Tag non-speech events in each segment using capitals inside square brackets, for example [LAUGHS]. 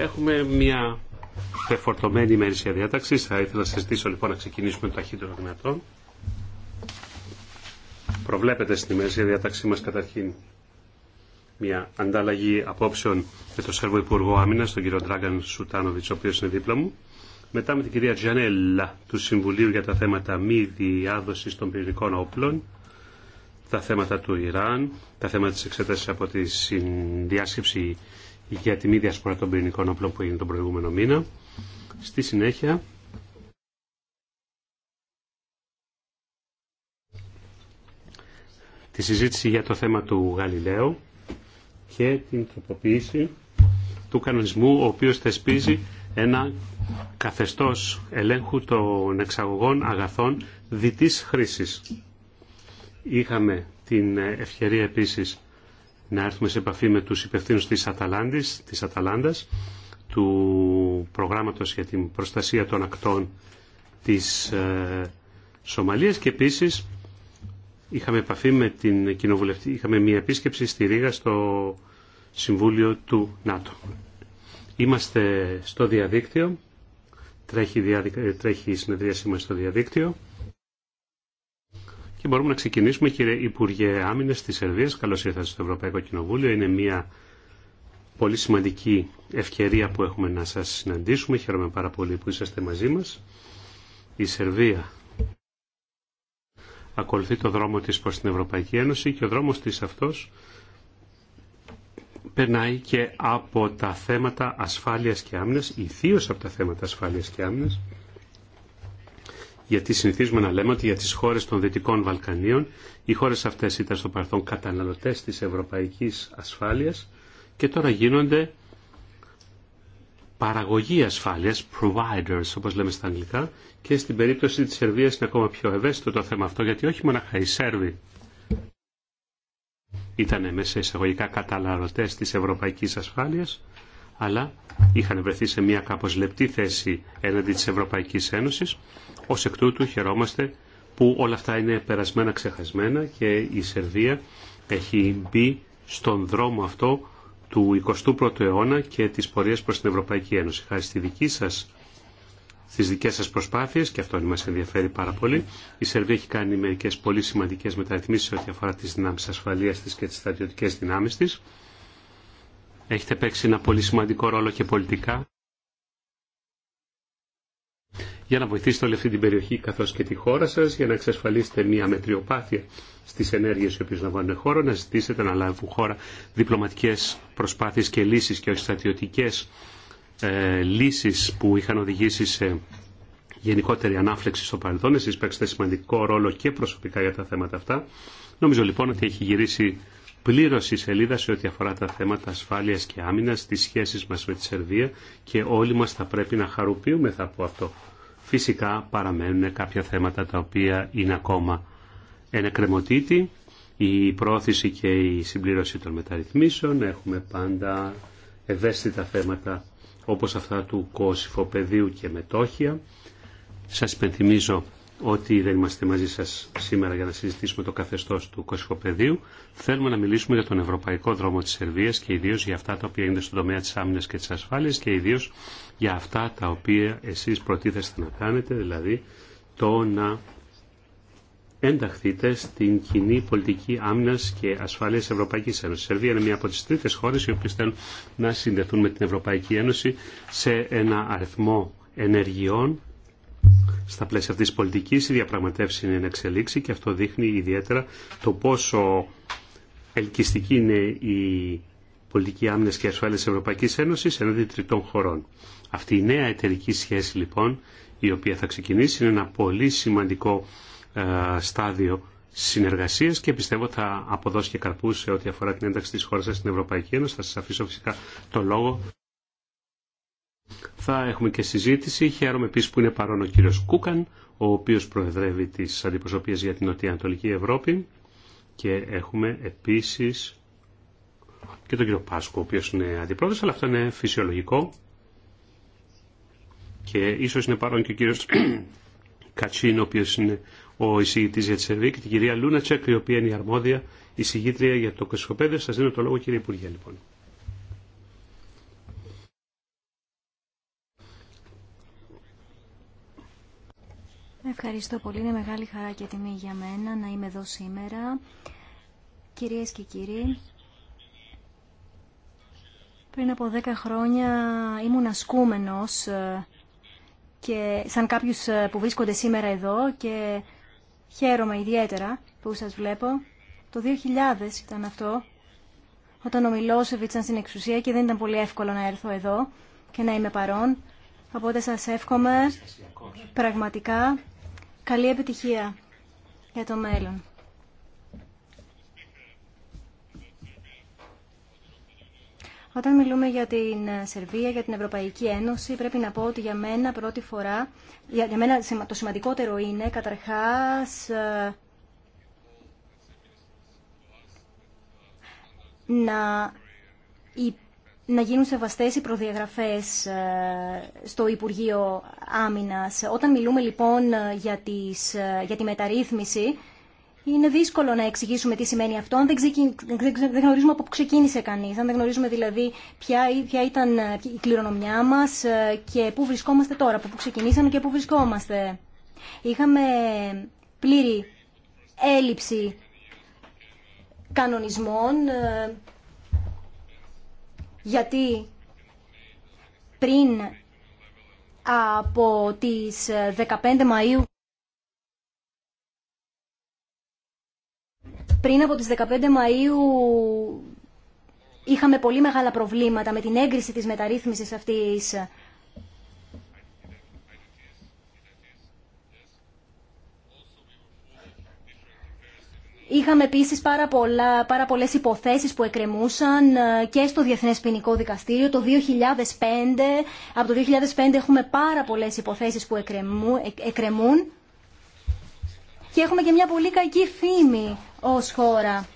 Έχουμε μια πεφορτωμένη ημερήσια διάταξη. Θα ήθελα να σα ζητήσω λοιπόν να ξεκινήσουμε το ταχύτερο δυνατόν. Προβλέπετε στην ημερήσια διάταξή μα καταρχήν μια ανταλλαγή απόψεων με τον Σέρβο Υπουργό Άμυνα, τον κύριο Ντράγκαν Σουτάνοβιτ, ο οποίο είναι δίπλα μου. Μετά με την κυρία Τζανέλα του Συμβουλίου για τα θέματα μη διάδοση των πυρηνικών όπλων, τα θέματα του Ιράν, τα θέματα τη εξέταση από τη συνδιάσκεψη για τη μη διασπορά των πυρηνικών όπλων που έγινε τον προηγούμενο μήνα. Στη συνέχεια τη συζήτηση για το θέμα του Γαλιλαίου και την τροποποίηση του κανονισμού ο οποίος θεσπίζει ένα καθεστώς ελέγχου των εξαγωγών αγαθών διτής χρήσης. Είχαμε την ευκαιρία επίσης να έρθουμε σε επαφή με τους υπευθύνους της Αταλάντης, της Αταλάντας, του προγράμματος για την προστασία των ακτών της ε, Σομαλίας και επίσης είχαμε επαφή με την κοινοβουλευτή, είχαμε μια επίσκεψη στη Ρήγα στο Συμβούλιο του ΝΑΤΟ. Είμαστε στο διαδίκτυο, τρέχει, τρέχει η συνεδρία μας στο διαδίκτυο και μπορούμε να ξεκινήσουμε, κύριε Υπουργέ Άμυνα τη Σερβία. Καλώ ήρθατε στο Ευρωπαϊκό Κοινοβούλιο. Είναι μια πολύ σημαντική ευκαιρία που έχουμε να σα συναντήσουμε. Χαίρομαι πάρα πολύ που είσαστε μαζί μα. Η Σερβία ακολουθεί το δρόμο της προς την Ευρωπαϊκή Ένωση και ο δρόμος της αυτός περνάει και από τα θέματα ασφάλειας και άμυνας, ιδίως από τα θέματα ασφάλειας και άμυνας γιατί συνηθίζουμε να λέμε ότι για τις χώρες των Δυτικών Βαλκανίων οι χώρες αυτές ήταν στο παρελθόν καταναλωτές της ευρωπαϊκής ασφάλειας και τώρα γίνονται παραγωγή ασφάλειας, providers όπως λέμε στα αγγλικά και στην περίπτωση της Σερβίας είναι ακόμα πιο ευαίσθητο το θέμα αυτό γιατί όχι μόνο οι Σέρβοι ήταν μέσα εισαγωγικά καταναλωτές της ευρωπαϊκής ασφάλειας αλλά είχαν βρεθεί σε μια κάπως λεπτή θέση έναντι της Ευρωπαϊκής Ένωσης ως εκ τούτου χαιρόμαστε που όλα αυτά είναι περασμένα ξεχασμένα και η Σερβία έχει μπει στον δρόμο αυτό του 21ου αιώνα και της πορείας προς την Ευρωπαϊκή Ένωση. Χάρη στη δική σας, στις δικές σας προσπάθειες, και αυτό μας ενδιαφέρει πάρα πολύ, η Σερβία έχει κάνει μερικές πολύ σημαντικές μεταρρυθμίσεις ό,τι αφορά τις δυνάμεις ασφαλείας της και τις στρατιωτικές δυνάμεις της. Έχετε παίξει ένα πολύ σημαντικό ρόλο και πολιτικά για να βοηθήσετε όλη αυτή την περιοχή καθώς και τη χώρα σας για να εξασφαλίσετε μια μετριοπάθεια στις ενέργειες οι οποίες λαμβάνουν χώρο, να ζητήσετε να λάβουν χώρα διπλωματικές προσπάθειες και λύσεις και όχι στρατιωτικές ε, λύσεις που είχαν οδηγήσει σε γενικότερη ανάφλεξη στο παρελθόν. Εσείς παίξετε σημαντικό ρόλο και προσωπικά για τα θέματα αυτά. Νομίζω λοιπόν ότι έχει γυρίσει πλήρω η σελίδα σε ό,τι αφορά τα θέματα ασφάλειας και άμυνας, τις σχέσεις μα με τη Σερβία και όλοι μας θα πρέπει να θα από αυτό. Φυσικά παραμένουν κάποια θέματα τα οποία είναι ακόμα ένα ενεκρεμωτήτη. Η πρόθεση και η συμπλήρωση των μεταρρυθμίσεων. Έχουμε πάντα ευαίσθητα θέματα όπως αυτά του κοσυφοπεδίου και μετόχια. Σας υπενθυμίζω ότι δεν είμαστε μαζί σας σήμερα για να συζητήσουμε το καθεστώς του κοσυφοπεδίου. Θέλουμε να μιλήσουμε για τον ευρωπαϊκό δρόμο της Σερβίας και ιδίως για αυτά τα οποία είναι στον τομέα της άμυνας και της ασφάλειας και ιδίως για αυτά τα οποία εσείς προτίθεστε να κάνετε, δηλαδή το να ενταχθείτε στην κοινή πολιτική άμυνα και ασφάλεια Ευρωπαϊκή Ένωση. Η Σερβία είναι μία από τι τρίτε χώρε οι οποίε θέλουν να συνδεθούν με την Ευρωπαϊκή Ένωση σε ένα αριθμό ενεργειών. Στα πλαίσια αυτή τη πολιτική, η διαπραγματεύση είναι εν εξελίξη και αυτό δείχνει ιδιαίτερα το πόσο ελκυστική είναι η πολιτική άμυνα και ασφάλεια Ευρωπαϊκή Ένωση εναντί τριτών χωρών. Αυτή η νέα εταιρική σχέση λοιπόν η οποία θα ξεκινήσει είναι ένα πολύ σημαντικό ε, στάδιο συνεργασία και πιστεύω θα αποδώσει και καρπού σε ό,τι αφορά την ένταξη της χώρας σα στην Ευρωπαϊκή Ένωση. Θα σας αφήσω φυσικά το λόγο. Θα έχουμε και συζήτηση. Χαίρομαι επίση που είναι παρόν ο κύριος Κούκαν, ο οποίος προεδρεύει τι αντιπροσωπίε για την Νοτιοανατολική Ευρώπη. Και έχουμε επίσης και τον κύριο Πάσκο, ο οποίος είναι αντιπρόεδρος αλλά αυτό είναι φυσιολογικό και ίσως είναι παρόν και ο κύριος [CLEARS THROAT] Κατσίν, ο οποίο είναι ο εισηγητής για τη Σερβία και την κυρία Λούνα Τσέκ, η οποία είναι η αρμόδια εισηγήτρια για το Κωσικοπέδιο. Σας δίνω το λόγο κύριε Υπουργέ λοιπόν. Ευχαριστώ πολύ. Είναι μεγάλη χαρά και τιμή για μένα να είμαι εδώ σήμερα. Κυρίες και κύριοι, πριν από δέκα χρόνια ήμουν ασκούμενος ε, και σαν κάποιους ε, που βρίσκονται σήμερα εδώ και χαίρομαι ιδιαίτερα που σας βλέπω. Το 2000 ήταν αυτό, όταν ο Μιλόσεβιτς στην εξουσία και δεν ήταν πολύ εύκολο να έρθω εδώ και να είμαι παρόν. Οπότε σας εύχομαι πραγματικά καλή επιτυχία για το μέλλον. Όταν μιλούμε για την ε, Σερβία, για την Ευρωπαϊκή Ένωση, πρέπει να πω ότι για μένα πρώτη φορά, για, μένα το σημαντικότερο είναι καταρχάς ε, να, να γίνουν σεβαστές οι προδιαγραφές ε, στο Υπουργείο Άμυνας. Όταν μιλούμε λοιπόν για, τις, για τη μεταρρύθμιση, είναι δύσκολο να εξηγήσουμε τι σημαίνει αυτό αν δεν, γνωρίζουμε από πού ξεκίνησε κάνει, αν δεν γνωρίζουμε δηλαδή ποια, ήταν ε, η κληρονομιά μα ε, και πού βρισκόμαστε τώρα, από πού ξεκινήσαμε και πού βρισκόμαστε. Είχαμε πλήρη έλλειψη κανονισμών ε, γιατί πριν από τις 15 Μαΐου Πριν από τις 15 Μαΐου είχαμε πολύ μεγάλα προβλήματα με την έγκριση της μεταρρύθμισης αυτής. Είχαμε επίση πάρα, πολλά, πάρα πολλέ υποθέσει που εκκρεμούσαν ε, και στο Διεθνέ Ποινικό Δικαστήριο. Το 2005, από το 2005 έχουμε πάρα πολλέ υποθέσει που εκκρεμούν και έχουμε και μια πολύ κακή φήμη ως χώρα.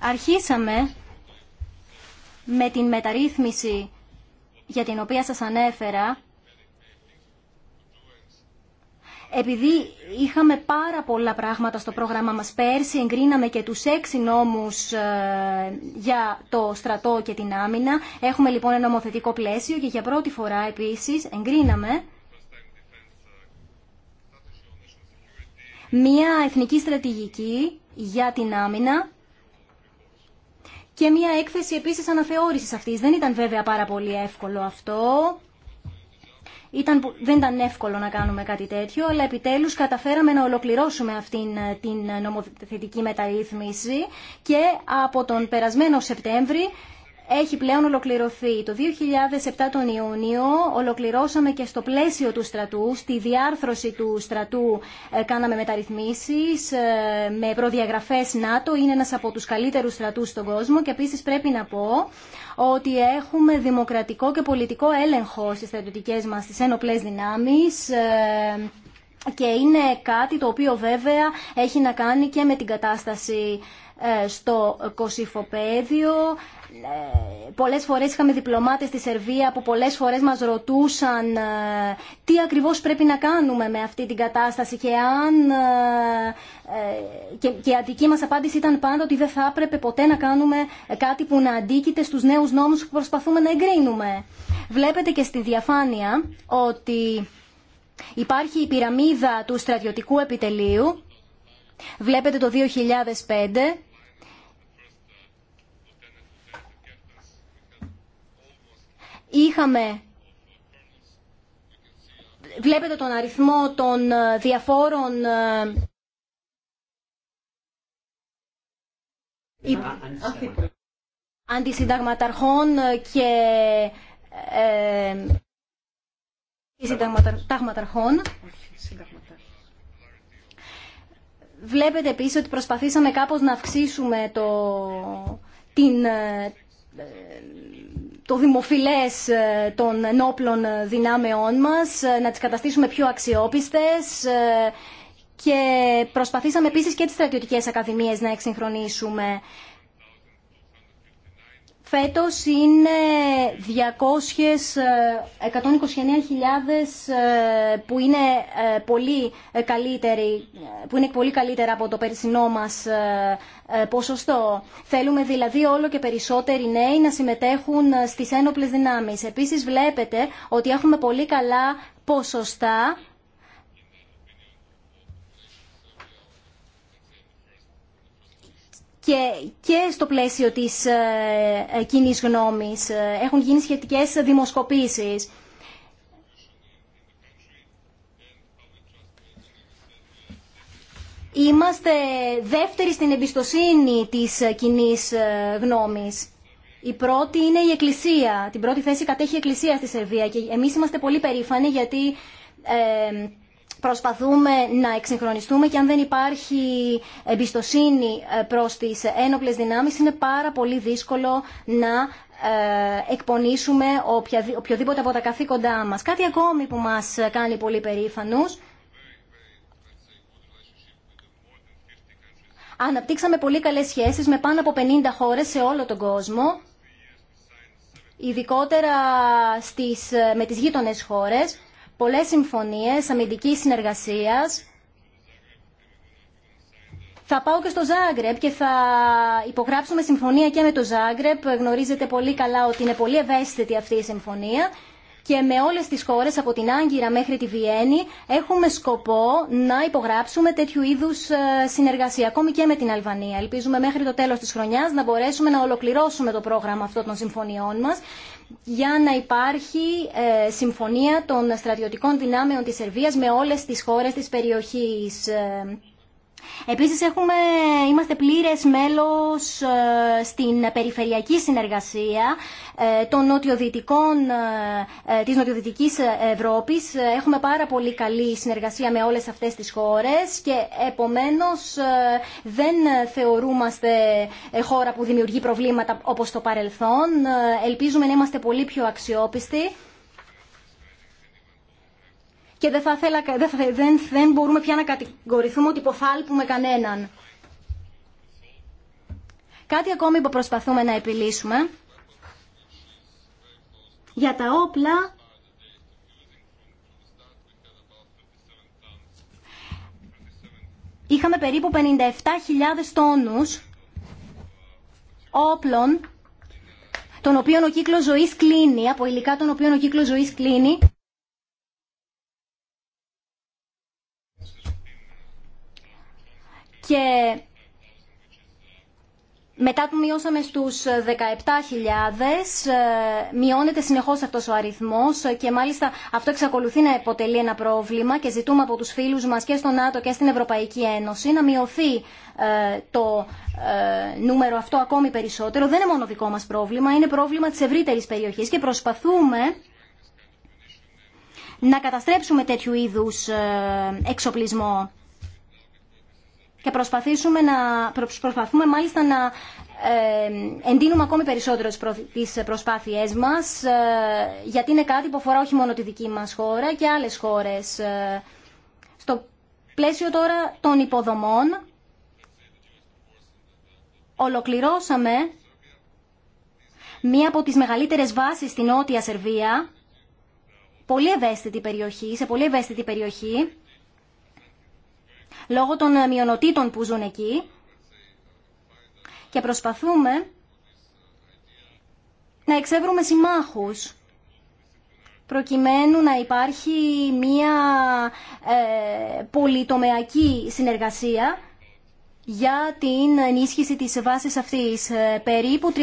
Αρχίσαμε με την μεταρρύθμιση για την οποία σας ανέφερα επειδή είχαμε πάρα πολλά πράγματα στο πρόγραμμα μας πέρσι, εγκρίναμε και τους έξι νόμους ε, για το στρατό και την άμυνα. Έχουμε λοιπόν ένα νομοθετικό πλαίσιο και για πρώτη φορά επίσης εγκρίναμε μία εθνική στρατηγική για την άμυνα και μία έκθεση επίσης αναθεώρησης αυτής. Δεν ήταν βέβαια πάρα πολύ εύκολο αυτό. Ήταν, δεν ήταν εύκολο να κάνουμε κάτι τέτοιο, αλλά επιτέλους καταφέραμε να ολοκληρώσουμε αυτήν ε, την νομοθετική μεταρρύθμιση και από τον περασμένο Σεπτέμβρη έχει πλέον ολοκληρωθεί. Το 2007 τον Ιούνιο ολοκληρώσαμε και στο πλαίσιο του στρατού, στη διάρθρωση του στρατού ε, κάναμε μεταρρυθμίσεις ε, με προδιαγραφές ΝΑΤΟ, είναι ένας από τους καλύτερους στρατούς στον κόσμο και επίσης πρέπει να πω ότι έχουμε δημοκρατικό και πολιτικό έλεγχο στις στρατιωτικές μας, στις ένοπλες δυνάμεις, ε, και είναι κάτι το οποίο βέβαια έχει να κάνει και με την κατάσταση στο κοσυφοπέδιο ε, πολλές φορές είχαμε διπλωμάτες στη Σερβία που πολλές φορές μας ρωτούσαν ε, τι ακριβώς πρέπει να κάνουμε με αυτή την κατάσταση και αν ε, και, και η αντική μας απάντηση ήταν πάντα ότι δεν θα έπρεπε ποτέ να κάνουμε κάτι που να αντίκειται στους νέους νόμους που προσπαθούμε να εγκρίνουμε. Βλέπετε και στη διαφάνεια ότι υπάρχει η πυραμίδα του στρατιωτικού επιτελείου Βλέπετε το 2005 είχαμε βλέπετε τον αριθμό των ε, διαφόρων ε, αντισυνταγματαρχών ε, και συνταγματαρχών. Βλέπετε επίσης ότι προσπαθήσαμε κάπως να αυξήσουμε το, την, το δημοφιλές ε, των ενόπλων ε, δυνάμεών μας, ε, να τις καταστήσουμε πιο αξιόπιστες και προσπαθήσαμε επίσης και τις στρατιωτικές ακαδημίες να εξυγχρονίσουμε. Φέτος είναι 129.000 ε, ε, που είναι ε, πολύ που είναι πολύ καλύτερα από το περσινό μας ποσοστό. Θέλουμε δηλαδή όλο και περισσότεροι νέοι να συμμετέχουν στις ένοπλες δυνάμεις. Επίσης βλέπετε ότι έχουμε πολύ καλά ποσοστά και, και στο πλαίσιο της ε, ε, κοινή γνώμης. Ε, έχουν γίνει σχετικές δημοσκοπήσεις. Είμαστε δεύτεροι στην εμπιστοσύνη της κοινή γνώμης. Η πρώτη είναι η Εκκλησία. Την πρώτη θέση κατέχει η Εκκλησία στη Σερβία και εμείς είμαστε πολύ περήφανοι γιατί προσπαθούμε να εξυγχρονιστούμε και αν δεν υπάρχει εμπιστοσύνη ε, προς τις ένοπλες δυνάμεις είναι πάρα πολύ δύσκολο να ε, εκπονήσουμε οποιοδήποτε από τα καθήκοντά μας. Κάτι ακόμη που μας κάνει πολύ περήφανους Αναπτύξαμε πολύ καλές σχέσεις με πάνω από 50 χώρες σε όλο τον κόσμο, ειδικότερα στις, ε, με τις γείτονες χώρες πολλές συμφωνίες αμυντικής συνεργασίας. Θα πάω και στο Ζάγκρεπ και θα υπογράψουμε συμφωνία και με το Ζάγκρεπ. Γνωρίζετε πολύ καλά ότι είναι πολύ ευαίσθητη αυτή η συμφωνία και με όλες τις χώρες από την Άγκυρα μέχρι τη Βιέννη έχουμε σκοπό να υπογράψουμε τέτοιου είδους ε, συνεργασία ακόμη και με την Αλβανία. Ελπίζουμε μέχρι το τέλος της χρονιάς να μπορέσουμε να ολοκληρώσουμε το πρόγραμμα αυτών των συμφωνιών μας για να υπάρχει ε, συμφωνία των στρατιωτικών δυνάμεων της Σερβίας με όλες τις χώρες της περιοχής. Ε, Επίσης έχουμε, είμαστε πλήρες μέλος ε, στην περιφερειακή συνεργασία ε, των νοτιοδυτικών, ε, της νοτιοδυτικής Ευρώπης. Έχουμε πάρα πολύ καλή συνεργασία με όλες αυτές τις χώρες και επομένως δεν θεωρούμαστε χώρα που δημιουργεί προβλήματα όπως το παρελθόν. Ελπίζουμε να είμαστε πολύ πιο αξιόπιστοι και δεν, θα θέλα, δεν, δεν, δεν μπορούμε πια να κατηγορηθούμε ότι υποφάλπουμε κανέναν. Κάτι ακόμη που προσπαθούμε να επιλύσουμε για τα όπλα είχαμε περίπου 57.000 τόνους όπλων των οποίων ο κύκλος ζωής κλείνει, από υλικά των οποίων ο κύκλος ζωής κλείνει και μετά που μειώσαμε στους 17.000, ε, μειώνεται συνεχώς αυτός ο αριθμός και μάλιστα αυτό εξακολουθεί να αποτελεί ένα πρόβλημα και ζητούμε από τους φίλους μας και στο ΝΑΤΟ και στην Ευρωπαϊκή Ένωση να μειωθεί ε, το ε, νούμερο αυτό ακόμη περισσότερο. Δεν είναι μόνο δικό μας πρόβλημα, είναι πρόβλημα της ευρύτερης περιοχής και προσπαθούμε να καταστρέψουμε τέτοιου είδους εξοπλισμό και προσπαθήσουμε να, προσπαθούμε μάλιστα να ε, εντείνουμε ακόμη περισσότερο τις προσπάθειές μας ε, γιατί είναι κάτι που αφορά όχι μόνο τη δική μας χώρα και άλλες χώρες. Ε, στο πλαίσιο τώρα των υποδομών ολοκληρώσαμε μία από τις μεγαλύτερες βάσεις στην Νότια Σερβία, πολύ ευαίσθητη περιοχή, σε πολύ ευαίσθητη περιοχή, λόγω των ε, μειονοτήτων που ζουν εκεί και προσπαθούμε να εξεύρουμε συμμάχους προκειμένου να υπάρχει μία ε, πολυτομεακή συνεργασία για την ενίσχυση της βάσης αυτής. Ε, περίπου 35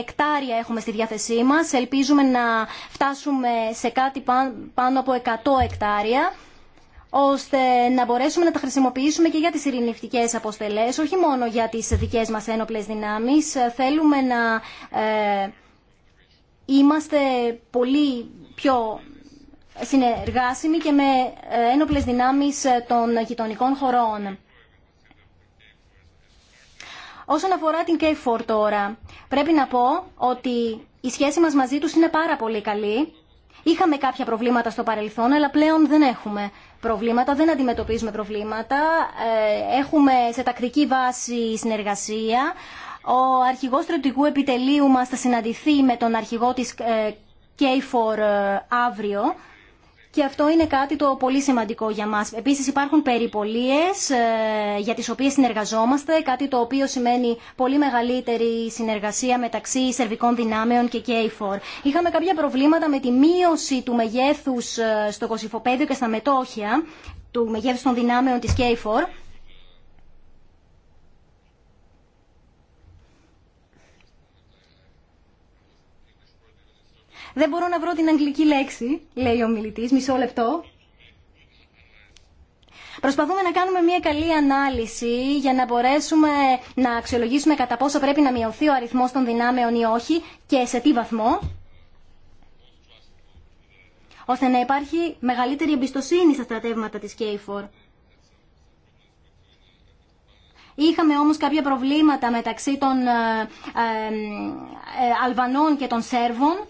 εκτάρια έχουμε στη διάθεσή μας. Ελπίζουμε να φτάσουμε σε κάτι πάνω από 100 εκτάρια ώστε να μπορέσουμε να τα χρησιμοποιήσουμε και για τις ειρηνευτικές αποστελές, όχι μόνο για τις δικές μας ένοπλες δυνάμεις. Θέλουμε να ε, είμαστε πολύ πιο συνεργάσιμοι και με ε, ένοπλες δυνάμεις των γειτονικών χωρών. Όσον αφορά την KFOR τώρα, πρέπει να πω ότι η σχέση μας μαζί τους είναι πάρα πολύ καλή Είχαμε κάποια προβλήματα στο παρελθόν, αλλά πλέον δεν έχουμε προβλήματα, δεν αντιμετωπίζουμε προβλήματα. Ε, έχουμε σε τακτική βάση συνεργασία. Ο αρχηγός στρατηγού επιτελείου μας θα συναντηθεί με τον αρχηγό της ε, KFOR ε, αύριο και αυτό είναι κάτι το πολύ σημαντικό για μας. Επίσης υπάρχουν περιπολίες ε, για τις οποίες συνεργαζόμαστε, κάτι το οποίο σημαίνει πολύ μεγαλύτερη συνεργασία μεταξύ σερβικών δυνάμεων και KFOR. Είχαμε κάποια προβλήματα με τη μείωση του μεγέθους ε, στο Κωσυφοπέδιο και στα μετόχια, του μεγέθους των δυνάμεων της KFOR Δεν μπορώ να βρω την αγγλική λέξη, λέει ο μιλητής, μισό λεπτό. Προσπαθούμε να κάνουμε μια καλή ανάλυση για να μπορέσουμε να αξιολογήσουμε κατά πόσο πρέπει να μειωθεί ο αριθμός των δυνάμεων ή όχι και σε τι βαθμό ώστε να υπάρχει μεγαλύτερη εμπιστοσύνη στα στρατεύματα της ΚΕΙΦΟΡ. Είχαμε όμως κάποια προβλήματα μεταξύ των ε, ε, ε, Αλβανών και των Σέρβων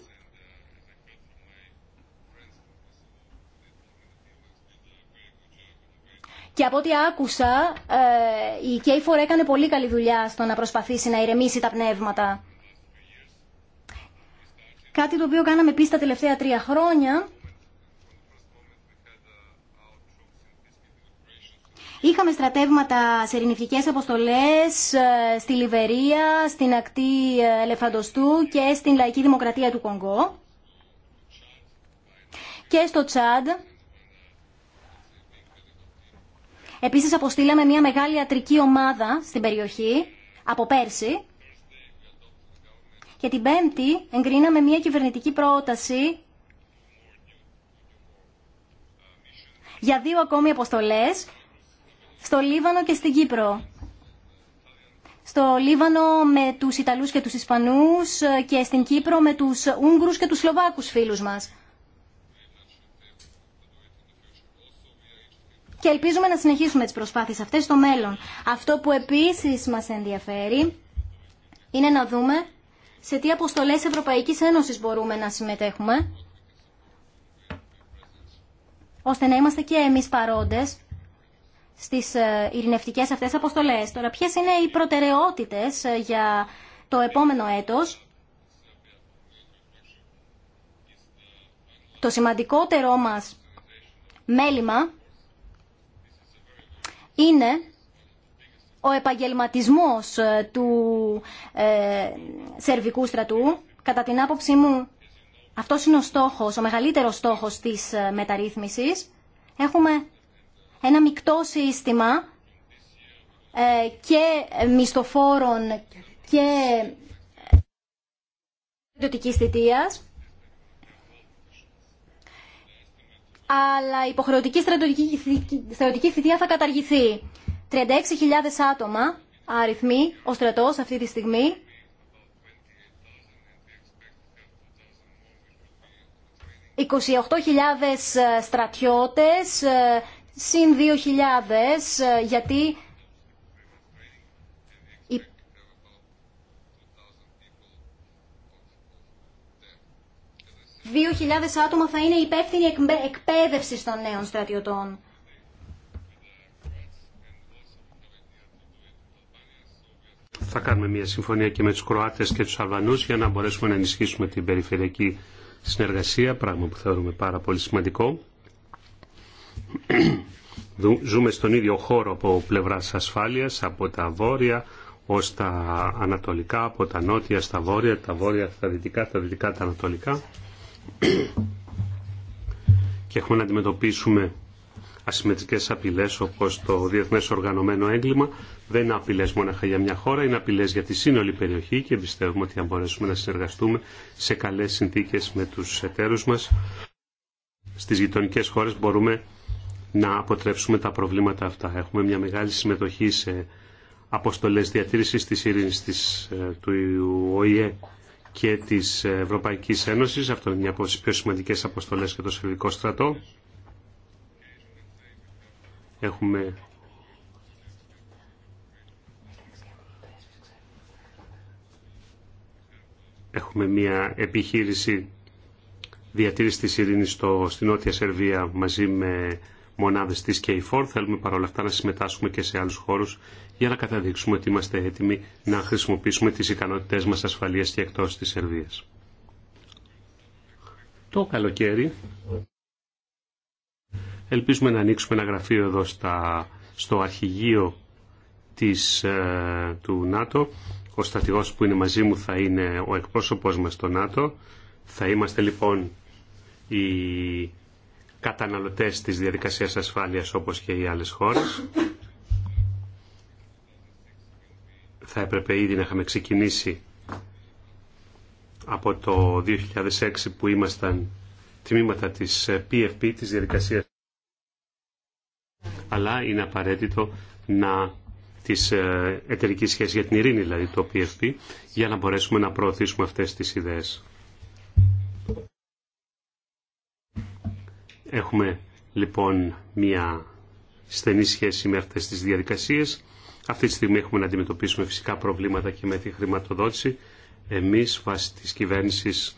Και από ό,τι άκουσα, ε, η Κέιφορ έκανε πολύ καλή δουλειά στο να προσπαθήσει να ηρεμήσει τα πνεύματα. Κάτι το οποίο κάναμε επίσης τα τελευταία τρία χρόνια. Είχαμε στρατεύματα σε ειρηνευτικέ αποστολέ ε, στη Λιβερία, στην ακτή ε, Ελεφαντοστού και στην Λαϊκή Δημοκρατία του Κονγκό και στο Τσάντ Επίσης αποστήλαμε μια μεγάλη ατρική ομάδα στην περιοχή από πέρσι και την Πέμπτη εγκρίναμε μια κυβερνητική πρόταση για δύο ακόμη αποστολές στο Λίβανο και στην Κύπρο. Στο Λίβανο με τους Ιταλούς και τους Ισπανούς και στην Κύπρο με τους Ούγγρους και τους Σλοβάκους φίλους μας. και ελπίζουμε να συνεχίσουμε τις προσπάθειες αυτές στο μέλλον. Αυτό που επίσης μας ενδιαφέρει είναι να δούμε σε τι αποστολές Ευρωπαϊκής Ένωσης μπορούμε να συμμετέχουμε ώστε να είμαστε και εμείς παρόντες στις ε, ειρηνευτικές αυτές αποστολές. Τώρα, ποιες είναι οι προτεραιότητες ε, για το επόμενο έτος. Το σημαντικότερό μας μέλημα είναι ο επαγγελματισμός ε, του ε, Σερβικού στρατού. Κατά την άποψή μου, αυτός είναι ο στόχος, ο μεγαλύτερος στόχος της ε, μεταρρύθμισης. Έχουμε ένα μεικτό σύστημα και μισθοφόρων και ιδιωτικής θητείας αλλά η υποχρεωτική στρατιωτική, θητεία θα καταργηθεί. 36.000 άτομα αριθμοί ο στρατός αυτή τη στιγμή. ...28.000 ε, στρατιώτες, ε, συν 2.000, ε, γιατί 2.000 άτομα θα είναι υπεύθυνοι εκπαίδευση των νέων στρατιωτών. Θα κάνουμε μια συμφωνία και με τους Κροάτες και τους Αλβανούς για να μπορέσουμε να ενισχύσουμε την περιφερειακή συνεργασία, πράγμα που θεωρούμε πάρα πολύ σημαντικό. Ζούμε στον ίδιο χώρο από πλευράς ασφάλειας, από τα βόρεια ως τα ανατολικά, από τα νότια στα βόρεια, τα βόρεια στα δυτικά, τα δυτικά τα ανατολικά και έχουμε να αντιμετωπίσουμε ασυμμετρικές απειλές όπως το διεθνές οργανωμένο έγκλημα δεν είναι απειλές μόναχα για μια χώρα, είναι απειλές για τη σύνολη περιοχή και πιστεύουμε ότι αν μπορέσουμε να συνεργαστούμε σε καλές συνθήκες με τους εταίρους μας στις γειτονικέ χώρες μπορούμε να αποτρέψουμε τα προβλήματα αυτά. Έχουμε μια μεγάλη συμμετοχή σε αποστολές διατήρησης της ειρήνης της, ε, του ΟΗΕ και της Ευρωπαϊκής Ένωσης. Αυτό είναι μια από τις πιο σημαντικές αποστολές για το Σερβικό στρατό. Έχουμε Έχουμε μια επιχείρηση διατήρηση της ειρήνης στο, στην Νότια Σερβία μαζί με μονάδες της K4. Θέλουμε παρόλα αυτά να συμμετάσχουμε και σε άλλους χώρους για να καταδείξουμε ότι είμαστε έτοιμοι να χρησιμοποιήσουμε τις ικανότητές μας ασφαλείας και εκτός της Σερβίας. Το καλοκαίρι ελπίζουμε να ανοίξουμε ένα γραφείο εδώ στο αρχηγείο της, ε, του ΝΑΤΟ. Ο στρατηγός που είναι μαζί μου θα είναι ο εκπρόσωπός μας στο ΝΑΤΟ. Θα είμαστε λοιπόν οι καταναλωτές της διαδικασίας ασφάλειας όπως και οι άλλες χώρες θα έπρεπε ήδη να είχαμε ξεκινήσει από το 2006 που ήμασταν τμήματα της PFP, ε, της διαδικασίας. Αλλά είναι απαραίτητο να της ε, εταιρικής σχέσης για την ειρήνη, δηλαδή το PFP, για να μπορέσουμε να προωθήσουμε αυτές τις ιδέες. Έχουμε λοιπόν μια στενή σχέση με αυτές τις διαδικασίες αυτή τη στιγμή έχουμε να αντιμετωπίσουμε φυσικά προβλήματα και με τη χρηματοδότηση. Εμείς βάσει της κυβέρνησης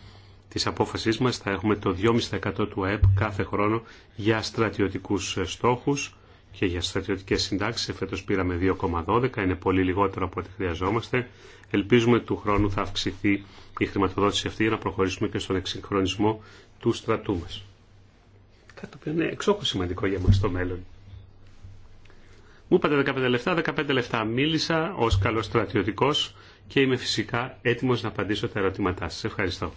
της απόφασής μας θα έχουμε το 2,5% του ΑΕΠ κάθε χρόνο για στρατιωτικούς ε, στόχους και για στρατιωτικές συντάξεις. Εφέτος πήραμε 2,12, είναι πολύ λιγότερο από ό,τι χρειαζόμαστε. Ελπίζουμε του χρόνου θα αυξηθεί η χρηματοδότηση αυτή για να προχωρήσουμε και στον εξυγχρονισμό του στρατού μας. Κάτι που είναι εξόχω σημαντικό για μας στο μέλλον. Μου είπατε 15 λεφτά, 15 λεφτά. μίλησα ως καλός στρατιωτικός και είμαι φυσικά έτοιμος να απαντήσω τα ερωτήματά σας. Ευχαριστώ.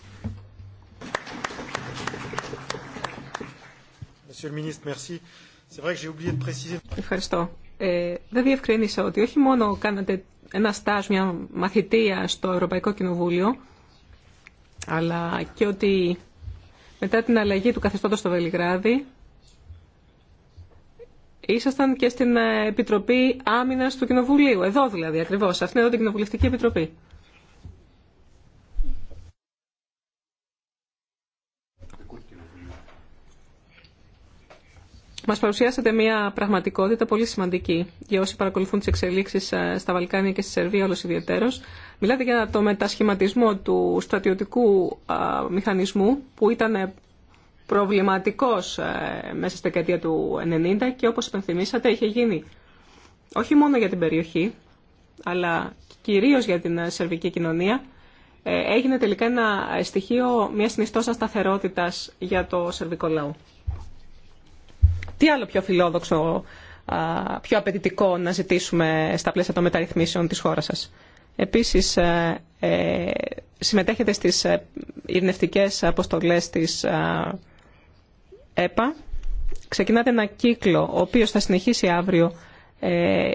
Ευχαριστώ. Ε, δεν διευκρίνησα ότι όχι μόνο κάνατε ένα στάζ, μια μαθητεία στο Ευρωπαϊκό Κοινοβούλιο, αλλά και ότι μετά την αλλαγή του καθεστώτος στο Βελιγράδι, Ήσασταν και στην ε, Επιτροπή Άμυνα του Κοινοβουλίου. Εδώ δηλαδή ακριβώ. Αυτή είναι εδώ την Κοινοβουλευτική Επιτροπή. Μα παρουσιάσατε μια πραγματικότητα πολύ σημαντική για όσοι παρακολουθούν τι εξελίξει ε, στα Βαλκάνια και στη Σερβία, όλο ιδιαίτερο. Μιλάτε για το μετασχηματισμό του στρατιωτικού μηχανισμού που ήταν ε, προβληματικός ε, μέσα στη δεκαετία του 90 και όπως υπενθυμίσατε είχε γίνει όχι μόνο για την περιοχή αλλά κυρίως για την ε, σερβική κοινωνία ε, έγινε τελικά ένα στοιχείο μια συνιστόσα ασταθερότητας για το σερβικό λαό. Τι άλλο πιο φιλόδοξο, πιο απαιτητικό να ζητήσουμε στα πλαίσια των μεταρρυθμίσεων της χώρας σας. Επίσης, συμμετέχετε στις ειρηνευτικές αποστολές της ΕΠΑ. Ξεκινάτε ένα κύκλο, ο οποίος θα συνεχίσει αύριο, ε,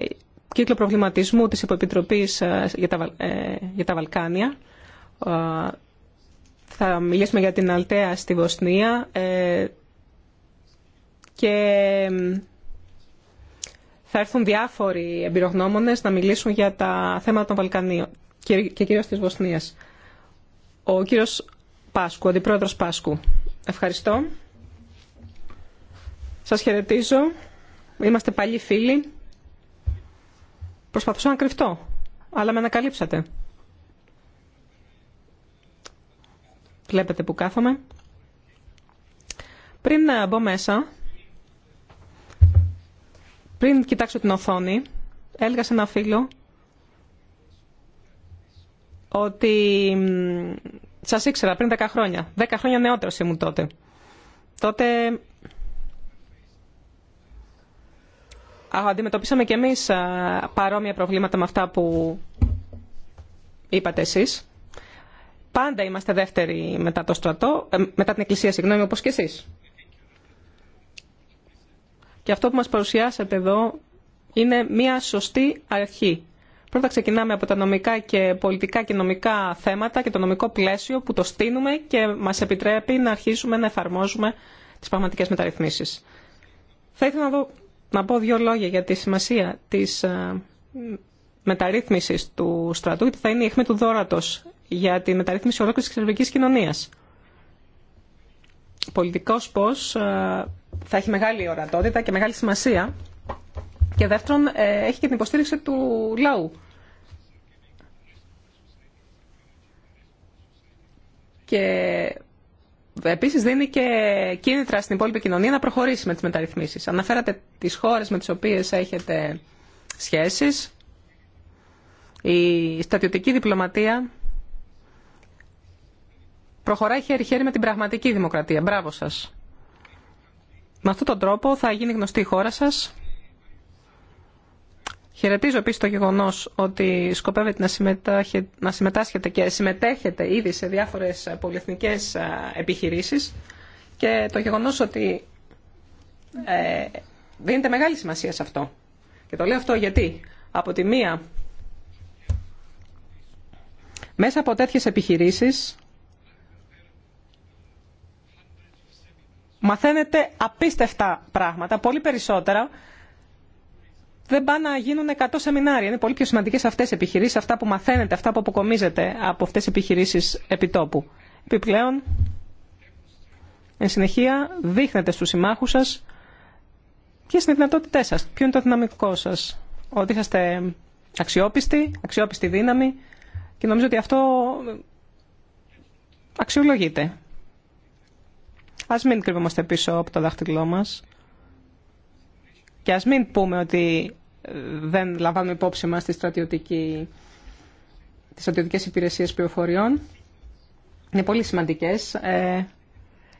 κύκλο προβληματισμού της Υποεπιτροπής ε, για τα, ε, Βαλκάνια. Ε, θα μιλήσουμε για την Αλτέα στη Βοσνία ε, και θα έρθουν διάφοροι εμπειρογνώμονες να μιλήσουν για τα θέματα των Βαλκανίων και κυρίως της Βοσνίας. Ο κύριος Πάσκου, ο αντιπρόεδρος Πάσκου. Ευχαριστώ. Σας χαιρετίζω. Είμαστε παλιοί φίλοι. Προσπαθούσα να κρυφτώ, αλλά με ανακαλύψατε. Βλέπετε που κάθομαι. Πριν ε, μπω μέσα, πριν κοιτάξω την οθόνη, έλεγα σε ένα φίλο ότι σας ήξερα πριν 10 χρόνια. 10 χρόνια νεότερος ήμουν τότε. Τότε αντιμετωπίσαμε κι εμείς παρόμοια προβλήματα με αυτά που είπατε εσείς. Πάντα είμαστε δεύτεροι μετά το στρατό, ε, μετά την Εκκλησία, συγγνώμη, όπως και εσείς. Και αυτό που μας παρουσιάσατε εδώ είναι μια σωστή αρχή. Πρώτα ξεκινάμε από τα νομικά και πολιτικά και νομικά θέματα και το νομικό πλαίσιο που το στείνουμε και μας επιτρέπει να αρχίσουμε να εφαρμόζουμε τις πραγματικές μεταρρυθμίσεις. Θα ήθελα να δω να πω δύο λόγια για τη σημασία της ε, μεταρρύθμισης του στρατού, γιατί θα είναι η αιχμή του δόρατος για τη μεταρρύθμιση ολόκληρης της σερβικής κοινωνίας. Πολιτικός πώς ε, θα έχει μεγάλη ορατότητα και μεγάλη σημασία και δεύτερον ε, έχει και την υποστήριξη του λαού. Και επίσης δίνει και κίνητρα στην υπόλοιπη κοινωνία να προχωρήσει με τι μεταρρυθμίσει. Αναφέρατε τις χώρες με τις οποίες έχετε σχέσεις. Η στατιωτική διπλωματία προχωράει χέρι-χέρι με την πραγματική δημοκρατία. Μπράβο σας. Με αυτόν τον τρόπο θα γίνει γνωστή η χώρα σας Χαιρετίζω επίση το γεγονό ότι σκοπεύετε να συμμετάσχετε και συμμετέχετε ήδη σε διάφορε πολυεθνικέ ε, επιχειρήσει και το γεγονό ότι ε, δίνεται μεγάλη σημασία σε αυτό. Και το λέω αυτό γιατί από τη μία μέσα από τέτοιες επιχειρήσεις μαθαίνετε απίστευτα πράγματα, πολύ περισσότερα δεν πάνε να γίνουν 100 σεμινάρια. Είναι πολύ πιο σημαντικέ αυτέ οι επιχειρήσει, αυτά που μαθαίνετε, αυτά που αποκομίζετε από αυτέ τι επιχειρήσει επιτόπου. Επιπλέον, εν συνεχεία, δείχνετε στου συμμάχου σα ποιε είναι οι δυνατότητέ σα, ποιο είναι το δυναμικό σα. Ότι είσαστε αξιόπιστοι, αξιόπιστη δύναμη και νομίζω ότι αυτό αξιολογείται. Ας μην κρύβομαστε πίσω από το δάχτυλό μας. Και ας μην πούμε ότι ε, δεν λαμβάνουμε υπόψη μας τη τις στρατιωτικές υπηρεσίες πληροφοριών. Είναι πολύ σημαντικές, ε,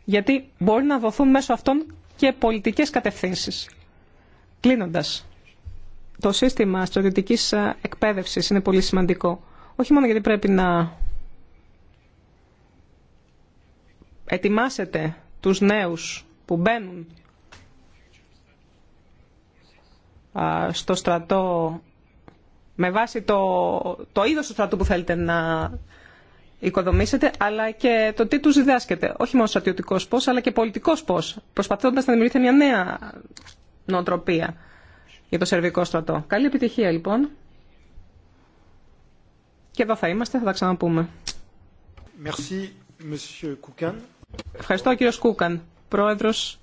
γιατί μπορεί να δοθούν μέσω αυτών και πολιτικές κατευθύνσεις. Κλείνοντας, το σύστημα στρατιωτικής ε, εκπαίδευσης είναι πολύ σημαντικό. Όχι μόνο γιατί πρέπει να ετοιμάσετε τους νέους που μπαίνουν στο στρατό με βάση το, το είδος του στρατού που θέλετε να οικοδομήσετε, αλλά και το τι του διδάσκεται. Όχι μόνο στρατιωτικό πώς αλλά και πολιτικό πώ. Προσπαθώντα να δημιουργηθεί μια νέα νοοτροπία για το σερβικό στρατό. Καλή επιτυχία λοιπόν. Και εδώ θα είμαστε, θα τα ξαναπούμε. Merci, Ευχαριστώ κύριο Κούκαν, πρόεδρος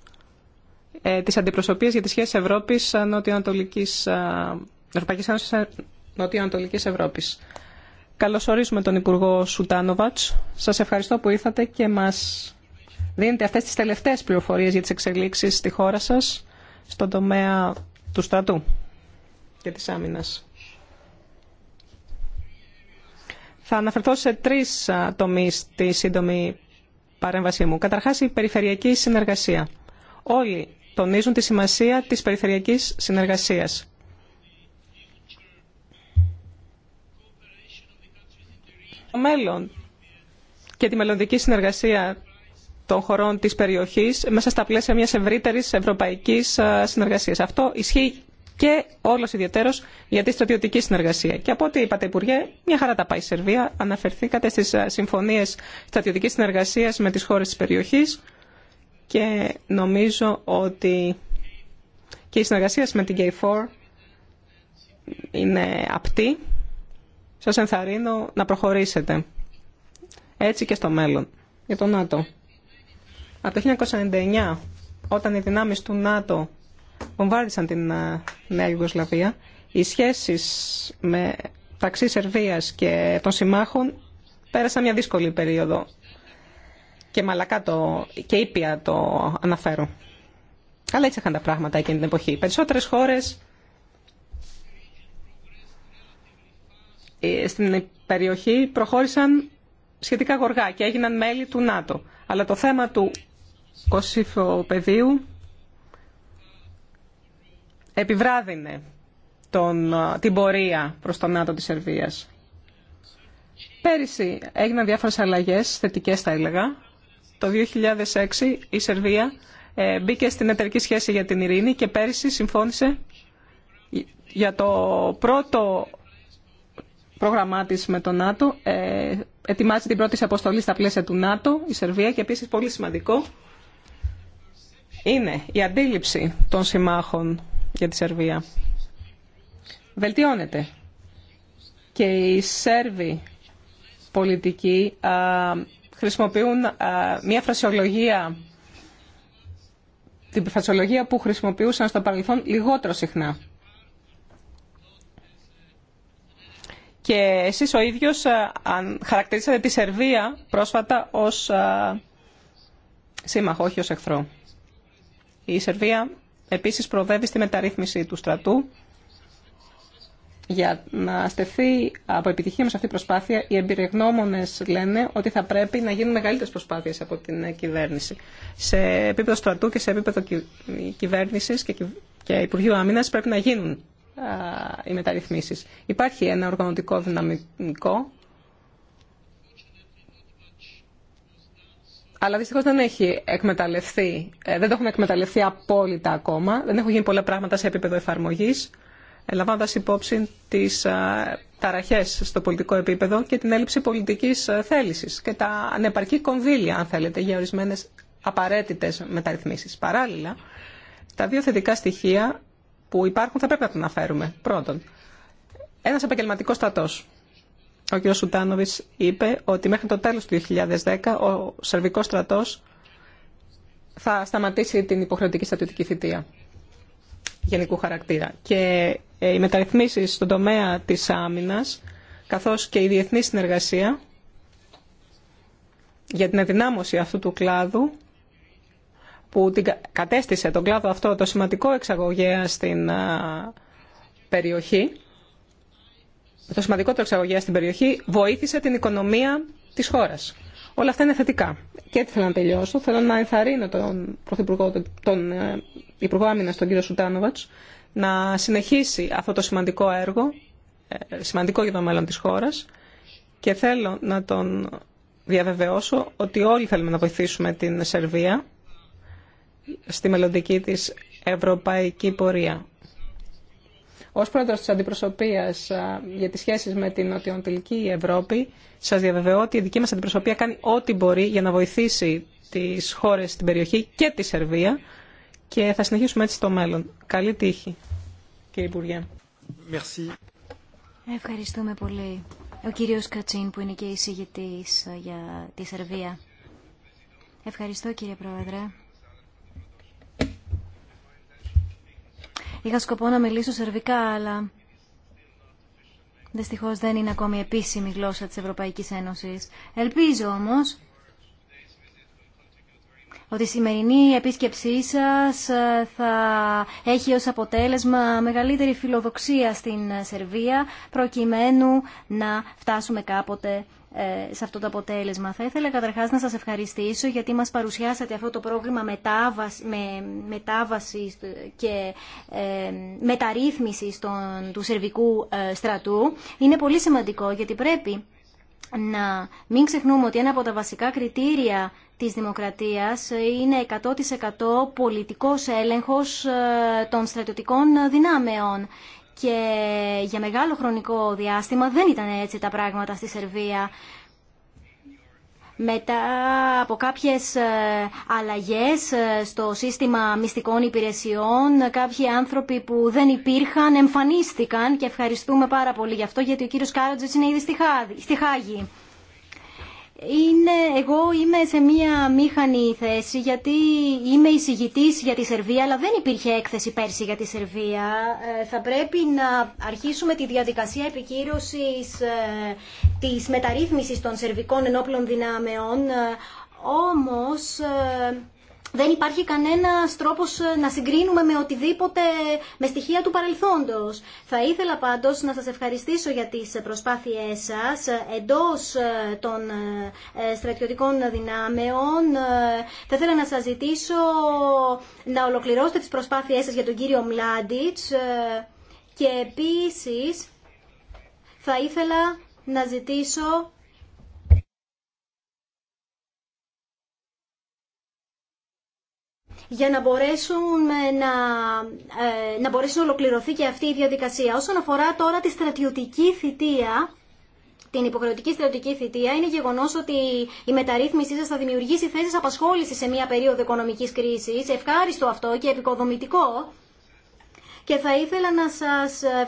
ε, της αντιπροσωπείας για τις σχέσεις Ευρώπης ε, Νοτιοανατολικής, ε, Ευρωπαϊκής Ένωσης Ευρώπη. Ευρώπης. Καλωσορίζουμε τον Υπουργό Σουτάνοβατς. Σα ευχαριστώ που ήρθατε και μας δίνετε αυτές τις τελευταίες πληροφορίε για τις εξελίξεις στη χώρα σας στον τομέα του στρατού και της άμυνας. Θα αναφερθώ σε τρει τομεί τη σύντομη παρέμβασή μου. Καταρχά, η περιφερειακή συνεργασία. Όλοι τονίζουν τη σημασία της περιφερειακής συνεργασίας. Το μέλλον και τη μελλοντική συνεργασία των χωρών της περιοχής μέσα στα πλαίσια μιας ευρύτερης ευρωπαϊκής συνεργασίας. Αυτό ισχύει και όλος ιδιαίτερος για τη στρατιωτική συνεργασία. Και από ό,τι είπατε, Υπουργέ, μια χαρά τα πάει η Σερβία. Αναφερθήκατε στις συμφωνίες στρατιωτικής συνεργασίας με τις χώρες της περιοχής και νομίζω ότι και η συνεργασία με την K4 είναι απτή. Σας ενθαρρύνω να προχωρήσετε έτσι και στο μέλλον για το ΝΑΤΟ. Από το 1999, όταν οι δυνάμεις του ΝΑΤΟ βομβάρδισαν την ε, Νέα Ιουγκοσλαβία, οι σχέσεις με μεταξύ Σερβίας και των συμμάχων πέρασαν μια δύσκολη περίοδο και μαλακά το, και ήπια το αναφέρω. Αλλά έτσι είχαν τα πράγματα εκείνη την εποχή. Περισσότερε χώρε. Ε, στην περιοχή προχώρησαν σχετικά γοργά και έγιναν μέλη του ΝΑΤΟ. Αλλά το θέμα του κοσυφοπεδίου επιβράδυνε τον, την πορεία προς τον ΝΑΤΟ της Σερβίας. Πέρυσι έγιναν διάφορες αλλαγές, θετικές θα έλεγα, το 2006 η Σερβία ε, μπήκε στην εταιρική σχέση για την ειρήνη και πέρυσι συμφώνησε για το πρώτο πρόγραμμά τη με το ΝΑΤΟ. Ε, ετοιμάζει την πρώτη αποστολή στα πλαίσια του ΝΑΤΟ η Σερβία και επίσης πολύ σημαντικό είναι η αντίληψη των συμμάχων για τη Σερβία. Βελτιώνεται και οι Σέρβοι πολιτικοί χρησιμοποιούν μια φρασιολογία, την φρασιολογία που χρησιμοποιούσαν στο παρελθόν λιγότερο συχνά. Και εσείς ο ίδιος αν χαρακτηρίσατε τη Σερβία πρόσφατα ως σύμμαχο, όχι ως εχθρό. Η Σερβία επίσης προοδεύει στη μεταρρύθμιση του στρατού για να στεφθεί από επιτυχία μας αυτή η προσπάθεια, οι εμπειρογνώμονες λένε ότι θα πρέπει να γίνουν μεγαλύτερες προσπάθειες από την κυβέρνηση. Σε επίπεδο στρατού και σε επίπεδο κυβέρνησης και Υπουργείου Άμυνας πρέπει να γίνουν οι μεταρρυθμίσεις. Υπάρχει ένα οργανωτικό δυναμικό, αλλά δυστυχώ δεν έχει εκμεταλλευτεί, ε, δεν το έχουμε εκμεταλλευτεί απόλυτα ακόμα, δεν έχουν γίνει πολλά πράγματα σε επίπεδο εφαρμογής λαμβάνοντα υπόψη τι ταραχές στο πολιτικό επίπεδο και την έλλειψη πολιτικής θέλησης και τα ανεπαρκή κονδύλια, αν θέλετε, για ορισμένες απαραίτητε μεταρρυθμίσεις. Παράλληλα, τα δύο θετικά στοιχεία που υπάρχουν θα πρέπει να τα αναφέρουμε. Πρώτον, ένας επαγγελματικό στρατό. Ο κ. Σουτάνοβη είπε ότι μέχρι το τέλο του 2010 ο σερβικό στρατό θα σταματήσει την υποχρεωτική στατιωτική θητεία γενικού χαρακτήρα. Και ε, οι μεταρρυθμίσεις στον τομέα της άμυνας, καθώς και η διεθνή συνεργασία για την ενδυνάμωση αυτού του κλάδου, που κατέστησε τον κλάδο αυτό το σημαντικό εξαγωγέα στην περιοχή, το σημαντικότερο εξαγωγέα στην περιοχή, βοήθησε την οικονομία της χώρας. Όλα αυτά είναι θετικά. Και έτσι θέλω να τελειώσω. Θέλω να ενθαρρύνω τον Πρωθυπουργό, τον ε, Υπουργό Άμυνας, τον κύριο Σουτάνοβατ, να συνεχίσει αυτό το σημαντικό έργο, ε, σημαντικό για το μέλλον τη χώρα. και θέλω να τον διαβεβαιώσω ότι όλοι θέλουμε να βοηθήσουμε την Σερβία στη μελλοντική της ευρωπαϊκή πορεία. Ως πρόεδρος της αντιπροσωπείας για τις σχέσεις με την νοτιοανατολική Ευρώπη, σας διαβεβαιώ ότι η δική μας αντιπροσωπεία κάνει ό,τι μπορεί για να βοηθήσει τις χώρες στην περιοχή και τη Σερβία και θα συνεχίσουμε έτσι στο μέλλον. Καλή τύχη, κύριε Υπουργέ. Merci. Ευχαριστούμε πολύ. Ο κύριος Κατσίν που είναι και εισηγητής ε, για τη Σερβία. Ευχαριστώ κύριε Πρόεδρε. Είχα σκοπό να μιλήσω σερβικά, αλλά δυστυχώς δεν είναι ακόμη επίσημη γλώσσα της Ευρωπαϊκής Ένωσης. Ελπίζω όμως ότι η σημερινή επίσκεψή σας ε, θα έχει ως αποτέλεσμα μεγαλύτερη φιλοδοξία στην ε, Σερβία προκειμένου να φτάσουμε κάποτε ε, σε αυτό το αποτέλεσμα. Θα ήθελα καταρχάς να σας ευχαριστήσω γιατί μας παρουσιάσατε αυτό το πρόγραμμα μετάβαση, μετάβασης και ε, του σερβικού στρατού. Είναι πολύ σημαντικό γιατί πρέπει να μην ξεχνούμε ότι ένα από τα βασικά κριτήρια της δημοκρατίας είναι 100% πολιτικός έλεγχος ε, των στρατιωτικών δυνάμεων. Και για μεγάλο χρονικό διάστημα δεν ήταν έτσι τα πράγματα στη Σερβία. Μετά από κάποιες ε, αλλαγές ε, στο σύστημα μυστικών υπηρεσιών, κάποιοι άνθρωποι που δεν υπήρχαν εμφανίστηκαν και ευχαριστούμε πάρα πολύ γι' αυτό γιατί ο κύριος Κάρατζης είναι ήδη στη Χάγη είναι, εγώ είμαι σε μία μήχανη θέση γιατί είμαι εισηγητή για τη Σερβία, αλλά δεν υπήρχε έκθεση πέρσι για τη Σερβία. Ε, θα πρέπει να αρχίσουμε τη διαδικασία επικύρωσης ε, της μεταρρύθμισης των σερβικών ενόπλων δυνάμεων, ε, όμως δεν υπάρχει κανένα τρόπο ε, να συγκρίνουμε με οτιδήποτε, με στοιχεία του παρελθόντος. Θα ήθελα πάντω να σα ευχαριστήσω για τι προσπάθειε σα ε, εντός ε, των στρατιωτικών δυνάμεων. Θα ήθελα να σα ζητήσω να ολοκληρώσετε τι προσπάθειε σα για τον κύριο Μλάντιτ. και επίση θα ήθελα να ζητήσω για να μπορέσουν να, ε, να μπορέσει να ολοκληρωθεί και αυτή η διαδικασία. Όσον αφορά τώρα τη στρατιωτική θητεία, την υποχρεωτική στρατιωτική θητεία, είναι γεγονό ότι η μεταρρύθμιση σα θα δημιουργήσει θέσει απασχόληση σε μια περίοδο οικονομική κρίση. Ευχάριστο αυτό και επικοδομητικό και θα ήθελα να σας ε,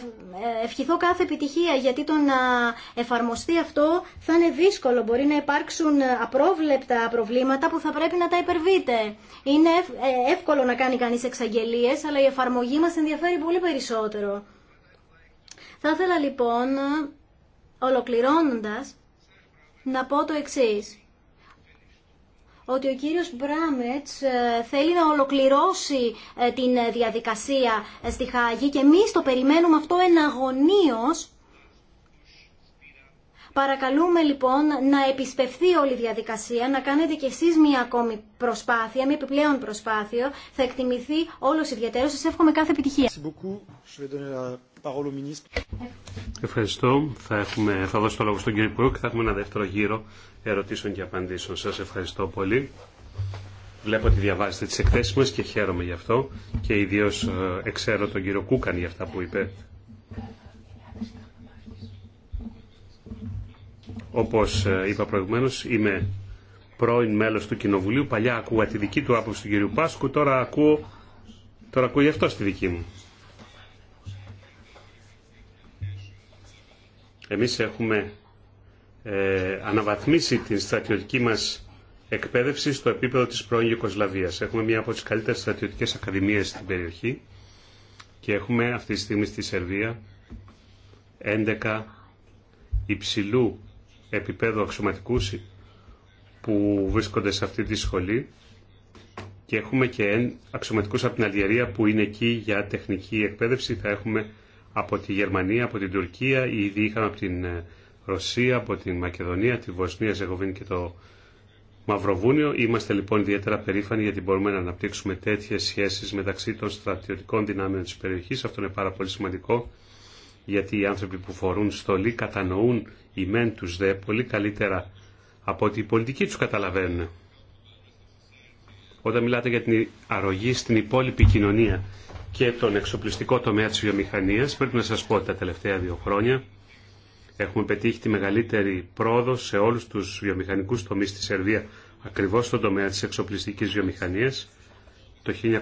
ευχηθώ κάθε επιτυχία γιατί το να εφαρμοστεί αυτό θα είναι δύσκολο. Μπορεί να υπάρξουν απρόβλεπτα προβλήματα που θα πρέπει να τα υπερβείτε. Είναι ε, εύκολο να κάνει κανείς εξαγγελίες αλλά η εφαρμογή μας ενδιαφέρει πολύ περισσότερο. Θα ήθελα λοιπόν ολοκληρώνοντας να πω το εξή ότι ο κύριος Μπράμετς ε, θέλει να ολοκληρώσει ε, την ε, διαδικασία στη Χάγη και εμείς το περιμένουμε αυτό εναγωνίως Παρακαλούμε λοιπόν να επισπευθεί όλη η διαδικασία, να κάνετε κι εσείς μία ακόμη προσπάθεια, μία επιπλέον προσπάθεια. Θα εκτιμηθεί όλος ιδιαίτερος. Σας εύχομαι κάθε επιτυχία. Ευχαριστώ. Θα, έχουμε, θα δώσω το λόγο στον κύριο Υπουργό και θα έχουμε ένα δεύτερο γύρο ερωτήσεων και απαντήσεων. Σας ευχαριστώ πολύ. Βλέπω ότι διαβάζετε τις εκθέσεις μας και χαίρομαι γι' αυτό και ιδίως ε, εξέρω τον κύριο Κούκαν για αυτά που είπε Όπως ε, είπα προηγουμένως, είμαι πρώην μέλος του Κοινοβουλίου. Παλιά ακούγα τη δική του άποψη του κυρίου Πάσκου, τώρα ακούω, τώρα ακούω αυτό στη δική μου. Εμείς έχουμε ε, αναβαθμίσει την στρατιωτική μας εκπαίδευση στο επίπεδο της πρώην Ιουκοσλαβίας. Έχουμε μία από τις καλύτερες στρατιωτικές ακαδημίες στην περιοχή και έχουμε αυτή τη στιγμή στη Σερβία 11 υψηλού Επίπεδο αξιωματικού που βρίσκονται σε αυτή τη σχολή και έχουμε και αξιωματικούς από την Αλγερία που είναι εκεί για τεχνική εκπαίδευση. Θα έχουμε από τη Γερμανία, από την Τουρκία, ήδη είχαμε από την ε, Ρωσία, από την Μακεδονία, τη Βοσνία, Ζεγοβίνη και το Μαυροβούνιο. Είμαστε λοιπόν ιδιαίτερα περήφανοι γιατί μπορούμε να αναπτύξουμε τέτοιες σχέσεις μεταξύ των στρατιωτικών δυνάμεων της περιοχής. Αυτό είναι πάρα πολύ σημαντικό γιατί οι άνθρωποι που φορούν στολή κατανοούν οι μεν τους δε πολύ καλύτερα από ότι οι πολιτικοί τους καταλαβαίνουν. Όταν μιλάτε για την αρρωγή στην υπόλοιπη κοινωνία και τον εξοπλιστικό τομέα της βιομηχανίας, πρέπει να σας πω ότι τα τελευταία δύο χρόνια έχουμε πετύχει τη μεγαλύτερη πρόοδο σε όλους τους βιομηχανικούς τομείς στη Σερβία, ακριβώς στον τομέα της εξοπλιστικής βιομηχανίας. Το 1999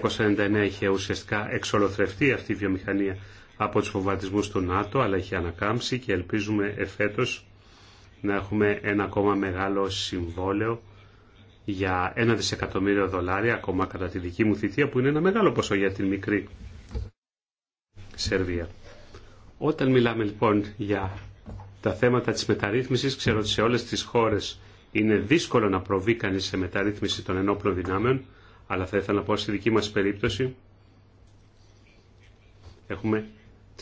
είχε ουσιαστικά εξολοθρευτεί αυτή η βιομηχανία από τους φοβατισμούς του ΝΑΤΟ, αλλά έχει ανακάμψει και ελπίζουμε εφέτος να έχουμε ένα ακόμα μεγάλο συμβόλαιο για ένα δισεκατομμύριο δολάρια, ακόμα κατά τη δική μου θητεία, που είναι ένα μεγάλο ποσό για την μικρή Σερβία. Όταν μιλάμε λοιπόν για τα θέματα της μεταρρύθμισης, ξέρω ότι σε όλες τις χώρες είναι δύσκολο να προβεί κανεί σε μεταρρύθμιση των ενόπλων δυνάμεων, αλλά θα ήθελα να πω στη δική μας περίπτωση έχουμε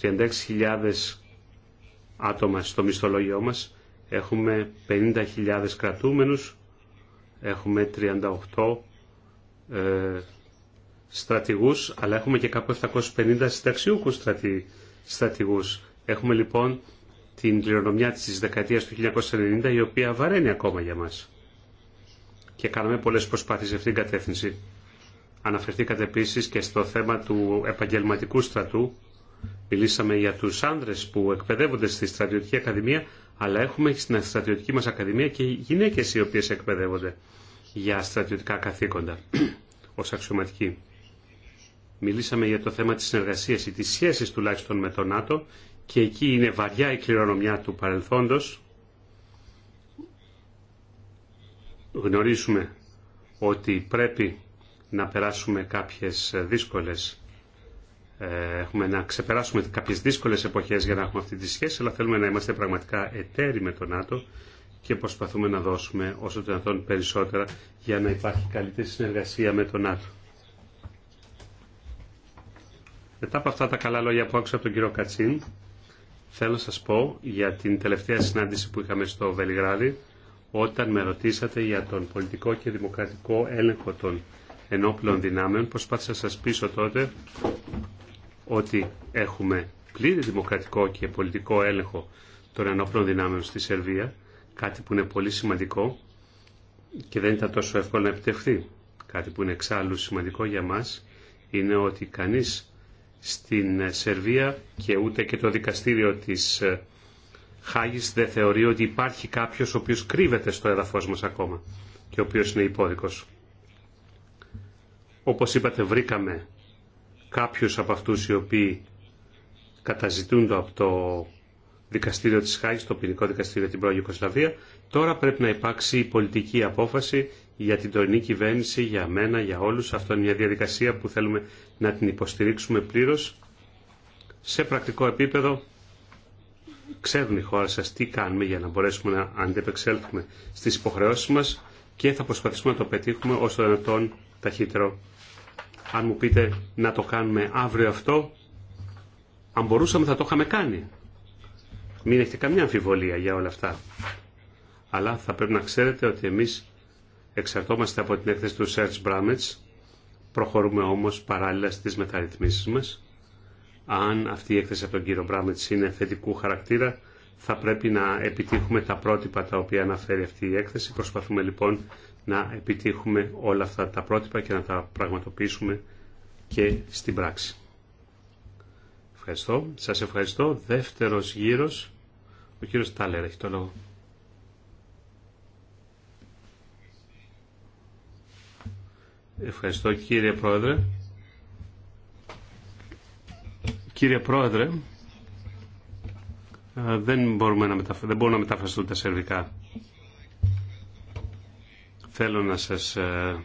36.000 άτομα στο μισθολόγιο μας, έχουμε 50.000 κρατούμενους, έχουμε 38 ε, στρατηγούς, αλλά έχουμε και κάπου 750 συνταξιούχους στρατη, στρατηγούς. Έχουμε λοιπόν την κληρονομιά της δεκαετίας του 1990 η οποία βαραίνει ακόμα για μας. Και κάναμε πολλές προσπάθειες σε αυτήν την κατεύθυνση. Αναφερθήκατε επίσης και στο θέμα του επαγγελματικού στρατού Μιλήσαμε για τους άνδρες που εκπαιδεύονται στη στρατιωτική ακαδημία, αλλά έχουμε στην στρατιωτική μας ακαδημία και γυναίκες οι οποίες εκπαιδεύονται για στρατιωτικά καθήκοντα [CLEARS THROAT] ως αξιωματικοί. Μιλήσαμε για το θέμα της συνεργασίας ή της σχέσης τουλάχιστον με τον ΝΑΤΟ και εκεί είναι βαριά η κληρονομιά του παρελθόντος. Γνωρίζουμε ότι πρέπει να περάσουμε κάποιες δύσκολες ε, έχουμε να ξεπεράσουμε κάποιες δύσκολες εποχές για να έχουμε αυτή τη σχέση, αλλά θέλουμε να είμαστε πραγματικά εταίροι με το ΝΑΤΟ και προσπαθούμε να δώσουμε όσο το δυνατόν περισσότερα για να υπάρχει καλύτερη συνεργασία με το ΝΑΤΟ. Μετά από αυτά τα καλά λόγια που άκουσα από τον κύριο Κατσίν, θέλω να σας πω για την τελευταία συνάντηση που είχαμε στο Βελιγράδι, όταν με ρωτήσατε για τον πολιτικό και δημοκρατικό έλεγχο των ενόπλων δυνάμεων, προσπάθησα να σας πείσω τότε ότι έχουμε πλήρη δημοκρατικό και πολιτικό έλεγχο των ενόπλων δυνάμεων στη Σερβία, κάτι που είναι πολύ σημαντικό και δεν ήταν τόσο εύκολο να επιτευχθεί. Κάτι που είναι εξάλλου σημαντικό για μας είναι ότι κανείς στην Σερβία και ούτε και το δικαστήριο της ε, Χάγης δεν θεωρεί ότι υπάρχει κάποιος ο οποίος κρύβεται στο έδαφος μας ακόμα και ο οποίος είναι υπόδικος. Όπως είπατε βρήκαμε κάποιους από αυτούς οι οποίοι το από το δικαστήριο της Χάγης, το ποινικό δικαστήριο την πρώην Ιουκοσλαβία, τώρα πρέπει να υπάρξει η πολιτική απόφαση για την τωρινή κυβέρνηση, για μένα, για όλους. Αυτό είναι μια διαδικασία που θέλουμε να την υποστηρίξουμε πλήρως. Σε πρακτικό επίπεδο, ξέρουν οι χώρες σας τι κάνουμε για να μπορέσουμε να αντεπεξέλθουμε στις υποχρεώσεις μας και θα προσπαθήσουμε να το πετύχουμε όσο δυνατόν ταχύτερο αν μου πείτε να το κάνουμε αύριο αυτό, αν μπορούσαμε θα το είχαμε κάνει. Μην έχετε καμιά αμφιβολία για όλα αυτά. Αλλά θα πρέπει να ξέρετε ότι εμείς εξαρτώμαστε από την έκθεση του Serge Bramets, προχωρούμε όμως παράλληλα στις μεταρρυθμίσεις μας. Αν αυτή η έκθεση από τον κύριο Bramets είναι θετικού χαρακτήρα, θα πρέπει να επιτύχουμε τα πρότυπα τα οποία αναφέρει αυτή η έκθεση. Προσπαθούμε λοιπόν να επιτύχουμε όλα αυτά τα πρότυπα και να τα πραγματοποιήσουμε και στην πράξη. Ευχαριστώ. Σας ευχαριστώ. Δεύτερος γύρος. Ο κύριος Τάλερ έχει το λόγο. Ευχαριστώ κύριε Πρόεδρε. Κύριε Πρόεδρε, δεν μπορούμε να μεταφραστούμε δεν μπορούν να μεταφραστούν τα σερβικά. Θέλω να σας ε,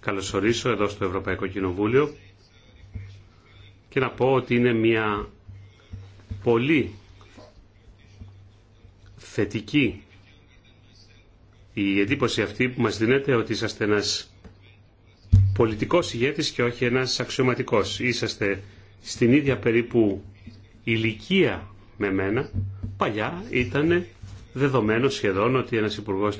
καλωσορίσω εδώ στο Ευρωπαϊκό Κοινοβούλιο και να πω ότι είναι μια πολύ θετική η εντύπωση αυτή που μας δίνεται ότι είσαστε ένας πολιτικός ηγέτης και όχι ένας αξιωματικός. Είσαστε στην ίδια περίπου ηλικία με μένα. Παλιά ήταν δεδομένο σχεδόν ότι ένας υπουργός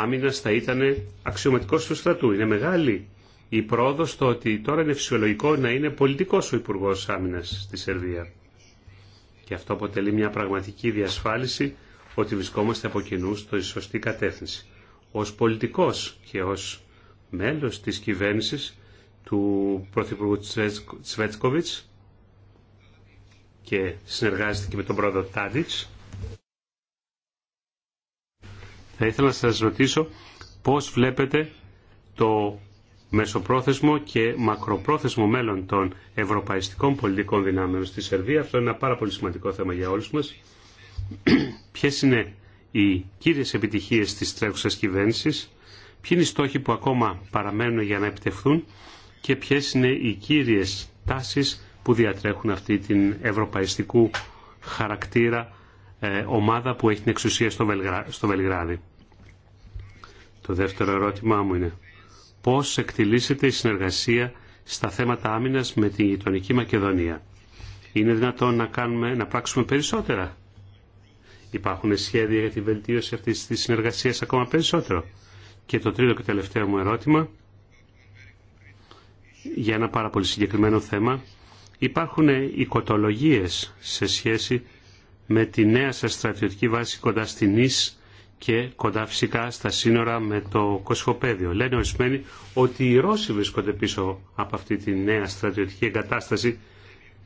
άμυνα θα ήταν αξιωματικό του στρατού. Είναι μεγάλη η πρόοδο στο ότι τώρα είναι φυσιολογικό να είναι πολιτικό ο Υπουργό Άμυνα στη Σερβία. Και αυτό αποτελεί μια πραγματική διασφάλιση ότι βρισκόμαστε από κοινού στο σωστή κατεύθυνση. Ω πολιτικό και ω μέλο τη κυβέρνηση του Πρωθυπουργού Τσβέτσκοβιτ και συνεργάζεται και με τον πρόεδρο Τάντιτς θα ήθελα να σας ρωτήσω πώς βλέπετε το μεσοπρόθεσμο και μακροπρόθεσμο μέλλον των ευρωπαϊστικών πολιτικών δυνάμεων στη Σερβία. Αυτό είναι ένα πάρα πολύ σημαντικό θέμα για όλους μας. [CLEARS THROAT] Ποιε είναι οι κύριες επιτυχίες της τρέχουσας κυβέρνησης, ποιοι είναι οι στόχοι που ακόμα παραμένουν για να επιτευχθούν και ποιε είναι οι κύριες τάσεις που διατρέχουν αυτή την ευρωπαϊστικού χαρακτήρα ε, ομάδα που έχει την εξουσία στο, Βελιγράδι. Το δεύτερο ερώτημά μου είναι πώς εκτιλήσεται η συνεργασία στα θέματα άμυνας με την γειτονική Μακεδονία. Είναι δυνατόν να, κάνουμε, να πράξουμε περισσότερα. Υπάρχουν σχέδια για τη βελτίωση αυτής της συνεργασίας ακόμα περισσότερο. Και το τρίτο και τελευταίο μου ερώτημα για ένα πάρα πολύ συγκεκριμένο θέμα. Υπάρχουν ε, οικοτολογίες σε σχέση με τη νέα σας στρατιωτική βάση κοντά στην Νης και κοντά φυσικά στα σύνορα με το κοσκοπέδιο. Λένε ορισμένοι ότι οι Ρώσοι βρίσκονται πίσω από αυτή τη νέα στρατιωτική εγκατάσταση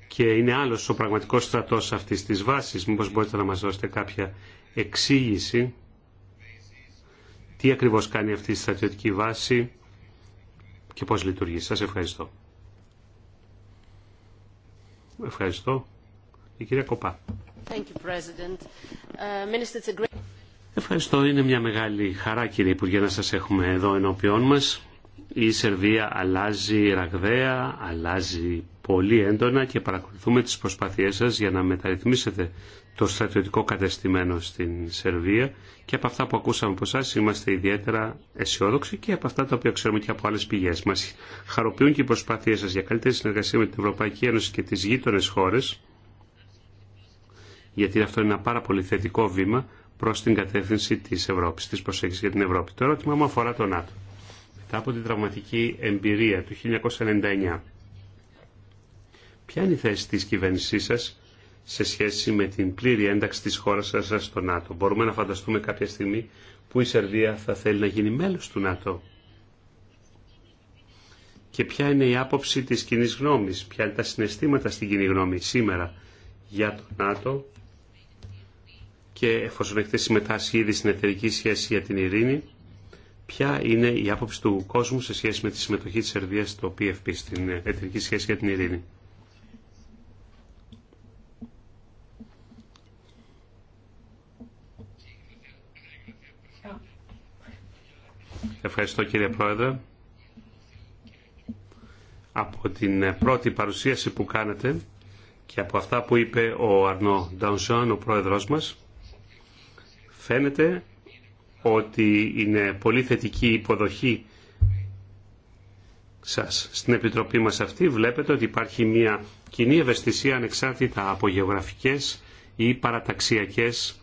και είναι άλλος ο πραγματικός στρατός αυτής της βάσης. Μήπως μπορείτε να μας δώσετε κάποια εξήγηση τι ακριβώς κάνει αυτή η στρατιωτική βάση και πώς λειτουργεί. Σας ευχαριστώ. Ευχαριστώ. Η κυρία Κοπά. Uh, Ευχαριστώ. Είναι μια μεγάλη χαρά κύριε Υπουργέ να σας έχουμε εδώ ενώπιόν μας. Η Σερβία αλλάζει ραγδαία, αλλάζει πολύ έντονα και παρακολουθούμε τις προσπάθειές σας για να μεταρρυθμίσετε το στρατιωτικό κατεστημένο στην Σερβία και από αυτά που ακούσαμε από εσάς είμαστε ιδιαίτερα αισιόδοξοι και από αυτά τα οποία ξέρουμε και από άλλες πηγές μας. Χαροποιούν και οι προσπάθειές σας για καλύτερη συνεργασία με την Ευρωπαϊκή Ένωση και τις γείτονες χώρες γιατί αυτό είναι ένα πάρα πολύ θετικό βήμα προς την κατεύθυνση της Ευρώπης, της προσέγγισης για την Ευρώπη. Το ερώτημά μου αφορά το ΝΑΤΟ. Μετά από την τραυματική εμπειρία του 1999, ποια είναι η θέση της κυβέρνησής σας σε σχέση με την πλήρη ένταξη της χώρας σας στο ΝΑΤΟ. Μπορούμε να φανταστούμε κάποια στιγμή που η Σερβία θα θέλει να γίνει μέλος του ΝΑΤΟ. Και ποια είναι η άποψη της κοινή γνώμης, ποια είναι τα συναισθήματα στην κοινή γνώμη σήμερα για το ΝΑΤΟ και εφόσον έχετε συμμετάσχει ήδη στην εταιρική σχέση για την ειρήνη, ποια είναι η άποψη του κόσμου σε σχέση με τη συμμετοχή της Σερβίας στο PFP, στην εταιρική σχέση για την ειρήνη. Ευχαριστώ κύριε Πρόεδρε. Από την πρώτη παρουσίαση που κάνατε και από αυτά που είπε ο Αρνό Ντάουνσον, ο πρόεδρος μας, φαίνεται ότι είναι πολύ θετική η υποδοχή σας στην Επιτροπή μας αυτή. Βλέπετε ότι υπάρχει μια κοινή ευαισθησία ανεξάρτητα από γεωγραφικές ή παραταξιακές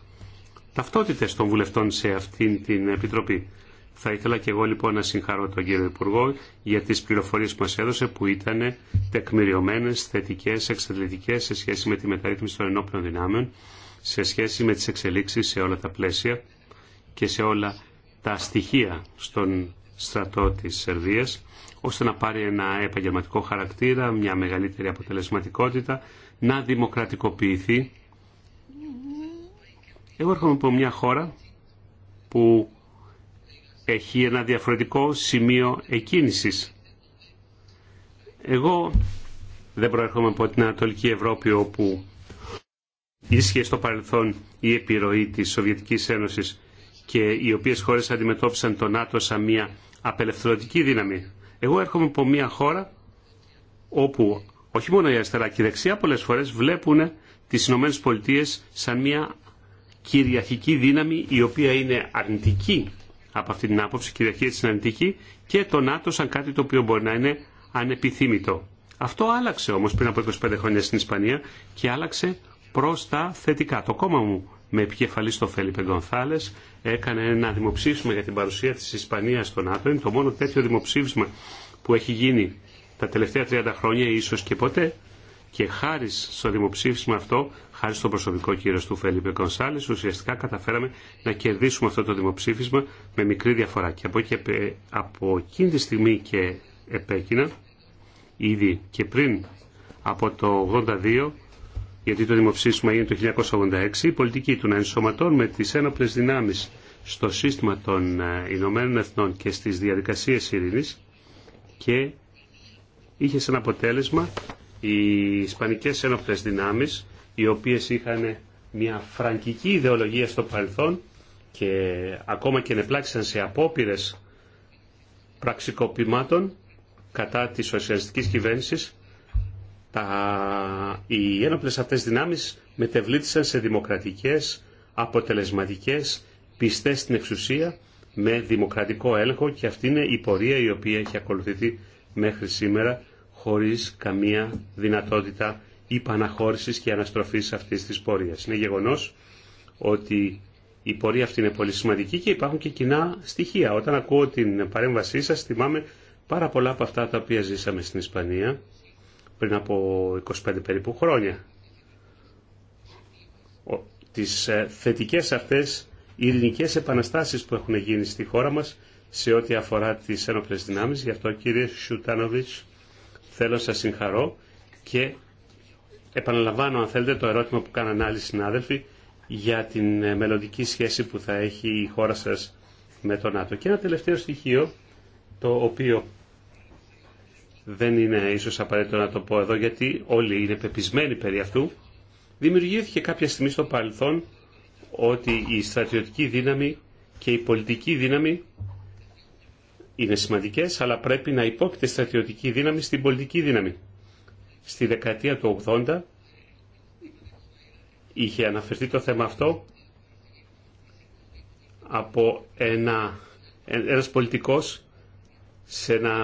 ταυτότητες των βουλευτών σε αυτήν την Επιτροπή. Θα ήθελα και εγώ λοιπόν να συγχαρώ τον κύριο Υπουργό για τις πληροφορίες που μας έδωσε που ήταν τεκμηριωμένες, θετικές, εξαντλητικές σε σχέση με τη μεταρρύθμιση των ενόπλων δυνάμεων σε σχέση με τις εξελίξεις σε όλα τα πλαίσια και σε όλα τα στοιχεία στον στρατό της Σερβίας, ώστε να πάρει ένα επαγγελματικό χαρακτήρα, μια μεγαλύτερη αποτελεσματικότητα, να δημοκρατικοποιηθεί. Εγώ έρχομαι από μια χώρα που έχει ένα διαφορετικό σημείο εκκίνησης. Εγώ δεν προέρχομαι από την Ανατολική Ευρώπη όπου ίσχυε στο παρελθόν η επιρροή της Σοβιετικής Ένωσης και οι οποίες χώρες αντιμετώπισαν τον ΝΑΤΟ σαν μια απελευθερωτική δύναμη. Εγώ έρχομαι από μια χώρα όπου όχι μόνο η αριστερά και η δεξιά πολλές φορές βλέπουν τις ΗΠΑ σαν μια κυριαρχική δύναμη η οποία είναι αρνητική από αυτή την άποψη, κυριαρχία τη είναι αρνητική και το ΝΑΤΟ σαν κάτι το οποίο μπορεί να είναι ανεπιθύμητο. Αυτό άλλαξε όμως πριν από 25 χρόνια στην Ισπανία και άλλαξε προς τα θετικά. Το κόμμα μου με επικεφαλή στο Φέλιπε Γκονθάλε, έκανε ένα δημοψήφισμα για την παρουσία τη Ισπανία στο ΝΑΤΟ. Είναι το μόνο τέτοιο δημοψήφισμα που έχει γίνει τα τελευταία 30 χρόνια, ίσω και ποτέ. Και χάρη στο δημοψήφισμα αυτό, χάρη στον προσωπικό κύριο του Φέλιπε Κονσάλη, ουσιαστικά καταφέραμε να κερδίσουμε αυτό το δημοψήφισμα με μικρή διαφορά. Και από, και, από εκείνη τη στιγμή και επέκεινα, ήδη και πριν από το 82, γιατί το δημοψήφισμα έγινε το 1986, η πολιτική του να ενσωματώνουμε τις ένοπλες δυνάμεις στο σύστημα των ε, Ηνωμένων Εθνών και στις διαδικασίες ειρήνης και είχε σαν αποτέλεσμα οι Ισπανικές ένοπλες δυνάμεις οι οποίες είχαν μια φραγκική ιδεολογία στο παρελθόν και ακόμα και ενεπλάξαν σε απόπειρε πραξικοπημάτων κατά της σοσιαλιστικής κυβέρνησης τα, οι ένοπλες αυτές δυνάμεις μετεβλήθησαν σε δημοκρατικές, αποτελεσματικές, πιστές στην εξουσία με δημοκρατικό έλεγχο και αυτή είναι η πορεία η οποία έχει ακολουθηθεί μέχρι σήμερα χωρίς καμία δυνατότητα υπαναχώρησης και αναστροφής αυτής της πορείας. Είναι γεγονός ότι η πορεία αυτή είναι πολύ σημαντική και υπάρχουν και κοινά στοιχεία. Όταν ακούω την παρέμβασή σας θυμάμαι πάρα πολλά από αυτά τα οποία ζήσαμε στην Ισπανία πριν από 25 περίπου χρόνια. Τις ε, θετικές αυτές ειρηνικές επαναστάσεις που έχουν γίνει στη χώρα μας σε ό,τι αφορά τις ένοπλες δυνάμεις. Γι' αυτό κύριε Σιουτάνοβιτς θέλω να σας συγχαρώ και επαναλαμβάνω αν θέλετε το ερώτημα που κάναν άλλοι συνάδελφοι για την ε, μελλοντική σχέση που θα έχει η χώρα σας με τον ΝΑΤΟ. Και ένα τελευταίο στοιχείο το οποίο δεν είναι ίσως απαραίτητο να το πω εδώ γιατί όλοι είναι πεπισμένοι περί αυτού, δημιουργήθηκε κάποια στιγμή στο παρελθόν ότι η στρατιωτική δύναμη και η πολιτική δύναμη είναι σημαντικές, αλλά πρέπει να υπόκειται στρατιωτική δύναμη στην πολιτική δύναμη. Στη δεκαετία του 80 είχε αναφερθεί το θέμα αυτό από ένα, ένας πολιτικός σε ένα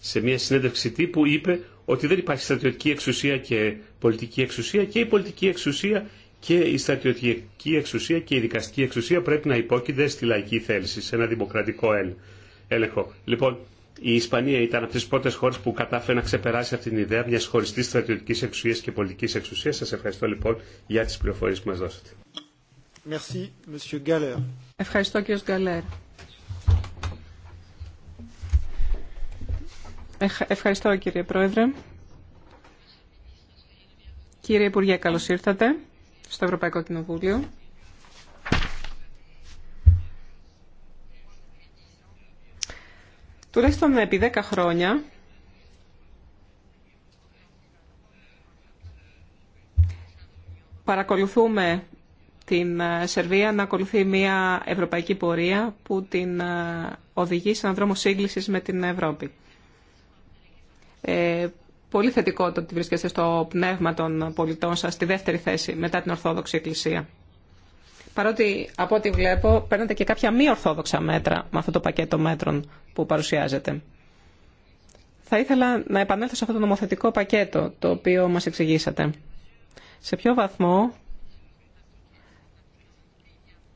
σε μια συνέντευξη τύπου είπε ότι δεν υπάρχει στρατιωτική εξουσία και πολιτική εξουσία και η πολιτική εξουσία και η στρατιωτική εξουσία και η δικαστική εξουσία πρέπει να υπόκεινται στη λαϊκή θέληση, σε ένα δημοκρατικό έλεγχο. Λοιπόν, η Ισπανία ήταν από τι πρώτε χώρε που κατάφερε να ξεπεράσει αυτήν την ιδέα μια χωριστή στρατιωτική εξουσία και πολιτική εξουσία. Σα ευχαριστώ λοιπόν για τι πληροφορίε που μα δώσατε. Merci, Ευχαριστώ, κύριο Γκαλέρ. Ευχαριστώ κύριε Πρόεδρε. Κύριε Υπουργέ, καλώς ήρθατε στο Ευρωπαϊκό Κοινοβούλιο. Τουλάχιστον επί 10 χρόνια παρακολουθούμε την ε, Σερβία να ακολουθεί μια ευρωπαϊκή πορεία που την ε, οδηγεί σε έναν δρόμο σύγκλησης με την Ευρώπη. Ε, πολύ θετικό το ότι βρίσκεστε στο πνεύμα των πολιτών σας στη δεύτερη θέση μετά την Ορθόδοξη Εκκλησία. Παρότι από ό,τι βλέπω παίρνετε και κάποια μη ορθόδοξα μέτρα με αυτό το πακέτο μέτρων που παρουσιάζεται. Θα ήθελα να επανέλθω σε αυτό το νομοθετικό πακέτο το οποίο μας εξηγήσατε. Σε ποιο βαθμό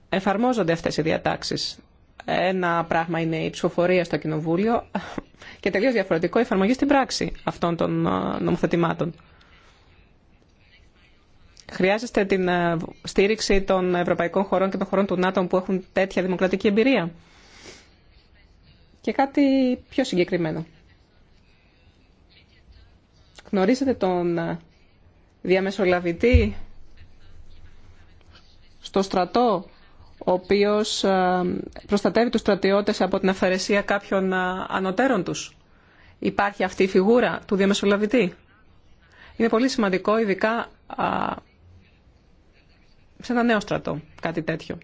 εφαρμόζονται αυτές οι διατάξεις ένα πράγμα είναι η ψηφοφορία στο Κοινοβούλιο [LAUGHS] και τελείως διαφορετικό η εφαρμογή στην πράξη αυτών των ε, νομοθετημάτων. Χρειάζεστε την ε, στήριξη των ευρωπαϊκών χωρών και των χωρών του ΝΑΤΟ που έχουν τέτοια δημοκρατική εμπειρία. Και κάτι πιο συγκεκριμένο. Γνωρίζετε τον ε, διαμεσολαβητή στο στρατό ο οποίος ε, προστατεύει τους στρατιώτες από την αφαιρεσία κάποιων ε, ανωτέρων τους. Υπάρχει αυτή η φιγούρα του διαμεσολαβητή. Είναι πολύ σημαντικό, ειδικά σε ένα νέο στρατό, κάτι τέτοιο.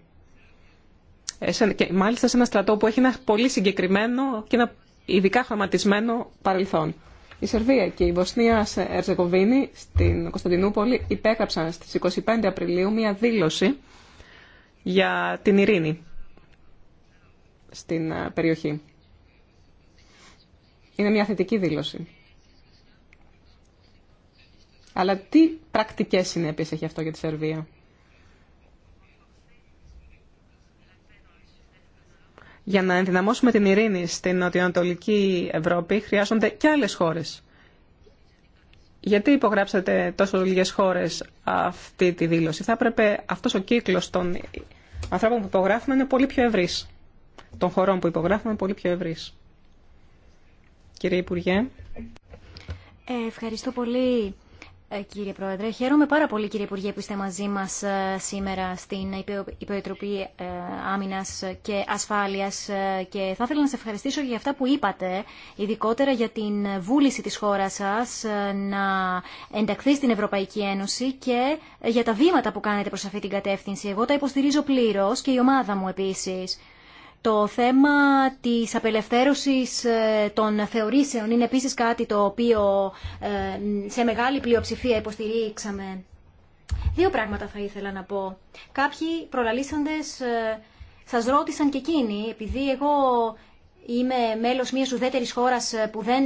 Ε, και μάλιστα σε ένα στρατό που έχει ένα πολύ συγκεκριμένο και ένα ειδικά χαματισμένο παρελθόν. Η Σερβία και η Βοσνία Ερζεγοβίνη στην Κωνσταντινούπολη υπέγραψαν στις 25 Απριλίου μια δήλωση για την ειρήνη στην ε, περιοχή. Είναι μια θετική δήλωση. Αλλά τι πρακτικές συνέπειες έχει αυτό για τη Σερβία. Για να ενδυναμώσουμε την ειρήνη στην νοτιοανατολική Ευρώπη χρειάζονται και άλλες χώρες. Γιατί υπογράψατε τόσο λίγες χώρες αυτή τη δήλωση. Θα έπρεπε αυτός ο κύκλος των ανθρώπων που υπογράφουμε είναι πολύ πιο ευρύς. Των χωρών που υπογράφουμε είναι πολύ πιο ευρύς. Κύριε Υπουργέ. Ε, ευχαριστώ πολύ ε, κύριε Πρόεδρε. Χαίρομαι πάρα πολύ, κύριε Υπουργέ, που είστε μαζί μας ε, σήμερα στην Υπεροτροπή ε, Άμυνας και Ασφάλειας και θα ήθελα να σε ευχαριστήσω για αυτά που είπατε, ειδικότερα για την βούληση της χώρας σας να ενταχθεί στην Ευρωπαϊκή Ένωση και για τα βήματα που κάνετε προς αυτή την κατεύθυνση. Εγώ τα υποστηρίζω πλήρως και η ομάδα μου επίσης. Το θέμα της απελευθέρωσης ε, των θεωρήσεων είναι επίσης κάτι το οποίο ε, σε μεγάλη πλειοψηφία υποστηρίξαμε. Δύο πράγματα θα ήθελα να πω. Κάποιοι προλαλήσαντες ε, σας ρώτησαν και εκείνοι, επειδή εγώ είμαι μέλος μιας ουδέτερης χώρας που δεν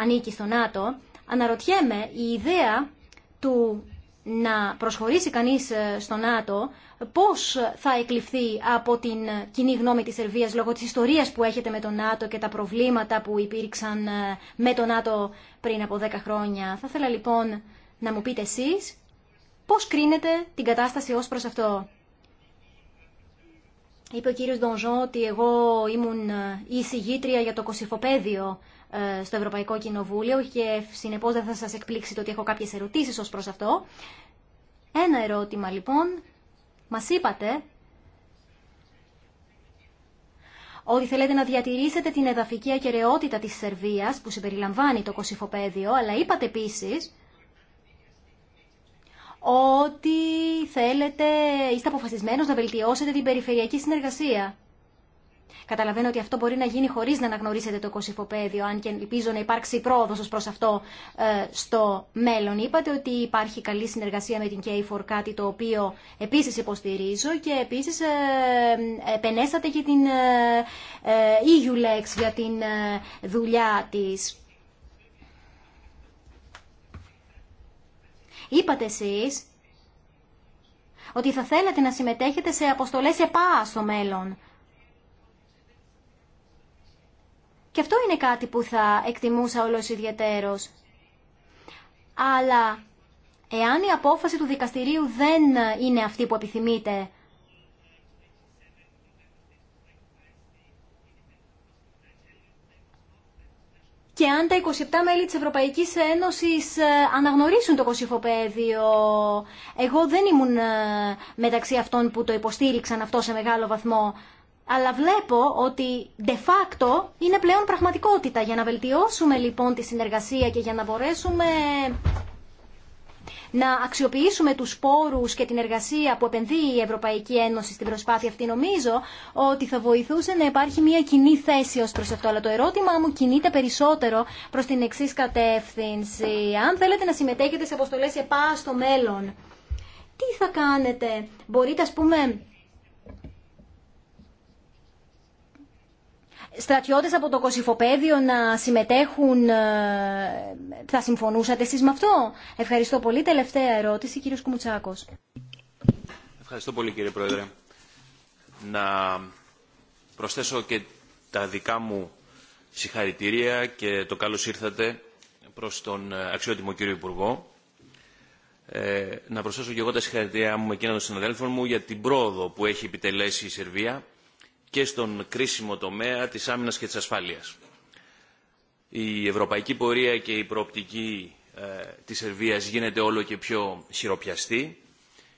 ανήκει στο ΝΑΤΟ, αναρωτιέμαι η ιδέα του να προσχωρήσει κανείς στο ΝΑΤΟ πώς θα εκλειφθεί από την κοινή γνώμη της Σερβίας λόγω της ιστορίας που έχετε με τον ΝΑΤΟ και τα προβλήματα που υπήρξαν ε, με τον ΝΑΤΟ πριν από 10 χρόνια. Θα ήθελα λοιπόν να μου πείτε εσείς πώς κρίνετε την κατάσταση ως προς αυτό. Είπε ο κύριος Ντονζό ότι εγώ ήμουν ε, συγγήτρια για το κοσυφοπαίδιο ε, στο Ευρωπαϊκό Κοινοβούλιο και συνεπώς δεν θα σας εκπλήξει το ότι έχω κάποιες ερωτήσεις ως προς αυτό. Ένα ερώτημα λοιπόν μας είπατε ότι θέλετε να διατηρήσετε την εδαφική ακεραιότητα της Σερβίας που συμπεριλαμβάνει το κοσυφοπαίδιο, αλλά είπατε επίσης ότι θέλετε, είστε αποφασισμένος να βελτιώσετε την περιφερειακή συνεργασία. Καταλαβαίνω ότι αυτό μπορεί να γίνει χωρί να αναγνωρίσετε το κοσυφοπαίδιο, αν και ελπίζω να υπάρξει πρόοδο ω προ αυτό ε, στο μέλλον. Είπατε ότι υπάρχει καλή συνεργασία με την K4, κάτι το οποίο επίση υποστηρίζω και επίση ε, επενέσατε και την ε, EULEX για την δουλειά τη. Είπατε εσείς ότι θα θέλατε να συμμετέχετε σε αποστολές ΕΠΑ στο μέλλον. Και αυτό είναι κάτι που θα εκτιμούσα όλος ιδιαίτερο. Αλλά εάν η απόφαση του δικαστηρίου δεν είναι αυτή που επιθυμείτε, και αν τα 27 μέλη της Ευρωπαϊκής Ένωσης ε, αναγνωρίσουν το κοσυφοπαίδιο. Εγώ δεν ήμουν ε, μεταξύ αυτών που το υποστήριξαν αυτό σε μεγάλο βαθμό αλλά βλέπω ότι de facto είναι πλέον πραγματικότητα. Για να βελτιώσουμε λοιπόν τη συνεργασία και για να μπορέσουμε να αξιοποιήσουμε τους πόρους και την εργασία που επενδύει η Ευρωπαϊκή Ένωση στην προσπάθεια αυτή νομίζω ότι θα βοηθούσε να υπάρχει μια κοινή θέση ως προς αυτό. Αλλά το ερώτημα μου κινείται περισσότερο προς την εξή κατεύθυνση. Αν θέλετε να συμμετέχετε σε αποστολές ΕΠΑ στο μέλλον, τι θα κάνετε, μπορείτε ας πούμε στρατιώτες από το Κωσυφοπέδιο να συμμετέχουν. Ε, θα συμφωνούσατε εσείς με αυτό. Ευχαριστώ πολύ. Τελευταία ερώτηση, κύριος Κουμουτσάκος. Ευχαριστώ πολύ κύριε Πρόεδρε. Να προσθέσω και τα δικά μου συγχαρητήρια και το καλώς ήρθατε προς τον ε, αξιότιμο κύριο Υπουργό. Ε, να προσθέσω και εγώ τα συγχαρητήριά μου εκείνα των συναδέλφων μου για την πρόοδο που έχει επιτελέσει η Σερβία και στον κρίσιμο τομέα της άμυνας και της ασφάλειας. Η ευρωπαϊκή πορεία και η προοπτική ε, της Σερβίας γίνεται όλο και πιο χειροπιαστή,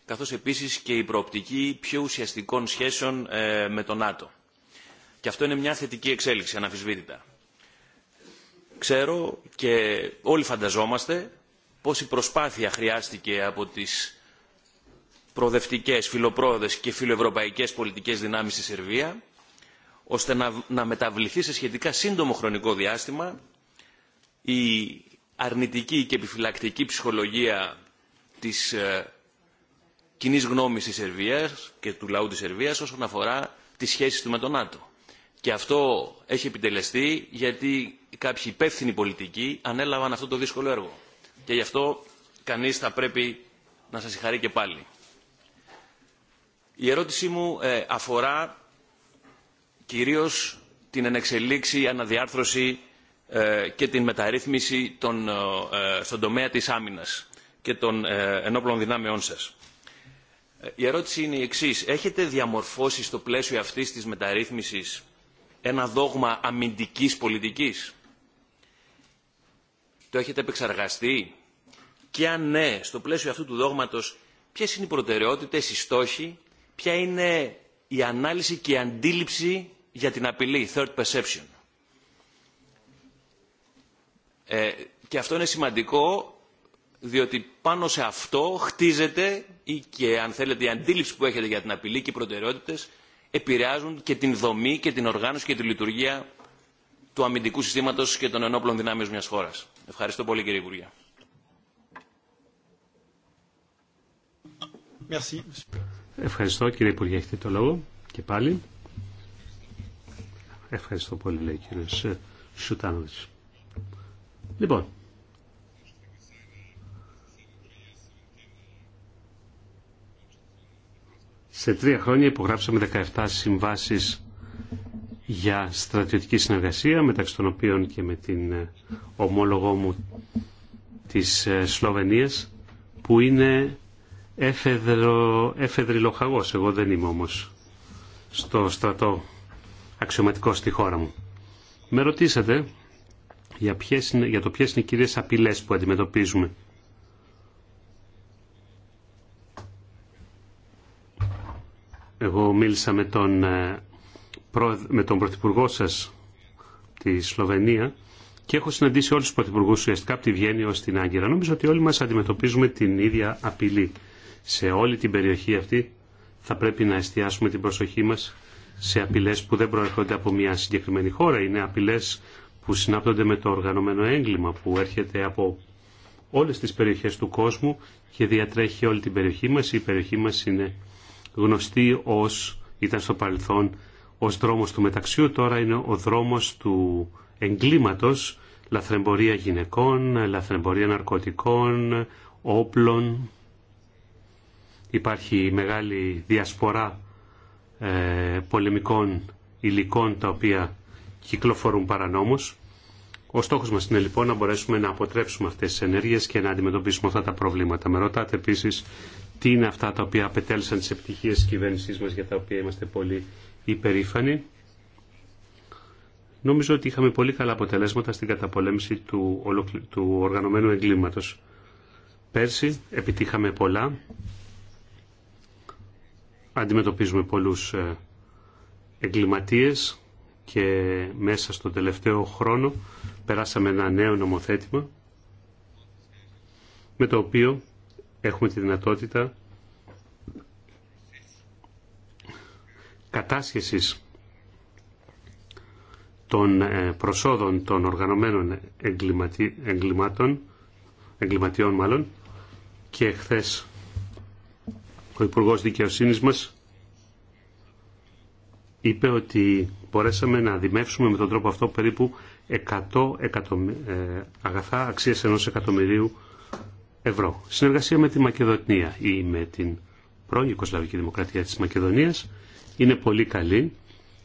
καθώς επίσης και η προοπτική πιο ουσιαστικών σχέσεων ε, με τον ΝΑΤΟ. Και αυτό είναι μια θετική εξέλιξη, αναφυσβήτητα. Ξέρω και όλοι φανταζόμαστε πόση προσπάθεια χρειάστηκε από τις προοδευτικές, φιλοπρόοδες και φιλοευρωπαϊκές πολιτικές δυνάμεις στη Σερβία, ώστε να, μεταβληθεί σε σχετικά σύντομο χρονικό διάστημα η αρνητική και επιφυλακτική ψυχολογία της ε, κοινή γνώμης της Σερβίας και του λαού της Σερβίας όσον αφορά τις σχέσεις του με τον ΝΑΤΟ. Και αυτό έχει επιτελεστεί γιατί κάποιοι υπεύθυνοι πολιτικοί ανέλαβαν αυτό το δύσκολο έργο. Και γι' αυτό κανείς θα πρέπει να σας συγχαρεί και πάλι. Η ερώτησή μου ε, αφορά κυρίως την ενεξελίξη, αναδιάρθρωση ε, και την μεταρρύθμιση των, ε, στον τομέα της άμυνας και των ενόπλων δυνάμεών σας. Η ερώτηση είναι η εξής. Έχετε διαμορφώσει στο πλαίσιο αυτής της μεταρρύθμισης ένα δόγμα αμυντικής πολιτικής. Το έχετε επεξεργαστεί. Και αν ναι, στο πλαίσιο αυτού του δόγματος, ποιες είναι οι προτεραιότητες, οι στόχοι ποια είναι η ανάλυση και η αντίληψη για την απειλή, third perception. Ε, και αυτό είναι σημαντικό, διότι πάνω σε αυτό χτίζεται ή και αν θέλετε η αντίληψη που έχετε για την απειλή και οι προτεραιότητες επηρεάζουν και την δομή και την οργάνωση και τη λειτουργία του αμυντικού συστήματος και των ενόπλων δυνάμεων μιας χώρας. Ευχαριστώ πολύ κύριε Υπουργέ. Merci. Ευχαριστώ κύριε Υπουργέ, έχετε το λόγο και πάλι. Ευχαριστώ πολύ, λέει κύριο ε, Λοιπόν, σε τρία χρόνια υπογράψαμε 17 συμβάσεις για στρατιωτική συνεργασία, μεταξύ των οποίων και με την ε, ομόλογό μου της ε, Σλοβενίας, που είναι έφεδρο, εφεδριλοχαγός. Εγώ δεν είμαι όμως στο στρατό αξιωματικό στη χώρα μου. Με ρωτήσατε για, ποιες για το ποιες είναι οι κυρίες απειλές που αντιμετωπίζουμε. Εγώ μίλησα με τον, ε, με τον πρωθυπουργό σας τη Σλοβενία και έχω συναντήσει όλους τους πρωθυπουργούς ουσιαστικά από τη Βιέννη ως την Άγκυρα. Νομίζω ότι όλοι μας αντιμετωπίζουμε την ίδια απειλή σε όλη την περιοχή αυτή θα πρέπει να εστιάσουμε την προσοχή μας σε απειλές που δεν προέρχονται από μια συγκεκριμένη χώρα. Είναι απειλές που συνάπτονται με το οργανωμένο έγκλημα που έρχεται από όλες τις περιοχές του κόσμου και διατρέχει όλη την περιοχή μας. Η περιοχή μας είναι γνωστή ως, ήταν στο παρελθόν, ως δρόμος του μεταξιού. Τώρα είναι ο δρόμος του εγκλήματος, λαθρεμπορία γυναικών, λαθρεμπορία ναρκωτικών, όπλων Υπάρχει μεγάλη διασπορά ε, πολεμικών υλικών τα οποία κυκλοφορούν παρανόμως. Ο στόχος μας είναι λοιπόν να μπορέσουμε να αποτρέψουμε αυτές τις ενέργειες και να αντιμετωπίσουμε αυτά τα προβλήματα. Με ρωτάτε επίσης τι είναι αυτά τα οποία απετέλεσαν τις επιτυχίες της κυβέρνησής μας για τα οποία είμαστε πολύ υπερήφανοι. Νομίζω ότι είχαμε πολύ καλά αποτελέσματα στην καταπολέμηση του, του οργανωμένου εγκλήματος. Πέρσι επιτύχαμε πολλά αντιμετωπίζουμε πολλούς ε, εγκληματίες και μέσα στο τελευταίο χρόνο περάσαμε ένα νέο νομοθέτημα με το οποίο έχουμε τη δυνατότητα κατάσχεσης των ε, προσόδων των οργανωμένων εγκληματι... εγκληματιών μάλλον και χθες ο Υπουργό Δικαιοσύνη μας είπε ότι μπορέσαμε να δημεύσουμε με τον τρόπο αυτό περίπου 100 εκατομ... Ε, αγαθά αξία ενό εκατομμυρίου ευρώ. Συνεργασία με τη Μακεδονία ή με την πρώην Οικοσλαβική Δημοκρατία της Μακεδονίας είναι πολύ καλή.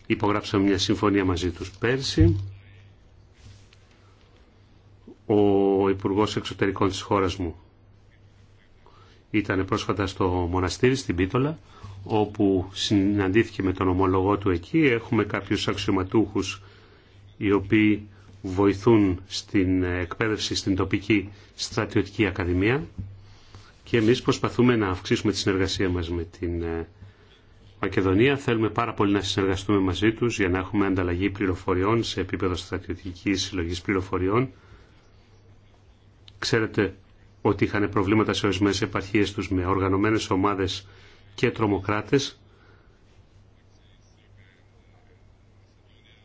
Υπογράψαμε μια συμφωνία μαζί τους πέρσι. Ο Υπουργός Εξωτερικών της χώρας μου ήταν πρόσφατα στο μοναστήρι στην Πίτολα όπου συναντήθηκε με τον ομολογό του εκεί. Έχουμε κάποιους αξιωματούχους οι οποίοι βοηθούν στην εκπαίδευση στην τοπική στρατιωτική ακαδημία και εμείς προσπαθούμε να αυξήσουμε τη συνεργασία μας με την ε, Μακεδονία. Θέλουμε πάρα πολύ να συνεργαστούμε μαζί τους για να έχουμε ανταλλαγή πληροφοριών σε επίπεδο στρατιωτικής συλλογής πληροφοριών. Ξέρετε ότι είχαν προβλήματα σε ορισμένε επαρχίες τους με οργανωμένες ομάδες και τρομοκράτες.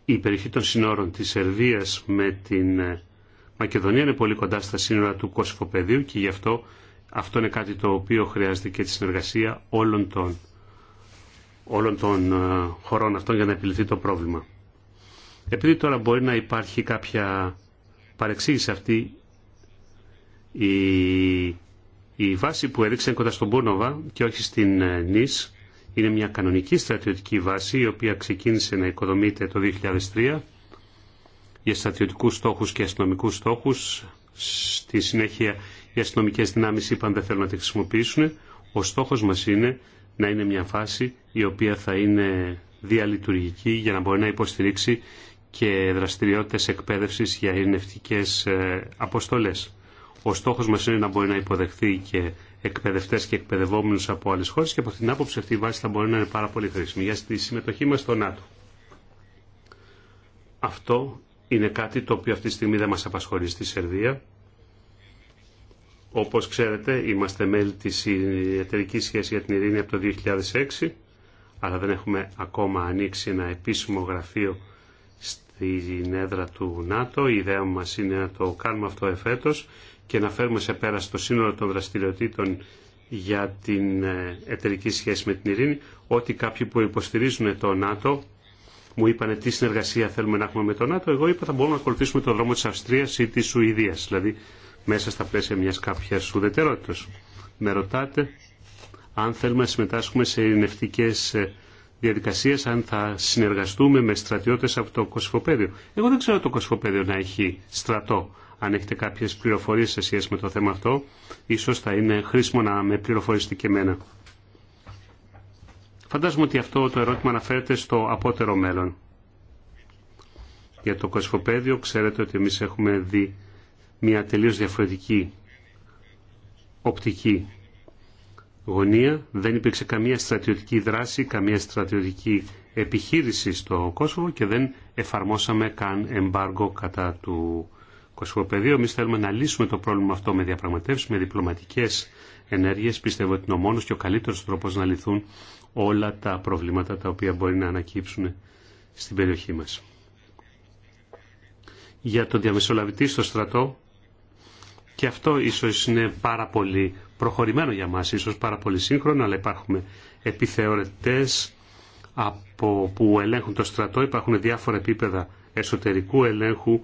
Η περιοχή των συνόρων της Σερβίας με την ε, Μακεδονία είναι πολύ κοντά στα σύνορα του πεδίου και γι' αυτό αυτό είναι κάτι το οποίο χρειάζεται και τη συνεργασία όλων των, όλων των ε, χωρών αυτών για να επιληθεί το πρόβλημα. Επειδή τώρα μπορεί να υπάρχει κάποια παρεξήγηση αυτή η, η βάση που έδειξαν κοντά στον Πούνοβα και όχι στην ε, Νης είναι μια κανονική στρατιωτική βάση η οποία ξεκίνησε να οικοδομείται το 2003 για στρατιωτικούς στόχους και αστυνομικούς στόχους. Στη συνέχεια οι αστυνομικές δυνάμεις είπαν δεν θέλουν να τη χρησιμοποιήσουν. Ο στόχος μας είναι να είναι μια φάση η οποία θα είναι διαλειτουργική για να μπορεί να υποστηρίξει και δραστηριότητες εκπαίδευσης για ειρηνευτικές ε, αποστολές. Ο στόχος μας είναι να μπορεί να υποδεχθεί και εκπαιδευτές και εκπαιδευόμενους από άλλες χώρες και από την άποψη αυτή η βάση θα μπορεί να είναι πάρα πολύ χρήσιμη για τη συμμετοχή μας στο ΝΑΤΟ. Αυτό είναι κάτι το οποίο αυτή τη στιγμή δεν μας απασχολεί στη Σερβία. Όπως ξέρετε, είμαστε μέλη της εταιρικής σχέσης για την ειρήνη από το 2006, αλλά δεν έχουμε ακόμα ανοίξει ένα επίσημο γραφείο στην έδρα του ΝΑΤΟ. Η ιδέα μας είναι να το κάνουμε αυτό εφέτος και να φέρουμε σε πέρα στο σύνολο των δραστηριοτήτων για την ε, εταιρική σχέση με την ειρήνη, ότι κάποιοι που υποστηρίζουν το ΝΑΤΟ μου είπαν τι συνεργασία θέλουμε να έχουμε με το ΝΑΤΟ, εγώ είπα θα μπορούμε να ακολουθήσουμε τον δρόμο της Αυστρίας ή της Σουηδίας, δηλαδή μέσα στα πλαίσια μιας κάποιας ουδετερότητας. Με ρωτάτε αν θέλουμε να συμμετάσχουμε σε ειρηνευτικές ε, διαδικασίες, αν θα συνεργαστούμε με στρατιώτες από το Κοσφοπέδιο. Εγώ δεν ξέρω το Κοσφοπέδιο να έχει στρατό, αν έχετε κάποιες πληροφορίες σε σχέση με το θέμα αυτό, ίσως θα είναι χρήσιμο να με πληροφορήσετε και εμένα. Φαντάζομαι ότι αυτό το ερώτημα αναφέρεται στο απότερο μέλλον. Για το κοσφοπέδιο ξέρετε ότι εμείς έχουμε δει μια τελείως διαφορετική οπτική γωνία. Δεν υπήρξε καμία στρατιωτική δράση, καμία στρατιωτική επιχείρηση στο Κόσοβο και δεν εφαρμόσαμε καν εμπάργκο κατά του κοσμοπεδίο. Εμεί θέλουμε να λύσουμε το πρόβλημα αυτό με διαπραγματεύσει, με διπλωματικέ ενέργειε. Πιστεύω ότι είναι ο μόνο και ο καλύτερο τρόπο να λυθούν όλα τα προβλήματα τα οποία μπορεί να ανακύψουν στην περιοχή μα. Για τον διαμεσολαβητή στο στρατό, και αυτό ίσω είναι πάρα πολύ προχωρημένο για μας, ίσως πάρα πολύ σύγχρονο, αλλά υπάρχουν επιθεωρητές από που ελέγχουν το στρατό, υπάρχουν διάφορα επίπεδα εσωτερικού ελέγχου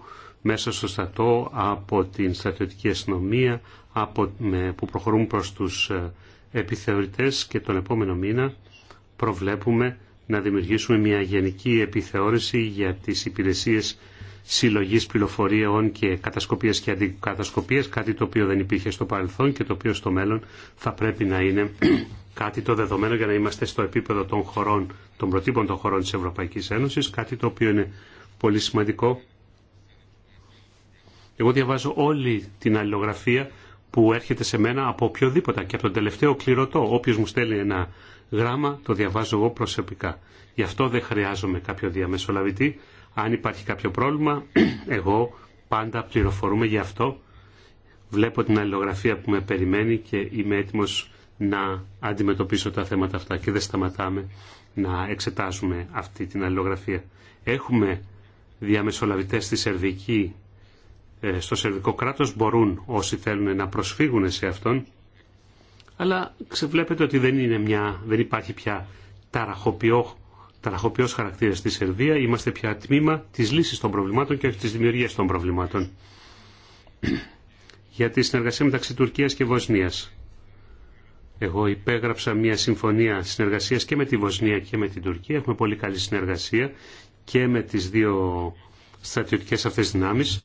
μέσα στο στρατό, από την στρατιωτική αστυνομία από, με, που προχωρούν προς τους ε, επιθεωρητές και τον επόμενο μήνα προβλέπουμε να δημιουργήσουμε μια γενική επιθεώρηση για τις υπηρεσίες συλλογής πληροφοριών και κατασκοπίας και αντικατασκοπίας, κάτι το οποίο δεν υπήρχε στο παρελθόν και το οποίο στο μέλλον θα πρέπει να είναι κάτι το δεδομένο για να είμαστε στο επίπεδο των χωρών, των προτύπων των χωρών της Ευρωπαϊκής Ένωσης, κάτι το οποίο είναι πολύ σημαντικό εγώ διαβάζω όλη την αλληλογραφία που έρχεται σε μένα από οποιοδήποτε και από τον τελευταίο κληρωτό. Όποιο μου στέλνει ένα γράμμα, το διαβάζω εγώ προσωπικά. Γι' αυτό δεν χρειάζομαι κάποιο διαμεσολαβητή. Αν υπάρχει κάποιο πρόβλημα, [CLEARS THROAT] εγώ πάντα πληροφορούμε γι' αυτό. Βλέπω την αλληλογραφία που με περιμένει και είμαι έτοιμο να αντιμετωπίσω τα θέματα αυτά και δεν σταματάμε να εξετάζουμε αυτή την αλληλογραφία. Έχουμε διαμεσολαβητές στη Σερβική ε, στο σερβικό κράτος μπορούν όσοι θέλουν να προσφύγουν σε αυτόν αλλά ξεβλέπετε ότι δεν, είναι μια, δεν υπάρχει πια ταραχοποιό, ταραχοποιός χαρακτήρα στη Σερβία είμαστε πια τμήμα της λύσης των προβλημάτων και όχι της δημιουργίας των προβλημάτων [CLEARS THROAT] για τη συνεργασία μεταξύ Τουρκίας και Βοσνίας εγώ υπέγραψα μια συμφωνία συνεργασίας και με τη Βοσνία και με την Τουρκία έχουμε πολύ καλή συνεργασία και με τις δύο στρατιωτικές αυτές δυνάμεις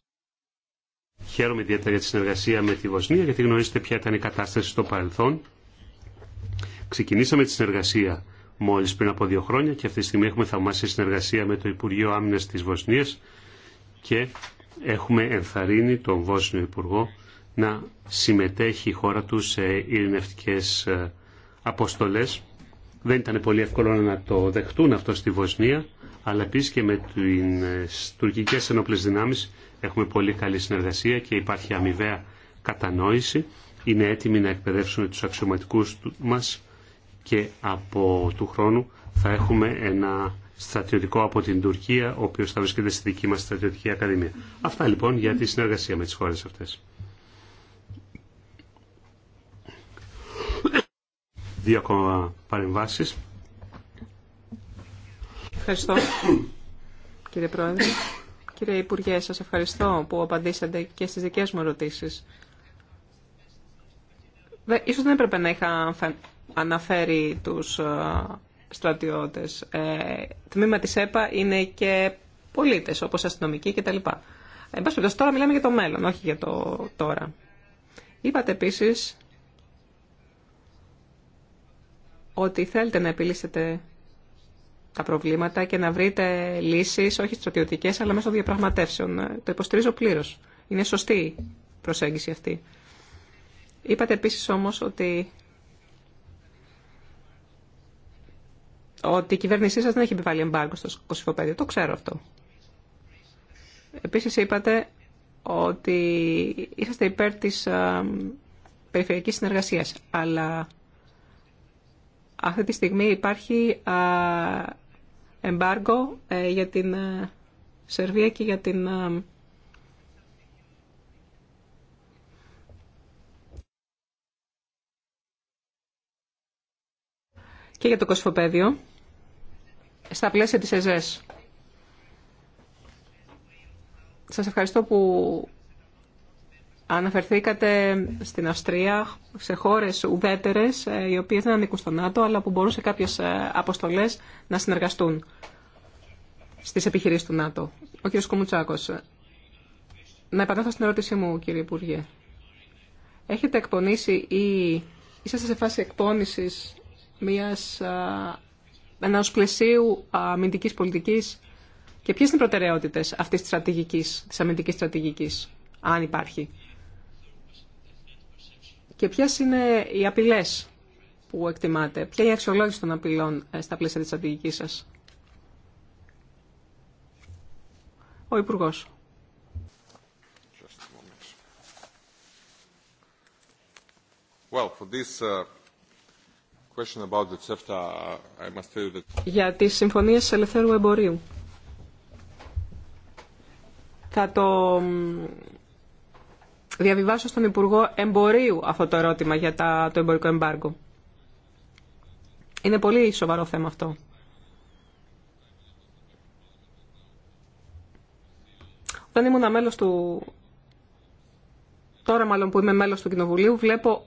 Χαίρομαι ιδιαίτερα για τη συνεργασία με τη Βοσνία, γιατί γνωρίζετε ποια ήταν η κατάσταση στο παρελθόν. Ξεκινήσαμε τη συνεργασία μόλι πριν από δύο χρόνια και αυτή τη στιγμή έχουμε θαυμάσια συνεργασία με το Υπουργείο Άμυνα τη Βοσνία και έχουμε ενθαρρύνει τον Βόσνιο Υπουργό να συμμετέχει η χώρα του σε ειρηνευτικέ ε, αποστολέ. Δεν ήταν πολύ εύκολο να το δεχτούν αυτό στη Βοσνία, αλλά επίση και με τι ε, τουρκικέ ενόπλε δυνάμει Έχουμε πολύ καλή συνεργασία και υπάρχει αμοιβαία κατανόηση. Είναι έτοιμοι να εκπαιδεύσουν τους αξιωματικούς μας και από του χρόνου θα έχουμε ένα στρατιωτικό από την Τουρκία, ο οποίος θα βρίσκεται στη δική μας στρατιωτική ακαδημία. Αυτά λοιπόν για τη συνεργασία με τις χώρες αυτές. Δύο ακόμα παρεμβάσεις. Ευχαριστώ, κύριε Πρόεδρε. Κύριε Υπουργέ, σας ευχαριστώ που απαντήσατε και στις δικές μου ερωτήσεις. Ίσως δεν έπρεπε να είχα αναφέρει τους ε, στρατιώτες. Ε, τμήμα της ΕΠΑ είναι και πολίτες, όπως αστυνομικοί κτλ. Ε, εν πάση περιπτώσει, τώρα μιλάμε για το μέλλον, όχι για το τώρα. Είπατε επίσης ότι θέλετε να επιλύσετε τα προβλήματα και να βρείτε λύσεις, όχι στρατιωτικές, αλλά μέσω διαπραγματεύσεων. Ε, το υποστηρίζω πλήρως. Είναι σωστή προσέγγιση αυτή. Είπατε επίσης όμως ότι ότι η κυβέρνησή σας δεν έχει επιβάλει εμπάργκο στο κοσυφοπέδιο. Το ξέρω αυτό. Επίσης είπατε ότι είσαστε υπέρ της ε, περιφερειακής συνεργασίας, αλλά αυτή τη στιγμή υπάρχει α, ε, εμπάργκο ε, για την ε, Σερβία και για την ε, και για το κοσφοπέδιο στα πλαίσια της ΕΖΕΣ. Σας ευχαριστώ που Αναφερθήκατε στην Αυστρία, σε χώρες ουδέτερε, ε, οι οποίες δεν ανήκουν στο ΝΑΤΟ, αλλά που μπορούν σε κάποιες ε, να συνεργαστούν στις επιχειρήσεις του ΝΑΤΟ. Ο κ. Κομουτσάκο, ε, να επανέλθω στην ερώτησή μου, κύριε Υπουργέ. Έχετε εκπονήσει ή είσαστε σε φάση εκπόνησης μιας, πλαισίου αμυντική πολιτικής και ποιε είναι οι προτεραιότητε αυτή τη στρατηγικής, της αν υπάρχει. Και ποιε είναι οι απειλέ που εκτιμάτε, ποια είναι η αξιολόγηση των απειλών ε, στα πλαίσια της στρατηγική σα. Ο Υπουργός. Για τις συμφωνίες ελευθέρου εμπορίου. Θα το διαβιβάσω στον Υπουργό Εμπορίου αυτό το ερώτημα για το εμπορικό εμπάργκο. Είναι πολύ σοβαρό θέμα αυτό. Όταν ήμουν μέλος του... Τώρα μάλλον που είμαι μέλος του Κοινοβουλίου βλέπω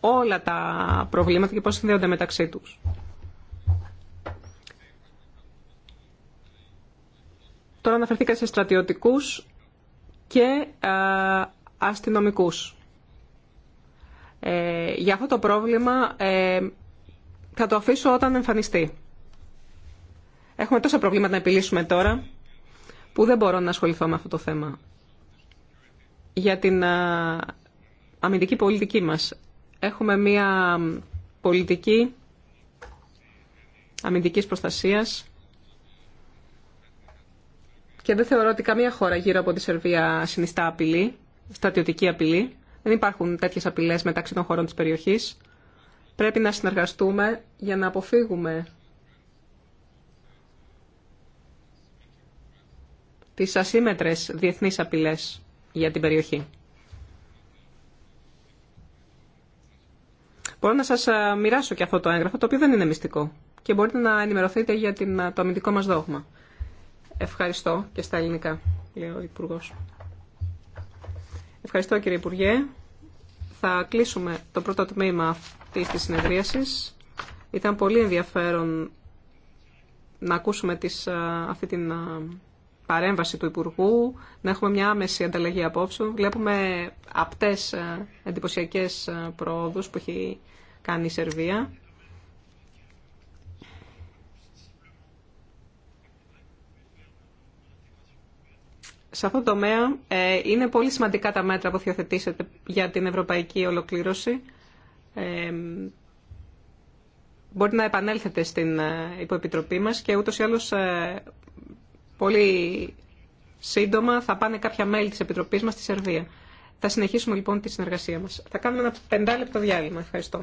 όλα τα προβλήματα και πώς συνδέονται μεταξύ τους. Τώρα αναφερθήκα σε στρατιωτικούς και ε, αστυνομικούς. Ε, για αυτό το πρόβλημα ε, θα το αφήσω όταν εμφανιστεί. Έχουμε τόσα προβλήματα να επιλύσουμε τώρα που δεν μπορώ να ασχοληθώ με αυτό το θέμα. Για την α, αμυντική πολιτική μας. Έχουμε μία πολιτική αμυντικής προστασίας και δεν θεωρώ ότι καμία χώρα γύρω από τη Σερβία συνιστά απειλή στρατιωτική απειλή. Δεν υπάρχουν τέτοιες απειλές μεταξύ των χωρών της περιοχής. Πρέπει να συνεργαστούμε για να αποφύγουμε τις ασύμετρες διεθνείς απειλές για την περιοχή. Μπορώ να σας μοιράσω και αυτό το έγγραφο, το οποίο δεν είναι μυστικό και μπορείτε να ενημερωθείτε για το αμυντικό μας δόγμα. Ευχαριστώ και στα ελληνικά, λέει ο Υπουργός. Ευχαριστώ κύριε Υπουργέ. Θα κλείσουμε το πρώτο τμήμα αυτή τη συνεδρίασης. Ήταν πολύ ενδιαφέρον να ακούσουμε τις, αυτή την παρέμβαση του Υπουργού, να έχουμε μια άμεση ανταλλαγή απόψεων. Βλέπουμε απτές εντυπωσιακές προόδους που έχει κάνει η Σερβία. σε αυτό το τομέα ε, είναι πολύ σημαντικά τα μέτρα που θιοθετήσετε για την ευρωπαϊκή ολοκλήρωση. Ε, μπορείτε να επανέλθετε στην ε, υποεπιτροπή μας και ούτως ή άλλως ε, πολύ σύντομα θα πάνε κάποια μέλη της Επιτροπής μας στη Σερβία. Θα συνεχίσουμε λοιπόν τη συνεργασία μας. Θα κάνουμε ένα πεντάλεπτο διάλειμμα. Ευχαριστώ.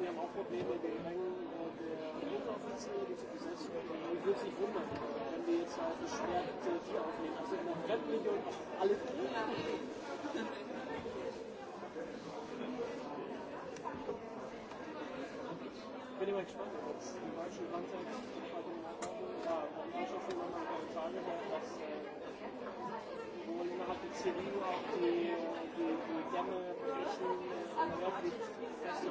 wir haben auch Probleme gegen der die zu besetzen sind. Und ich würde sich wundern, wenn wir jetzt halt verstärkt die aufnehmen. Also in der alles Ich bin immer gespannt, ob es im deutschen Kontext bei Nachbarn, ja, schon Wirtschaftsmann eine Frage dass sowohl innerhalb der CDU auch die, die, die Dämme brechen, äh, fest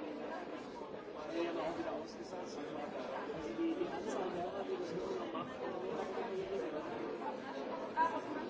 η να οφείλαμε σε αυτά η η τα συνδέσματα του υποβαθμισμένο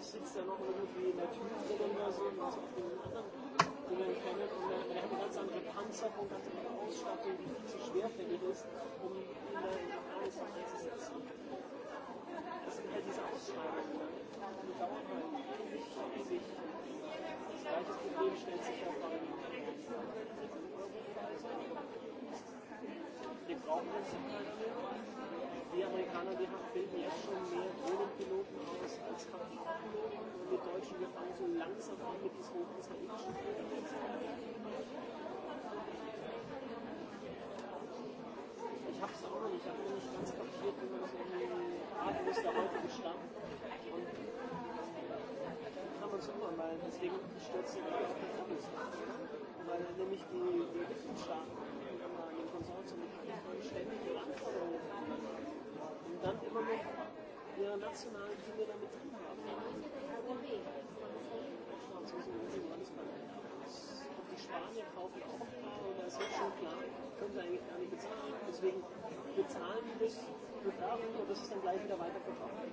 ich sitze ja noch irgendwie in der oder so, auf den anderen Und wir haben ganz andere Panzerung, ganz andere Ausstattung, die viel zu schwerfällig ist, um einzusetzen. Das sind ja diese Ausschreibungen, Das gleiche Problem stellt sich ja bei Wir brauchen die Amerikaner, die bilden ja schon mehr Drohnenpiloten aus als Kampfpiloten. Und die Deutschen, wir fangen so langsam an mit diesen hohen israelischen Drohnen. Ich habe es auch noch nicht, ich habe noch nicht ganz kapiert, wie man so einen hartmuster heute gestanden Und kann man es immer mal, deswegen stürzt sich auch die Kabels. Weil nämlich die, Mitgliedstaaten, wenn man an dem Konsortium ständig ihre Anforderungen und dann immer noch ihre nationalen Dinge damit drin haben. Und die Spanier kaufen auch ein paar und da ist jetzt schon klar, können sie eigentlich gar nicht bezahlen. Deswegen bezahlen die das, bewerben und das ist dann gleich wieder weiterverkauft.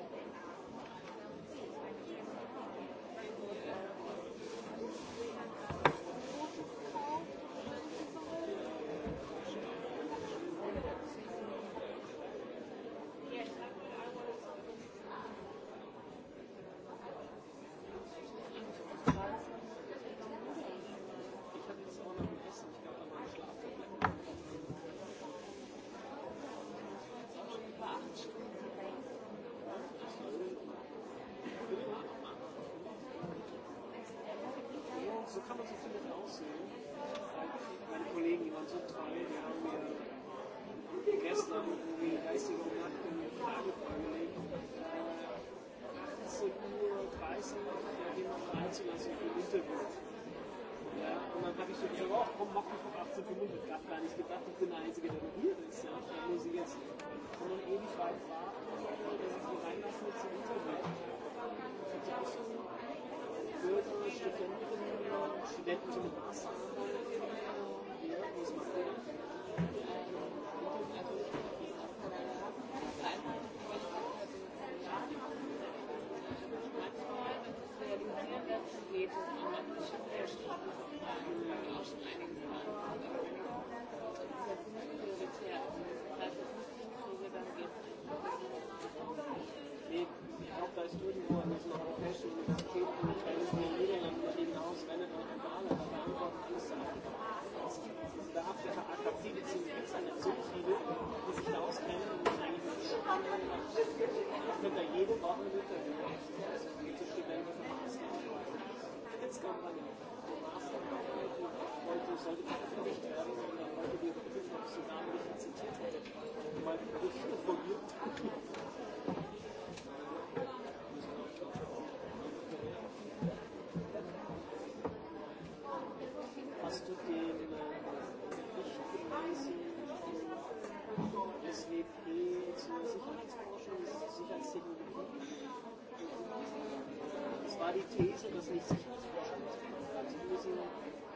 ich lese das nicht Sicherheitsforschungsprogramm,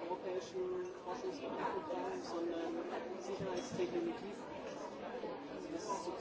europäischen Forschungsprogramm, sondern Sicherheitstechnologie. Das ist so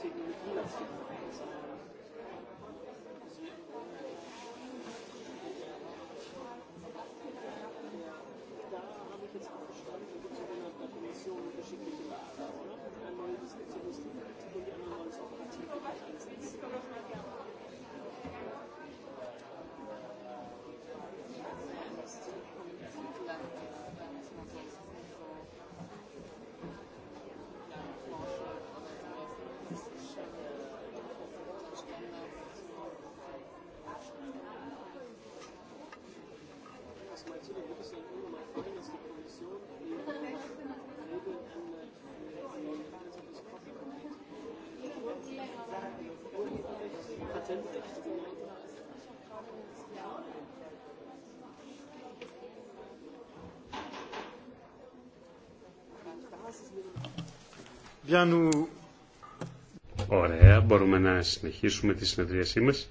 Ωραία, μπορούμε να συνεχίσουμε τη συνεδρίασή μας.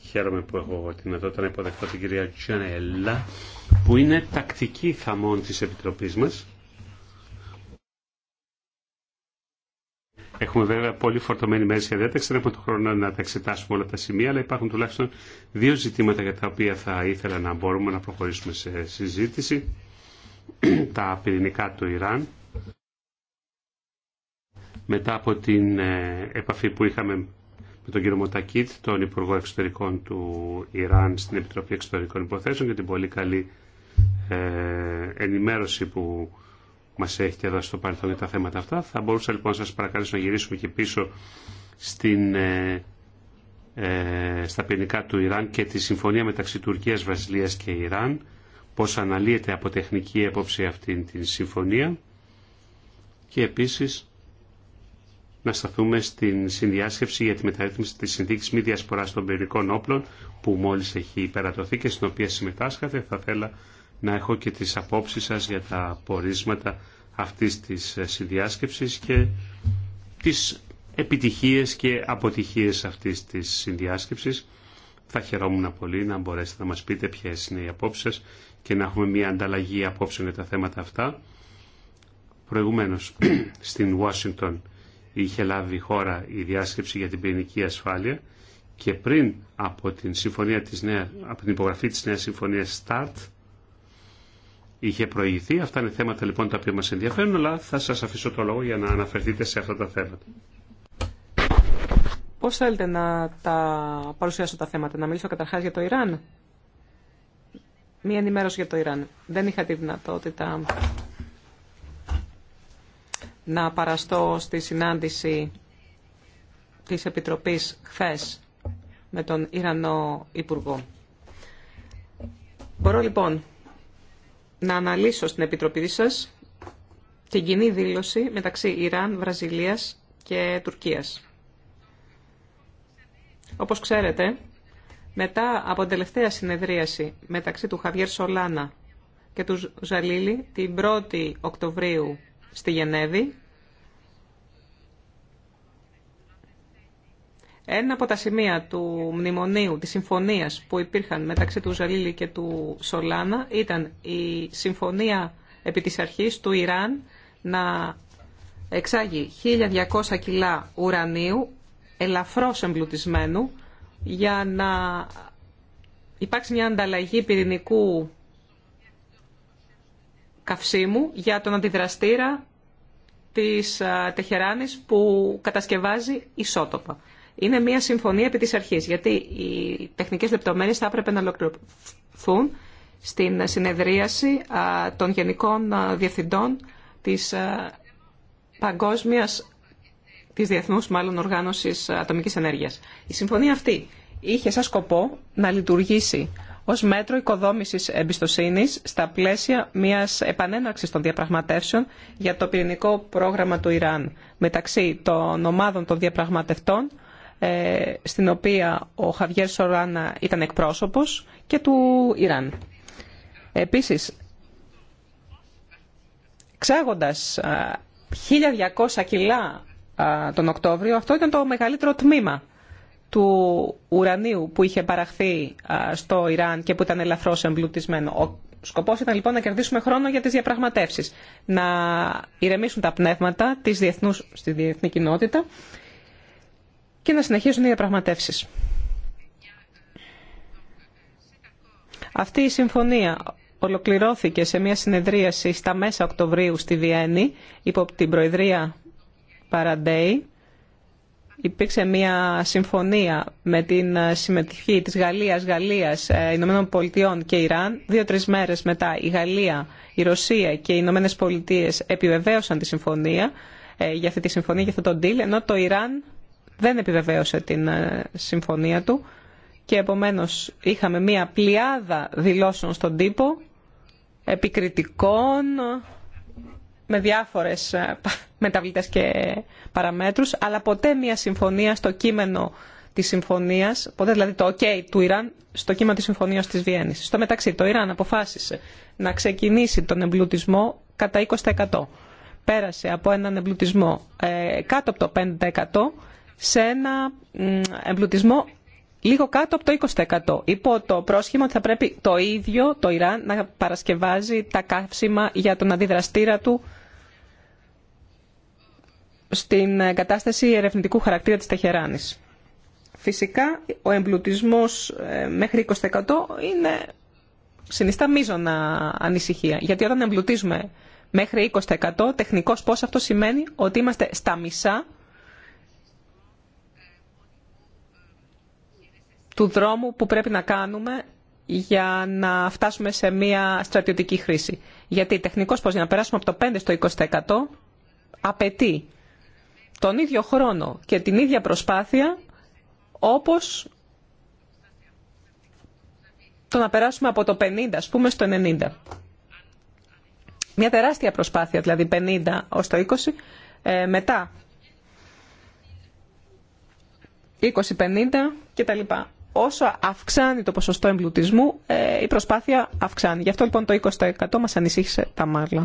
Χαίρομαι που έχω τη δυνατότητα να υποδεχτώ την κυρία Τζανέλα, που είναι τακτική θαμών της Επιτροπής μας. Έχουμε βέβαια πολύ φορτωμένη μέση σε δεν έχουμε τον χρόνο να τα εξετάσουμε όλα τα σημεία, αλλά υπάρχουν τουλάχιστον δύο ζητήματα για τα οποία θα ήθελα να μπορούμε να προχωρήσουμε σε συζήτηση. τα πυρηνικά του Ιράν μετά από την ε, επαφή που είχαμε με τον κύριο Μοτακίτ, τον Υπουργό Εξωτερικών του Ιράν στην Επιτροπή Εξωτερικών Υποθέσεων και την πολύ καλή ε, ενημέρωση που μας έχετε εδώ στο παρελθόν για τα θέματα αυτά. Θα μπορούσα λοιπόν να σας παρακαλέσω να γυρίσουμε και πίσω στην, ε, στα ποινικά του Ιράν και τη συμφωνία μεταξύ Τουρκίας, Βασιλείας και Ιράν, πώς αναλύεται από τεχνική έποψη αυτή την συμφωνία και επίσης να σταθούμε στην συνδιάσκεψη για τη μεταρρύθμιση της συνθήκης μη διασποράς των πυρικών όπλων που μόλις έχει υπερατωθεί και στην οποία συμμετάσχατε. Θα θέλα να έχω και τις απόψεις σας για τα πορίσματα αυτής της συνδιάσκεψης και τις επιτυχίες και αποτυχίες αυτής της συνδιάσκεψης. Θα χαιρόμουν πολύ να μπορέσετε να μας πείτε ποιες είναι οι απόψεις και να έχουμε μια ανταλλαγή απόψεων για τα θέματα αυτά. Προηγουμένως [CLEARS THROAT] στην Washington, είχε λάβει η χώρα η διάσκεψη για την ποινική ασφάλεια και πριν από την, συμφωνία της νέα, από την υπογραφή της νέας συμφωνίας START είχε προηγηθεί. Αυτά είναι θέματα λοιπόν τα οποία μας ενδιαφέρουν, αλλά θα σας αφήσω το λόγο για να αναφερθείτε σε αυτά τα θέματα. Πώς θέλετε να τα παρουσιάσω τα θέματα, να μιλήσω καταρχάς για το Ιράν. Μία ενημέρωση για το Ιράν. Δεν είχα τη δυνατότητα να παραστώ στη συνάντηση της Επιτροπής χθες με τον Ιρανό Υπουργό. Μπορώ λοιπόν να αναλύσω στην Επιτροπή σας την κοινή δήλωση μεταξύ Ιράν, Βραζιλίας και Τουρκίας. Όπως ξέρετε, μετά από την τελευταία συνεδρίαση μεταξύ του Χαβιέρ Σολάνα και του Ζαλίλη την 1η Οκτωβρίου στη Γενέβη. Ένα από τα σημεία του μνημονίου, της συμφωνίας που υπήρχαν μεταξύ του Ζαλίλη και του Σολάνα ήταν η συμφωνία επί της αρχής του Ιράν να εξάγει 1.200 κιλά ουρανίου ελαφρώς εμπλουτισμένου για να υπάρξει μια ανταλλαγή πυρηνικού καυσίμου για τον αντιδραστήρα της Τεχεράνης που κατασκευάζει ισότοπα. Είναι μια συμφωνία επί της αρχής, γιατί οι τεχνικές λεπτομέρειες θα έπρεπε να ολοκληρωθούν στην συνεδρίαση των Γενικών Διευθυντών της Παγκόσμιας, της Διεθνούς μάλλον Οργάνωσης Ατομικής Ενέργειας. Η συμφωνία αυτή είχε σαν σκοπό να λειτουργήσει Ω μέτρο οικοδόμησης εμπιστοσύνης στα πλαίσια μιας επανέναρξη των διαπραγματεύσεων για το πυρηνικό πρόγραμμα του Ιράν μεταξύ των ομάδων των διαπραγματευτών ε, στην οποία ο Χαβιέρ Σοράνα ήταν εκπρόσωπος και του Ιράν. Επίσης, ξάγοντα 1.200 ε, κιλά ε, τον Οκτώβριο, αυτό ήταν το μεγαλύτερο τμήμα του ουρανίου που είχε παραχθεί στο Ιράν και που ήταν ελαφρώς εμπλουτισμένο. Ο σκοπός ήταν λοιπόν να κερδίσουμε χρόνο για τις διαπραγματεύσεις, να ηρεμήσουν τα πνεύματα της διεθνούς, στη διεθνή κοινότητα και να συνεχίσουν οι διαπραγματεύσεις. Αυτή η συμφωνία ολοκληρώθηκε σε μια συνεδρίαση στα μέσα Οκτωβρίου στη Βιέννη υπό την Προεδρία Παραντέη υπήρξε μια συμφωνία με την συμμετοχή της Γαλλίας, Γαλλίας, ε, Ηνωμένων Πολιτειών και Ιράν. Δύο-τρεις μέρες μετά η Γαλλία, η Ρωσία και οι Ηνωμένε Πολιτείες επιβεβαίωσαν τη συμφωνία ε, για αυτή τη συμφωνία, για αυτό το deal, ενώ το Ιράν δεν επιβεβαίωσε την ε, συμφωνία του και επομένως είχαμε μια πλειάδα δηλώσεων στον τύπο επικριτικών, με διάφορες ε, μεταβλητές και παραμέτρους, αλλά ποτέ μια συμφωνία στο κείμενο της συμφωνίας, ποτέ δηλαδή το OK του Ιράν στο κείμενο της συμφωνίας της Βιέννης. Στο μεταξύ, το Ιράν αποφάσισε να ξεκινήσει τον εμπλουτισμό κατά 20%. Πέρασε από έναν εμπλουτισμό ε, κάτω από το 5% σε ένα εμπλουτισμό λίγο κάτω από το 20%. Υπό το πρόσχημα ότι θα πρέπει το ίδιο το Ιράν να παρασκευάζει τα καύσιμα για τον αντιδραστήρα του στην ε, κατάσταση ερευνητικού χαρακτήρα της Τεχεράνης. Φυσικά, ο εμπλουτισμός ε, μέχρι 20% είναι συνιστά μείζωνα ανησυχία. Γιατί όταν εμπλουτίζουμε μέχρι 20% τεχνικός πώς αυτό σημαίνει ότι είμαστε στα μισά του δρόμου που πρέπει να κάνουμε για να φτάσουμε σε μια στρατιωτική χρήση. Γιατί τεχνικός πώς για να περάσουμε από το 5% στο 20% απαιτεί τον ίδιο χρόνο και την ίδια προσπάθεια όπως το να περάσουμε από το 50 ας πούμε στο 90. Μια τεράστια προσπάθεια, δηλαδή 50 ως το 20, ε, μετά 20-50 κτλ. Όσο αυξάνει το ποσοστό εμπλουτισμού, ε, η προσπάθεια αυξάνει. Γι' αυτό λοιπόν το 20% μας ανησύχησε τα μάρλα.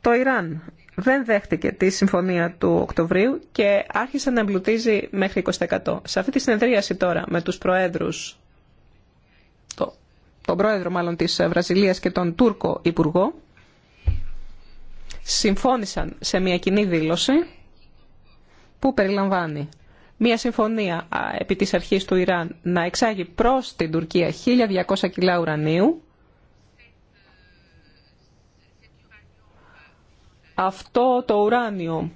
Το Ιράν δεν δέχτηκε τη συμφωνία του Οκτωβρίου και άρχισε να εμπλουτίζει μέχρι 20%. Σε αυτή τη συνεδρίαση τώρα με τους προέδρους, το, τον πρόεδρο μάλλον της Βραζιλίας και τον Τούρκο Υπουργό, συμφώνησαν σε μια κοινή δήλωση που περιλαμβάνει μια συμφωνία επί της αρχής του Ιράν να εξάγει προς την Τουρκία 1.200 κιλά ουρανίου αυτό το ουράνιο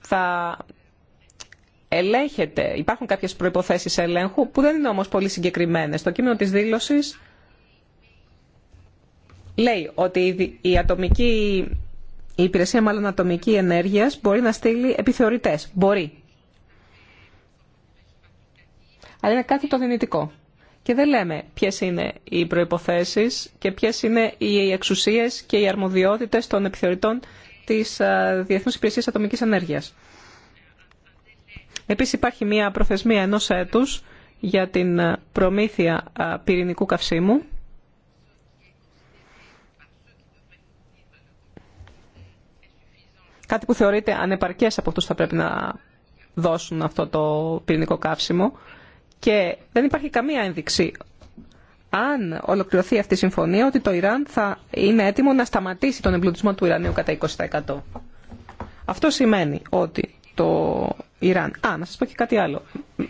θα ελέγχεται, υπάρχουν κάποιες προϋποθέσεις ελέγχου που δεν είναι όμως πολύ συγκεκριμένες. Το κείμενο της δήλωσης λέει ότι η ατομική η υπηρεσία μάλλον ατομική ενέργειας μπορεί να στείλει επιθεωρητές. Μπορεί. Αλλά είναι κάτι το δυνητικό. Και δεν λέμε ποιε είναι οι προϋποθέσεις και ποιε είναι οι εξουσίες και οι αρμοδιότητες των επιθεωρητών της Διεθνούς υπηρεσία ατομική ενέργεια. Επίσης υπάρχει μια προθεσμία ενό έτου για την προμήθεια πυρηνικού καυσίμου. Κάτι που θεωρείται ανεπαρκές από αυτούς θα πρέπει να δώσουν αυτό το πυρηνικό καύσιμο. Και δεν υπάρχει καμία ένδειξη, αν ολοκληρωθεί αυτή η συμφωνία, ότι το Ιράν θα είναι έτοιμο να σταματήσει τον εμπλουτισμό του Ιρανίου κατά 20%. Αυτό σημαίνει ότι το Ιράν... Α, να σας πω και κάτι άλλο.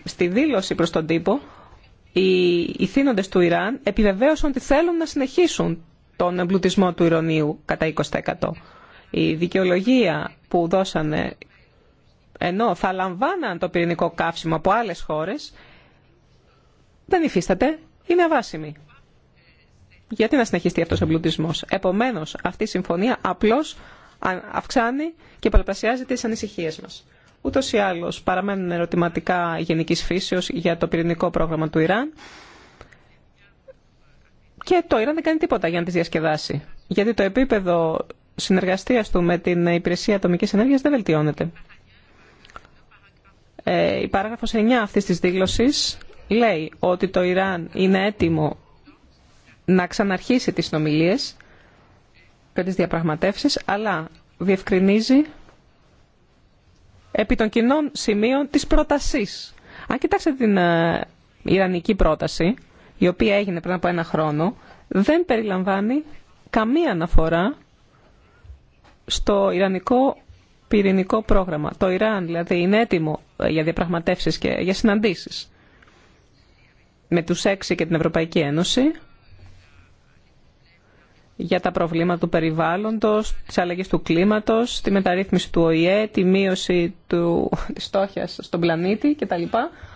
Στη δήλωση προς τον τύπο, οι θύνοντες του Ιράν επιβεβαίωσαν ότι θέλουν να συνεχίσουν τον εμπλουτισμό του Ιρανίου κατά 20%. Η δικαιολογία που δώσανε, ενώ θα λαμβάναν το πυρηνικό καύσιμο από άλλες χώρες, δεν υφίσταται, είναι αβάσιμη. Γιατί να συνεχιστεί αυτός ο εμπλουτισμός. Επομένως, αυτή η συμφωνία απλώς αυξάνει και πολλαπλασιάζει τις ανησυχίες μας. Ούτως ή άλλως παραμένουν ερωτηματικά γενικής φύσεως για το πυρηνικό πρόγραμμα του Ιράν. Και το Ιράν δεν κάνει τίποτα για να τις διασκεδάσει. Γιατί το επίπεδο συνεργασίας του με την Υπηρεσία Ατομικής Ενέργειας δεν βελτιώνεται. Ε, η παράγραφος 9 αυτής της δήλωσης λέει ότι το Ιράν είναι έτοιμο να ξαναρχίσει τις συνομιλίες και τις διαπραγματεύσεις, αλλά διευκρινίζει επί των κοινών σημείων της πρότασής. Αν κοιτάξετε την ε, Ιρανική πρόταση, η οποία έγινε πριν από ένα χρόνο, δεν περιλαμβάνει καμία αναφορά στο Ιρανικό πυρηνικό πρόγραμμα. Το Ιράν δηλαδή είναι έτοιμο ε, για διαπραγματεύσεις και για συναντήσεις με τους έξι και την Ευρωπαϊκή Ένωση για τα προβλήματα του περιβάλλοντος, της αλλαγής του κλίματος, τη μεταρρύθμιση του ΟΗΕ, τη μείωση του, της στόχιας στον πλανήτη κτλ.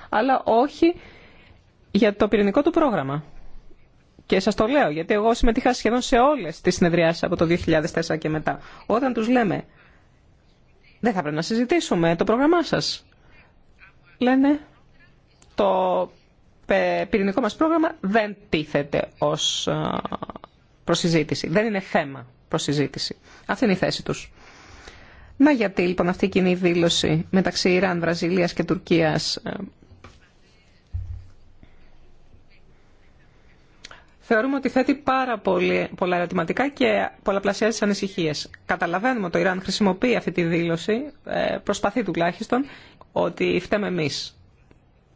Αλλά όχι για το πυρηνικό του πρόγραμμα. Και σας το λέω, γιατί εγώ συμμετείχα σχεδόν σε όλες τις συνεδριάσεις από το 2004 και μετά. Όταν τους λέμε, δεν θα πρέπει να συζητήσουμε το πρόγραμμά σας. Λένε, το πυρηνικό μας πρόγραμμα δεν τίθεται ως ε, προσυζήτηση. Δεν είναι θέμα προσυζήτηση. Αυτή είναι η θέση τους. Να γιατί λοιπόν αυτή η κοινή δήλωση μεταξύ Ιράν, Βραζιλίας και Τουρκίας ε, θεωρούμε ότι θέτει πάρα πολύ, πολλά ερωτηματικά και πολλαπλασιάζει τις ανησυχίες. Καταλαβαίνουμε ότι το Ιράν χρησιμοποιεί αυτή τη δήλωση, ε, προσπαθεί τουλάχιστον, ότι φταίμε εμείς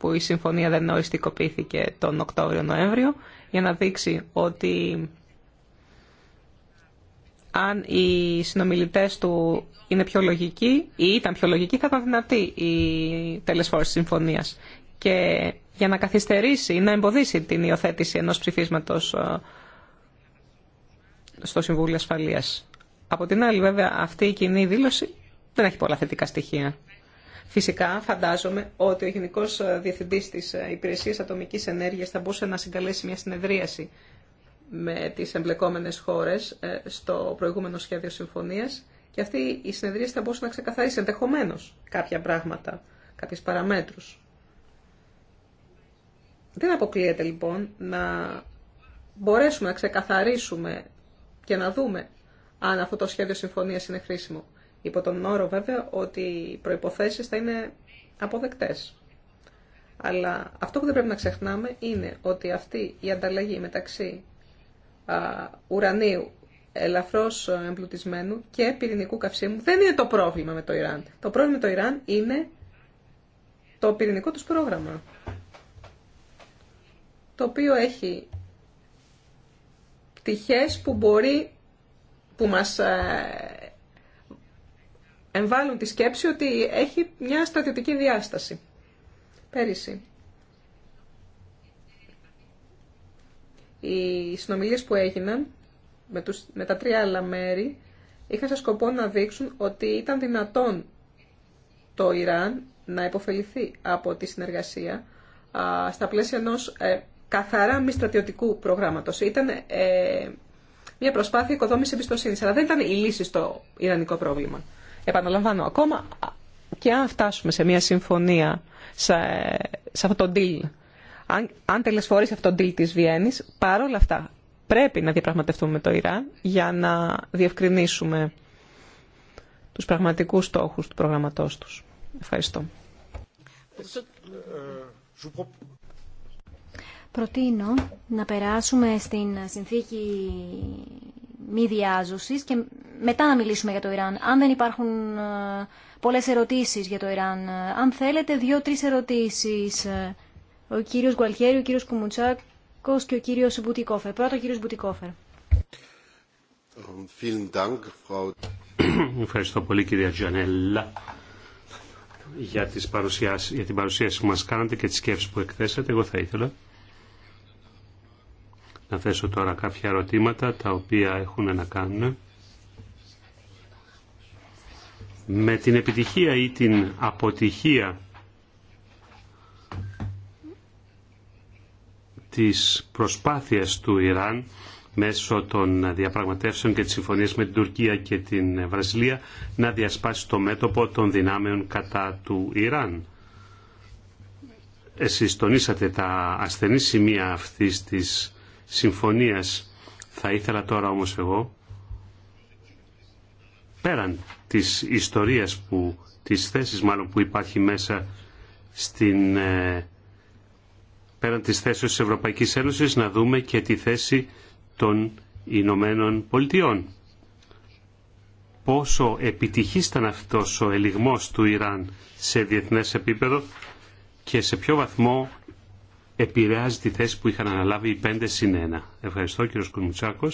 που η συμφωνία δεν οριστικοποιήθηκε τον Οκτώβριο-Νοέμβριο για να δείξει ότι αν οι συνομιλητές του είναι πιο λογικοί ή ήταν πιο λογικοί θα ήταν δυνατή η τελεσφόρηση της συμφωνίας. Και για να καθυστερήσει ή να εμποδίσει την υιοθέτηση ενός ψηφίσματος ε, στο Συμβούλιο Ασφαλείας. Από την άλλη βέβαια αυτή η κοινή δήλωση δεν έχει πολλά θετικά στοιχεία. Φυσικά, φαντάζομαι ότι ο Γενικό Διευθυντή τη Υπηρεσία Ατομική Ενέργεια θα μπορούσε να συγκαλέσει μια συνεδρίαση με τι εμπλεκόμενε χώρε ε, στο προηγούμενο σχέδιο συμφωνία και αυτή η συνεδρίαση θα μπορούσε να ξεκαθαρίσει ενδεχομένω κάποια πράγματα, κάποιε παραμέτρου. Δεν αποκλείεται λοιπόν να μπορέσουμε να ξεκαθαρίσουμε και να δούμε αν αυτό το σχέδιο συμφωνίας είναι χρήσιμο. Υπό τον όρο βέβαια ότι οι προϋποθέσεις θα είναι αποδεκτές. Αλλά αυτό που δεν πρέπει να ξεχνάμε είναι ότι αυτή η ανταλλαγή μεταξύ ουρανίου ελαφρώς ε, εμπλουτισμένου και πυρηνικού καυσίμου δεν είναι το πρόβλημα με το Ιράν. Το πρόβλημα με το Ιράν είναι το πυρηνικό τους πρόγραμμα, το οποίο έχει πτυχές που μπορεί, που μας ε, εμβάλλουν τη σκέψη ότι έχει μια στρατιωτική διάσταση. Πέρυσι. Οι συνομιλίες που έγιναν με, τους, με τα τρία άλλα μέρη είχαν σε σκοπό να δείξουν ότι ήταν δυνατόν το Ιράν να υποφεληθεί από τη συνεργασία στα πλαίσια ενός ε, καθαρά μη στρατιωτικού προγράμματος. Ήταν ε, μια προσπάθεια οικοδόμησης εμπιστοσύνης, αλλά δεν ήταν η λύση στο Ιρανικό πρόβλημα. Επαναλαμβάνω, ακόμα και αν φτάσουμε σε μια συμφωνία, σε, σε αυτό το deal, αν, αν τελεσφορήσει αυτό το deal της Βιέννης, παρόλα αυτά πρέπει να διαπραγματευτούμε με το Ιράν για να διευκρινίσουμε τους πραγματικούς στόχους του προγραμματός τους. Ευχαριστώ. Προτείνω να περάσουμε στην συνθήκη μη διάζωσης και μετά να μιλήσουμε για το Ιράν. Αν δεν υπάρχουν ε, πολλές ερωτήσεις για το Ιράν, ε, αν θέλετε δύο-τρεις ερωτήσεις. Ε, ο κύριος Γκουαλχέρη, ο κύριος Κουμουτσάκος και ο κύριος Μπουτικόφερ. Πρώτα ο κύριος Μπουτικόφερ. [COUGHS] Ευχαριστώ πολύ κυρία Τζανέλα για, για την παρουσίαση που μας κάνατε και τις σκέψεις που εκθέσατε. Εγώ θα ήθελα να θέσω τώρα κάποια ερωτήματα τα οποία έχουν να κάνουν με την επιτυχία ή την αποτυχία της προσπάθειας του Ιράν μέσω των διαπραγματεύσεων και της συμφωνίας με την Τουρκία και την Βραζιλία να διασπάσει το μέτωπο των δυνάμεων κατά του Ιράν. Εσείς τονίσατε τα ασθενή σημεία αυτής της συμφωνίας. Θα ήθελα τώρα όμως εγώ, πέραν της ιστορίας που, της θέσης μάλλον που υπάρχει μέσα στην, ε, πέραν της θέσης της Ευρωπαϊκής Ένωσης, να δούμε και τη θέση των Ηνωμένων Πολιτειών. Πόσο επιτυχής ήταν αυτός ο ελιγμός του Ιράν σε διεθνές επίπεδο και σε ποιο βαθμό επηρεάζει τη θέση που είχαν αναλάβει οι πέντε συν 1. Ευχαριστώ κύριο Κουρμουτσάκο.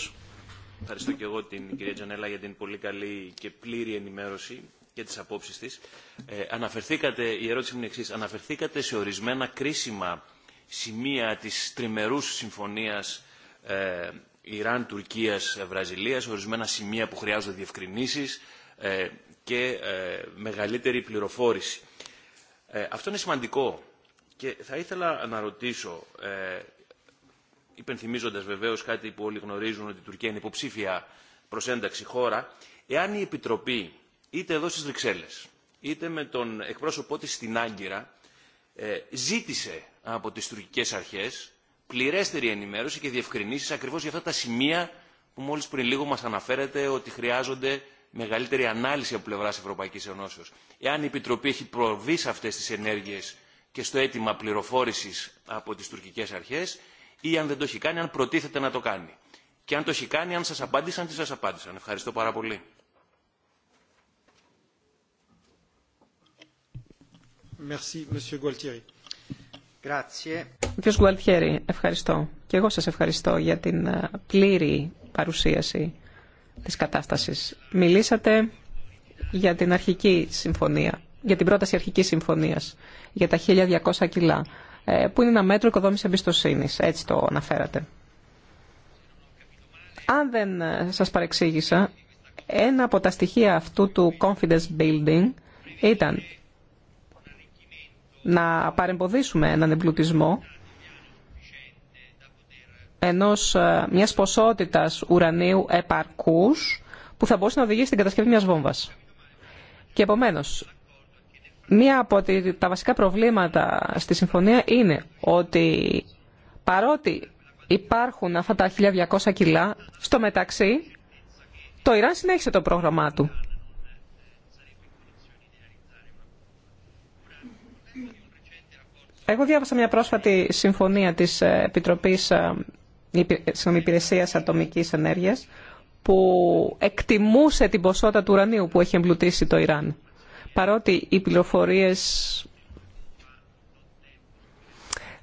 Ευχαριστώ και εγώ την κυρία Τζανέλα για την πολύ καλή και πλήρη ενημέρωση και τις απόψεις της. Ε, αναφερθήκατε, η ερώτηση μου είναι αναφερθήκατε σε ορισμένα κρίσιμα σημεία της τριμερούς συμφωνίας ε, Ιράν-Τουρκίας-Βραζιλίας, ορισμένα σημεία που χρειάζονται διευκρινήσεις ε, και ε, μεγαλύτερη πληροφόρηση. Αυτό είναι σημαντικό και θα ήθελα να ρωτήσω, ε, υπενθυμίζοντας βεβαίως κάτι που όλοι γνωρίζουν ότι η Τουρκία είναι υποψήφια προς ένταξη χώρα, εάν η Επιτροπή είτε εδώ στις Βρυξέλλες, είτε με τον εκπρόσωπό της στην Άγκυρα, ε, ζήτησε από τις τουρκικές αρχές πληρέστερη ενημέρωση και διευκρινήσεις ακριβώς για αυτά τα σημεία που μόλις πριν λίγο μας αναφέρετε ότι χρειάζονται μεγαλύτερη ανάλυση από πλευράς Ευρωπαϊκής Ενώσεως. Εάν η Επιτροπή έχει προβεί σε αυτές τις ενέργειες και στο αίτημα πληροφόρησης από τις τουρκικές αρχές ή αν δεν το έχει κάνει, αν προτίθεται να το κάνει. Και αν το έχει κάνει, αν σας απάντησαν, τι σας απάντησαν. Ευχαριστώ πάρα πολύ. Merci, Monsieur Γουαλτιέρη, ευχαριστώ. Και εγώ σας ευχαριστώ για την ε, πλήρη παρουσίαση της κατάστασης. Μιλήσατε για την αρχική συμφωνία για την πρόταση αρχική συμφωνία για τα 1.200 κιλά, ε, που είναι ένα μέτρο οικοδόμηση εμπιστοσύνη, έτσι το αναφέρατε. Αν δεν ε, σας παρεξήγησα, ένα από τα στοιχεία αυτού του confidence building ήταν να παρεμποδίσουμε έναν εμπλουτισμό ενός, ε, μιας ποσότητας ουρανίου επαρκούς που θα μπορούσε να οδηγήσει στην κατασκευή μιας βόμβας. Και επομένως, Μία από τα βασικά προβλήματα στη συμφωνία είναι ότι παρότι υπάρχουν αυτά τα 1200 κιλά, στο μεταξύ το Ιράν συνέχισε το πρόγραμμά του. Εγώ διάβασα μια πρόσφατη συμφωνία της ε, Επιτροπής ε, Υπηρεσίας Ατομικής Ενέργειας που εκτιμούσε την ποσότητα του ουρανίου που έχει εμπλουτίσει το Ιράν παρότι οι πληροφορίες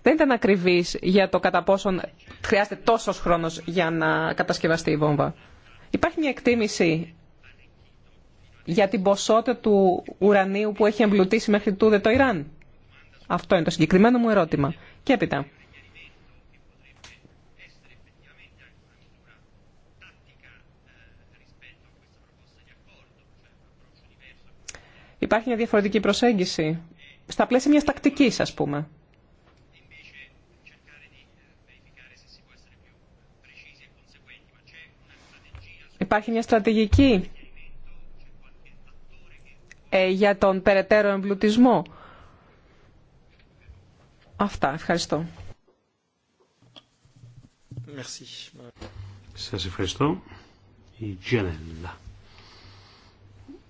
δεν ήταν ακριβείς για το κατά πόσον χρειάζεται τόσος χρόνος για να κατασκευαστεί η βόμβα. Υπάρχει μια εκτίμηση για την ποσότητα του ουρανίου που έχει εμπλουτίσει μέχρι τούδε το Ιράν. Αυτό είναι το συγκεκριμένο μου ερώτημα. Και έπειτα, Υπάρχει μια διαφορετική προσέγγιση στα πλαίσια μιας τακτικής, ας πούμε. Υπάρχει μια στρατηγική ε, για τον περαιτέρω εμπλουτισμό. Αυτά. Ευχαριστώ. Σα Σας ευχαριστώ. Η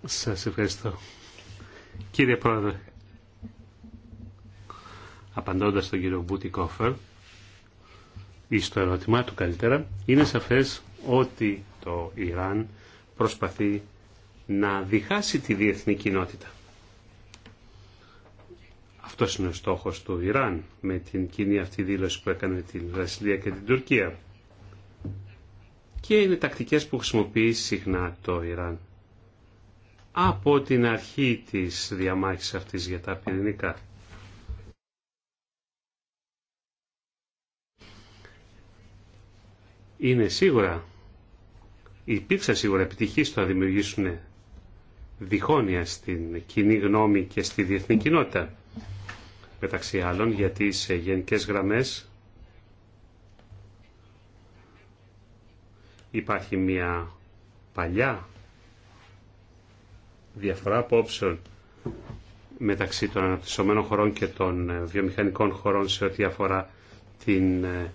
Σας ευχαριστώ. Κύριε Πρόεδρε, απαντώντας τον κύριο Μπούτι Κόφερ, ή στο ερώτημά του καλύτερα, είναι σαφές ότι το Ιράν προσπαθεί να διχάσει τη διεθνή κοινότητα. Αυτό είναι ο στόχος του Ιράν με την κοινή αυτή δήλωση που έκανε την Βραζιλία και την Τουρκία. Και είναι τακτικές που χρησιμοποιεί συχνά το Ιράν από την αρχή της διαμάχης αυτής για τα πυρηνικά. Είναι σίγουρα, υπήρξαν σίγουρα επιτυχίες στο να δημιουργήσουν διχόνοια στην κοινή γνώμη και στη διεθνή κοινότητα. Μεταξύ άλλων, γιατί σε γενικές γραμμές υπάρχει μια παλιά διαφορά απόψεων μεταξύ των αναπτυσσομένων χωρών και των ε, βιομηχανικών χωρών σε ό,τι αφορά την ε,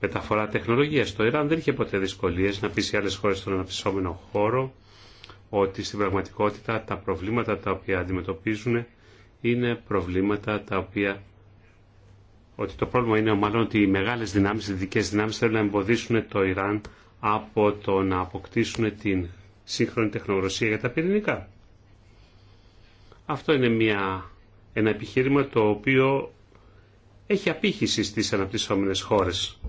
μεταφορά τεχνολογίας. Το Ιράν δεν είχε ποτέ δυσκολίες να πει σε άλλες χώρες στον αναπτυσσόμενο χώρο ότι στην πραγματικότητα τα προβλήματα τα οποία αντιμετωπίζουν είναι προβλήματα τα οποία ότι το πρόβλημα είναι μάλλον ότι οι μεγάλες δυνάμεις, οι δυτικές δυνάμεις θέλουν να εμποδίσουν το Ιράν από το να αποκτήσουν την σύγχρονη τεχνογνωσία για τα πυρηνικά. Αυτό είναι μια, ένα επιχείρημα το οποίο έχει απήχηση στις αναπτυσσόμενες χώρες.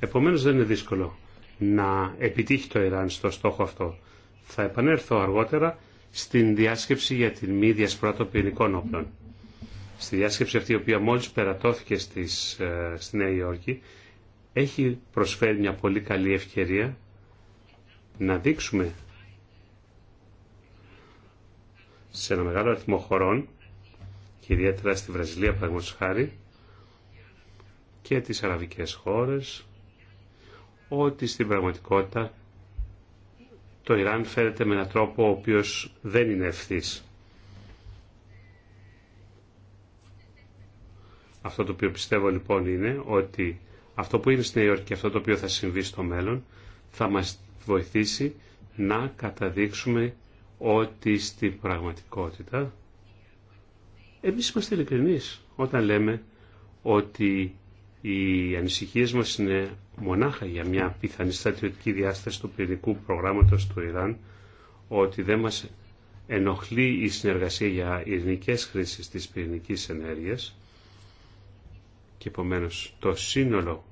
Επομένως δεν είναι δύσκολο να επιτύχει το Ιράν στο στόχο αυτό. Θα επανέλθω αργότερα στην διάσκεψη για την μη διασπορά των όπλων. Στη διάσκεψη αυτή η οποία μόλις περατώθηκε στις, ε, στη Νέα Υόρκη έχει προσφέρει μια πολύ καλή ευκαιρία να δείξουμε σε ένα μεγάλο αριθμό χωρών και ιδιαίτερα στη Βραζιλία πραγματικά χάρη και τις αραβικές χώρες ότι στην πραγματικότητα το Ιράν φέρεται με έναν τρόπο ο οποίος δεν είναι ευθύς. Αυτό το οποίο πιστεύω λοιπόν είναι ότι αυτό που είναι στην Νέα Υόρκη και αυτό το οποίο θα συμβεί στο μέλλον θα μας βοηθήσει να καταδείξουμε ότι στην πραγματικότητα εμείς είμαστε ειλικρινείς όταν λέμε ότι οι ανησυχίες μας είναι μονάχα για μια πιθανή στρατιωτική διάσταση του πυρηνικού προγράμματος του Ιράν, ότι δεν μας ενοχλεί η συνεργασία για ειρηνικές χρήσεις της πυρηνικής ενέργειας και επομένω το σύνολο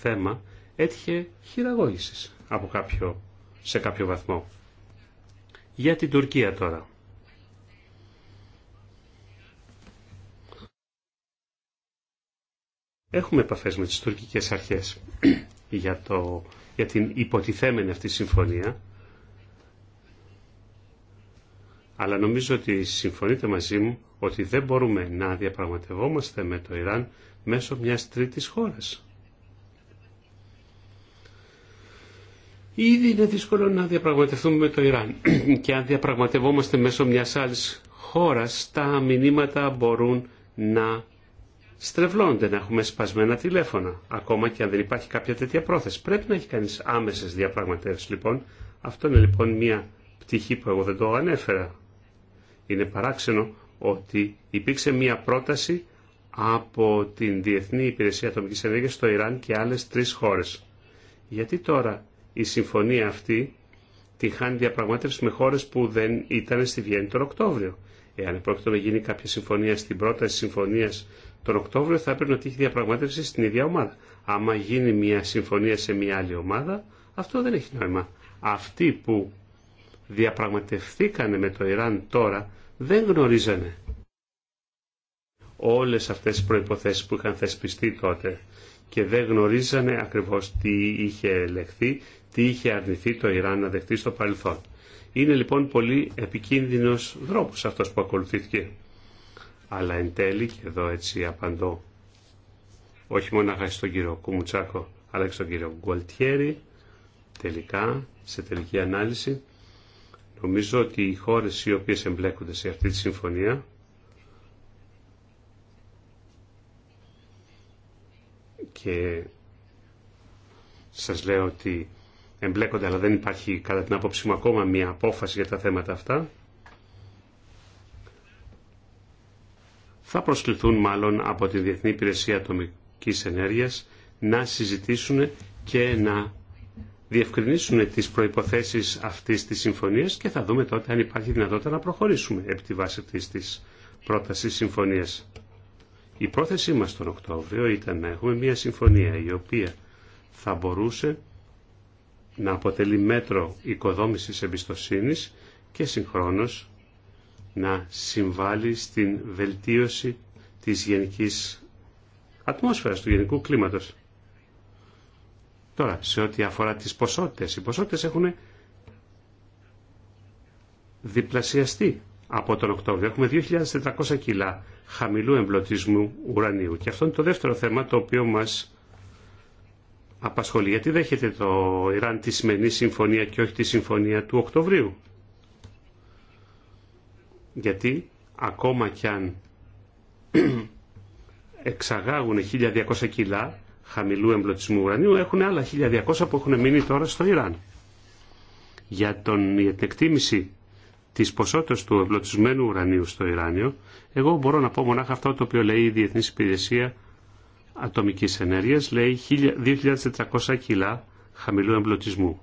θέμα έτυχε χειραγώγησης σε κάποιο βαθμό. Για την Τουρκία τώρα. Έχουμε επαφές με τις τουρκικές αρχές [CLEARS THROAT] για, το, για την υποτιθέμενη αυτή συμφωνία. Αλλά νομίζω ότι συμφωνείτε μαζί μου ότι δεν μπορούμε να διαπραγματευόμαστε με το Ιράν μέσω μιας τρίτης χώρας. Ήδη είναι δύσκολο να διαπραγματευτούμε με το Ιράν [CLEARS THROAT] και αν διαπραγματευόμαστε μέσω μια άλλη χώρα, τα μηνύματα μπορούν να στρεβλώνται, να έχουμε σπασμένα τηλέφωνα, ακόμα και αν δεν υπάρχει κάποια τέτοια πρόθεση. Πρέπει να έχει κάνει άμεσε διαπραγματεύσει. λοιπόν. Αυτό είναι λοιπόν μια πτυχή που εγώ δεν το ανέφερα. Είναι παράξενο ότι υπήρξε μια πρόταση από την Διεθνή Υπηρεσία Ατομικής Ενέργειας στο Ιράν και άλλες τρει χώρε. Γιατί τώρα η συμφωνία αυτή τη χάνει διαπραγμάτευση με χώρες που δεν ήταν στη Βιέννη τον Οκτώβριο. Εάν πρόκειται να γίνει κάποια συμφωνία στην πρόταση συμφωνία τον Οκτώβριο θα έπρεπε να τύχει διαπραγμάτευση στην ίδια ομάδα. Άμα γίνει μια συμφωνία σε μια άλλη ομάδα, αυτό δεν έχει νόημα. Αυτοί που διαπραγματευθήκανε με το Ιράν τώρα δεν γνωρίζανε όλες αυτές τις προϋποθέσεις που είχαν θεσπιστεί τότε και δεν γνωρίζανε ακριβώς τι είχε ελεγχθεί τι είχε αρνηθεί το Ιράν να δεχτεί στο παρελθόν. Είναι λοιπόν πολύ επικίνδυνος δρόμος αυτός που ακολουθήθηκε. Αλλά εν τέλει, και εδώ έτσι απαντώ, όχι μόνο στον κύριο Κουμουτσάκο, αλλά και στον κύριο Γκουαλτιέρη, τελικά, σε τελική ανάλυση, νομίζω ότι οι χώρες οι οποίες εμπλέκονται σε αυτή τη συμφωνία, και σας λέω ότι εμπλέκονται, αλλά δεν υπάρχει κατά την άποψή μου ακόμα μια απόφαση για τα θέματα αυτά. Θα προσκληθούν μάλλον από τη Διεθνή Υπηρεσία Ατομικής Ενέργειας να συζητήσουν και να διευκρινίσουν τις προϋποθέσεις αυτής της συμφωνίας και θα δούμε τότε αν υπάρχει δυνατότητα να προχωρήσουμε επί τη βάση αυτής της πρότασης συμφωνίας. Η πρόθεσή μας τον Οκτώβριο ήταν να έχουμε μια συμφωνία η οποία θα μπορούσε να αποτελεί μέτρο οικοδόμησης εμπιστοσύνης και συγχρόνως να συμβάλλει στην βελτίωση της γενικής ατμόσφαιρας, του γενικού κλίματος. Τώρα, σε ό,τι αφορά τις ποσότητες, οι ποσότητες έχουν διπλασιαστεί από τον Οκτώβριο. Έχουμε 2.400 κιλά χαμηλού εμπλωτισμού ουρανίου. Και αυτό είναι το δεύτερο θέμα το οποίο μας απασχολεί. Γιατί δέχεται το Ιράν τη σημερινή συμφωνία και όχι τη συμφωνία του Οκτωβρίου. Γιατί ακόμα κι αν [CLEARS THROAT] εξαγάγουν 1200 κιλά χαμηλού εμπλωτισμού ουρανίου, έχουν άλλα 1200 που έχουν μείνει τώρα στο Ιράν. Για, τον, για την εκτίμηση τη ποσότητα του εμπλωτισμένου ουρανίου στο Ιράνιο, εγώ μπορώ να πω μονάχα αυτό το οποίο λέει η Διεθνή Υπηρεσία ατομικής ενέργειας λέει 2.400 κιλά χαμηλού εμπλουτισμού.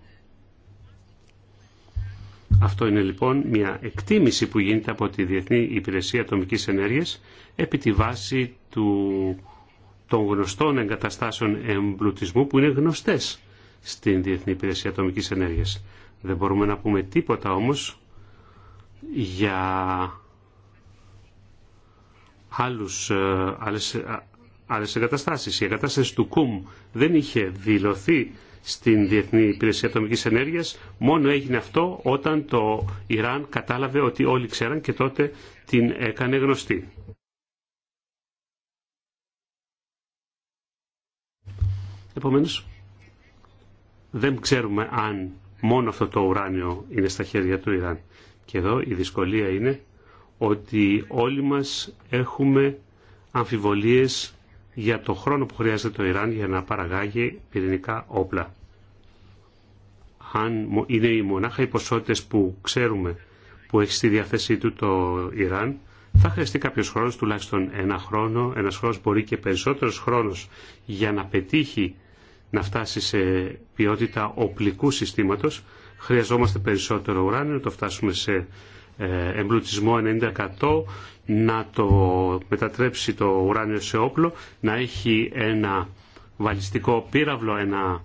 Αυτό είναι λοιπόν μια εκτίμηση που γίνεται από τη Διεθνή Υπηρεσία Ατομικής Ενέργειας επί τη βάση του, των γνωστών εγκαταστάσεων εμπλουτισμού που είναι γνωστές στην Διεθνή Υπηρεσία Ατομικής Ενέργειας. Δεν μπορούμε να πούμε τίποτα όμως για άλλους, ε, άλλες άλλες εγκαταστάσεις. Η εγκατάσταση του ΚΟΥΜ δεν είχε δηλωθεί στην Διεθνή Υπηρεσία Ατομικής Ενέργειας. Μόνο έγινε αυτό όταν το Ιράν κατάλαβε ότι όλοι ξέραν και τότε την έκανε γνωστή. Επομένως, δεν ξέρουμε αν μόνο αυτό το ουράνιο είναι στα χέρια του Ιράν. Και εδώ η δυσκολία είναι ότι όλοι μας έχουμε αμφιβολίες για το χρόνο που χρειάζεται το Ιράν για να παραγάγει πυρηνικά όπλα. Αν είναι οι μονάχα οι ποσότητε που ξέρουμε που έχει στη διάθεσή του το Ιράν, θα χρειαστεί κάποιο χρόνο, τουλάχιστον ένα χρόνο, ένα χρόνο μπορεί και περισσότερο χρόνο για να πετύχει να φτάσει σε ποιότητα οπλικού συστήματο. Χρειαζόμαστε περισσότερο ουράνιο, το φτάσουμε σε ε, εμπλουτισμό 90% να το μετατρέψει το ουράνιο σε όπλο, να έχει ένα βαλιστικό πύραυλο, ένα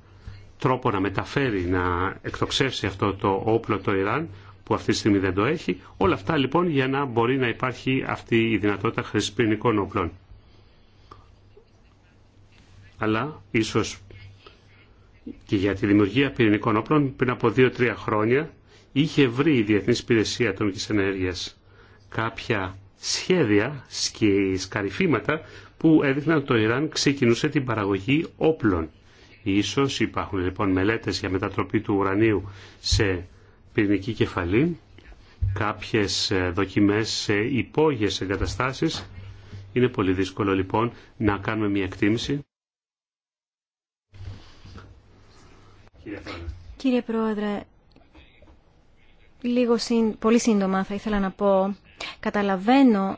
τρόπο να μεταφέρει, να εκτοξεύσει αυτό το όπλο το Ιράν, που αυτή τη στιγμή δεν το έχει. Όλα αυτά λοιπόν για να μπορεί να υπάρχει αυτή η δυνατότητα χρήση πυρηνικών όπλων. Αλλά ίσως και για τη δημιουργία πυρηνικών όπλων πριν από 2-3 χρόνια είχε βρει η Διεθνής Υπηρεσία Ατομικής Ενέργειας κάποια σχέδια και σκαρυφήματα που έδειχναν ότι το Ιράν ξεκινούσε την παραγωγή όπλων. Ίσως υπάρχουν λοιπόν μελέτες για μετατροπή του ουρανίου σε πυρηνική κεφαλή, κάποιες ε, δοκιμές σε υπόγειες εγκαταστάσεις. Είναι πολύ δύσκολο λοιπόν να κάνουμε μια εκτίμηση. Κύριε Πρόεδρε, Λίγο πολύ σύντομα θα ήθελα να πω. Καταλαβαίνω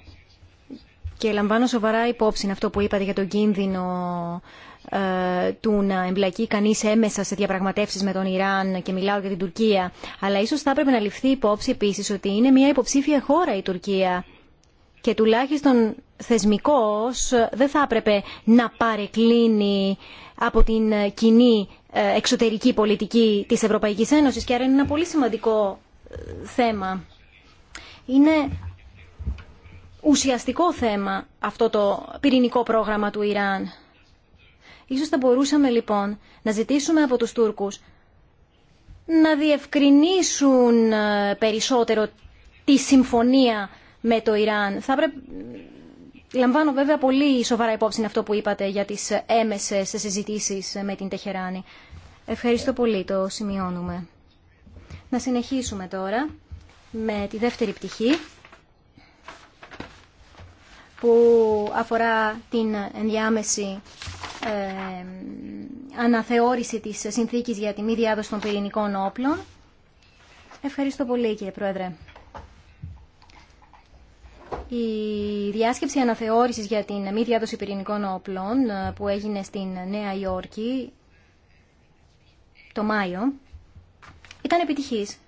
και λαμβάνω σοβαρά υπόψη αυτό που είπατε για τον κίνδυνο ε, του να εμπλακεί κανείς έμεσα σε διαπραγματεύσεις με τον Ιράν και μιλάω για την Τουρκία. Αλλά ίσως θα έπρεπε να ληφθεί υπόψη επίσης ότι είναι μια υποψήφια χώρα η Τουρκία και τουλάχιστον θεσμικός ε, δεν θα έπρεπε να παρεκκλίνει από την ε, κοινή εξωτερική πολιτική της Ευρωπαϊκής Ένωσης και άρα είναι ένα πολύ σημαντικό θέμα. Είναι ουσιαστικό θέμα αυτό το πυρηνικό πρόγραμμα του Ιράν. Ίσως θα μπορούσαμε λοιπόν να ζητήσουμε από τους Τούρκους να διευκρινίσουν ε, περισσότερο τη συμφωνία με το Ιράν. Θα πρέ... Λαμβάνω βέβαια πολύ σοβαρά υπόψη αυτό που είπατε για τις έμεσες συζητήσεις με την Τεχεράνη. Ευχαριστώ πολύ, το σημειώνουμε. Να συνεχίσουμε τώρα με τη δεύτερη πτυχή που αφορά την ενδιάμεση ε, αναθεώρηση της συνθήκης για τη μη διάδοση των πυρηνικών όπλων. Ευχαριστώ πολύ κύριε Πρόεδρε. Η διάσκεψη αναθεώρησης για την μη διάδοση πυρηνικών όπλων ε, που έγινε στην Νέα Υόρκη το Μάιο ήταν επιτυχής.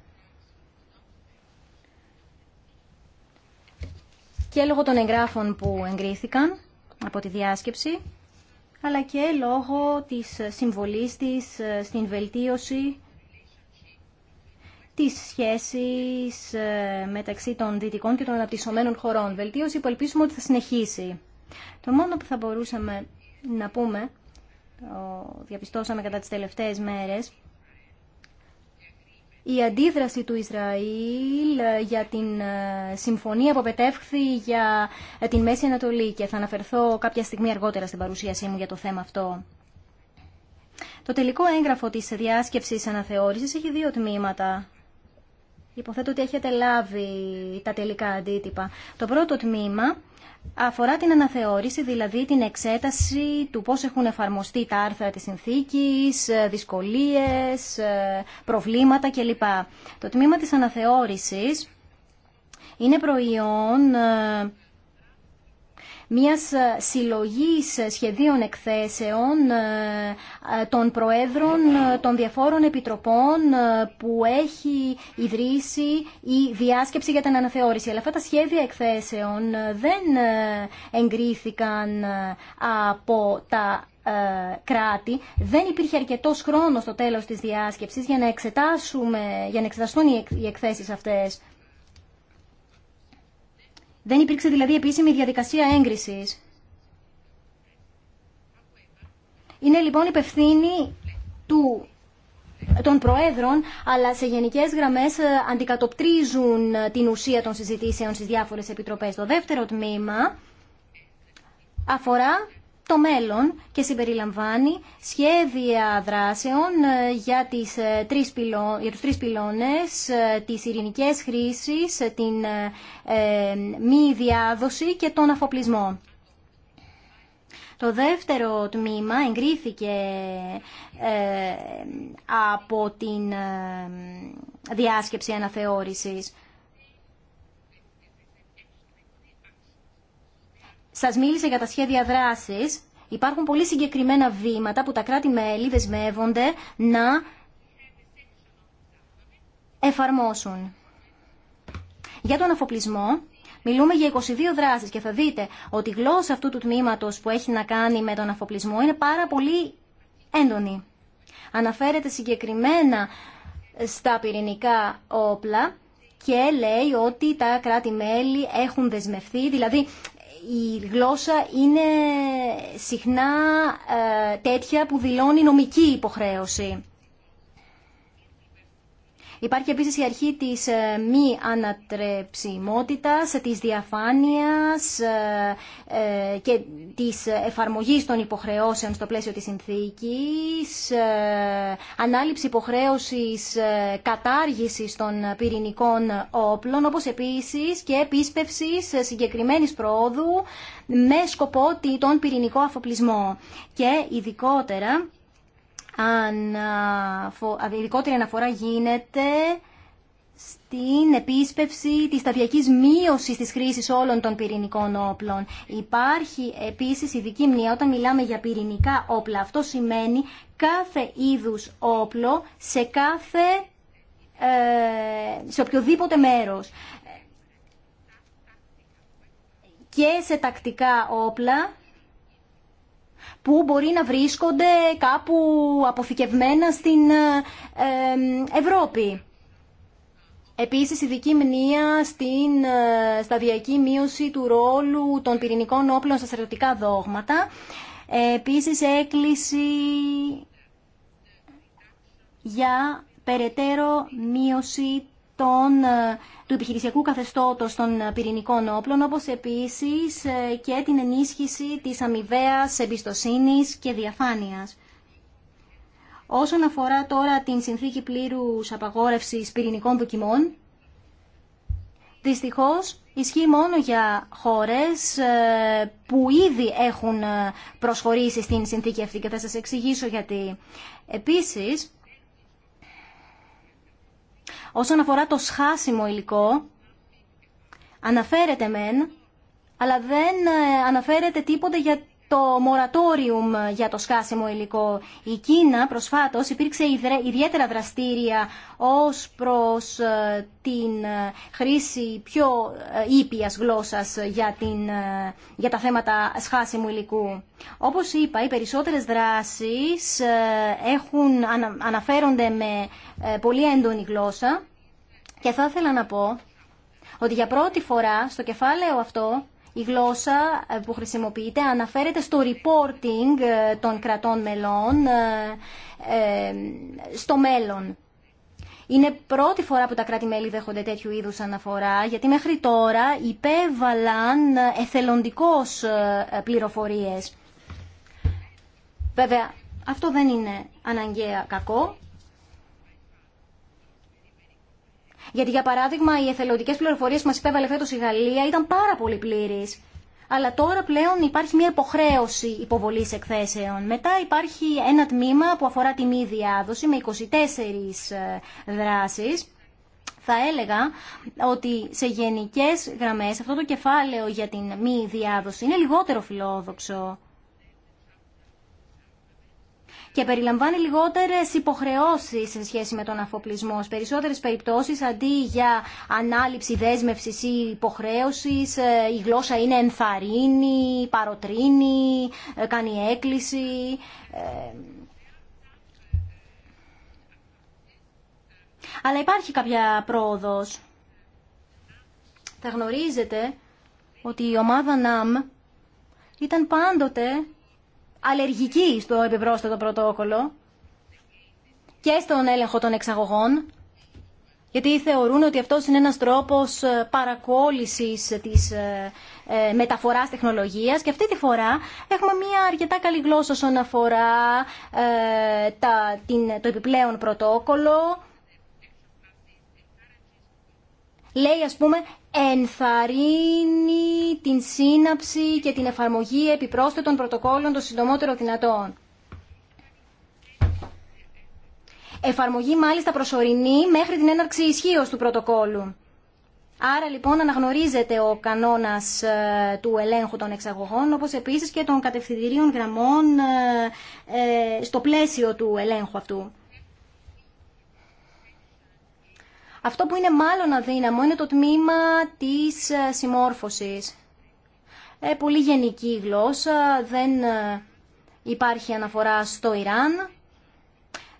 Και λόγω των εγγράφων που εγκρίθηκαν από τη διάσκεψη, αλλά και λόγω της συμβολής της ε, στην βελτίωση της σχέσης ε, μεταξύ των δυτικών και των αναπτυσσομένων χωρών. Βελτίωση που ελπίσουμε ότι θα συνεχίσει. Το μόνο που θα μπορούσαμε να πούμε, το διαπιστώσαμε κατά τις τελευταίες μέρες, η αντίδραση του Ισραήλ ε, για την ε, συμφωνία που απετεύχθη για ε, την Μέση Ανατολή και θα αναφερθώ κάποια στιγμή αργότερα στην παρουσίασή μου για το θέμα αυτό. Το τελικό έγγραφο της διάσκεψης αναθεώρησης έχει δύο τμήματα. Υποθέτω ότι έχετε λάβει τα τελικά αντίτυπα. Το πρώτο τμήμα αφορά την αναθεώρηση, δηλαδή την εξέταση του πώς έχουν εφαρμοστεί τα άρθρα της συνθήκης, δυσκολίες, προβλήματα κλπ. Το τμήμα της αναθεώρησης είναι προϊόν ε, μιας ε, συλλογής ε, σχεδίων εκθέσεων ε, των προέδρων των διαφόρων επιτροπών που έχει ιδρύσει η διάσκεψη για την αναθεώρηση. Αλλά αυτά τα σχέδια εκθέσεων δεν εγκρίθηκαν από τα κράτη. Δεν υπήρχε αρκετός χρόνος στο τέλος της διάσκεψης για να, εξετάσουμε, για να εξεταστούν οι εκθέσεις αυτές. Δεν υπήρξε δηλαδή επίσημη διαδικασία έγκρισης. Είναι λοιπόν υπευθύνη του των προέδρων, αλλά σε γενικέ γραμμέ ε, αντικατοπτρίζουν ε, την ουσία των συζητήσεων στι διάφορε επιτροπέ. Το δεύτερο τμήμα αφορά το μέλλον και συμπεριλαμβάνει σχέδια δράσεων ε, για, τις ε, τρεις πυλώ, για τους τρεις πυλώνες, ε, τις ειρηνικές χρήσεις, την ε, μη διάδοση και τον αφοπλισμό. Το δεύτερο τμήμα εγκρίθηκε ε, από την ε, διάσκεψη αναθεώρησης. Σας μίλησα για τα σχέδια δράσης. Υπάρχουν πολύ συγκεκριμένα βήματα που τα κράτη-μέλη δεσμεύονται να εφαρμόσουν. Για τον αφοπλισμό, Μιλούμε για 22 δράσεις και θα δείτε ότι η γλώσσα αυτού του τμήματος που έχει να κάνει με τον αφοπλισμό είναι πάρα πολύ έντονη. Αναφέρεται συγκεκριμένα στα πυρηνικά όπλα και λέει ότι τα κράτη-μέλη έχουν δεσμευθεί, δηλαδή η γλώσσα είναι συχνά ε, τέτοια που δηλώνει νομική υποχρέωση. Υπάρχει επίσης η αρχή της ε, μη ανατρεψιμότητας, της διαφάνειας ε, ε, και της εφαρμογής των υποχρεώσεων στο πλαίσιο της συνθήκης, ανάληψη υποχρέωσης κατάργησης των πυρηνικών όπλων, όπως επίσης και επίσπευσης συγκεκριμένη προόδου με σκοπό τον πυρηνικό αφοπλισμό. Και ειδικότερα η ειδικότερη αναφορά γίνεται στην επίσπευση της σταδιακής μείωσης της χρήσης όλων των πυρηνικών όπλων. Υπάρχει επίσης ειδική μνήμα όταν μιλάμε για πυρηνικά όπλα. Αυτό σημαίνει κάθε είδους όπλο σε κάθε ε, σε οποιοδήποτε μέρος και σε τακτικά όπλα που μπορεί να βρίσκονται κάπου αποθηκευμένα στην ε, Ευρώπη. Επίσης, ειδική μνήμα στην ε, σταδιακή μείωση του ρόλου των πυρηνικών όπλων στα στρατιωτικά δόγματα. Επίσης, έκκληση για περαιτέρω μείωση των, ε, του επιχειρησιακού καθεστώτος των ε, πυρηνικών όπλων, όπως επίσης ε, και την ενίσχυση της αμοιβαία εμπιστοσύνης και διαφάνειας. Όσον αφορά τώρα την συνθήκη πλήρους απαγόρευσης πυρηνικών δοκιμών, δυστυχώς ισχύει μόνο για χώρες που ήδη έχουν προσχωρήσει στην συνθήκη αυτή και θα σας εξηγήσω γιατί. Επίσης, Όσον αφορά το σχάσιμο υλικό, αναφέρεται μεν, αλλά δεν ε, αναφέρεται τίποτε για το μορατόριουμ για το σκάσιμο υλικό. Η Κίνα προσφάτως υπήρξε ιδιαίτερα δραστήρια ως προς ε, την ε, χρήση πιο ε, ήπιας γλώσσας για, την, για τα θέματα σκάσιμου υλικού. Όπως είπα, οι περισσότερες δράσεις έχουν, αναφέρονται με πολύ έντονη γλώσσα και θα ήθελα να πω ότι για πρώτη φορά στο κεφάλαιο αυτό η γλώσσα ε, που χρησιμοποιείται αναφέρεται στο reporting ε, των κρατών μελών ε, στο μέλλον. Είναι πρώτη φορά που τα κράτη-μέλη δέχονται τέτοιου είδους αναφορά, γιατί μέχρι τώρα υπέβαλαν εθελοντικώς πληροφορίες. Βέβαια, αυτό δεν είναι αναγκαία κακό, Γιατί, για παράδειγμα, οι εθελοντικέ πληροφορίε που μα υπέβαλε φέτο η Γαλλία ήταν πάρα πολύ πλήρε. Αλλά τώρα πλέον υπάρχει μια υποχρέωση υποβολή εκθέσεων. Μετά υπάρχει ένα τμήμα που αφορά τη μη διάδοση με 24 ε, δράσει. Θα έλεγα ότι σε γενικές γραμμές αυτό το κεφάλαιο για την μη διάδοση είναι λιγότερο φιλόδοξο και περιλαμβάνει λιγότερες υποχρεώσεις σε σχέση με τον αφοπλισμό. Σε περισσότερες περιπτώσεις αντί για ανάληψη δέσμευσης δέσμευση ε, η υποχρέωση, ε, ε. η ομάδα ΝΑΜ ήταν πάντοτε αλλεργική στο επιπρόσθετο πρωτόκολλο και στον έλεγχο των εξαγωγών, γιατί θεωρούν ότι αυτός είναι ένας τρόπος ε, παρακόλλησης της ε, ε, μεταφοράς τεχνολογίας και αυτή τη φορά έχουμε μια αρκετά καλή γλώσσα όσον αφορά τα, την, το επιπλέον πρωτόκολλο. Λέει ας πούμε ενθαρρύνει την σύναψη και την εφαρμογή επιπρόσθετων πρωτοκόλων το συντομότερο δυνατόν. Εφαρμογή μάλιστα προσωρινή μέχρι την έναρξη ισχύω του πρωτοκόλου. Άρα λοιπόν αναγνωρίζεται ο κανόνας ε, του ελέγχου των εξαγωγών όπως επίσης και των κατευθυντηρίων γραμμών ε, ε, στο πλαίσιο του ελέγχου αυτού. Αυτό που είναι μάλλον αδύναμο είναι το τμήμα της ε, συμμόρφωσης. Ε, πολύ γενική γλώσσα, δεν ε, υπάρχει αναφορά στο Ιράν,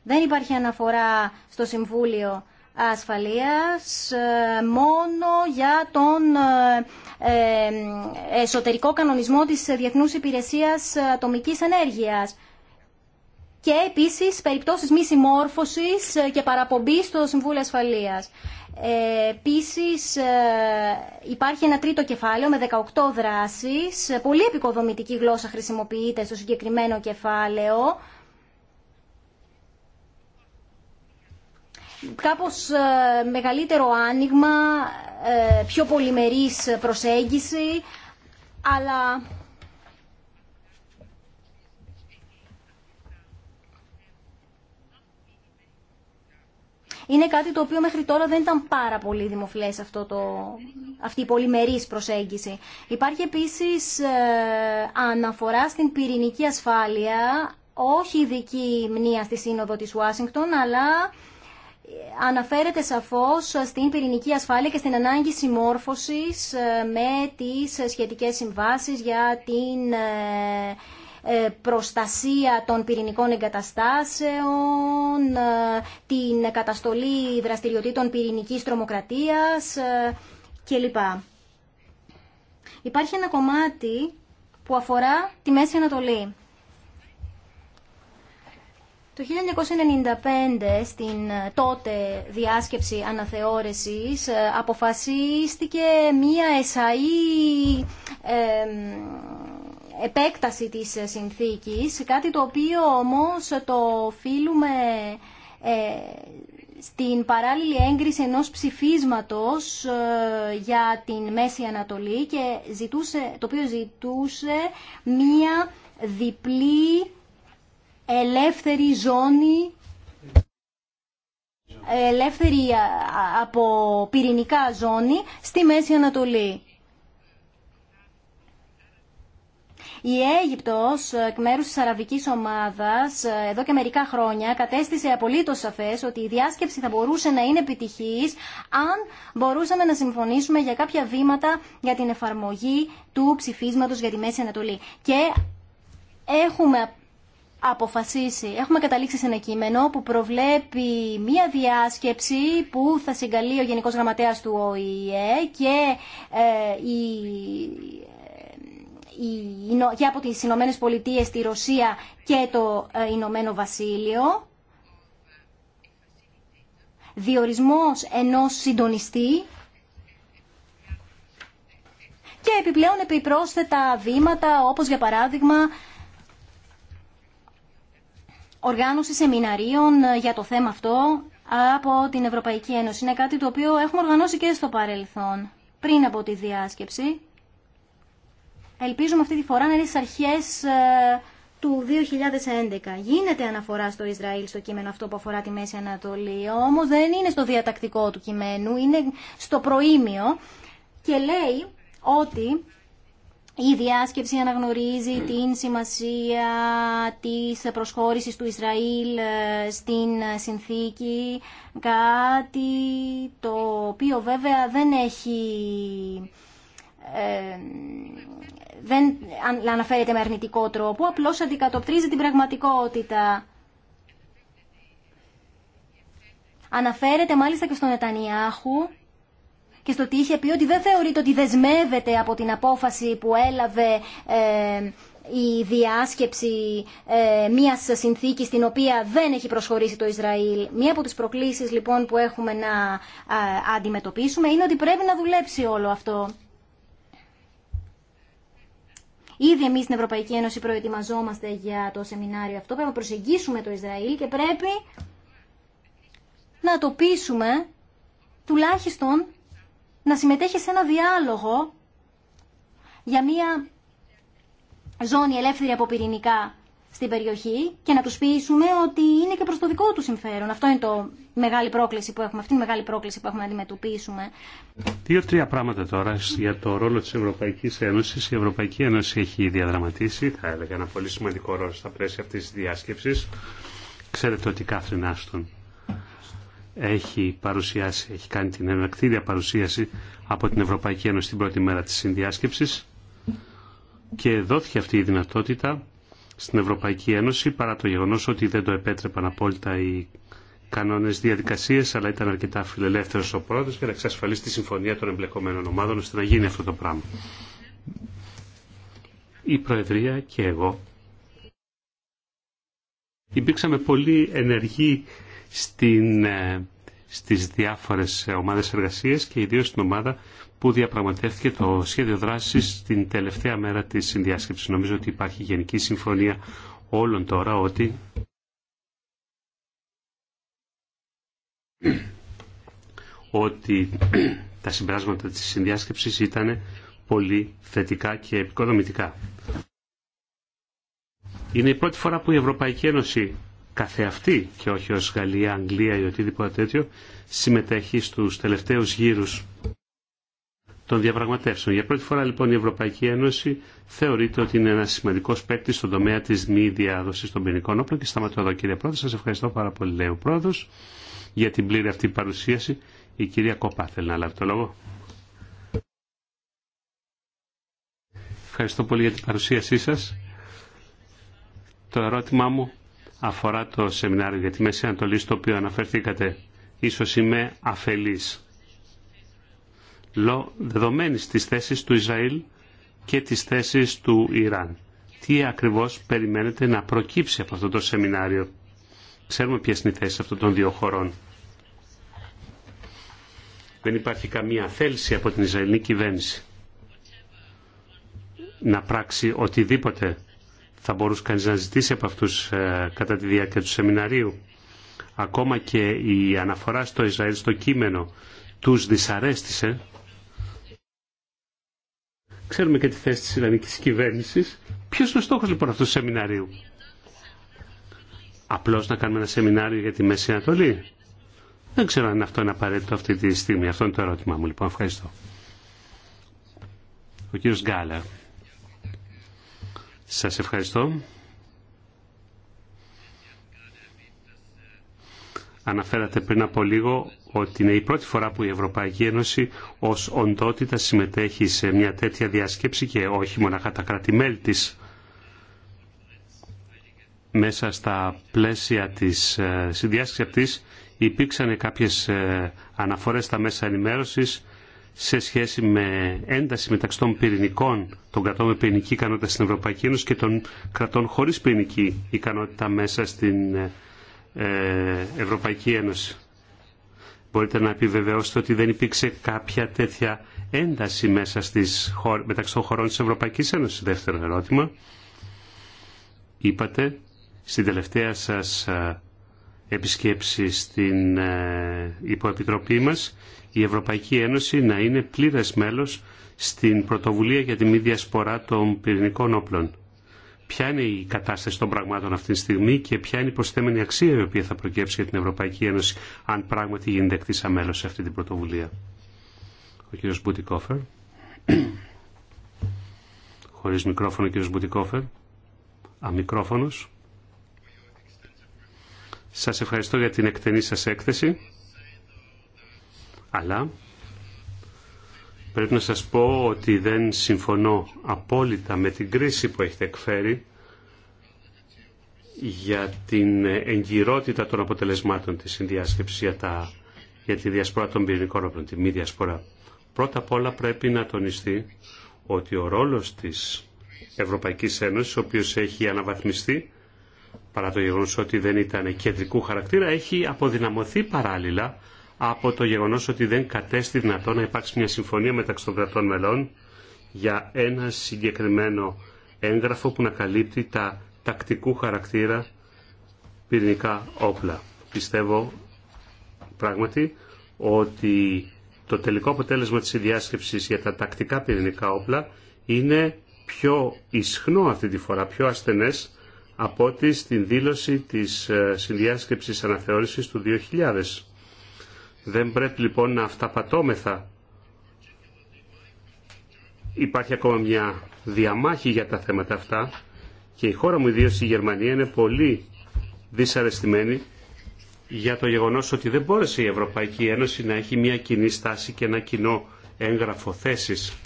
δεν υπάρχει αναφορά στο Συμβούλιο Ασφαλείας, ε, μόνο για τον εσωτερικό κανονισμό της Διεθνούς Υπηρεσίας Ατομικής Ενέργειας και επίσης περιπτώσεις μη συμμόρφωσης ε, και παραπομπής στο Συμβούλιο Ασφαλείας. Ε, Επίση, ε, υπάρχει ένα τρίτο κεφάλαιο με 18 δράσεις. Ε, πολύ επικοδομητική γλώσσα χρησιμοποιείται στο συγκεκριμένο κεφάλαιο. Κάπως μεγαλύτερο άνοιγμα, πιο πολυμερής προσέγγιση, αλλά Είναι κάτι το οποίο μέχρι τώρα δεν ήταν πάρα πολύ δημοφιλέ το, αυτή η πολυμερή προσέγγιση. Υπάρχει επίσης ε, αναφορά στην πυρηνική ασφάλεια, όχι ειδική μνήμα στη Σύνοδο τη Ουάσιγκτον, αλλά ε, αναφέρεται σαφώς στην πυρηνική ασφάλεια και στην ανάγκη συμμόρφωσης ε, με τις σχετικές συμβάσεις για την ε, προστασία των πυρηνικών εγκαταστάσεων, ε, την καταστολή δραστηριοτήτων πυρηνικής τρομοκρατίας ε, κλπ. Υπάρχει ένα κομμάτι που αφορά τη Μέση Ανατολή. Το 1995 στην τότε διάσκεψη αναθεώρησης αποφασίστηκε μία εσαΐ επέκταση της συνθήκης, κάτι το οποίο όμως το φίλουμε ε, στην παράλληλη έγκριση ενός ψηφίσματος ε, για την Μέση Ανατολή και ζητούσε, το οποίο ζητούσε μία διπλή ελεύθερη ζώνη ελεύθερη ε, από πυρηνικά ζώνη στη Μέση Ανατολή. Η Αίγυπτος εκ μέρους της αραβικής ομάδας εδώ και μερικά χρόνια κατέστησε απολύτως σαφές ότι η διάσκεψη θα μπορούσε να είναι επιτυχής αν μπορούσαμε να συμφωνήσουμε για κάποια βήματα για την εφαρμογή του ψηφίσματος για τη Μέση Ανατολή. Και έχουμε αποφασίσει, έχουμε καταλήξει σε ένα κείμενο που προβλέπει μία διάσκεψη που θα συγκαλεί ο Γενικός Γραμματέας του ΟΗΕ και ε, η και από τις Ηνωμένε Πολιτείε, τη Ρωσία και το ε, Ηνωμένο Βασίλειο. Διορισμός ενός συντονιστή και επιπλέον επιπρόσθετα βήματα όπως για παράδειγμα οργάνωση σεμιναρίων ε, για το θέμα αυτό από την Ευρωπαϊκή Ένωση. Είναι κάτι το οποίο έχουμε οργανώσει και στο παρελθόν πριν από τη διάσκεψη ελπίζουμε αυτή τη φορά να είναι αρχέ αρχές ε, του 2011. Γίνεται αναφορά στο Ισραήλ στο κείμενο αυτό που αφορά τη Μέση Ανατολή, όμως δεν είναι στο διατακτικό του κειμένου, είναι στο προήμιο και λέει ότι η διάσκεψη αναγνωρίζει την σημασία της προσχώρησης του Ισραήλ ε, στην συνθήκη, κάτι το οποίο βέβαια δεν έχει ε, δεν αναφέρεται με αρνητικό τρόπο, απλώς αντικατοπτρίζει την πραγματικότητα. Αναφέρεται μάλιστα και στον Νετανιάχου και στο τι είχε πει ότι δεν θεωρείται ότι δεσμεύεται από την απόφαση που έλαβε ε, η διάσκεψη ε, μιας συνθήκης στην οποία δεν έχει προσχωρήσει το Ισραήλ. Μία από τις προκλήσεις λοιπόν που έχουμε να ε, αντιμετωπίσουμε είναι ότι πρέπει να δουλέψει όλο αυτό. Ήδη εμεί στην Ευρωπαϊκή Ένωση προετοιμαζόμαστε για το σεμινάριο αυτό. Πρέπει να προσεγγίσουμε το Ισραήλ και πρέπει να το πείσουμε τουλάχιστον να συμμετέχει σε ένα διάλογο για μια ζώνη ελεύθερη από πυρηνικά στην περιοχή και να τους πείσουμε ότι είναι και προς το δικό του συμφέρον. Αυτό είναι το μεγάλη πρόκληση που έχουμε, αυτή είναι η μεγάλη πρόκληση που έχουμε να αντιμετωπίσουμε. Δύο-τρία πράγματα τώρα για το ρόλο της Ευρωπαϊκής Ένωσης. Η Ευρωπαϊκή Ένωση έχει διαδραματίσει, θα έλεγα, ένα πολύ σημαντικό ρόλο στα πλαίσια αυτής της διάσκεψης. Ξέρετε ότι η Κάθριν έχει παρουσιάσει, έχει κάνει την ενακτήρια παρουσίαση από την Ευρωπαϊκή Ένωση την πρώτη μέρα της συνδιάσκεψης και δόθηκε αυτή η δυνατότητα στην Ευρωπαϊκή Ένωση παρά το γεγονός ότι δεν το επέτρεπαν απόλυτα οι κανόνες διαδικασίες αλλά ήταν αρκετά φιλελεύθερος ο πρόεδρος για να εξασφαλίσει τη συμφωνία των εμπλεκομένων ομάδων ώστε να γίνει αυτό το πράγμα. Η Προεδρία και εγώ υπήρξαμε πολύ ενεργοί στην, ε, στις διάφορες ομάδες εργασίας και ιδίως στην ομάδα που διαπραγματεύτηκε το σχέδιο δράσης την τελευταία μέρα της συνδιάσκεψης. Νομίζω ότι υπάρχει γενική συμφωνία όλων τώρα ότι ότι τα συμπράσματα της συνδιάσκεψης ήταν πολύ θετικά και επικοδομητικά. Είναι η πρώτη φορά που η Ευρωπαϊκή Ένωση καθεαυτή και όχι ως Γαλλία, Αγγλία ή οτιδήποτε τέτοιο συμμετέχει στους τελευταίους γύρους των διαπραγματεύσεων. Για πρώτη φορά λοιπόν η Ευρωπαϊκή Ένωση θεωρείται ότι είναι ένα σημαντικό παίκτη στον τομέα τη μη διάδοση των ποινικών όπλων. Και σταματώ εδώ κύριε Πρόεδρε. Σα ευχαριστώ πάρα πολύ, λέει ο Πρόεδρο, για την πλήρη αυτή παρουσίαση. Η κυρία Κόπα θέλει να λάβει το λόγο. Ευχαριστώ πολύ για την παρουσίασή σα. Το ερώτημά μου αφορά το σεμινάριο για τη Μέση Ανατολή στο οποίο αναφέρθηκατε. Ίσως είμαι αφελής δεδομένης της θέσης του Ισραήλ και της θέσης του Ιράν. Τι ακριβώς περιμένετε να προκύψει από αυτό το σεμινάριο. Ξέρουμε ποιες είναι οι θέσεις αυτών των δύο χωρών. Δεν υπάρχει καμία θέληση από την Ισραηλινή κυβέρνηση να πράξει οτιδήποτε θα μπορούσε κανεί να ζητήσει από αυτούς ε, κατά τη διάρκεια του σεμιναρίου. Ακόμα και η αναφορά στο Ισραήλ στο κείμενο τους δυσαρέστησε Ξέρουμε και τη θέση της Ιρανικής κυβέρνησης. Ποιος είναι ο στόχος λοιπόν αυτού του σεμιναρίου. Απλώς να κάνουμε ένα σεμινάριο για τη Μέση Ανατολή. Δεν ξέρω αν αυτό είναι απαραίτητο αυτή τη στιγμή. Αυτό είναι το ερώτημά μου λοιπόν. Ευχαριστώ. Ο κύριος Γκάλα. Σας ευχαριστώ. Αναφέρατε πριν από λίγο ότι είναι η πρώτη φορά που η Ευρωπαϊκή Ένωση ως οντότητα συμμετέχει σε μια τέτοια διασκέψη και όχι μονο μόνο κράτη-μέλη της. Μέσα στα πλαίσια της ε, συνδιάσκεψης αυτής υπήρξαν κάποιες ε, αναφορές στα μέσα ενημέρωσης σε σχέση με ένταση μεταξύ των πυρηνικών, των κρατών με πυρηνική ικανότητα στην Ευρωπαϊκή Ένωση και των κρατών χωρίς πυρηνική ικανότητα μέσα στην Ευρωπαϊκή ε, Ευρωπαϊκή Ένωση. Μπορείτε να επιβεβαιώσετε ότι δεν υπήρξε κάποια τέτοια ένταση μέσα στις μεταξύ των χωρών της Ευρωπαϊκής Ένωσης. Δεύτερο ερώτημα. Είπατε στην τελευταία σας ε, επισκέψη στην ε, υποεπιτροπή μας η Ευρωπαϊκή Ένωση να είναι πλήρες μέλος στην πρωτοβουλία για τη μη διασπορά των πυρηνικών όπλων ποια είναι η κατάσταση των πραγμάτων αυτή τη στιγμή και ποια είναι η προσθέμενη αξία η οποία θα προκύψει για την Ευρωπαϊκή Ένωση αν πράγματι γίνεται εκτή μέλος σε αυτή την πρωτοβουλία. Ο κύριος Μπουτικόφερ. [COUGHS] Χωρίς μικρόφωνο ο κύριος Μπουτικόφερ. μικρόφωνος. Σας ευχαριστώ για την εκτενή σας έκθεση. Αλλά Πρέπει να σας πω ότι δεν συμφωνώ απόλυτα με την κρίση που έχετε εκφέρει για την εγκυρότητα των αποτελεσμάτων της συνδιάσκεψης για, για τη διασπορά των πυρηνικών όπλων, τη μη διασπορά. Πρώτα απ' όλα πρέπει να τονιστεί ότι ο ρόλος της Ευρωπαϊκής Ένωσης, ο οποίος έχει αναβαθμιστεί, παρά το γεγονός ότι δεν ήταν κεντρικού χαρακτήρα, έχει αποδυναμωθεί παράλληλα από το γεγονός ότι δεν κατέστη δυνατό να υπάρξει μια συμφωνία μεταξύ των κρατών μελών για ένα συγκεκριμένο έγγραφο που να καλύπτει τα τακτικού χαρακτήρα πυρηνικά όπλα. Πιστεύω πράγματι ότι το τελικό αποτέλεσμα της διάσκεψης για τα τακτικά πυρηνικά όπλα είναι πιο ισχνό αυτή τη φορά, πιο ασθενές από ότι στην δήλωση της ε, συνδιάσκεψης αναθεώρησης του 2000 δεν πρέπει λοιπόν να αυταπατώμεθα. Υπάρχει ακόμα μια διαμάχη για τα θέματα αυτά και η χώρα μου, ιδίως η Γερμανία, είναι πολύ δυσαρεστημένη για το γεγονός ότι δεν μπόρεσε η Ευρωπαϊκή Ένωση να έχει μια κοινή στάση και ένα κοινό έγγραφο θέσης.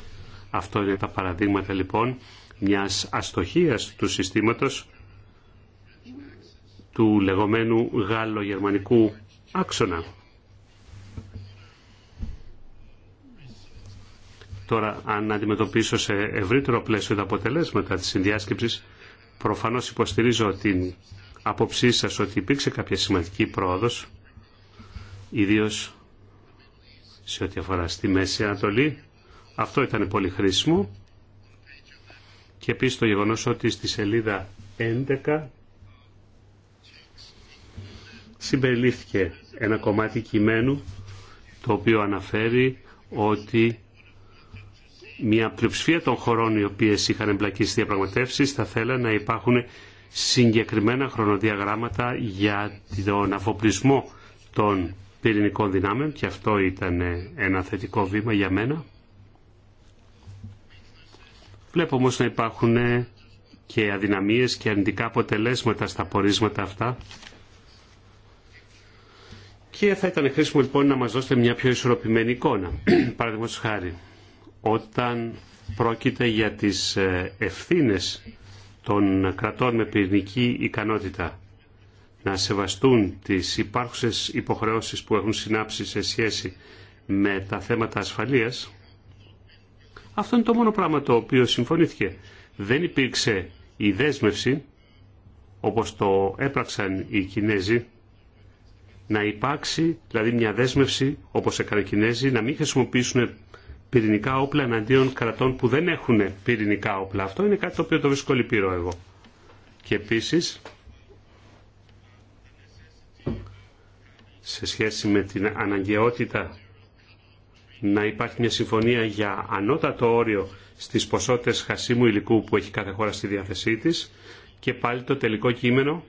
Αυτό είναι τα παραδείγματα λοιπόν μιας αστοχίας του συστήματος του λεγόμενου γάλλο-γερμανικού άξονα. Τώρα, αν αντιμετωπίσω σε ευρύτερο πλαίσιο τα αποτελέσματα της συνδιάσκεψης, προφανώς υποστηρίζω την άποψή σας ότι υπήρξε κάποια σημαντική πρόοδος, ιδίως σε ό,τι αφορά στη Μέση Ανατολή. Αυτό ήταν πολύ χρήσιμο. Και επίσης το γεγονός ότι στη σελίδα 11 συμπεριλήφθηκε ένα κομμάτι κειμένου το οποίο αναφέρει ότι μια πλειοψηφία των χωρών οι οποίε είχαν εμπλακεί στι διαπραγματεύσεις θα θέλανε να υπάρχουν συγκεκριμένα χρονοδιαγράμματα για τον αφοπλισμό των πυρηνικών δυνάμεων και αυτό ήταν ένα θετικό βήμα για μένα. Βλέπω όμως να υπάρχουν και αδυναμίες και αρνητικά αποτελέσματα στα πορίσματα αυτά. Και θα ήταν χρήσιμο λοιπόν να μας δώσετε μια πιο ισορροπημένη εικόνα. [CLEARS THROAT] Παραδείγματος χάρη όταν πρόκειται για τις ε, ευθύνες των κρατών με πυρηνική ικανότητα να σεβαστούν τις υπάρχουσες υποχρεώσεις που έχουν συνάψει σε σχέση με τα θέματα ασφαλείας, αυτό είναι το μόνο πράγμα το οποίο συμφωνήθηκε. Δεν υπήρξε η δέσμευση, όπως το έπραξαν οι Κινέζοι, να υπάρξει δηλαδή μια δέσμευση, όπως έκανε οι Κινέζοι, να μην χρησιμοποιήσουν πυρηνικά όπλα εναντίον κρατών που δεν έχουν πυρηνικά όπλα. Αυτό είναι κάτι το οποίο το βρίσκω λυπηρό εγώ. Και επίσης, σε σχέση με την αναγκαιότητα να υπάρχει μια συμφωνία για ανώτατο όριο στις ποσότητες χασίμου υλικού που έχει κάθε χώρα στη διάθεσή της και πάλι το τελικό κείμενο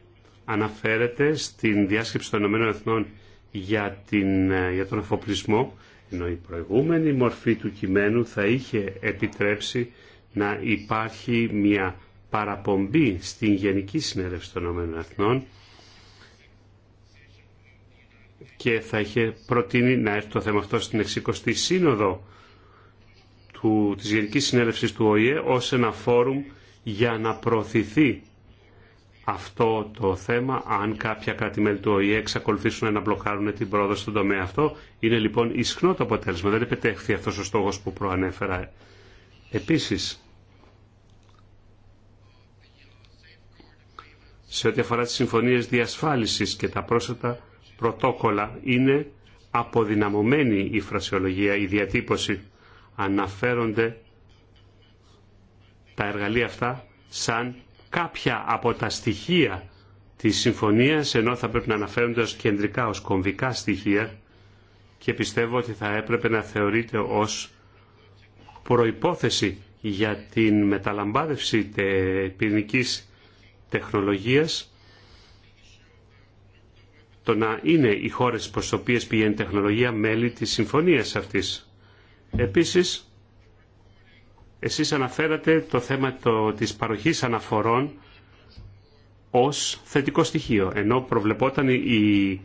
αναφέρεται στην διάσκεψη των ΗΠΑ για, την, ε, για τον αφοπλισμό ενώ η προηγούμενη μορφή του κειμένου θα είχε επιτρέψει να υπάρχει μια παραπομπή στην Γενική Συνέλευση των ΟΕΕ και θα είχε προτείνει να έρθει το θέμα αυτό στην 60η Σύνοδο του, της Γενικής Συνέλευσης του ΟΗΕ ως ένα φόρουμ για να προωθηθεί αυτό το θέμα, αν κάποια κράτη-μέλη του ΟΗΕ εξακολουθήσουν να μπλοκάρουν την πρόοδο στον τομέα αυτό. Είναι λοιπόν ισχνό το αποτέλεσμα. Δεν επιτέχθη αυτός ο στόχος που προανέφερα. Επίσης, σε ό,τι αφορά τις συμφωνίες διασφάλισης και τα πρόσθετα πρωτόκολλα, είναι αποδυναμωμένη η φρασιολογία, η διατύπωση. Αναφέρονται τα εργαλεία αυτά σαν κάποια από τα στοιχεία της συμφωνίας, ενώ θα πρέπει να αναφέρονται ως κεντρικά, ως κομβικά στοιχεία και πιστεύω ότι θα έπρεπε να θεωρείται ως προϋπόθεση για την μεταλαμπάδευση τε, πυρηνικής τεχνολογίας το να είναι οι χώρες προς τις οποίες πηγαίνει η τεχνολογία μέλη της συμφωνίας αυτής. Επίσης, εσείς αναφέρατε το θέμα το, της παροχής αναφορών ως θετικό στοιχείο, ενώ προβλεπόταν η,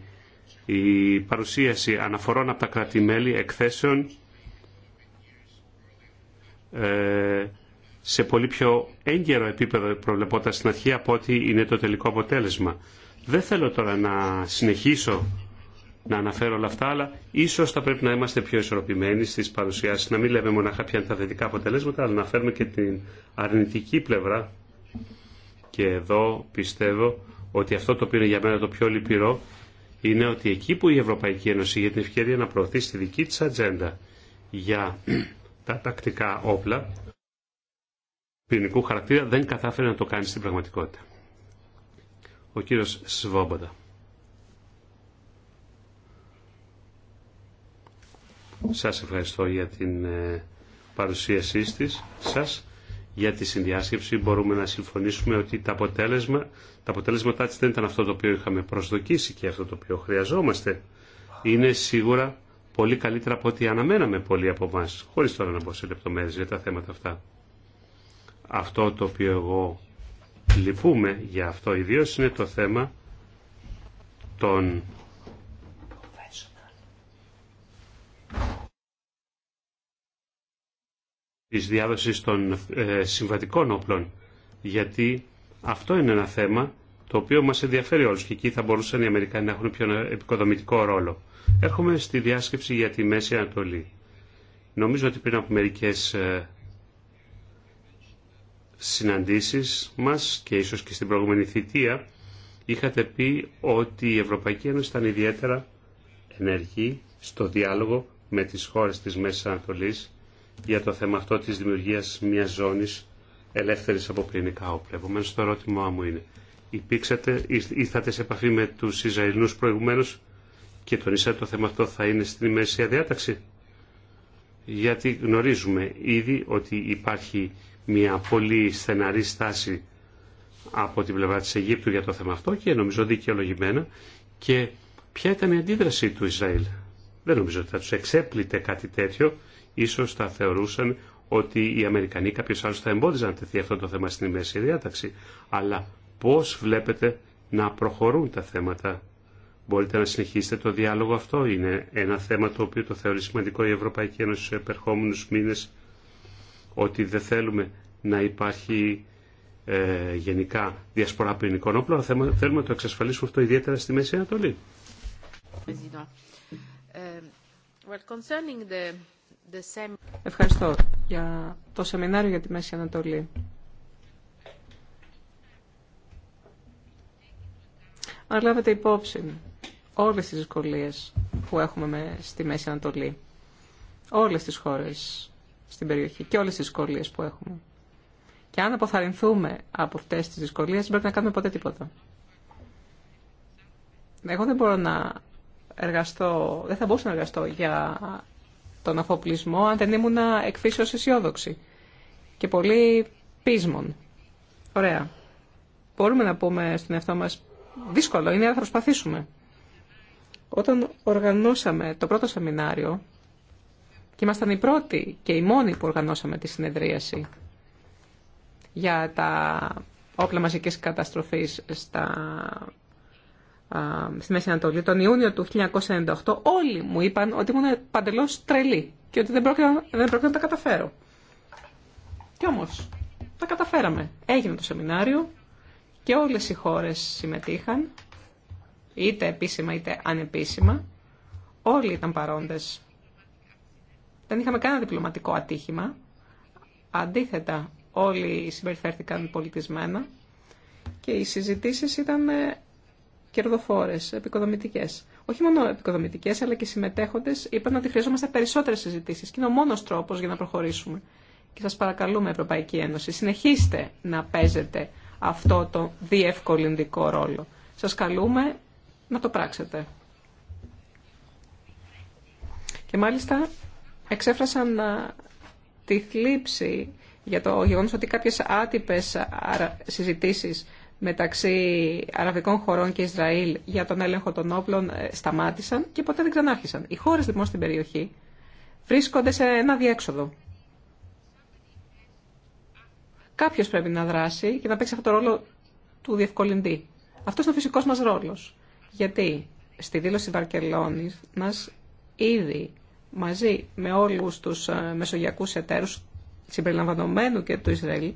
η παρουσίαση αναφορών από τα κράτη-μέλη εκθέσεων ε, σε πολύ πιο έγκαιρο επίπεδο προβλεπόταν στην αρχή από ό,τι είναι το τελικό αποτέλεσμα. Δεν θέλω τώρα να συνεχίσω να αναφέρω όλα αυτά, αλλά ίσω θα πρέπει να είμαστε πιο ισορροπημένοι στι παρουσιάσει. Να μην λέμε μοναχά ποια είναι τα θετικά αποτελέσματα, αλλά να φέρουμε και την αρνητική πλευρά. Και εδώ πιστεύω ότι αυτό το οποίο είναι για μένα το πιο λυπηρό είναι ότι εκεί που η Ευρωπαϊκή Ένωση για την ευκαιρία να προωθεί στη δική της ατζέντα για τα τακτικά όπλα πυρηνικού χαρακτήρα δεν κατάφερε να το κάνει στην πραγματικότητα. Ο κύριος Σβόμποντα. Σας ευχαριστώ για την ε, παρουσίασή της, σας. Για τη συνδιάσκεψη μπορούμε να συμφωνήσουμε ότι τα, αποτέλεσμα, τα αποτέλεσματά της δεν ήταν αυτό το οποίο είχαμε προσδοκίσει και αυτό το οποίο χρειαζόμαστε. Είναι σίγουρα πολύ καλύτερα από ό,τι αναμέναμε πολλοί από εμά, χωρίς τώρα να μπω σε λεπτομέρειες για τα θέματα αυτά. Αυτό το οποίο εγώ λυπούμε για αυτό ιδίως είναι το θέμα των της διάδοσης των ε, συμβατικών όπλων. Γιατί αυτό είναι ένα θέμα το οποίο μας ενδιαφέρει όλους και εκεί θα μπορούσαν οι Αμερικανοί να έχουν πιο επικοδομητικό ρόλο. Έρχομαι στη διάσκεψη για τη Μέση Ανατολή. Νομίζω ότι πριν από μερικές ε, συναντήσεις μας και ίσως και στην προηγούμενη θητεία είχατε πει ότι η Ευρωπαϊκή Ένωση ήταν ιδιαίτερα ενεργή στο διάλογο με τις χώρες της Μέσης Ανατολής για το θέμα αυτό της δημιουργίας μιας ζώνης ελεύθερης από πυρηνικά όπλα. Επομένως το ερώτημά μου είναι, υπήξατε, ήρθατε σε επαφή με τους Ισραηλινούς προηγουμένως και τονίσατε το θέμα αυτό θα είναι στην ημερησία διάταξη. Γιατί γνωρίζουμε ήδη ότι υπάρχει μια πολύ στεναρή στάση από την πλευρά της Αιγύπτου για το θέμα αυτό και νομίζω δικαιολογημένα και ποια ήταν η αντίδραση του Ισραήλ. Δεν νομίζω ότι θα τους εξέπλητε κάτι τέτοιο ίσως θα θεωρούσαν ότι οι Αμερικανοί κάποιος άλλος θα εμπόδιζαν να τεθεί αυτό το θέμα στην μεση διάταξη. Αλλά πώς βλέπετε να προχωρούν τα θέματα. Μπορείτε να συνεχίσετε το διάλογο αυτό. Είναι ένα θέμα το οποίο το θεωρεί σημαντικό η Ευρωπαϊκή Ένωση στους επερχόμενους μήνες ότι δεν θέλουμε να υπάρχει ε, γενικά διασπορά ποινικών όπλων. Θέλουμε να το εξασφαλίσουμε αυτό ιδιαίτερα στη Μέση Ανατολή. Ευχαριστώ για το σεμινάριο για τη Μέση Ανατολή. Αν λάβετε υπόψη όλες τις δυσκολίες που έχουμε στη Μέση Ανατολή, όλες τις χώρες στην περιοχή και όλες τις δυσκολίες που έχουμε. Και αν αποθαρρυνθούμε από αυτές τις δυσκολίες, δεν πρέπει να κάνουμε ποτέ τίποτα. Εγώ δεν μπορώ να εργαστώ, δεν θα μπορούσα να εργαστώ για τον αφοπλισμό αν δεν ήμουν εκφύσεως αισιόδοξη και πολύ πείσμων. Ωραία. Μπορούμε να πούμε στην εαυτό μας δύσκολο είναι, αλλά θα προσπαθήσουμε. Όταν οργανώσαμε το πρώτο σεμινάριο και ήμασταν οι πρώτοι και οι μόνοι που οργανώσαμε τη συνεδρίαση για τα όπλα μαζικής καταστροφής στα στη Μέση Ανατολή, τον Ιούνιο του 1998, όλοι μου είπαν ότι ήμουν παντελώς τρελή και ότι δεν πρόκειται, δεν πρόκειται να τα καταφέρω. Και όμω, τα καταφέραμε. Έγινε το σεμινάριο και όλες οι χώρες συμμετείχαν, είτε επίσημα είτε ανεπίσημα. Όλοι ήταν παρόντες. Δεν είχαμε κανένα διπλωματικό ατύχημα. Αντίθετα, όλοι συμπεριφέρθηκαν πολιτισμένα και οι συζητήσεις ήταν ε, κερδοφόρε, επικοδομητικέ. Όχι μόνο επικοδομητικέ, αλλά και συμμετέχοντε είπαν ότι χρειαζόμαστε περισσότερε συζητήσει και είναι ο μόνο τρόπο για να προχωρήσουμε. Και σα παρακαλούμε, Ευρωπαϊκή Ένωση, συνεχίστε να παίζετε αυτό το διευκολυντικό ρόλο. Σας καλούμε να το πράξετε. Και μάλιστα εξέφρασαν τη θλίψη για το γεγονός ότι κάποιες άτυπες συζητήσεις μεταξύ αραβικών χωρών και Ισραήλ για τον έλεγχο των όπλων ε, σταμάτησαν και ποτέ δεν ξανάρχισαν. Οι χώρε λοιπόν στην περιοχή βρίσκονται σε ένα διέξοδο. Κάποιο πρέπει να δράσει και να παίξει αυτό το ρόλο του διευκολυντή. Αυτό είναι ο φυσικό μα ρόλο. Γιατί στη δήλωση Βαρκελόνη μα ήδη μαζί με όλου του ε, μεσογειακού εταίρου συμπεριλαμβανομένου και του Ισραήλ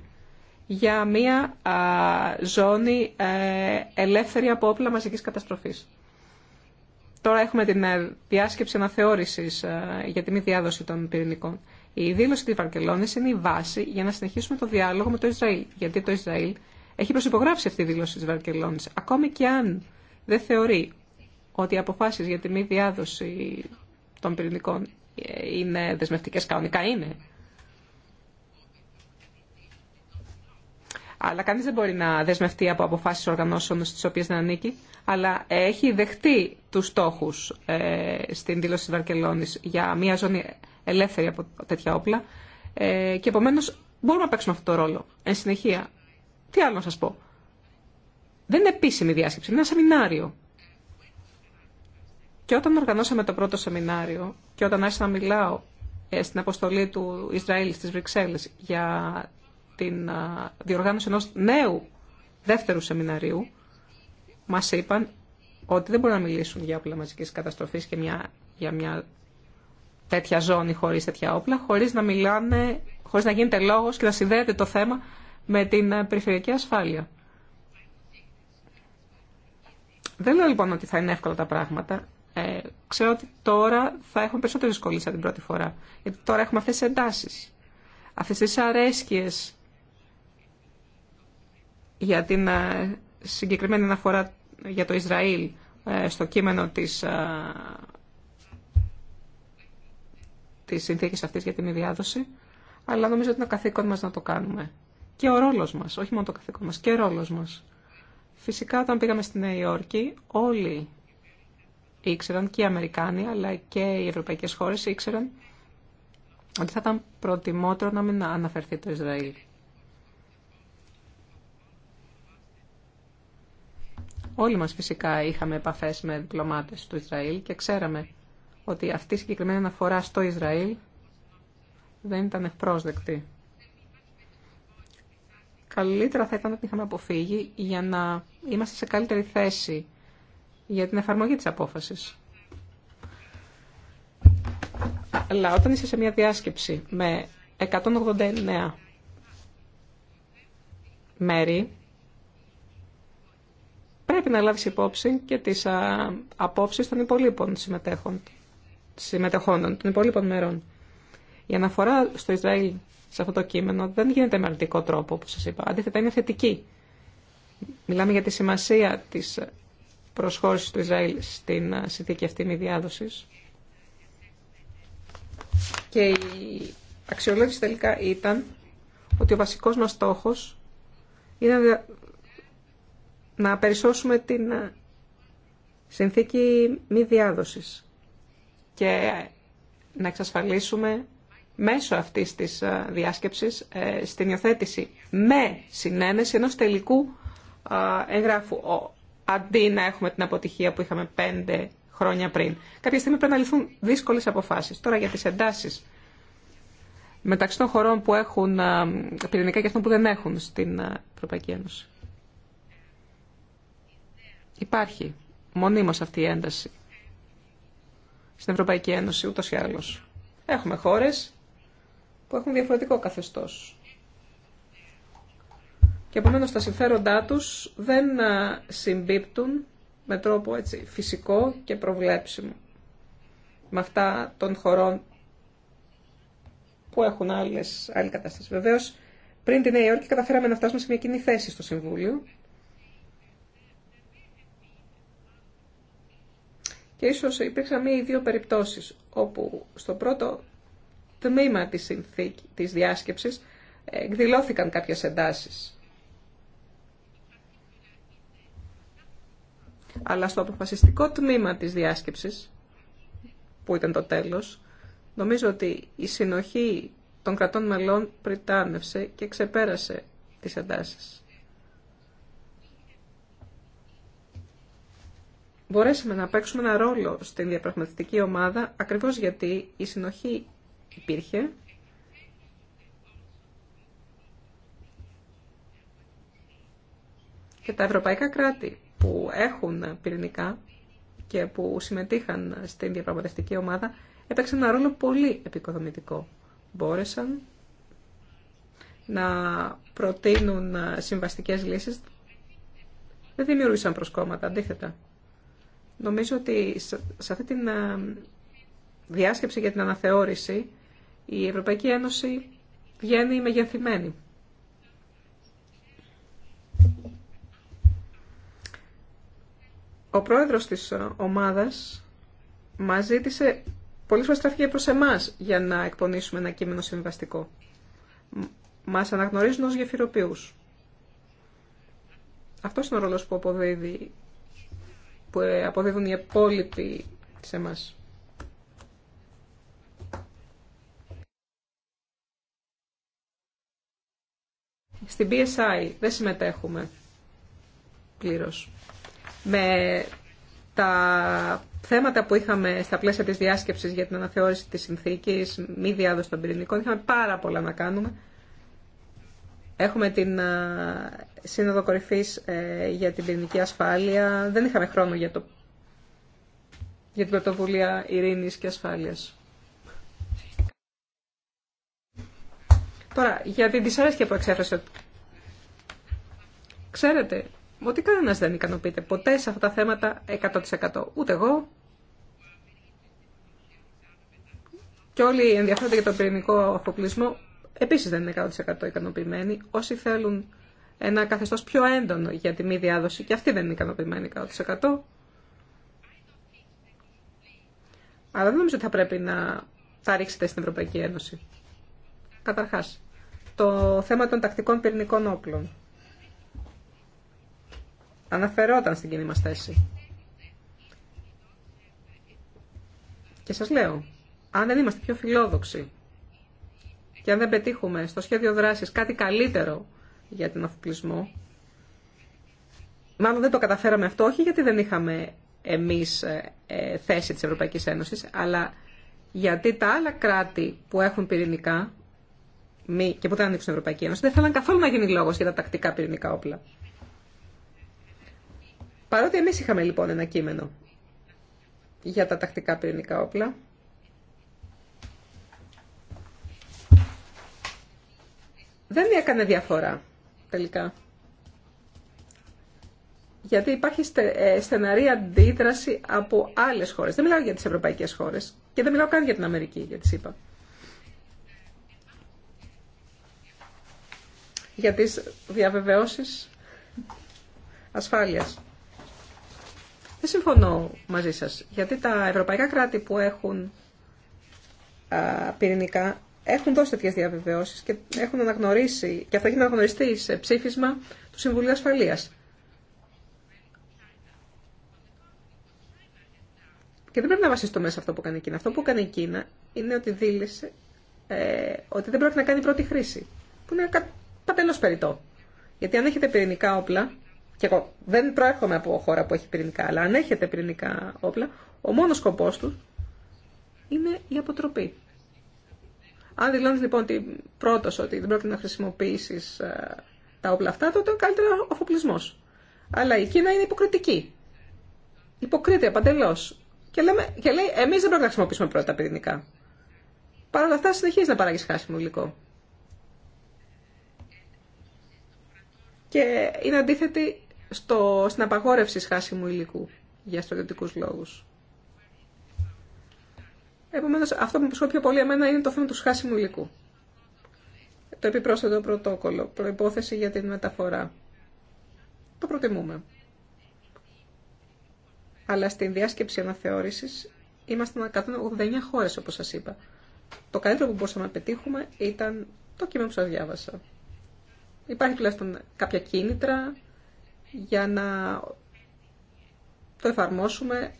για μια ζώνη ε, ελεύθερη από όπλα μαζικής καταστροφής. Τώρα έχουμε την ε, διάσκεψη αναθεώρηση ε, για τη μη διάδοση των πυρηνικών. Η δήλωση της Βαρκελόνης είναι η βάση για να συνεχίσουμε το διάλογο με το Ισραήλ. Γιατί το Ισραήλ έχει προσυπογράψει αυτή τη δήλωση της Βαρκελόνης. Ακόμη και αν δεν θεωρεί ότι οι αποφάσει για τη μη διάδοση των πυρηνικών είναι δεσμευτικές κανονικά είναι. Αλλά κανείς δεν μπορεί να δεσμευτεί από αποφάσεις οργανώσεων στις οποίες δεν ανήκει, αλλά έχει δεχτεί τους στόχους ε, στην δήλωση της Βαρκελόνης για μια ζώνη ελεύθερη από τέτοια όπλα ε, και επομένως μπορούμε να παίξουμε αυτό το ρόλο. Εν συνεχεία, τι άλλο να σας πω. Δεν είναι επίσημη διάσκεψη, είναι ένα σεμινάριο. Και όταν οργανώσαμε το πρώτο σεμινάριο και όταν άρχισα να μιλάω ε, στην αποστολή του Ισραήλ στις Βρυξέλλες για την διοργάνωση ενός νέου δεύτερου σεμιναρίου, μας είπαν ότι δεν μπορούν να μιλήσουν για όπλα μαζικής καταστροφής και μια, για μια τέτοια ζώνη χωρίς τέτοια όπλα, χωρίς να μιλάνε, χωρίς να γίνεται λόγος και να συνδέεται το θέμα με την ε, περιφερειακή ασφάλεια. Δεν λέω λοιπόν ότι θα είναι εύκολα τα πράγματα. Ε, ξέρω ότι τώρα θα έχουμε περισσότερες δυσκολία σαν την πρώτη φορά. Γιατί τώρα έχουμε αυτές τις εντάσεις, αυτές τις αρέσκειες για την ε, συγκεκριμένη αναφορά για το Ισραήλ ε, στο κείμενο της, ε, της συνθήκης αυτής για την ιδιάδοση, αλλά νομίζω ότι είναι ο καθήκον μας να το κάνουμε. Και ο ρόλος μας, όχι μόνο το καθήκον μας, και ο ρόλος μας. Φυσικά όταν πήγαμε στη Νέα Υόρκη, όλοι ήξεραν, και οι Αμερικάνοι, αλλά και οι ευρωπαϊκές χώρες ήξεραν ότι θα ήταν προτιμότερο να μην αναφερθεί το Ισραήλ. Όλοι μας φυσικά είχαμε επαφές με διπλωμάτες του Ισραήλ και ξέραμε ότι αυτή η συγκεκριμένη αναφορά στο Ισραήλ δεν ήταν ευπρόσδεκτη. Καλύτερα θα ήταν να την είχαμε αποφύγει για να είμαστε σε καλύτερη θέση για την εφαρμογή της απόφασης. Αλλά όταν είσαι σε μια διάσκεψη με 189 μέρη, πρέπει να λάβεις υπόψη και τις α, απόψεις των υπολείπων συμμετέχων, συμμετεχόντων, των υπολείπων μερών. Η αναφορά στο Ισραήλ σε αυτό το κείμενο δεν γίνεται με αρνητικό τρόπο, όπως σας είπα. Αντίθετα, είναι θετική. Μιλάμε για τη σημασία της προσχώρησης του Ισραήλ στην συνθήκη αυτή μη διάδοσης. Και η αξιολόγηση τελικά ήταν ότι ο βασικός μας στόχος είναι να περισσώσουμε την ε, συνθήκη μη διάδοσης και να εξασφαλίσουμε μέσω αυτής της ε, διάσκεψης ε, στην υιοθέτηση με συνένεση ενός τελικού εγγράφου αντί να έχουμε την αποτυχία που είχαμε πέντε χρόνια πριν. Κάποια στιγμή πρέπει να λυθούν δύσκολες αποφάσεις. Τώρα για τις εντάσεις μεταξύ των χωρών που έχουν πυρηνικά και αυτών που δεν έχουν στην Ευρωπαϊκή Ένωση. Υπάρχει μονίμως αυτή η ένταση στην Ευρωπαϊκή Ένωση ούτως ή άλλως. Έχουμε χώρες που έχουν διαφορετικό καθεστώς. Και επομένω τα συμφέροντά τους δεν συμπίπτουν με τρόπο έτσι, φυσικό και προβλέψιμο με αυτά των χωρών που έχουν άλλες, άλλη κατάσταση. Βεβαίως, πριν τη Νέα Υόρκη καταφέραμε να φτάσουμε σε μια κοινή θέση στο Συμβούλιο Και ίσως υπήρξαν μία ή δύο περιπτώσεις όπου στο πρώτο τμήμα της, συνθήκη, της διάσκεψης ε, εκδηλώθηκαν κάποιες εντάσεις. Αλλά στο αποφασιστικό τμήμα της διάσκεψης, που ήταν το τέλος, νομίζω ότι η συνοχή των κρατών μελών πριτάνευσε και ξεπέρασε τις εντάσεις. μπορέσαμε να παίξουμε ένα ρόλο στην διαπραγματευτική ομάδα ακριβώς γιατί η συνοχή υπήρχε και τα ευρωπαϊκά κράτη που έχουν πυρηνικά και που συμμετείχαν στην διαπραγματευτική ομάδα έπαιξαν ένα ρόλο πολύ επικοδομητικό. Μπόρεσαν να προτείνουν συμβαστικές λύσεις. Δεν δημιουργήσαν προσκόμματα, αντίθετα. Νομίζω ότι σε αυτή τη ε, διάσκεψη για την αναθεώρηση η Ευρωπαϊκή Ένωση βγαίνει μεγενθυμένη. Ο πρόεδρος της ομάδας μας ζήτησε πολύ σωστά προς εμάς για να εκπονήσουμε ένα κείμενο συμβαστικό. Μας αναγνωρίζουν ως γεφυροποιούς. Αυτός είναι ο ρόλος που αποδίδει που ε, αποδίδουν οι υπόλοιποι σε μας. Στην BSI δεν συμμετέχουμε πλήρως. Με τα θέματα που είχαμε στα πλαίσια της διάσκεψης για την αναθεώρηση της συνθήκης, μη διάδοση των πυρηνικών, είχαμε πάρα πολλά να κάνουμε. Έχουμε την Σύνοδο Κορυφής ε, για την Πυρηνική Ασφάλεια. Δεν είχαμε χρόνο για, το... για την πρωτοβουλία ειρηνή και ασφάλειας. Τώρα, για την δυσαρέσκεια που εξέφρασε. Ξέρετε ότι κανένα δεν ικανοποιείται ποτέ σε αυτά τα θέματα 100%. Ούτε εγώ. Και όλοι ενδιαφέρονται για τον πυρηνικό αφοπλισμό επίσης δεν είναι 100% ικανοποιημένοι. Όσοι θέλουν ένα καθεστώ πιο έντονο για τη μη διάδοση και αυτοί δεν είναι ικανοποιημένοι 100%. Αλλά δεν νομίζω ότι θα πρέπει να τα ρίξετε στην Ευρωπαϊκή Ένωση. Καταρχάς, το θέμα των τακτικών πυρηνικών όπλων. Αναφερόταν στην κοινή μας θέση. Και σας λέω, αν δεν είμαστε πιο φιλόδοξοι και αν δεν πετύχουμε στο σχέδιο δράσης κάτι καλύτερο για τον αφοπλισμό, μάλλον δεν το καταφέραμε αυτό, όχι γιατί δεν είχαμε εμείς ε, ε, θέση της Ευρωπαϊκής Ένωσης, αλλά γιατί τα άλλα κράτη που έχουν πυρηνικά μη, και που δεν ανοίξουν την Ευρωπαϊκή Ένωση δεν θέλαν καθόλου να γίνει λόγος για τα τακτικά πυρηνικά όπλα. Παρότι εμείς είχαμε λοιπόν ένα κείμενο για τα τακτικά πυρηνικά όπλα, δεν έκανε διαφορά τελικά. Γιατί υπάρχει ε, στεναρή αντίδραση από άλλες χώρες. Δεν μιλάω για τι ευρωπαϊκές χώρες και δεν μιλάω καν για την Αμερική, γιατί τι είπα. Για τις διαβεβαιώσεις ασφάλειας. Δεν συμφωνώ μαζί σας, γιατί τα ευρωπαϊκά κράτη που έχουν πυρηνικά έχουν δώσει τέτοιε διαβεβαιώσει και έχουν αναγνωρίσει, και αυτό έχει αναγνωριστεί σε ψήφισμα του Συμβουλίου Ασφαλεία. Και δεν πρέπει να βασιστούμε σε αυτό που κάνει η Κίνα. Αυτό που κάνει η Κίνα είναι ότι δήλωσε ε, ότι δεν πρέπει να κάνει πρώτη χρήση. Που είναι περί περιττό. Γιατί αν έχετε πυρηνικά όπλα, και εγώ δεν προέρχομαι από χώρα που έχει πυρηνικά, αλλά αν έχετε πυρηνικά όπλα, ο μόνο σκοπό του είναι η αποτροπή. Αν δηλώνει λοιπόν ότι πρώτος ότι δεν πρόκειται να χρησιμοποιήσει ε, τα όπλα αυτά, τότε καλύτερα ο αφοπλισμό. Αλλά η Κίνα είναι υποκριτική. υποκρίτη παντελώ. Και, λέει, εμεί δεν πρόκειται να χρησιμοποιήσουμε πρώτα τα πυρηνικά. Παρ' όλα αυτά συνεχίζει να παράγει χάσιμο υλικό. Και είναι αντίθετη στο, στην απαγόρευση χάσιμου υλικού για στρατιωτικού λόγου. Επομένω, αυτό που μου πιο πολύ εμένα είναι το θέμα του σχάσιμου υλικού. Το επιπρόσθετο πρωτόκολλο, προπόθεση για την μεταφορά. Το προτιμούμε. Αλλά στην διάσκεψη αναθεώρηση ήμασταν 189 χώρε, όπω σα είπα. Το καλύτερο που μπορούσαμε να πετύχουμε ήταν το κείμενο που σα διάβασα. Υπάρχει τουλάχιστον κάποια κίνητρα για να το εφαρμόσουμε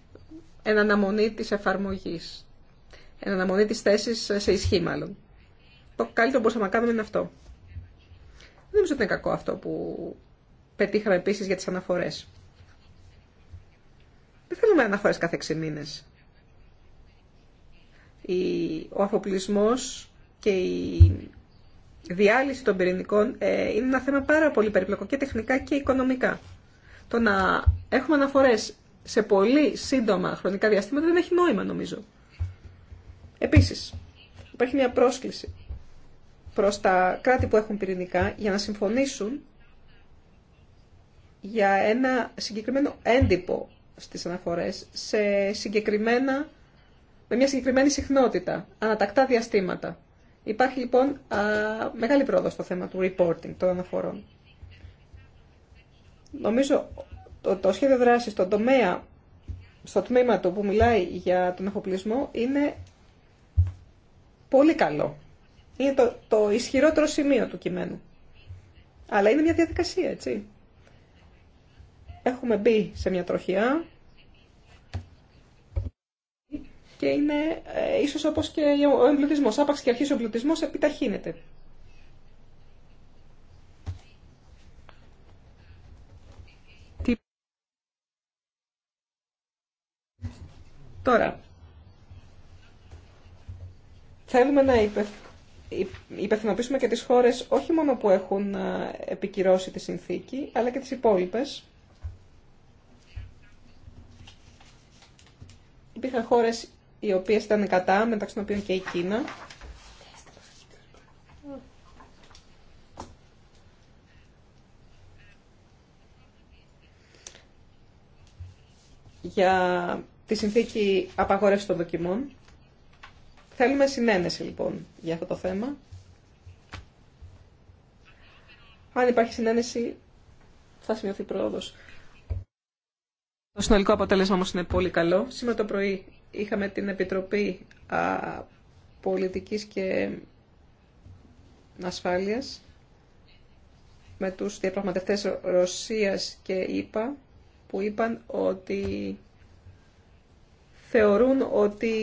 εν αναμονή της εφαρμογής εν αναμονή τη θέση σε ισχύ μάλλον. Το καλύτερο που μπορούσαμε να κάνουμε είναι αυτό. Δεν νομίζω ότι είναι κακό αυτό που πετύχαμε επίσης για τις αναφορές. Δεν θέλουμε αναφορές κάθε 6 μήνες. Ο αφοπλισμός και η διάλυση των πυρηνικών ε, είναι ένα θέμα πάρα πολύ περιπλοκό και τεχνικά και οικονομικά. Το να έχουμε αναφορέ σε πολύ σύντομα χρονικά διαστήματα δεν έχει νόημα νομίζω. Επίσης, υπάρχει μια πρόσκληση προς τα κράτη που έχουν πυρηνικά για να συμφωνήσουν για ένα συγκεκριμένο έντυπο στις αναφορές σε συγκεκριμένα, με μια συγκεκριμένη συχνότητα, ανατακτά διαστήματα. Υπάρχει λοιπόν μεγάλη πρόοδος στο θέμα του reporting των αναφορών. Νομίζω το, το σχέδιο δράσης στον τομέα, στο τμήμα του που μιλάει για τον αφοπλισμό είναι πολύ καλό. Είναι το, το ισχυρότερο σημείο του κειμένου. Αλλά είναι μια διαδικασία, έτσι. Έχουμε μπει σε μια τροχιά και είναι ε, ίσως όπως και ο εμπλουτισμός. Άπαξ και αρχής ο εμπλουτισμός επιταχύνεται. Τώρα, Θέλουμε να υπευθυνοποιήσουμε και τις χώρες όχι μόνο που έχουν ε, επικυρώσει τη συνθήκη, αλλά και τις υπόλοιπες. Υπήρχαν χώρες οι οποίες ήταν κατά, μεταξύ των οποίων και η Κίνα. Για τη συνθήκη απαγόρευση των δοκιμών. Θέλουμε συνένεση λοιπόν για αυτό το θέμα. Αν υπάρχει συνένεση θα σημειωθεί πρόοδος. Το συνολικό αποτέλεσμα όμως είναι πολύ καλό. Σήμερα το πρωί είχαμε την Επιτροπή α, Πολιτικής και Ασφάλειας με τους διαπραγματευτές Ρωσίας και ΙΠΑ που είπαν ότι θεωρούν ότι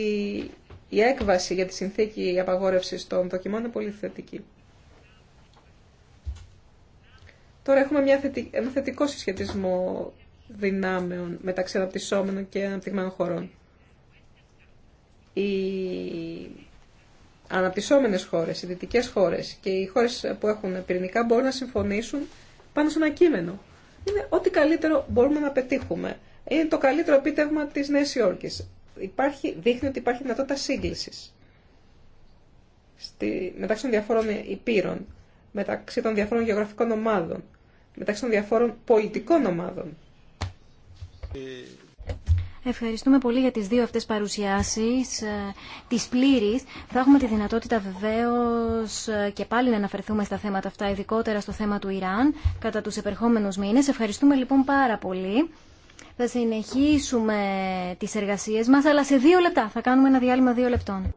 η έκβαση για τη συνθήκη απαγόρευσης των δοκιμών είναι πολύ θετική. Τώρα έχουμε μια ένα θετικό συσχετισμό δυνάμεων μεταξύ αναπτυσσόμενων και αναπτυγμένων χωρών. Οι αναπτυσσόμενες χώρες, οι δυτικές χώρες και οι χώρες που έχουν πυρηνικά μπορούν να συμφωνήσουν πάνω σε ένα κείμενο. Είναι ό,τι καλύτερο μπορούμε να πετύχουμε. Είναι το καλύτερο επίτευγμα της Νέας Υόρκης υπάρχει, δείχνει ότι υπάρχει δυνατότητα σύγκληση μεταξύ των διαφόρων υπήρων, μεταξύ των διαφόρων γεωγραφικών ομάδων, μεταξύ των διαφόρων πολιτικών ομάδων. Ευχαριστούμε πολύ για τις δύο αυτές παρουσιάσεις ε, της πλήρης. Θα έχουμε τη δυνατότητα βεβαίως ε, και πάλι να αναφερθούμε στα θέματα αυτά, ειδικότερα στο θέμα του Ιράν, κατά τους επερχόμενους μήνες. Ευχαριστούμε λοιπόν πάρα πολύ. Θα συνεχίσουμε τις εργασίες μας, αλλά σε δύο λεπτά. Θα κάνουμε ένα διάλειμμα δύο λεπτών.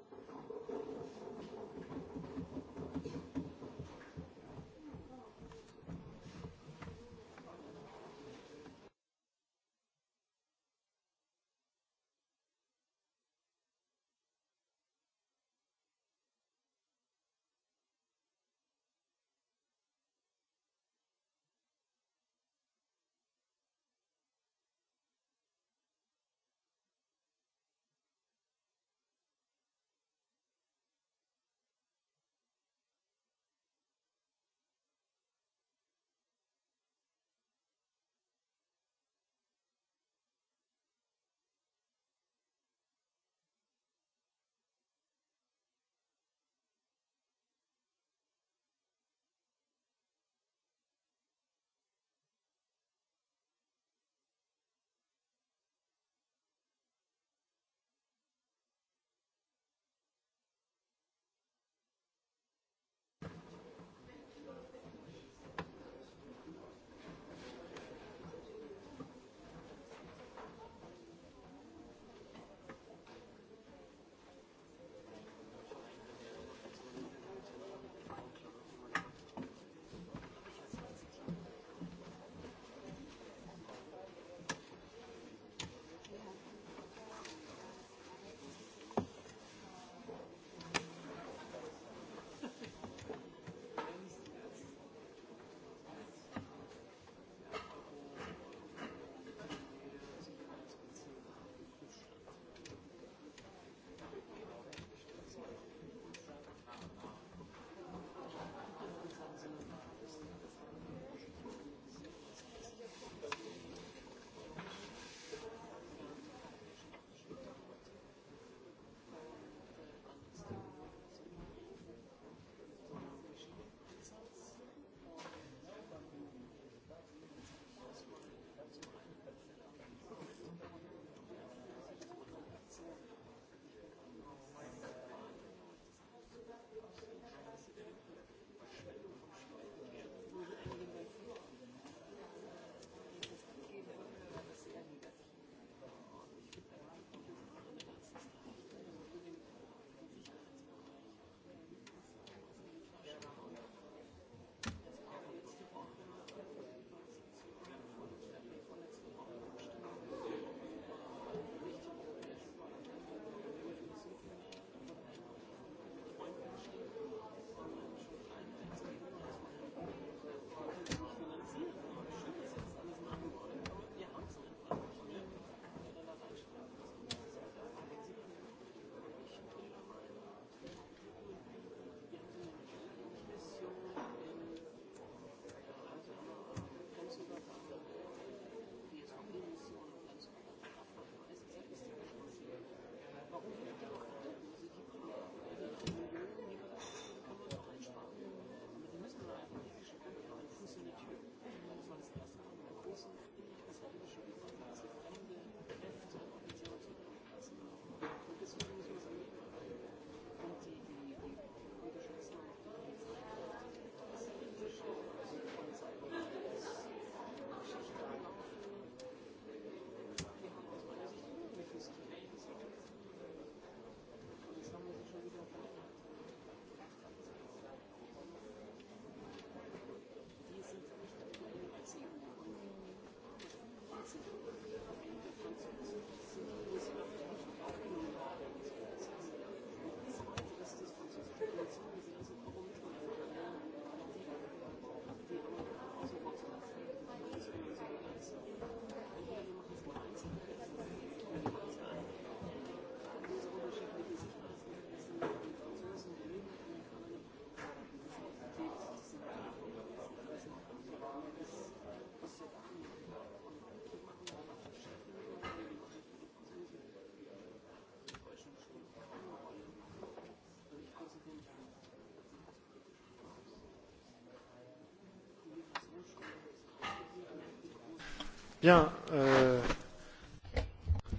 Euh,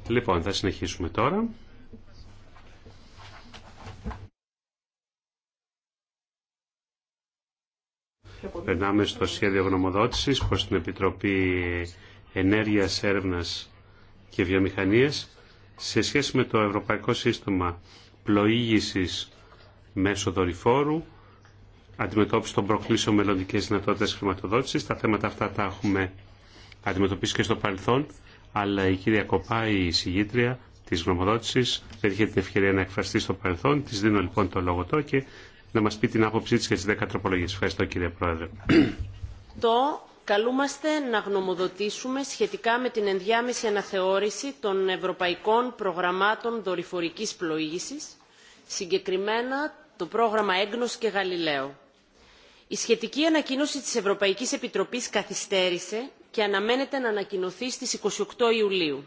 λοιπόν, θα συνεχίσουμε τώρα. Περνάμε στο σχέδιο γνωμοδότησης προς την Επιτροπή Ενέργειας, Έρευνας και Βιομηχανίας σε σχέση με το Ευρωπαϊκό Σύστημα Πλοήγησης Μέσω Δορυφόρου, αντιμετώπιση των προκλήσεων μελλοντικές δυνατότητες χρηματοδότησης. Τα θέματα αυτά τα έχουμε αντιμετωπίσει και στο παρελθόν, αλλά η κυρία Κοπά, η συγγήτρια τη γνωμοδότηση, δεν είχε την ευκαιρία να εκφραστεί στο παρελθόν. Τη δίνω λοιπόν το λόγο τώρα και να μα πει την άποψή τη για τι 10 τροπολογίε. Ευχαριστώ κύριε Πρόεδρε. Το καλούμαστε να γνωμοδοτήσουμε σχετικά με την ενδιάμεση αναθεώρηση των ευρωπαϊκών προγραμμάτων δορυφορικής πλοήγησης, συγκεκριμένα το πρόγραμμα Έγνωση και Γαλιλαίο. Η σχετική ανακοίνωση της Ευρωπαϊκής Επιτροπής καθυστέρησε και αναμένεται να ανακοινωθεί στις 28 Ιουλίου.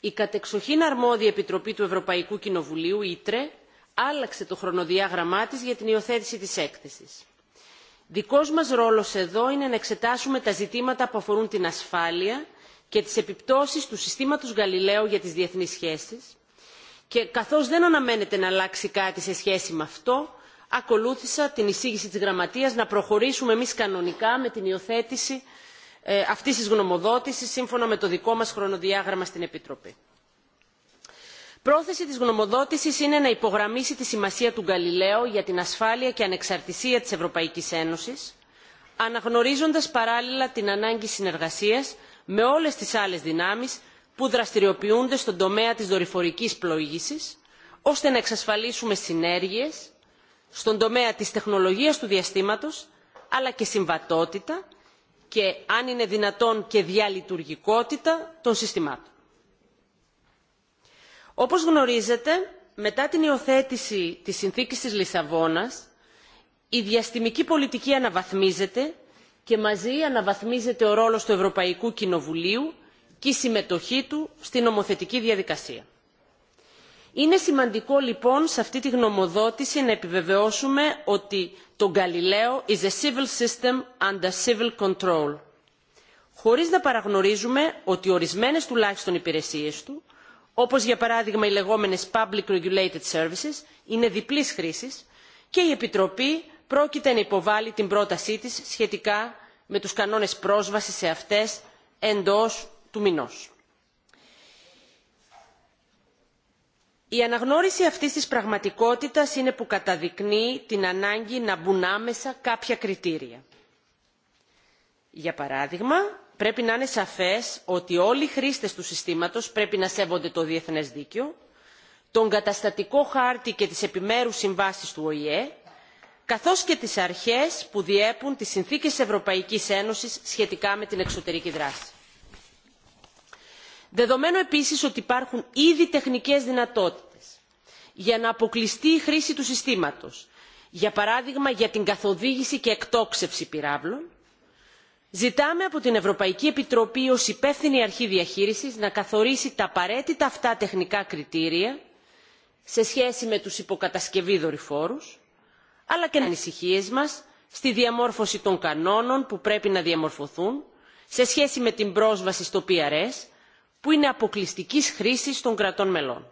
Η κατεξοχήν αρμόδια Επιτροπή του Ευρωπαϊκού Κοινοβουλίου, ΙΤΡΕ, άλλαξε το χρονοδιάγραμμά της για την υιοθέτηση της έκθεσης. Δικός μας ρόλος εδώ είναι να εξετάσουμε τα ζητήματα που αφορούν την ασφάλεια και τις επιπτώσεις του συστήματος Γαλιλαίου για τις διεθνείς σχέσεις και καθώς δεν αναμένεται να αλλάξει κάτι σε σχέση με αυτό, ακολούθησα την εισήγηση της Γραμματείας να προχωρήσουμε εμείς κανονικά με την υιοθέτηση ε, αυτής της γνωμοδότησης σύμφωνα με το δικό μας χρονοδιάγραμμα στην Επιτροπή. Πρόθεση της γνωμοδότησης είναι να υπογραμμίσει τη σημασία του Γκαλιλαίου για την ασφάλεια και ανεξαρτησία της Ευρωπαϊκής Ένωσης, αναγνωρίζοντας παράλληλα την ανάγκη συνεργασίας με όλες τις άλλες δυνάμεις που δραστηριοποιούνται στον τομέα της δορυφορικής πλοήγησης, ώστε να εξασφαλίσουμε συνέργειες στον τομέα της τεχνολογίας του διαστήματος, αλλά και συμβατότητα και αν είναι δυνατόν και διαλειτουργικότητα των συστημάτων. Όπως γνωρίζετε, μετά την υιοθέτηση της συνθήκης της Λισαβόνας, η διαστημική πολιτική αναβαθμίζεται και μαζί αναβαθμίζεται ο ρόλος του Ευρωπαϊκού Κοινοβουλίου και η συμμετοχή του στην νομοθετική διαδικασία είναι σημαντικό λοιπόν σε αυτή τη γνωμοδότηση να επιβεβαιώσουμε ότι το Galileo is a civil system under civil control χωρίς να παραγνωρίζουμε ότι ορισμένες τουλάχιστον υπηρεσίες του όπως για παράδειγμα οι λεγόμενες public regulated services είναι διπλής χρήσης και η επιτροπή πρόκειται να υποβάλει την πρότασή της σχετικά με τους κανόνες πρόσβασης σε αυτές εντός του μηνός. η αναγνώριση αυτής της πραγματικότητας είναι που καταδεικνύει την ανάγκη να μπουν άμεσα κάποια κριτήρια. για παράδειγμα πρέπει να είναι σαφές ότι όλοι οι χρήστες του συστήματος πρέπει να σέβονται το διεθνές δίκαιο τον καταστατικό χάρτη και τις επιμέρους συμβάσεις του οηε καθώς και τις αρχές που διέπουν τις συνθήκες ευρωπαϊκής ένωσης σχετικά με την εξωτερική δράση. δεδομένου επίσης ότι υπάρχουν ήδη τεχνικές δυνατότητες για να αποκλειστεί η χρήση του συστήματος για παράδειγμα για την καθοδήγηση και εκτόξευση πυράβλων ζητάμε από την ευρωπαϊκή επιτροπή ως υπεύθυνη αρχή διαχείρισης να καθορίσει τα απαραίτητα αυτά τεχνικά κριτήρια σε σχέση με τους υποκατασκευή δορυφόρους αλλά και ανησυχίες μας στη διαμόρφωση των κανόνων που πρέπει να διαμορφωθούν σε σχέση με την πρόσβαση στο prs που είναι αποκλειστικής χρήσης των κρατών μελών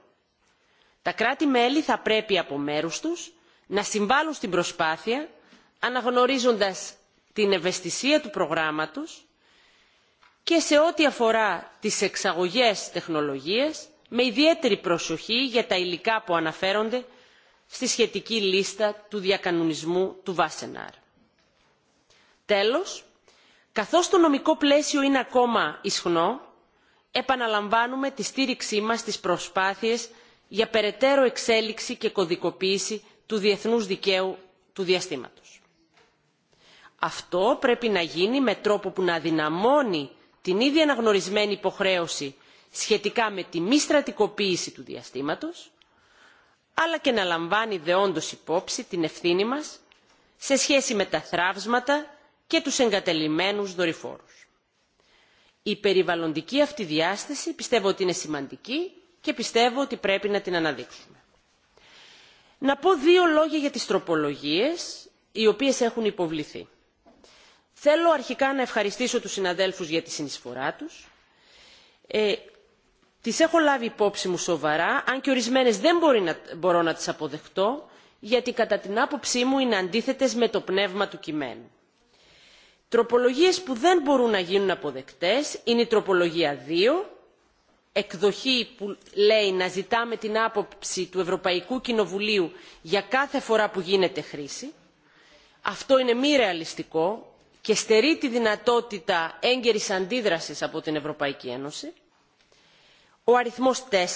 τα κράτη μέλη θα πρέπει από μέρους τους να συμβάλλουν στην προσπάθεια αναγνωρίζοντας την ευαισθησία του προγράμματος και σε ό,τι αφορά τις εξαγωγές τεχνολογίες με ιδιαίτερη προσοχή για τα υλικά που αναφέρονται στη σχετική λίστα του διακανονισμού του Βάσεναρ. Τέλος, καθώς το νομικό πλαίσιο είναι ακόμα ισχνό, επαναλαμβάνουμε τη στήριξή μας στις προσπάθειες για περαιτέρω εξέλιξη και κωδικοποίηση του διεθνούς δικαίου του διαστήματος. Αυτό πρέπει να γίνει με τρόπο που να δυναμώνει την ήδη αναγνωρισμένη υποχρέωση σχετικά με τη μη στρατικοποίηση του διαστήματος, αλλά και να λαμβάνει δεόντως υπόψη την ευθύνη μας σε σχέση με τα θράψματα και τους εγκατελειμμένους δορυφόρους. Η περιβαλλοντική αυτή διάσταση πιστεύω ότι είναι σημαντική και πιστεύω ότι πρέπει να την αναδείξουμε. Να πω δύο λόγια για τις τροπολογίες οι οποίες έχουν υποβληθεί. Θέλω αρχικά να ευχαριστήσω τους συναδέλφους για τη συνεισφορά τους. Ε, τις έχω λάβει υπόψη μου σοβαρά, αν και ορισμένε δεν να, μπορώ να τις αποδεχτώ, γιατί κατά την άποψή μου είναι αντίθετες με το πνεύμα του κειμένου. Τροπολογίες που δεν μπορούν να γίνουν αποδεκτές είναι η τροπολογία 2, εκδοχή που λέει να ζητάμε την άποψη του Ευρωπαϊκού Κοινοβουλίου για κάθε φορά που γίνεται χρήση. Αυτό είναι μη ρεαλιστικό και στερεί τη δυνατότητα έγκαιρης αντίδρασης από την Ευρωπαϊκή Ένωση. Ο αριθμός 4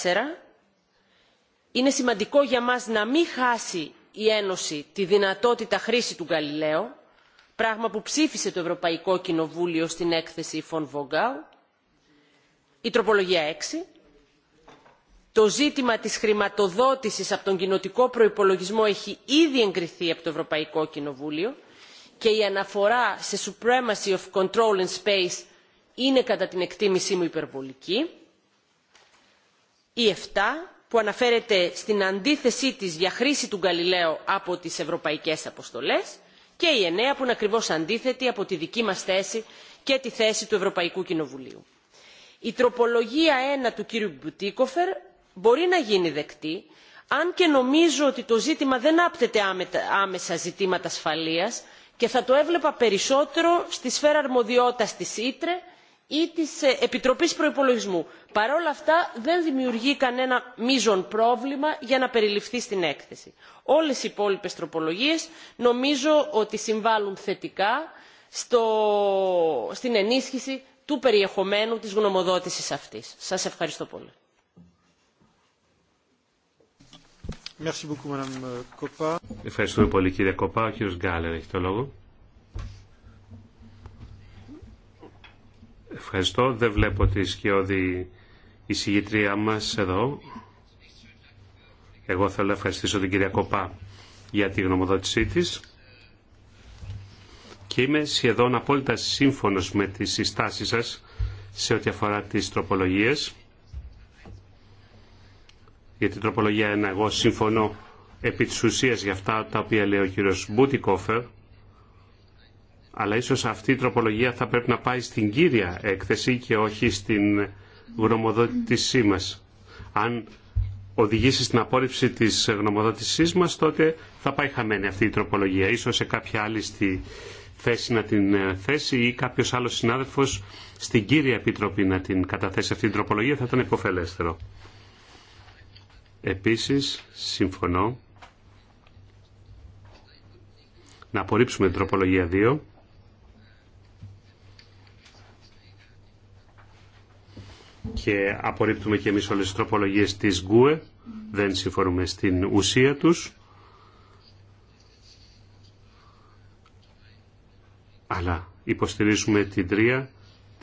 είναι σημαντικό για μας να μην χάσει η Ένωση τη δυνατότητα χρήση του Γαλιλαίου, πράγμα που ψήφισε το Ευρωπαϊκό Κοινοβούλιο στην έκθεση Φων Βογκάου η τροπολογία 6. Το ζήτημα της χρηματοδότησης από τον κοινοτικό προϋπολογισμό έχει ήδη εγκριθεί από το Ευρωπαϊκό Κοινοβούλιο και η αναφορά σε supremacy of control in space είναι κατά την εκτίμησή μου υπερβολική. Η 7 που αναφέρεται στην αντίθεσή της για χρήση του Γκαλιλαίου από τις ευρωπαϊκές αποστολές και η 9 που είναι ακριβώς αντίθετη από τη δική μας θέση και τη θέση του Ευρωπαϊκού Κοινοβουλίου η τροπολογία ένα του κύριου Μπουτίκοφερ μπορεί να γίνει δεκτή, αν και νομίζω ότι το ζήτημα δεν άπτεται άμεσα ζητήματα ασφαλείας και θα το έβλεπα περισσότερο στη σφαίρα αρμοδιότητας της ήτρε ή της ε, επιτροπής προϋπολογισμού. παρ' όλα αυτά δεν δημιουργεί κανένα μείζον πρόβλημα για να περιληφθεί στην έκθεση. όλες οι υπόλοιπες τροπολογίες νομίζω ότι συμβάλλουν θετικά στην ενίσχυση του περιεχομένου της γνωμοδότησης αυτής. Σας ευχαριστώ πολύ. Euh, Ευχαριστούμε πολύ κύριε Κοπά. Ο κύριος Γκάλερ έχει το λόγο. Ευχαριστώ. Δεν βλέπω τη σκιώδη εισηγητρία μας εδώ. Εγώ θέλω να ευχαριστήσω την κυρία Κοπά για τη γνωμοδότησή της και είμαι σχεδόν απόλυτα σύμφωνος με τις συστάσεις σας σε ό,τι αφορά τις τροπολογίες. Για την τροπολογία 1 εγώ συμφωνώ επί της ουσίας για αυτά τα οποία λέει ο κύριος Μπουτικόφερ, αλλά ίσως αυτή η τροπολογία θα πρέπει να πάει στην κύρια έκθεση και όχι στην γνωμοδότησή μας. Αν οδηγήσει στην απόρριψη της γνωμοδότησής μας, τότε θα πάει χαμένη αυτή η τροπολογία. Ίσως σε κάποια άλλη στη θέση να την ε, θέσει ή κάποιο άλλος συνάδελφος στην κύρια επιτροπή να την καταθέσει αυτή την τροπολογία θα ήταν υποφελέστερο. Επίσης, συμφωνώ να απορρίψουμε την τροπολογία 2 και απορρίπτουμε και εμείς όλες τις τροπολογίες της ΓΚΟΕ, δεν συμφωνούμε στην ουσία τους αλλά υποστηρίζουμε την τρία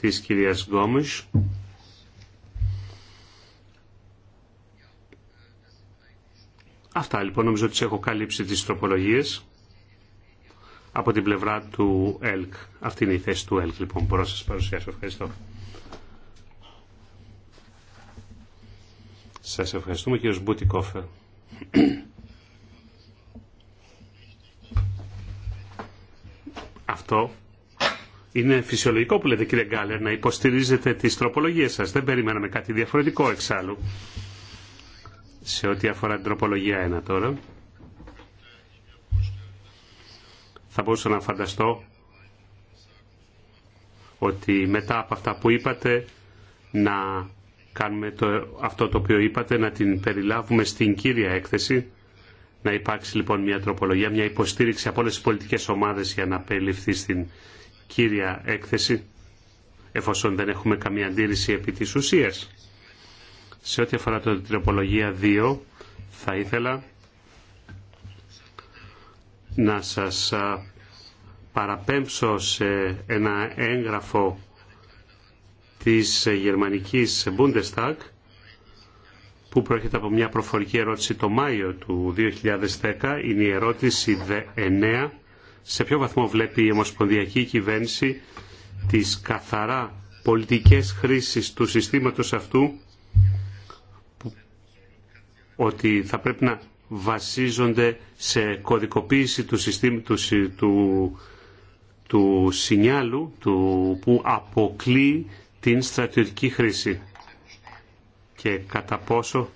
της κυρίας Γκόμης. Αυτά λοιπόν νομίζω ότι έχω καλύψει τις τροπολογίες από την πλευρά του ΕΛΚ. Αυτή είναι η θέση του ΕΛΚ λοιπόν μπορώ να σας παρουσιάσω. Ευχαριστώ. Σας ευχαριστούμε κύριος Κόφερ. αυτό. Είναι φυσιολογικό που λέτε κύριε Γκάλερ να υποστηρίζετε τις τροπολογίες σας. Δεν περιμέναμε κάτι διαφορετικό εξάλλου. Σε ό,τι αφορά την τροπολογία 1 τώρα. Θα μπορούσα να φανταστώ ότι μετά από αυτά που είπατε να κάνουμε το, αυτό το οποίο είπατε, να την περιλάβουμε στην κύρια έκθεση να υπάρξει λοιπόν μια τροπολογία, μια υποστήριξη από όλε τι πολιτικές ομάδες για να περιληφθεί στην κύρια έκθεση, εφόσον δεν έχουμε καμία αντίρρηση επί τη ουσία. Σε ό,τι αφορά την τροπολογία 2, θα ήθελα να σας παραπέμψω σε ένα έγγραφο της γερμανικής Bundestag που πρόκειται από μια προφορική ερώτηση το Μάιο του 2010, είναι η ερώτηση 9. Σε ποιο βαθμό βλέπει η Ομοσπονδιακή Κυβέρνηση τις καθαρά πολιτικές χρήσεις του συστήματος αυτού ότι θα πρέπει να βασίζονται σε κωδικοποίηση του, συστήματος, του, του, συνιάλου του, που αποκλεί την στρατιωτική χρήση και κατά πόσο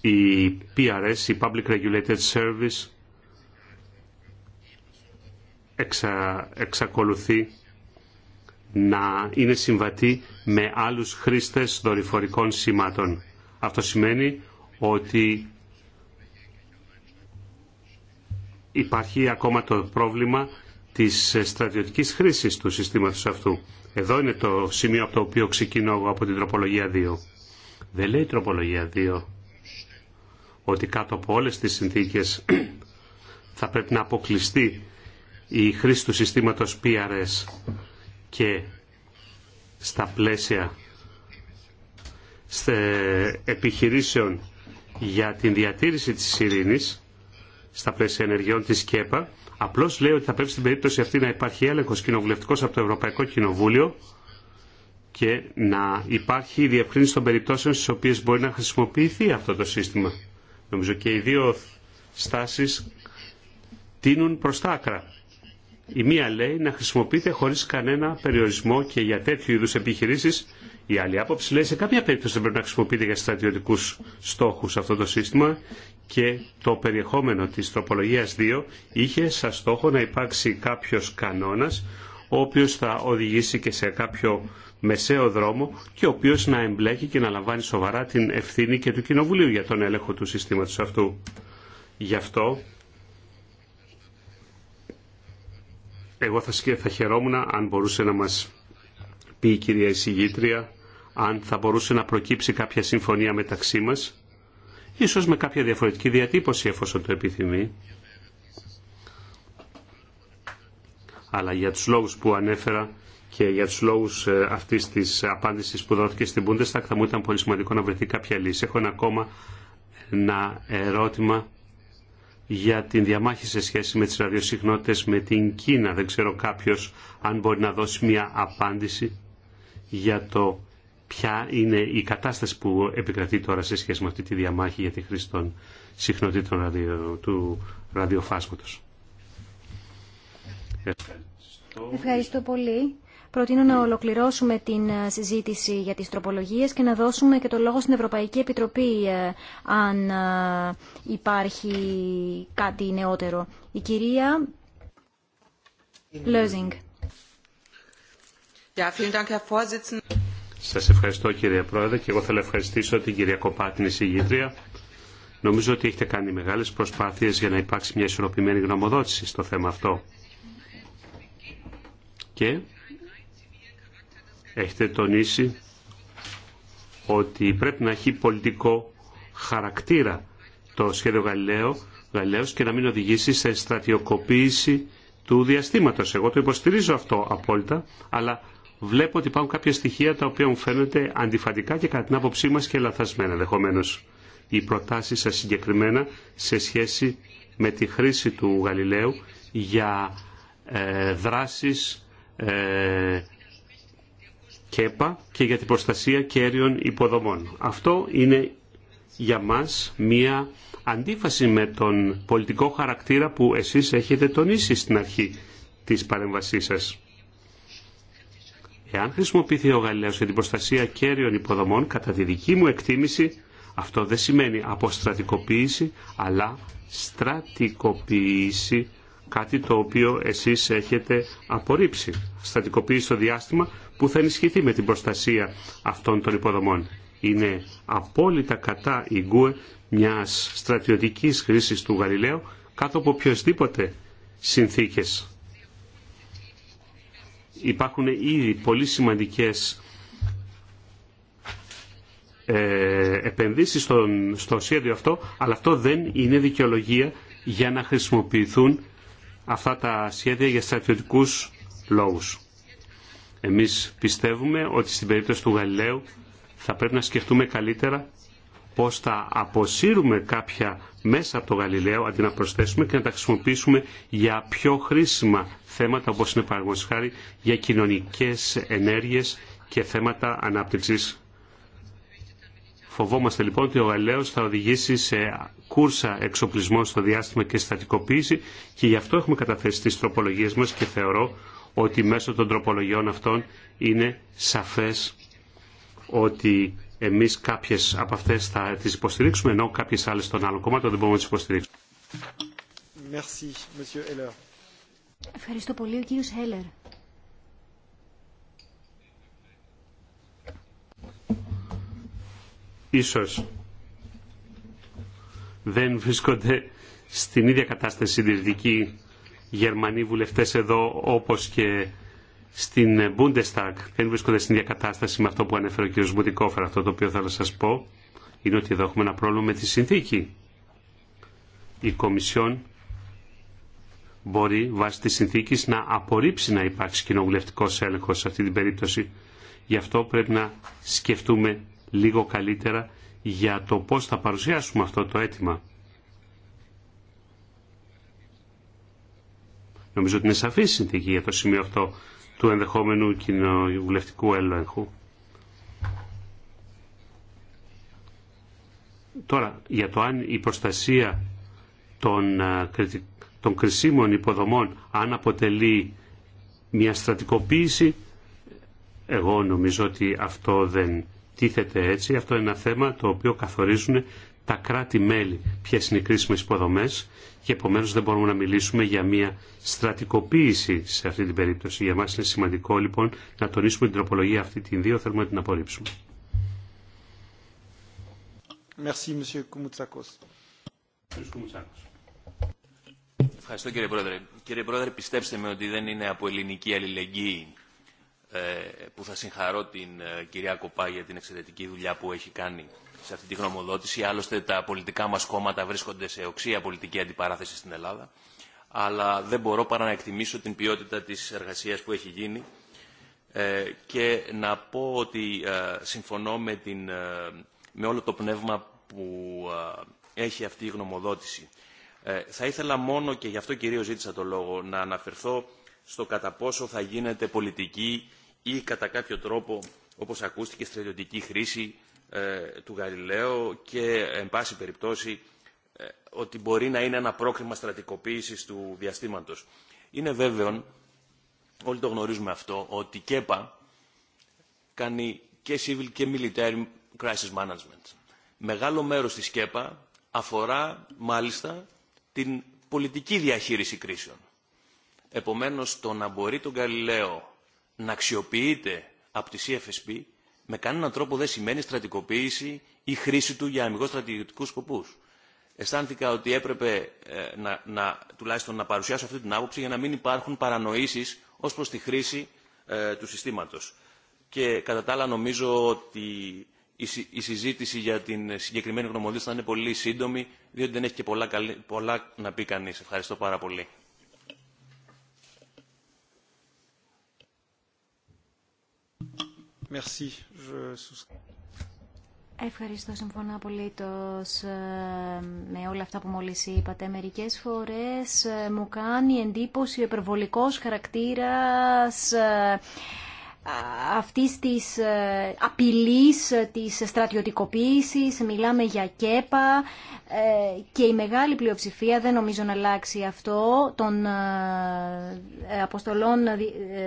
η PRS, η Public Regulated Service, εξακολουθεί να είναι συμβατή με άλλους χρήστες δορυφορικών σημάτων. Αυτό σημαίνει ότι υπάρχει ακόμα το πρόβλημα της στρατιωτικής χρήσης του συστήματος αυτού. Εδώ είναι το σημείο από το οποίο ξεκινώ από την τροπολογία 2. Δεν λέει η τροπολογία 2 ότι κάτω από όλες τις συνθήκες [CLEARS THROAT] θα πρέπει να αποκλειστεί η χρήση του συστήματος PRS και στα πλαίσια στε επιχειρήσεων για την διατήρηση της ειρήνης στα πλαίσια ενεργειών της ΚΕΠΑ Απλώς λέει ότι θα πρέπει στην περίπτωση αυτή να υπάρχει έλεγχος κοινοβουλευτικός από το Ευρωπαϊκό Κοινοβούλιο και να υπάρχει η διευκρίνηση των περιπτώσεων στις οποίες μπορεί να χρησιμοποιηθεί αυτό το σύστημα. Νομίζω και οι δύο στάσεις τίνουν προς τα άκρα. Η μία λέει να χρησιμοποιείται χωρίς κανένα περιορισμό και για τέτοιου είδους επιχειρήσεις. Η άλλη άποψη λέει σε κάποια περίπτωση δεν πρέπει να χρησιμοποιείται για στρατιωτικούς στόχους αυτό το σύστημα και το περιεχόμενο της τροπολογίας 2 είχε σαν στόχο να υπάρξει κάποιος κανόνας ο οποίος θα οδηγήσει και σε κάποιο μεσαίο δρόμο και ο οποίος να εμπλέκει και να λαμβάνει σοβαρά την ευθύνη και του Κοινοβουλίου για τον έλεγχο του συστήματος αυτού. Γι' αυτό εγώ θα, θα χαιρόμουν αν μπορούσε να μας πει η κυρία εισηγήτρια αν θα μπορούσε να προκύψει κάποια συμφωνία μεταξύ μας ίσως με κάποια διαφορετική διατύπωση εφόσον το επιθυμεί. Αλλά για τους λόγους που ανέφερα και για τους λόγους ε, αυτής της απάντησης που δόθηκε στην Bundestag θα μου ήταν πολύ σημαντικό να βρεθεί κάποια λύση. Έχω ακόμα ένα ερώτημα για την διαμάχη σε σχέση με τις ραδιοσυχνότητες με την Κίνα. Δεν ξέρω κάποιος αν μπορεί να δώσει μια απάντηση για το ποια είναι η κατάσταση που επικρατεί τώρα σε σχέση με αυτή τη διαμάχη για τη χρήση των συχνοτήτων του ραδιοφάσματος. Ευχαριστώ. πολύ. Προτείνω να ολοκληρώσουμε την ε, συζήτηση για τις τροπολογίες και να δώσουμε και το λόγο στην Ευρωπαϊκή Επιτροπή ε, αν ε, υπάρχει κάτι νεότερο. Η κυρία Λόζινγκ. Σας ευχαριστώ κύριε Πρόεδρε και εγώ θέλω να ευχαριστήσω την κυρία Κοπάτνη την Νομίζω ότι έχετε κάνει μεγάλες προσπάθειες για να υπάρξει μια ισορροπημένη γνωμοδότηση στο θέμα αυτό. Και έχετε τονίσει ότι πρέπει να έχει πολιτικό χαρακτήρα το σχέδιο Γαλιλαίο και να μην οδηγήσει σε στρατιοκοποίηση του διαστήματος. Εγώ το υποστηρίζω αυτό απόλυτα, αλλά βλέπω ότι υπάρχουν κάποια στοιχεία τα οποία μου φαίνονται αντιφατικά και κατά την άποψή μας και λαθασμένα ενδεχομένω. Οι προτάσεις σας συγκεκριμένα σε σχέση με τη χρήση του Γαλιλαίου για ε, δράσεις ε, ΚΕΠΑ και για την προστασία κέριων υποδομών. Αυτό είναι για μας μία αντίφαση με τον πολιτικό χαρακτήρα που εσείς έχετε τονίσει στην αρχή της παρέμβασής σας. Εάν χρησιμοποιηθεί ο Γαλιλαίος για την προστασία κέριων υποδομών, κατά τη δική μου εκτίμηση, αυτό δεν σημαίνει αποστρατικοποίηση, αλλά στρατικοποίηση, κάτι το οποίο εσείς έχετε απορρίψει. Στρατικοποίηση στο διάστημα που θα ενισχυθεί με την προστασία αυτών των υποδομών. Είναι απόλυτα κατά η Γκουε μιας στρατιωτικής χρήσης του Γαλιλαίου κάτω από οποιοδήποτε συνθήκες υπάρχουν ήδη πολύ σημαντικές ε, επενδύσεις στο σχέδιο αυτό, αλλά αυτό δεν είναι δικαιολογία για να χρησιμοποιηθούν αυτά τα σχέδια για στρατιωτικούς λόγους. Εμείς πιστεύουμε ότι στην περίπτωση του Γαλιλαίου θα πρέπει να σκεφτούμε καλύτερα πώς θα αποσύρουμε κάποια μέσα από το Γαλιλαίο αντί να προσθέσουμε και να τα χρησιμοποιήσουμε για πιο χρήσιμα θέματα όπως είναι παραδείγματος χάρη για κοινωνικές ενέργειες και θέματα ανάπτυξης. Φοβόμαστε λοιπόν ότι ο ελαίος θα οδηγήσει σε κούρσα εξοπλισμών στο διάστημα και στατικοποίηση και γι' αυτό έχουμε καταθέσει τις τροπολογίες μας και θεωρώ ότι μέσω των τροπολογιών αυτών είναι σαφές ότι εμείς κάποιες από αυτές θα τις υποστηρίξουμε ενώ κάποιες άλλες των άλλων κομμάτων δεν μπορούμε να τις υποστηρίξουμε. Merci, Ευχαριστώ πολύ. Ο κύριος Χέλλερ. Ίσως δεν βρίσκονται στην ίδια κατάσταση συντηρητικοί Γερμανοί βουλευτές εδώ όπως και στην Bundestag. Δεν βρίσκονται στην ίδια κατάσταση με αυτό που ανέφερε ο κύριος Μπουτικόφερ. Αυτό το οποίο θέλω να σας πω είναι ότι εδώ έχουμε ένα πρόβλημα με τη συνθήκη. Η Κομισιόν μπορεί βάσει της συνθήκης να απορρίψει να υπάρξει κοινοβουλευτικός έλεγχος σε αυτή την περίπτωση. Γι' αυτό πρέπει να σκεφτούμε λίγο καλύτερα για το πώς θα παρουσιάσουμε αυτό το αίτημα. Νομίζω ότι είναι σαφή η συνθήκη για το σημείο αυτό του ενδεχόμενου κοινοβουλευτικού έλεγχου. Τώρα, για το αν η προστασία των ε, κριτικών των κρισίμων υποδομών αν αποτελεί μια στρατικοποίηση, εγώ νομίζω ότι αυτό δεν τίθεται έτσι. Αυτό είναι ένα θέμα το οποίο καθορίζουν τα κράτη-μέλη ποιε είναι οι κρίσιμε υποδομέ και επομένω δεν μπορούμε να μιλήσουμε για μια στρατικοποίηση σε αυτή την περίπτωση. Για μας είναι σημαντικό λοιπόν να τονίσουμε την τροπολογία αυτή την δύο, θέλουμε να την απορρίψουμε. Merci, Monsieur Ευχαριστώ κύριε Πρόεδρε. Κύριε Πρόεδρε, πιστέψτε με ότι δεν είναι από ελληνική αλληλεγγύη ε, που θα συγχαρώ την ε, κυρία Κοπά για την εξαιρετική δουλειά που έχει κάνει σε αυτή τη γνωμοδότηση. Άλλωστε τα πολιτικά μας κόμματα βρίσκονται σε οξία πολιτική αντιπαράθεση στην Ελλάδα. Αλλά δεν μπορώ παρά να εκτιμήσω την ποιότητα της εργασίας που έχει γίνει ε, και να πω ότι συμφωνώ με, την, με όλο το πνεύμα που έχει αυτή η γνωμοδότηση. Ε, θα ήθελα μόνο και γι' αυτό κυρίως ζήτησα το λόγο να αναφερθώ στο κατά πόσο θα γίνεται πολιτική ή κατά κάποιο τρόπο, όπως ακούστηκε, στρατιωτική χρήση ε, του Γαλιλαίου και, εν πάση περιπτώσει, ε, ότι μπορεί να είναι ένα πρόκλημα στρατικοποίησης του διαστήματος. Είναι βέβαιο, όλοι το γνωρίζουμε αυτό, ότι η ΚΕΠΑ κάνει και civil και military crisis management. Μεγάλο μέρος της ΚΕΠΑ αφορά, μάλιστα, την πολιτική διαχείριση κρίσεων. Επομένως, το να μπορεί τον Γαλιλαίο να αξιοποιείται από τη CFSP με κανέναν τρόπο δεν σημαίνει στρατικοποίηση ή χρήση του για αμυγό στρατηγικούς σκοπούς. Αισθάνθηκα ότι έπρεπε ε, να, να, τουλάχιστον να παρουσιάσω αυτή την άποψη για να μην υπάρχουν παρανοήσεις ως προς τη χρήση ε, του συστήματος. Και κατά τα άλλα νομίζω ότι η συζήτηση για την συγκεκριμένη γνωμοδότηση θα είναι πολύ σύντομη, διότι δεν έχει και πολλά, να πει κανείς. Ευχαριστώ πάρα πολύ. Ευχαριστώ, συμφωνώ απολύτως ε, με όλα αυτά που μόλις είπατε. Μερικές φορές ε, μου κάνει εντύπωση ο υπερβολικός χαρακτήρας ε, αυτής της ε, απειλής της στρατιωτικοποίησης, μιλάμε για ΚΕΠΑ ε, και η μεγάλη πλειοψηφία, δεν νομίζω να αλλάξει αυτό, των ε, αποστολών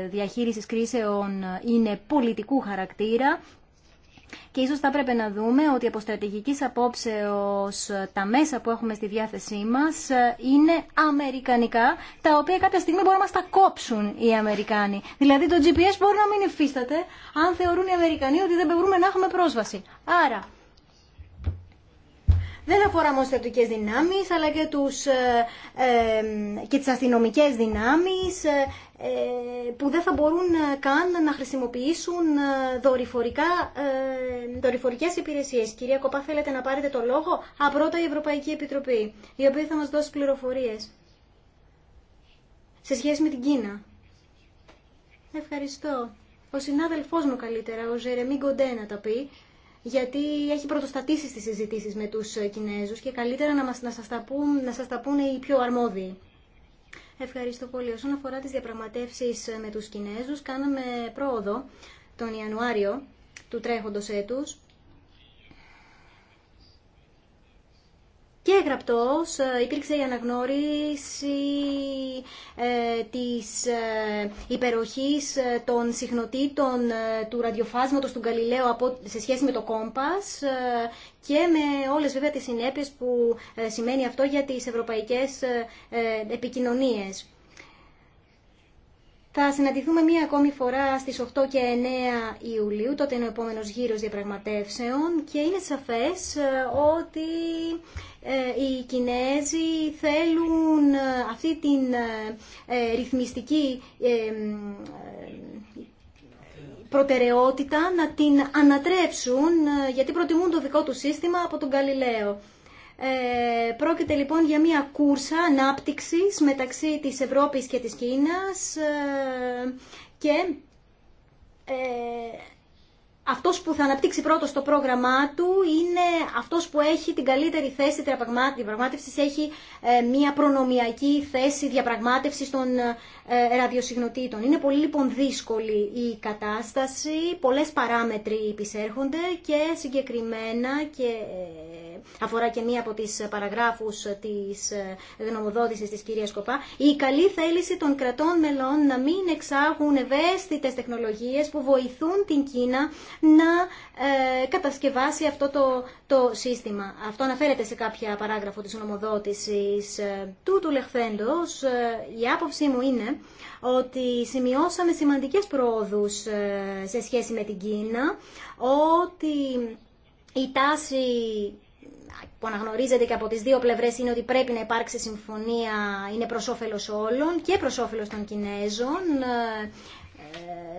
διαχείρισης κρίσεων είναι πολιτικού χαρακτήρα και ίσως θα πρέπει να δούμε ότι από στρατηγικής απόψεως ε, τα μέσα που έχουμε στη διάθεσή μας ε, είναι αμερικανικά, τα οποία κάποια στιγμή μπορεί να μας τα κόψουν οι Αμερικάνοι. Δηλαδή το GPS μπορεί να μην υφίσταται αν θεωρούν οι Αμερικανοί ότι δεν μπορούμε να έχουμε πρόσβαση. Άρα δεν αφορά μόνο στρατιωτικές δυνάμεις, αλλά και, τους, ε, ε, και τις αστυνομικές δυνάμεις ε, που δεν θα μπορούν καν να χρησιμοποιήσουν δορυφορικά, δορυφορικές υπηρεσίες. Κυρία Κοπά, θέλετε να πάρετε το λόγο. Α, πρώτα η Ευρωπαϊκή Επιτροπή, η οποία θα μα δώσει πληροφορίε. σε σχέση με την Κίνα. Ευχαριστώ. Ο συνάδελφός μου καλύτερα, ο Ζερεμί Γκοντέ να τα πει γιατί έχει πρωτοστατήσει στις συζητήσεις με τους Κινέζους και καλύτερα να, μας, να, σας, τα να σας τα πούνε οι πιο αρμόδιοι. Ευχαριστώ πολύ. Όσον αφορά τις διαπραγματεύσεις με τους Κινέζους, κάναμε πρόοδο τον Ιανουάριο του τρέχοντος έτους και γραπτός ε, υπήρξε η αναγνώριση ε, της ε, υπεροχής των συχνοτήτων του ραδιοφάσματος του από σε σχέση με το κόμπας και με όλες βέβαια τις συνέπειες που σημαίνει αυτό για τις ευρωπαϊκές επικοινωνίες. Θα συναντηθούμε μία ακόμη φορά στις 8 και 9 Ιουλίου, τότε είναι ο επόμενος γύρος διαπραγματεύσεων και είναι σαφές ε, ότι ε, οι Κινέζοι θέλουν ε, αυτή την ρυθμιστική προτεραιότητα να την ανατρέψουν γιατί προτιμούν το δικό του σύστημα από τον Γαλιλαίο. Ε, πρόκειται λοιπόν για μια κούρσα ανάπτυξης μεταξύ της Ευρώπης και της Κίνας ε, και ε, αυτός που θα αναπτύξει πρώτος το πρόγραμμά του είναι αυτός που έχει την καλύτερη θέση διαπραγμάτευσης, έχει ε, μια προνομιακή θέση διαπραγμάτευσης των ε, ραδιοσυγνωτήτων. Είναι πολύ λοιπόν δύσκολη η κατάσταση, πολλές παράμετροι επισέρχονται και συγκεκριμένα και ε, αφορά και μία από τις παραγράφους της ε, γνωμοδότησης της κυρίας Κοπά, η καλή θέληση των κρατών μελών να μην εξάγουν ευαίσθητες τεχνολογίες που βοηθούν την Κίνα να κατασκευάσει αυτό το, το σύστημα. Αυτό αναφέρεται σε κάποια παράγραφο της γνωμοδότησης του του λεχθέντος. Η άποψή μου είναι ότι σημειώσαμε σημαντικές πρόοδους ε, σε σχέση με την Κίνα, ότι η τάση που αναγνωρίζεται και από τις δύο πλευρές είναι ότι πρέπει να υπάρξει συμφωνία, είναι προς όφελος όλων και προς όφελος των Κινέζων. Ε,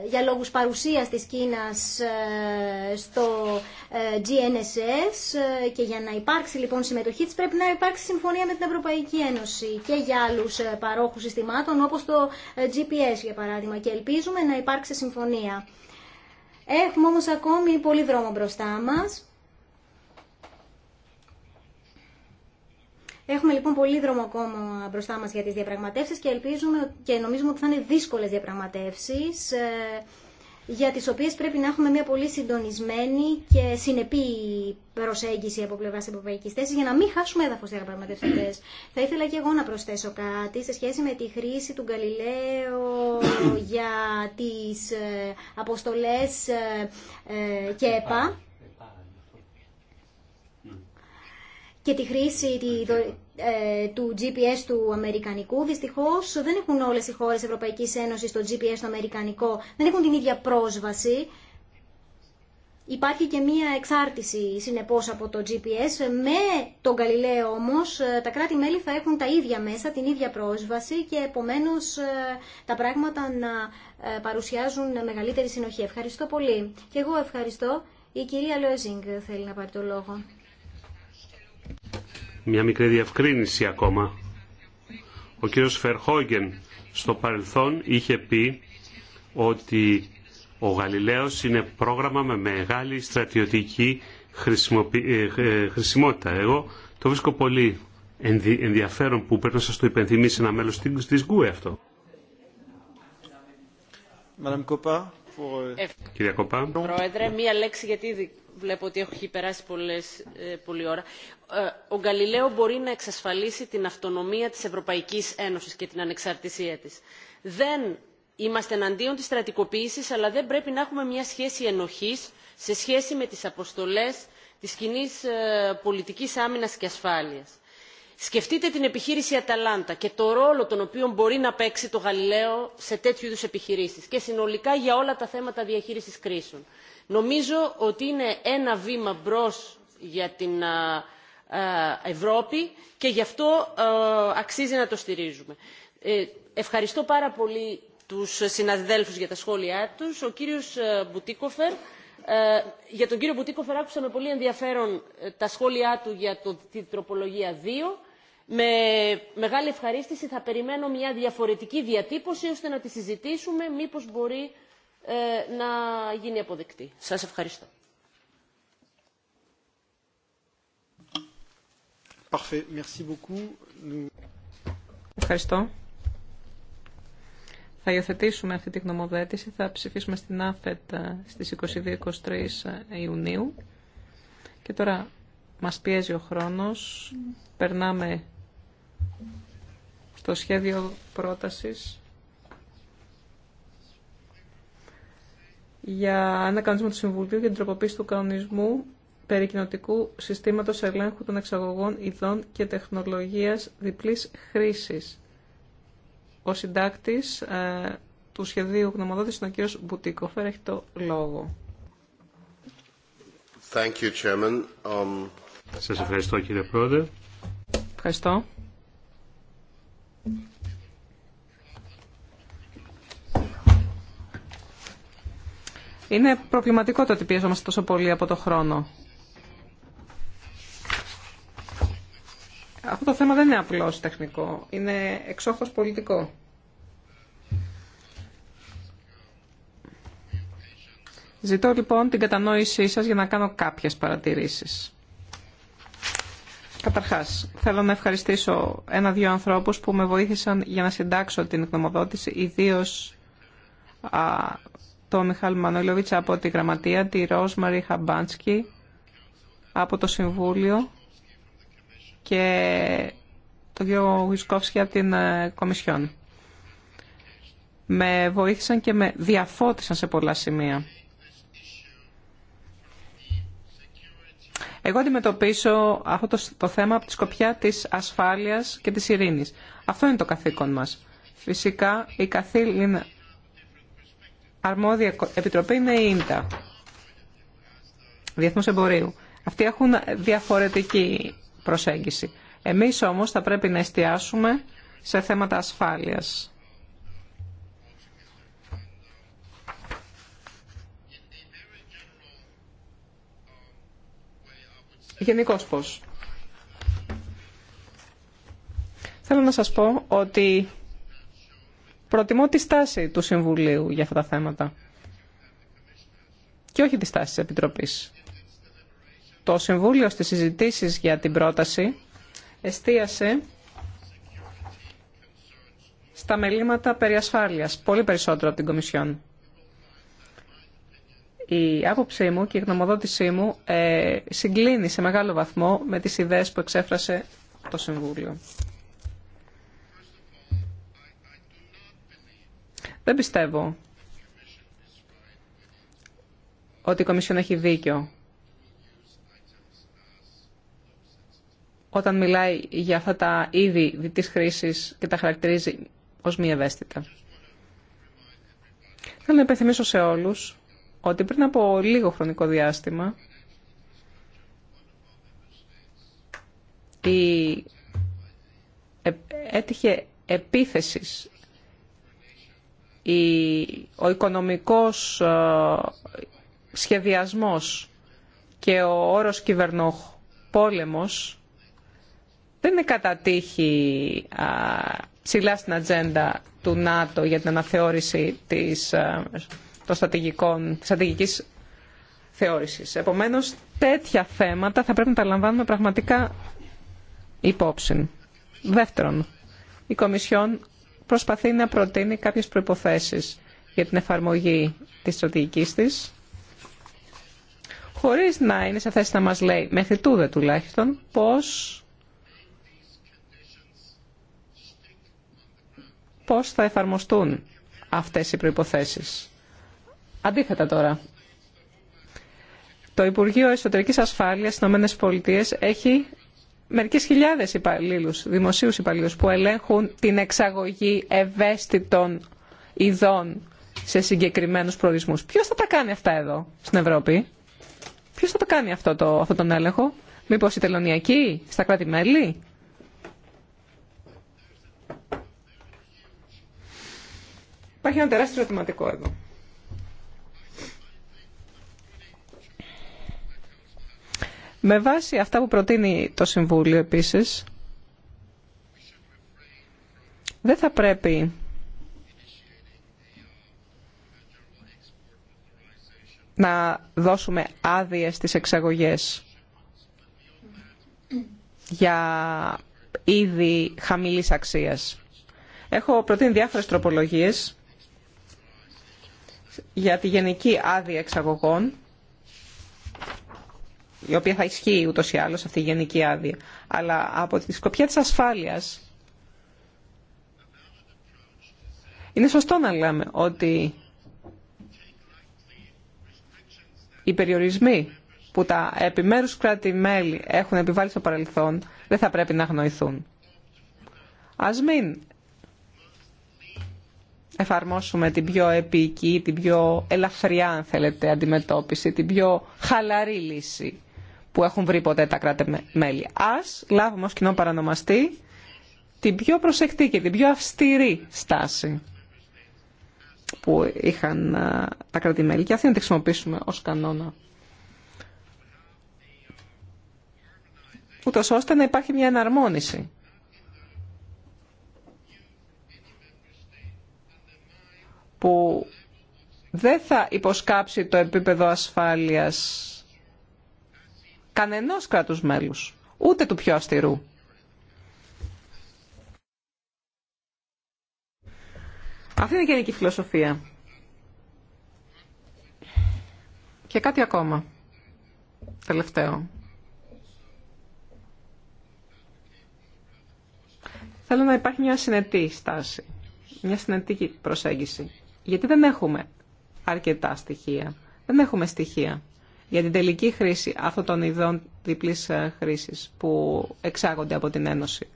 ε, για λόγους παρουσίας της Κίνας ε, στο ε, GNSS και για να υπάρξει λοιπόν συμμετοχή της πρέπει να υπάρξει συμφωνία με την Ευρωπαϊκή Ένωση και για άλλους παρόχους συστημάτων όπως το GPS για παράδειγμα και ελπίζουμε να υπάρξει συμφωνία. Έχουμε όμως ακόμη πολύ δρόμο μπροστά μας. Έχουμε λοιπόν πολύ δρόμο ακόμα μπροστά μας για τις διαπραγματεύσεις και ελπίζουμε και νομίζουμε ότι θα είναι δύσκολες διαπραγματεύσεις ε, για τις οποίες πρέπει να έχουμε μια πολύ συντονισμένη και συνεπή προσέγγιση από πλευράς Ευρωπαϊκή θέσης για να μην χάσουμε έδαφος διαπραγματεύσεις Θα ήθελα και εγώ να προσθέσω κάτι σε σχέση με τη χρήση του Γκαλιλαίου για τις ε, αποστολές ε, ΚΕΠΑ και τη χρήση ε, του GPS του Αμερικανικού. Δυστυχώς δεν έχουν όλες οι χώρες ευρωπαϊκή Ένωση το GPS του Αμερικανικό, δεν έχουν την ίδια πρόσβαση. Υπάρχει και μία εξάρτηση συνεπώ από το GPS. Με τον Γαλιλαίο όμως ε, τα κράτη-μέλη θα έχουν τα ίδια μέσα, την ίδια πρόσβαση και επομένως ε, τα πράγματα να παρουσιάζουν μεγαλύτερη συνοχή. Ευχαριστώ πολύ. Και εγώ ευχαριστώ. Η κυρία Λόζινγκ θέλει να πάρει το λόγο. Μια μικρή διευκρίνηση ακόμα. Ο κύριος Φερχόγγεν στο παρελθόν είχε πει ότι ο Γαλιλαίος είναι πρόγραμμα με μεγάλη στρατιωτική ε, ε, χρησιμότητα. Εγώ το βρίσκω πολύ ενδιαφέρον που πρέπει να σας το υπενθυμίσει ένα μέλος της ΓΚΟΕ αυτό. Ε, Κυρία Κοπά. Πρόεδρε, μία λέξη γιατί βλέπω ότι έχει περάσει πολλές, ε, πολλή ώρα ε, ο γκαλιλαίο μπορεί να εξασφαλίσει την αυτονομία της ευρωπαϊκής ένωσης και την ανεξαρτησία της. δεν είμαστε εναντίον της στρατικοποίησης αλλά δεν πρέπει να έχουμε μια σχέση ενοχής σε σχέση με τις αποστολές της κοινή ε, πολιτικής άμυνας και ασφάλειας. σκεφτείτε την επιχείρηση αταλάντα και το ρόλο τον οποίο μπορεί να παίξει το γαλιλαίο σε τέτοιου είδους επιχειρήσεις και συνολικά για όλα τα θέματα διαχείρισης κρίσεων. Νομίζω ότι είναι ένα βήμα μπρος για την ε, ε, Ευρώπη και γι' αυτό ε, αξίζει να το στηρίζουμε. Ευχαριστώ πάρα πολύ τους συναδέλφους για τα σχόλιά τους. Ο κύριος Μπουτίκοφερ, για τον κύριο Μπουτίκοφερ άκουσα με πολύ ενδιαφέρον τα σχόλιά του για την τροπολογία 2. Με μεγάλη ευχαρίστηση θα περιμένω μια διαφορετική διατύπωση ώστε να τη συζητήσουμε μήπως μπορεί ε, να γίνει αποδεκτή. Σας ευχαριστώ. Ευχαριστώ. Θα υιοθετήσουμε αυτή τη γνωμοδέτηση. Θα ψηφίσουμε στην ΑΦΕΤ ε, στις 22-23 ε, Ιουνίου. Και τώρα μας πιέζει ο χρόνος. Mm. Περνάμε στο σχέδιο πρότασης για ένα κανονισμό του Συμβουλίου για την τροποποίηση του κανονισμού περί κοινοτικού συστήματος ελέγχου των εξαγωγών ειδών και τεχνολογία διπλή χρήση. Ο συντάκτη ε, του σχεδίου γνωμοδότησης είναι ο κ. Μπουτίκοφερ. Έχει το λόγο. Um, Σας ευχαριστώ κύριε Πρόεδρε. Ευχαριστώ. Είναι προβληματικό το ότι πιέζομαστε τόσο πολύ από το χρόνο. Αυτό το θέμα δεν είναι απλώς τεχνικό, είναι εξόχως πολιτικό. Ζητώ λοιπόν την κατανόησή σας για να κάνω κάποιες παρατηρήσεις. Καταρχάς, θέλω να ευχαριστήσω ένα-δύο ανθρώπους που με βοήθησαν για να συντάξω την εκνομοδότηση, ιδίως α, το Μιχάλ Μανολιόβιτς από τη Γραμματεία, τη Ρόσμαρη Χαμπάνσκι από το Συμβούλιο και τον κύριο Γουισκόφσκι από την ε, Κομισιόν. Με βοήθησαν και με διαφώτισαν σε πολλά σημεία. Εγώ αντιμετωπίσω αυτό το, θέμα από τη σκοπιά της ασφάλειας και της ειρήνης. Αυτό είναι το καθήκον μας. Φυσικά, η καθήλυνα αρμόδια επιτροπή είναι η ΙΝΤΑ, Διεθνούς Εμπορίου. Αυτοί έχουν διαφορετική προσέγγιση. Εμείς όμως θα πρέπει να εστιάσουμε σε θέματα ασφάλειας. Γενικώ πώς. Θέλω να σας πω ότι Προτιμώ τη στάση του Συμβουλίου για αυτά τα θέματα και όχι τη στάση της Επιτροπής. Το Συμβούλιο στις συζητήσεις για την πρόταση εστίασε στα μελήματα περί ασφάλειας, πολύ περισσότερο από την Κομισιόν. Η άποψή μου και η γνωμοδότησή μου ε, συγκλίνει σε μεγάλο βαθμό με τις ιδέες που εξέφρασε το Συμβούλιο. Δεν πιστεύω ότι η Κομισιόν έχει δίκιο όταν μιλάει για αυτά τα είδη της χρήσης και τα χαρακτηρίζει ως μη ευαίσθητα. Θέλω να υπενθυμίσω σε όλους ότι πριν από λίγο χρονικό διάστημα η ε, έτυχε επίθεσης ο οικονομικός ε, σχεδιασμός και ο όρος πόλεμος δεν είναι κατά τύχη ψηλά στην ατζέντα του ΝΑΤΟ για την αναθεώρηση της, ε, των στρατηγικών, της στρατηγικής θεώρησης. Επομένως, τέτοια θέματα θα πρέπει να τα λαμβάνουμε πραγματικά υπόψη. Δεύτερον, η Κομισιόν προσπαθεί να προτείνει κάποιες προϋποθέσεις για την εφαρμογή της στρατηγικής της, χωρίς να είναι σε θέση να μας λέει, μέχρι τούδε τουλάχιστον, πώς πώς θα εφαρμοστούν αυτές οι προϋποθέσεις. Αντίθετα τώρα, το Υπουργείο Εσωτερικής Ασφάλειας στις ΗΠΑ έχει μερικές χιλιάδες υπαλλήλους, δημοσίους υπαλλήλους που ελέγχουν την εξαγωγή ευαίσθητων ειδών σε συγκεκριμένους προορισμούς. Ποιος θα τα κάνει αυτά εδώ στην Ευρώπη, ποιος θα το κάνει αυτό το, αυτόν τον έλεγχο, μήπως η τελωνιακή, στα κράτη-μέλη. Υπάρχει ένα τεράστιο ερωτηματικό εδώ. Με βάση αυτά που προτείνει το Συμβούλιο επίσης, δεν θα πρέπει να δώσουμε άδειε στις εξαγωγές για είδη χαμηλής αξίας. Έχω προτείνει διάφορες τροπολογίες για τη γενική άδεια εξαγωγών η οποία θα ισχύει ούτως ή άλλως αυτή η γενική άδεια. Αλλά από τη σκοπιά της ασφάλειας είναι σωστό να λέμε ότι οι περιορισμοί που τα επιμέρους κράτη-μέλη έχουν επιβάλει στο παρελθόν δεν θα πρέπει να αγνοηθούν. Ας μην εφαρμόσουμε την πιο επίκη, την πιο ελαφριά αν θέλετε αντιμετώπιση, την πιο χαλαρή λύση που έχουν βρει ποτέ τα κράτη-μέλη. Ας λάβουμε ως κοινό παρανομαστή την πιο προσεκτή και την πιο αυστηρή στάση που είχαν τα κράτη-μέλη και αυτή να τη χρησιμοποιήσουμε ως κανόνα. Ούτως ώστε να υπάρχει μια εναρμόνιση. που δεν θα υποσκάψει το επίπεδο ασφάλειας κανενός κράτους μέλους, ούτε του πιο αυστηρού. Αυτή είναι η γενική φιλοσοφία. Και κάτι ακόμα. Τελευταίο. Θέλω να υπάρχει μια συνετή στάση, μια συνετή προσέγγιση. Γιατί δεν έχουμε αρκετά στοιχεία. Δεν έχουμε στοιχεία για την τελική χρήση αυτών των ειδών διπλής ε, χρήσης που εξάγονται από την Ένωση.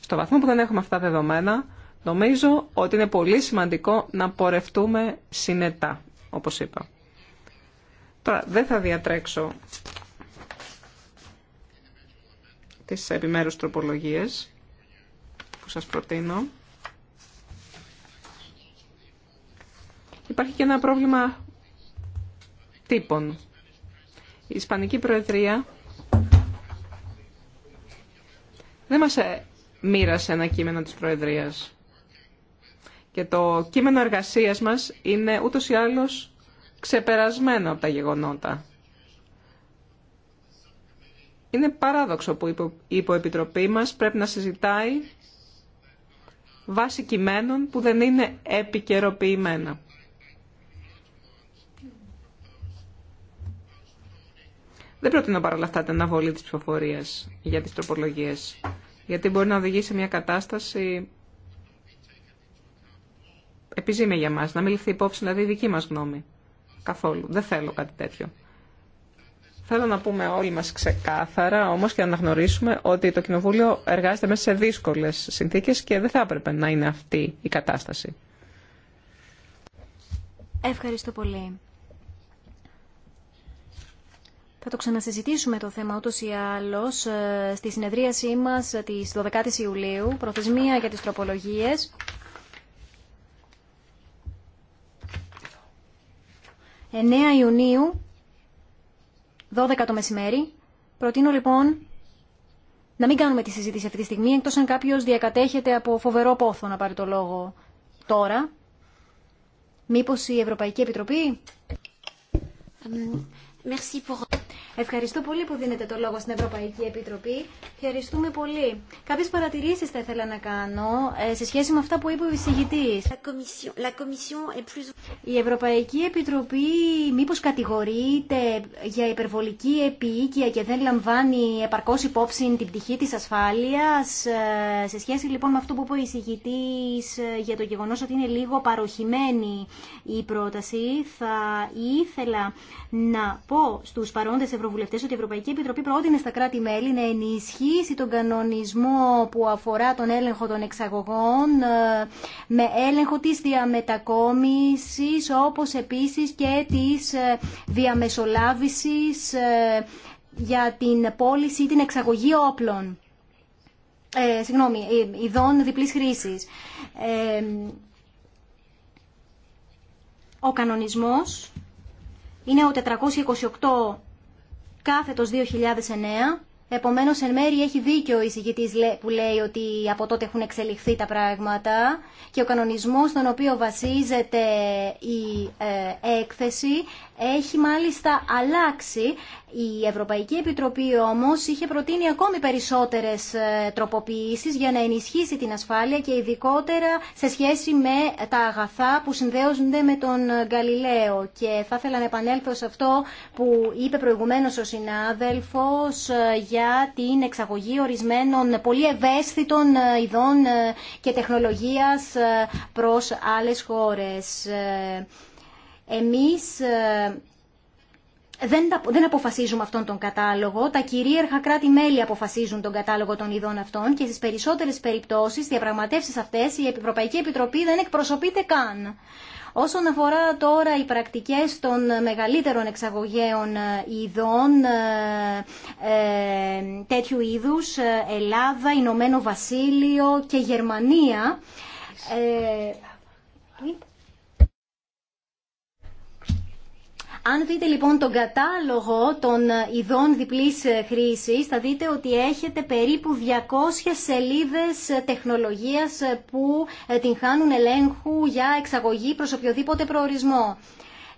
Στο βαθμό που δεν έχουμε αυτά δεδομένα, νομίζω ότι είναι πολύ σημαντικό να πορευτούμε συνετά, όπως είπα. Τώρα, δεν θα διατρέξω τις επιμέρους τροπολογίες που σας προτείνω. Υπάρχει και ένα πρόβλημα τύπων η Ισπανική Προεδρία δεν μας ε, μοίρασε ένα κείμενο της Προεδρίας. Και το κείμενο εργασίας μας είναι ούτως ή άλλως ξεπερασμένο από τα γεγονότα. Είναι παράδοξο που η υποεπιτροπή μας πρέπει να συζητάει βάσει κειμένων που δεν είναι επικαιροποιημένα. Δεν προτείνω να αυτά την αναβολή της ψηφοφορίας για τις τροπολογίες, γιατί μπορεί να οδηγήσει σε μια κατάσταση επιζήμια για μας, να μην ληφθεί υπόψη δηλαδή η δική μας γνώμη. Καθόλου. Δεν θέλω κάτι τέτοιο. Θέλω να πούμε όλοι μας ξεκάθαρα όμως και να αναγνωρίσουμε ότι το Κοινοβούλιο εργάζεται μέσα σε δύσκολες συνθήκες και δεν θα έπρεπε να είναι αυτή η κατάσταση. Ευχαριστώ πολύ. Θα το ξανασυζητήσουμε το θέμα ούτως ή άλλως ε, στη συνεδρίασή μας της 12ης Ιουλίου, προθεσμία για τις τροπολογίες. ...9 Ιουνίου, 12 το μεσημέρι. Προτείνω λοιπόν να μην κάνουμε τη συζήτηση αυτή τη στιγμή... ...εκτός αν κάποιος διακατέχεται από φοβερό πόθο να πάρει το λόγο τώρα. Μήπως η Ευρωπαϊκή Επιτροπή... Merci pour... Ευχαριστώ πολύ που δίνετε το λόγο στην Ευρωπαϊκή Επιτροπή. Ευχαριστούμε πολύ. Κάποιε παρατηρήσει θα ήθελα να κάνω ε, σε σχέση με αυτά που είπε ο εισηγητή. Η Ευρωπαϊκή Επιτροπή μήπω κατηγορείται για υπερβολική επίοικια και δεν λαμβάνει επαρκώ υπόψη την πτυχή τη ασφάλεια. Ε, σε σχέση λοιπόν με αυτό που είπε ο εισηγητή ε, για το γεγονό ότι είναι λίγο παροχημένη η πρόταση, θα ήθελα να πω στου παρόντε ότι η Ευρωπαϊκή Επιτροπή πρότεινε στα κράτη-μέλη να ενισχύσει τον κανονισμό που αφορά τον έλεγχο των εξαγωγών ε, με έλεγχο τη διαμετακόμισης όπως επίσης και τη ε, διαμεσολάβηση ε, για την πώληση ή την εξαγωγή όπλων. συγγνώμη, ειδών διπλής χρήσης. ο κανονισμός είναι ο 428 κάθετος 2009. Επομένως, εν μέρη έχει δίκιο ο εισηγητής που λέει ότι από τότε έχουν εξελιχθεί τα πράγματα και ο κανονισμός στον οποίο βασίζεται η ε, έκθεση έχει μάλιστα αλλάξει. Η Ευρωπαϊκή Επιτροπή όμως είχε προτείνει ακόμη περισσότερες ε, τροποποιήσεις για να ενισχύσει την ασφάλεια και ειδικότερα σε σχέση με τα αγαθά που συνδέονται με τον Γαλιλαίο. Και θα ήθελα να επανέλθω σε αυτό που είπε προηγουμένως ο συνάδελφος ε, για την εξαγωγή ορισμένων πολύ ευαίσθητων ε, ειδών και τεχνολογίας προς άλλες χώρες. Εμείς ε, δεν, αποφασίζουμε αυτόν τον κατάλογο. Τα κυρίαρχα κράτη-μέλη αποφασίζουν τον κατάλογο των ειδών αυτών και στις περισσότερες περιπτώσεις, διαπραγματεύσεις αυτές, η Ευρωπαϊκή Επιτροπή δεν εκπροσωπείται καν. Όσον αφορά τώρα οι πρακτικές των μεγαλύτερων εξαγωγέων ε, ειδών ε, τέτοιου είδους, Ελλάδα, Ηνωμένο Βασίλειο και Γερμανία, Αν δείτε λοιπόν τον κατάλογο των ε, ειδών διπλής ε, χρήσης, θα δείτε ότι έχετε περίπου 200 σελίδες ε, τεχνολογίας που την χάνουν ελέγχου για εξαγωγή προς οποιοδήποτε προορισμό.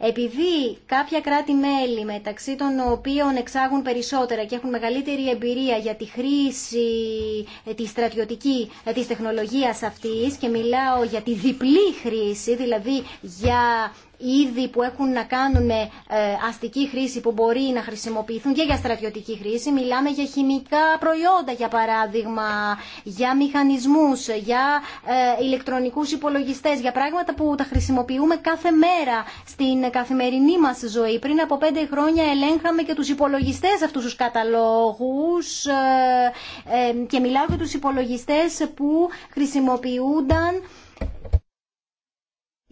Επειδή κάποια κράτη-μέλη μεταξύ των οποίων εξάγουν περισσότερα και έχουν μεγαλύτερη εμπειρία για τη χρήση τη στρατιωτική της τεχνολογίας αυτής και μιλάω για τη διπλή χρήση, δηλαδή για είδη που έχουν να κάνουν με ε, αστική χρήση που μπορεί να χρησιμοποιηθούν και για στρατιωτική χρήση. Μιλάμε για χημικά προϊόντα, για παράδειγμα, για μηχανισμούς, για ε, ηλεκτρονικούς υπολογιστές, για πράγματα που τα χρησιμοποιούμε κάθε μέρα στην καθημερινή μας ζωή. Πριν από πέντε χρόνια ελέγχαμε και τους υπολογιστές αυτούς τους καταλόγους ε, και μιλάω για τους υπολογιστές που χρησιμοποιούνταν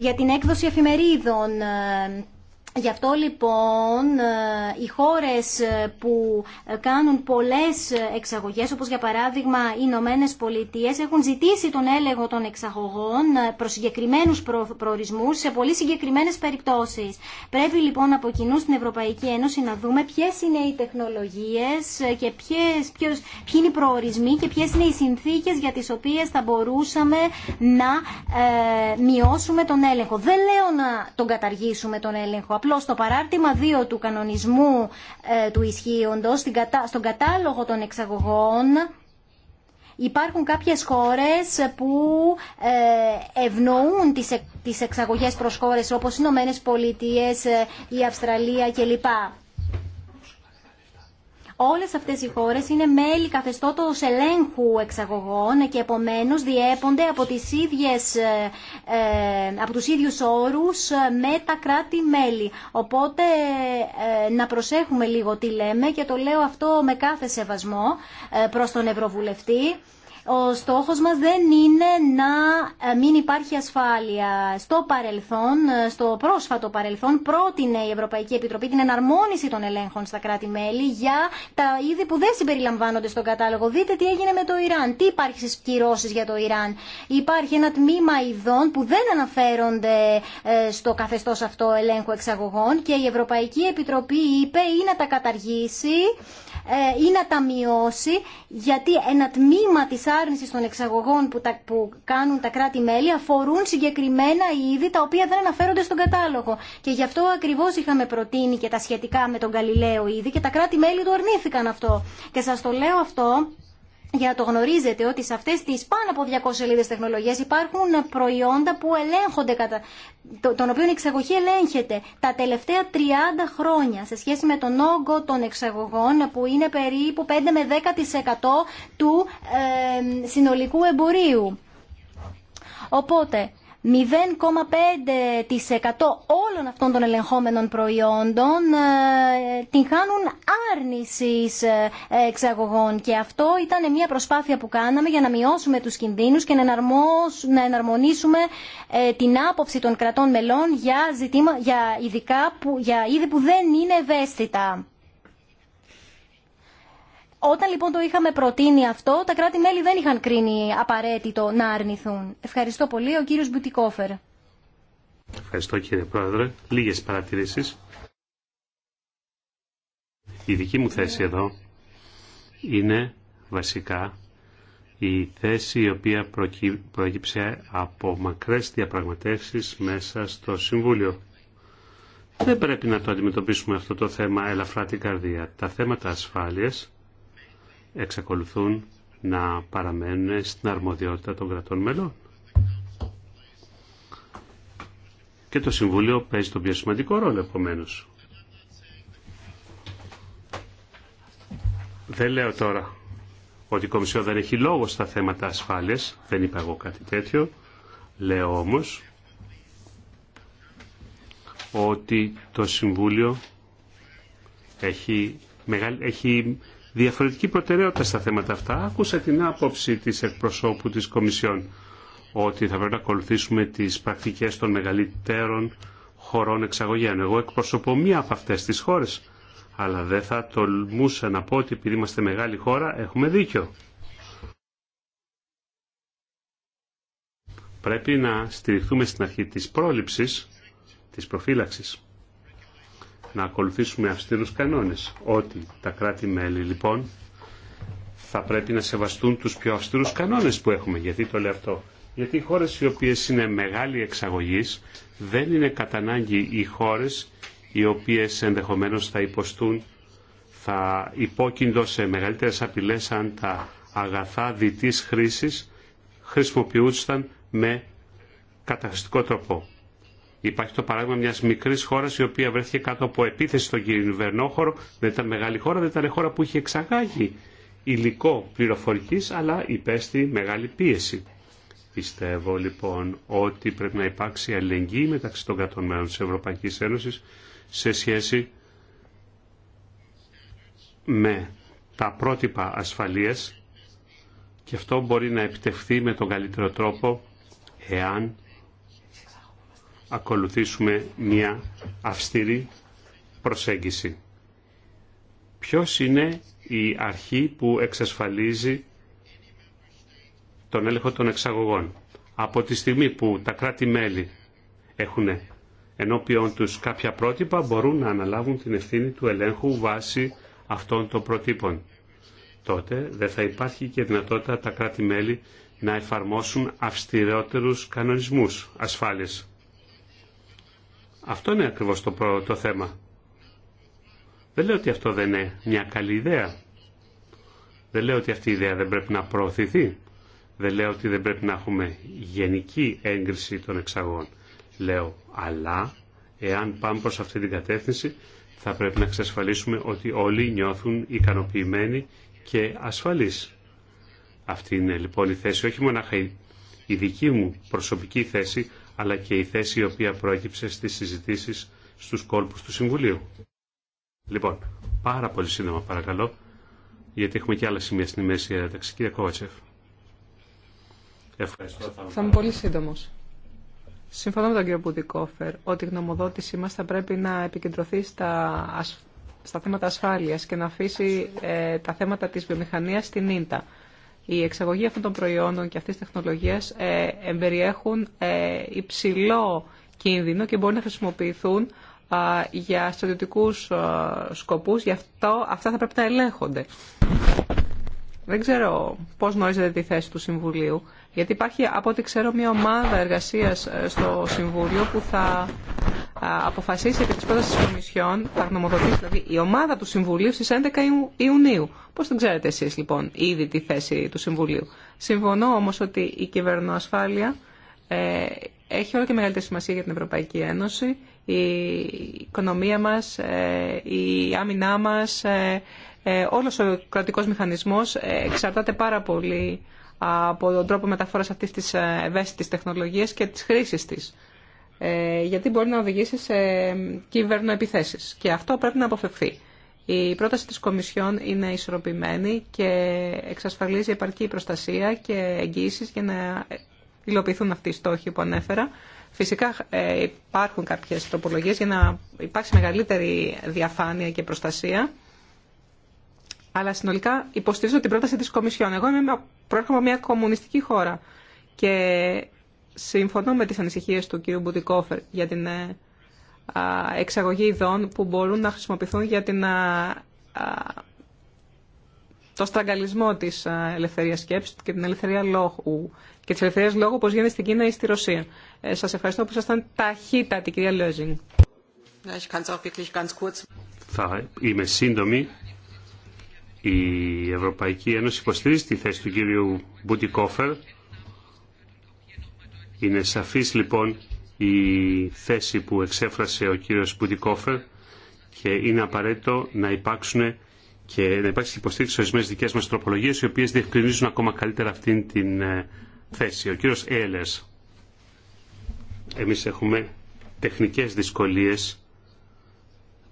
για την έκδοση εφημερίδων ε, Γι' αυτό λοιπόν ε, οι χώρες ε, που ε, κάνουν πολλές εξαγωγές, όπως για παράδειγμα οι Ηνωμένε Πολιτείες, έχουν ζητήσει τον έλεγχο των εξαγωγών προς συγκεκριμένους προορισμούς σε πολύ συγκεκριμένες περιπτώσεις. Πρέπει λοιπόν από κοινού στην Ευρωπαϊκή Ένωση να δούμε ποιες είναι οι τεχνολογίες και ποιες, ποιοι είναι οι προορισμοί και ποιες είναι οι συνθήκες για τις οποίες θα μπορούσαμε να μειώσουμε τον έλεγχο. Δεν λέω να τον καταργήσουμε τον έλεγχο Απλώ, στο παράρτημα 2 του κανονισμού ε, του ισχύοντος, στον κατάλογο των εξαγωγών, Υπάρχουν κάποιες χώρες που ε, ευνοούν τις εξαγωγές προς χώρες όπως οι Ηνωμένες Πολιτείες, ε, η Αυστραλία κλπ όλες αυτές οι χώρες είναι μέλη καθεστώτος ελέγχου εξαγωγών και επομένω διέπονται από, τις ίδιες, ε, ε, από τους ίδιους όρους ε, με τα κράτη-μέλη. Οπότε να προσέχουμε λίγο τι λέμε και το λέω αυτό με κάθε σεβασμό προ τον Ευρωβουλευτή. Ο στόχος μας δεν είναι να ε, μην υπάρχει ασφάλεια. Στο παρελθόν, ε, στο πρόσφατο παρελθόν, πρότεινε η Ευρωπαϊκή Επιτροπή την εναρμόνιση των ελέγχων στα κράτη-μέλη για τα είδη που δεν συμπεριλαμβάνονται στον κατάλογο. Δείτε τι έγινε με το Ιράν. Τι υπάρχει στις κυρώσεις για το Ιράν. Υπάρχει ένα τμήμα ειδών που δεν αναφέρονται ε, στο καθεστώς αυτό ελέγχου εξαγωγών και η Ευρωπαϊκή Επιτροπή είπε ή να τα καταργήσει ή να τα μειώσει γιατί ένα τμήμα της εξάρνησης των εξαγωγών που, που κάνουν τα κράτη-μέλη αφορούν συγκεκριμένα είδη τα οποία δεν αναφέρονται στον κατάλογο. Και γι' αυτό ακριβώ είχαμε προτείνει και τα σχετικά με τον Γαλιλαίο είδη και τα κράτη-μέλη το αρνήθηκαν αυτό. Και σα το λέω αυτό για να το γνωρίζετε ότι σε αυτές τις πάνω από 200 σελίδες τεχνολογίας υπάρχουν προϊόντα που ελέγχονται, κατά, τον οποίο η εξαγωγή ελέγχεται τα τελευταία 30 χρόνια σε σχέση με τον όγκο των εξαγωγών που είναι περίπου 5 με 10% του ε, συνολικού εμπορίου. Οπότε, 0,5% όλων αυτών των ελεγχόμενων προϊόντων ε, την χάνουν άρνησης ε, εξαγωγών και αυτό ήταν μια προσπάθεια που κάναμε για να μειώσουμε τους κινδύνους και να εναρμονίσουμε ε, την άποψη των κρατών μελών για, ζητήμα, για, ειδικά, για είδη που δεν είναι ευαίσθητα. Όταν λοιπόν το είχαμε προτείνει αυτό, τα κράτη-μέλη δεν είχαν κρίνει απαραίτητο να αρνηθούν. Ευχαριστώ πολύ. Ο κύριος Μπουτικόφερ. Ευχαριστώ κύριε Πρόεδρε. Λίγες παρατηρήσεις. Η δική μου θέση εδώ είναι βασικά η θέση η οποία προέκυψε από μακρές διαπραγματεύσεις μέσα στο Συμβούλιο. Δεν πρέπει να το αντιμετωπίσουμε αυτό το θέμα ελαφρά την καρδία. Τα θέματα ασφάλειας εξακολουθούν να παραμένουν στην αρμοδιότητα των κρατών μελών. Και το Συμβούλιο παίζει τον πιο σημαντικό ρόλο επομένω. Δεν λέω τώρα ότι η Κομισιόν δεν έχει λόγο στα θέματα ασφάλειας, δεν είπα εγώ κάτι τέτοιο. Λέω όμως ότι το Συμβούλιο έχει, μεγάλη, έχει διαφορετική προτεραιότητα στα θέματα αυτά. Άκουσα την άποψη της εκπροσώπου της Κομισιόν ότι θα πρέπει να ακολουθήσουμε τις πρακτικές των μεγαλύτερων χωρών εξαγωγέων. Εγώ εκπροσωπώ μία από αυτές τις χώρες, αλλά δεν θα τολμούσα να πω ότι επειδή είμαστε μεγάλη χώρα έχουμε δίκιο. Πρέπει να στηριχθούμε στην αρχή της πρόληψης, της προφύλαξης να ακολουθήσουμε αυστηρούς κανόνες, ότι τα κράτη-μέλη λοιπόν θα πρέπει να σεβαστούν τους πιο αυστηρούς κανόνες που έχουμε. Γιατί το λέω αυτό. Γιατί οι χώρες οι οποίες είναι μεγάλη εξαγωγής δεν είναι κατά ανάγκη οι χώρες οι οποίες ενδεχομένως θα υποστούν, θα υπόκεινται σε μεγαλύτερες απειλές αν τα αγαθά διτής χρήσης χρησιμοποιούσαν με καταχρηστικό τρόπο. Υπάρχει το παράδειγμα μια μικρή χώρα η οποία βρέθηκε κάτω από επίθεση στον κυβερνόχωρο. Δεν ήταν μεγάλη χώρα, δεν ήταν χώρα που είχε εξαγάγει υλικό πληροφορική, αλλά υπέστη μεγάλη πίεση. Πιστεύω λοιπόν ότι πρέπει να υπάρξει αλληλεγγύη μεταξύ των κρατών μέλων τη Ευρωπαϊκή Ένωση σε σχέση με τα πρότυπα ασφαλείας και αυτό μπορεί να επιτευχθεί με τον καλύτερο τρόπο εάν ακολουθήσουμε μια αυστηρή προσέγγιση. Ποιος είναι η αρχή που εξασφαλίζει τον έλεγχο των εξαγωγών. Από τη στιγμή που τα κράτη-μέλη έχουν ενώπιον τους κάποια πρότυπα, μπορούν να αναλάβουν την ευθύνη του ελέγχου βάσει αυτών των προτύπων. Τότε δεν θα υπάρχει και δυνατότητα τα κράτη-μέλη να εφαρμόσουν αυστηρότερους κανονισμούς ασφάλειας. Αυτό είναι ακριβώς το, το θέμα. Δεν λέω ότι αυτό δεν είναι μια καλή ιδέα. Δεν λέω ότι αυτή η ιδέα δεν πρέπει να προωθηθεί. Δεν λέω ότι δεν πρέπει να έχουμε γενική έγκριση των εξαγών. Λέω, αλλά εάν πάμε προς αυτή την κατεύθυνση θα πρέπει να εξασφαλίσουμε ότι όλοι νιώθουν ικανοποιημένοι και ασφαλείς. Αυτή είναι λοιπόν η θέση, όχι μόνο η δική μου προσωπική θέση, αλλά και η θέση η οποία προέκυψε στις συζητήσεις στους κόλπους του Συμβουλίου. Λοιπόν, πάρα πολύ σύντομα παρακαλώ, γιατί έχουμε και άλλα σημεία στην μέση ένταξη. Κύριε Κόβατσεφ. Ευχαριστώ. Θα είμαι πολύ σύντομο. Συμφωνώ με τον κύριο Μπουτικόφερ ότι η γνωμοδότησή μα θα πρέπει να επικεντρωθεί στα, στα θέματα ασφάλεια και να αφήσει ε, τα θέματα τη βιομηχανία στην ίντα. Η εξαγωγή αυτών των προϊόντων και αυτής της τεχνολογίας ε, εμπεριέχουν ε, υψηλό κίνδυνο και μπορεί να χρησιμοποιηθούν για στρατιωτικούς σκοπούς. Γι' αυτό αυτά θα πρέπει να ελέγχονται. Δεν ξέρω πώ γνωρίζετε τη θέση του Συμβουλίου, γιατί υπάρχει από ό,τι ξέρω μια ομάδα εργασία ε, στο Συμβούλιο που θα ε, αποφασίσει επί τη πρόταση της Κομισιόν, θα γνωμοδοτήσει δηλαδή η ομάδα του Συμβουλίου στι 11 Ιουνίου. Πώ την ξέρετε εσεί, λοιπόν ήδη τη θέση του Συμβουλίου. Συμφωνώ όμω ότι η κυβερνοασφάλεια ε, έχει όλο και μεγαλύτερη σημασία για την Ευρωπαϊκή Ένωση, η οικονομία μας, ε, η άμυνά μας, ε, όλος ο κρατικός μηχανισμός ε, εξαρτάται πάρα πολύ από τον τρόπο μεταφοράς αυτής της ε, ευαίσθητης τεχνολογίας και της χρήσης της. γιατί μπορεί να οδηγήσει σε κυβέρνο επιθέσεις. Και αυτό πρέπει να αποφευθεί. Η πρόταση της Κομισιόν είναι ισορροπημένη και εξασφαλίζει επαρκή προστασία και εγγύησεις για να υλοποιηθούν αυτοί οι στόχοι που ανέφερα. Φυσικά υπάρχουν κάποιες τροπολογίες για να υπάρξει μεγαλύτερη διαφάνεια και προστασία αλλά συνολικά υποστηρίζω την πρόταση τη Κομισιόν. Εγώ είμαι, προέρχομαι από μια κομμουνιστική χώρα και συμφωνώ με τι ανησυχίε του κ. Μπουτικόφερ για την ε, εξαγωγή ειδών που μπορούν να χρησιμοποιηθούν για την, το στραγγαλισμό της ε, ελευθερίας σκέψης και την ελευθερία λόγου και τη ελευθερίας λόγου όπως γίνεται στην Κίνα ή στη Ρωσία. Ε, ευχαριστώ που ήσασταν ταχύτατη κυρία Λέζινγκ. Θα είμαι σύντομη η Ευρωπαϊκή Ένωση υποστηρίζει τη θέση του κύριου Μπουτικόφερ. Είναι σαφής λοιπόν η θέση που εξέφρασε ο κύριος Μπουτικόφερ και είναι απαραίτητο να υπάρξουν και να υπάρξει υποστήριξη ορισμένε δικέ μα τροπολογίε, οι οποίε διευκρινίζουν ακόμα καλύτερα αυτήν την ε, θέση. Ο κύριο Έλε. Εμεί έχουμε τεχνικέ δυσκολίε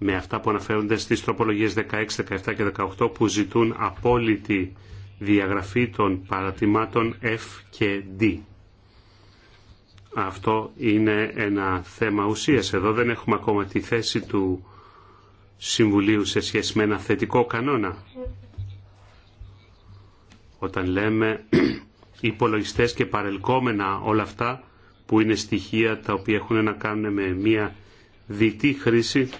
με αυτά που αναφέρονται στις τροπολογίες 16, 17 και 18 που ζητούν απόλυτη διαγραφή των παρατημάτων F και D. Αυτό είναι ένα θέμα ουσίας. Εδώ δεν έχουμε ακόμα τη θέση του Συμβουλίου σε σχέση με ένα θετικό κανόνα. Όταν λέμε [CLEARS THROAT] υπολογιστές και παρελκόμενα όλα αυτά που είναι στοιχεία τα οποία έχουν να κάνουν με μια διτή χρήση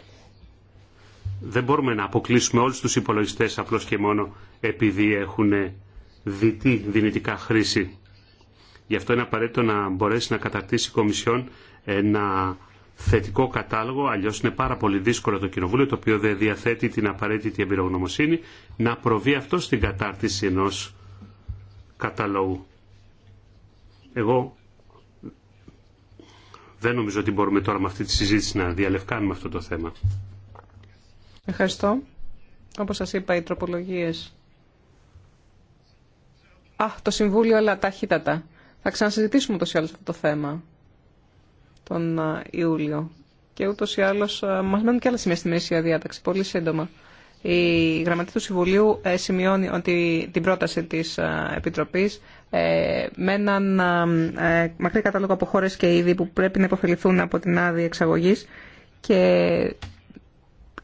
δεν μπορούμε να αποκλείσουμε όλους τους υπολογιστές απλώς και μόνο επειδή έχουν δίτη δυνητικά χρήση. Γι' αυτό είναι απαραίτητο να μπορέσει να καταρτήσει η Κομισιόν ένα θετικό κατάλογο, αλλιώς είναι πάρα πολύ δύσκολο το Κοινοβούλιο, το οποίο δεν διαθέτει την απαραίτητη εμπειρογνωμοσύνη, να προβεί αυτό στην κατάρτιση ενός καταλόγου. Εγώ δεν νομίζω ότι μπορούμε τώρα με αυτή τη συζήτηση να διαλευκάνουμε αυτό το θέμα. Ευχαριστώ. Όπως σας είπα, οι τροπολογίες... Α, το Συμβούλιο, αλλά ταχύτατα. Θα ξανασυζητήσουμε ούτως ή άλλως αυτό το θέμα τον Ιούλιο. Και ούτως ή άλλως μας μένουν και άλλα σημεία στη μέση διάταξη, πολύ σύντομα. Η Γραμματεία του Συμβουλίου ε, σημειώνει ότι την πρόταση της Επιτροπής ε, με έναν ε, μακρύ κατάλογο από χώρε και είδη που πρέπει να υποφεληθούν από την άδεια εξαγωγής και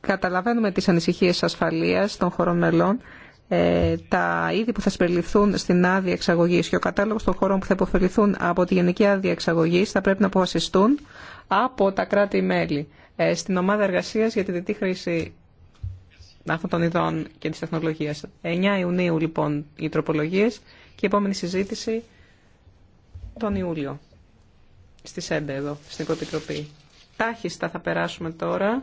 Καταλαβαίνουμε τις ανησυχίες ασφαλείας των χωρών μελών, ε, τα είδη που θα συμπεριληφθούν στην άδεια εξαγωγή και ο κατάλογος των χωρών που θα υποφεληθούν από τη Γενική Άδεια Εξαγωγή θα πρέπει να αποφασιστούν από τα κράτη-μέλη ε, στην ομάδα εργασίας για τη διτή χρήση αυτών των ειδών και της τεχνολογίας. 9 Ιουνίου λοιπόν οι τροπολογίε και η επόμενη συζήτηση τον Ιούλιο στις 11 εδώ στην Υποεπιτροπή. Τάχιστα θα περάσουμε τώρα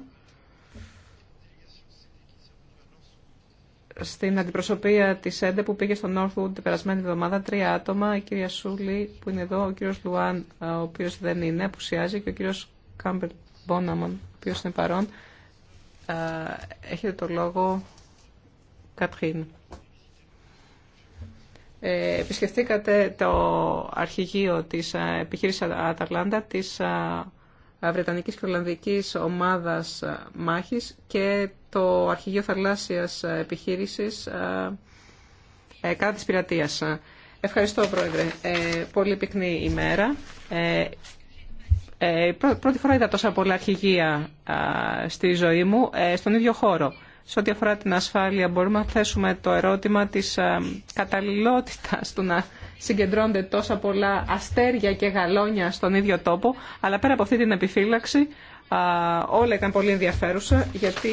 στην αντιπροσωπεία τη ΕΝΤΕ που πήγε στο Northwood την περασμένη εβδομάδα τρία άτομα, η κυρία Σούλη που είναι εδώ, ο κύριος Λουάν ο οποίος δεν είναι, απουσιάζει και ο κύριος Κάμπερ Μπόναμον ο οποίος είναι παρόν. Έχετε το λόγο, Κατρίν. Ε, επισκεφτήκατε το αρχηγείο της ε, επιχείρησης Αταρλάντα της ε, Βρετανικής και Ολλανδικής ομάδας ε, μάχης και το Αρχηγείο Θαλάσσιας ε, Επιχείρησης ε, ε, κατά της πειρατείας. Ευχαριστώ, Πρόεδρε. πολύ πυκνή ημέρα. πρώτη φορά είδα τόσα πολλά αρχηγεία στη ζωή μου στον ίδιο χώρο. Σε ό,τι αφορά την ασφάλεια μπορούμε να θέσουμε το ερώτημα της καταλληλότητας του να συγκεντρώνται τόσα πολλά αστέρια και γαλόνια στον ίδιο τόπο, αλλά πέρα από αυτή την επιφύλαξη όλα ήταν πολύ ενδιαφέρουσα γιατί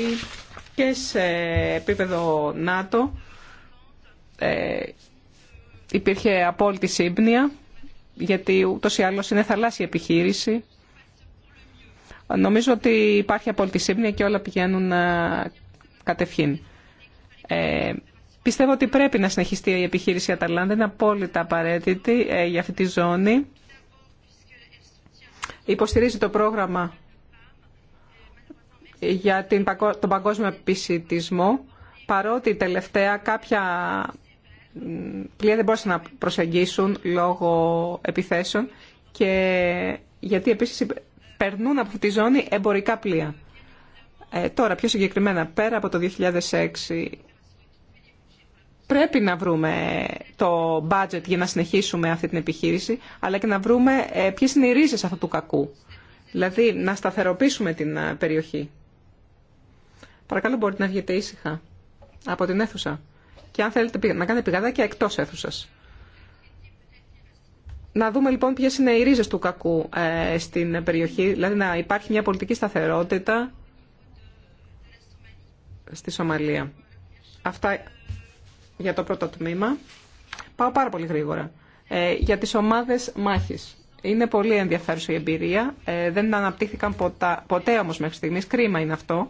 και σε επίπεδο ΝΑΤΟ ε, υπήρχε απόλυτη σύμπνοια γιατί ούτως ή άλλως είναι θαλάσσια επιχείρηση. Νομίζω ότι υπάρχει απόλυτη σύμπνοια και όλα πηγαίνουν κατευχήν. Ε, πιστεύω ότι πρέπει να συνεχιστεί η επιχείρηση Αταλάντα, είναι απόλυτα απαραίτητη ε, για αυτή τη ζώνη. Υποστηρίζει το πρόγραμμα για τον παγκόσμιο επισητισμό, παρότι τελευταία κάποια πλοία δεν μπορούσαν να προσεγγίσουν λόγω επιθέσεων και γιατί επίσης περνούν από αυτή τη ζώνη εμπορικά πλοία. Ε, τώρα, πιο συγκεκριμένα, πέρα από το 2006, πρέπει να βρούμε το budget για να συνεχίσουμε αυτή την επιχείρηση, αλλά και να βρούμε ε, ποιες είναι οι ρίζες αυτού του κακού. Δηλαδή, να σταθεροποιήσουμε την ε, περιοχή. Παρακαλώ μπορείτε να βγείτε ήσυχα από την αίθουσα. Και αν θέλετε να κάνετε πηγαδάκια εκτός αίθουσα. Να δούμε λοιπόν ποιε είναι οι ρίζε του κακού ε, στην περιοχή. Δηλαδή να υπάρχει μια πολιτική σταθερότητα στη Σομαλία. Αυτά για το πρώτο τμήμα. Πάω πάρα πολύ γρήγορα. Ε, για τις ομάδες μάχης. Είναι πολύ ενδιαφέρουσα η εμπειρία. Ε, δεν αναπτύχθηκαν ποτέ όμως μέχρι στιγμής. Κρίμα είναι αυτό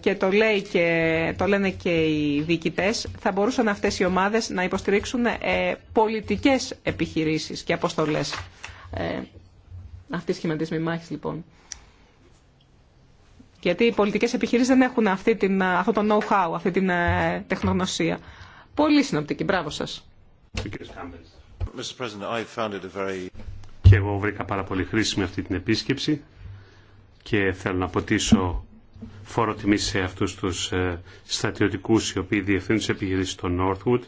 και το, και, το λένε και οι διοικητές, θα μπορούσαν αυτές οι ομάδες να υποστηρίξουν ε, πολιτικές επιχειρήσεις και αποστολές. Ε, αυτή η σχηματισμή μάχης λοιπόν. Γιατί οι πολιτικές επιχειρήσεις δεν έχουν αυτή την, αυτό το know-how, αυτή την ε, τεχνογνωσία. Πολύ συνοπτική. Μπράβο σας. Και εγώ βρήκα πάρα πολύ χρήσιμη αυτή την επίσκεψη και θέλω να αποτίσω φόρο τιμή σε αυτούς τους ε, στρατιωτικούς οι οποίοι διευθύνουν τι επιχειρήσεις στο Northwood.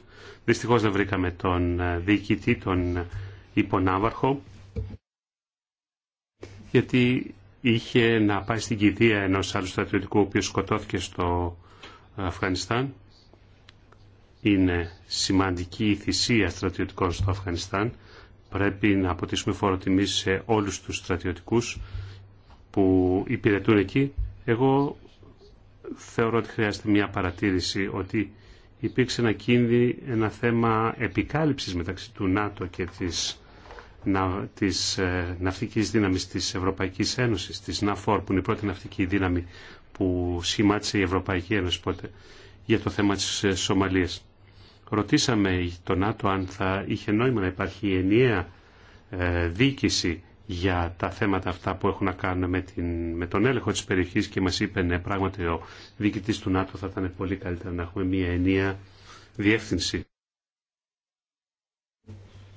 Δυστυχώς δεν βρήκαμε τον ε, διοικητή, τον ε, υπονάβαρχο, γιατί είχε να πάει στην κηδεία ενός άλλου στρατιωτικού ο οποίος σκοτώθηκε στο Αφγανιστάν. Είναι σημαντική η θυσία στρατιωτικών στο Αφγανιστάν. Πρέπει να αποτίσουμε φοροτιμή σε όλους τους στρατιωτικούς που υπηρετούν εκεί εγώ θεωρώ ότι χρειάζεται μια παρατήρηση ότι υπήρξε ένα κίνδυνο, ένα θέμα επικάλυψης μεταξύ του ΝΑΤΟ και της, να, της ε, ναυτικής δύναμης της Ευρωπαϊκής Ένωσης, της ΝΑΦΟΡ, που είναι η πρώτη ναυτική δύναμη που σχημάτισε η Ευρωπαϊκή Ένωση πότε, για το θέμα της ε, Σομαλίας. Ρωτήσαμε το ΝΑΤΟ αν θα είχε νόημα να υπάρχει ενιαία ε, δίκηση για τα θέματα αυτά που έχουν να κάνουν με, την, με τον έλεγχο της περιοχής και μας είπε ναι, πράγματι ο διοικητής του ΝΑΤΟ θα ήταν πολύ καλύτερα να έχουμε μια ενία διεύθυνση.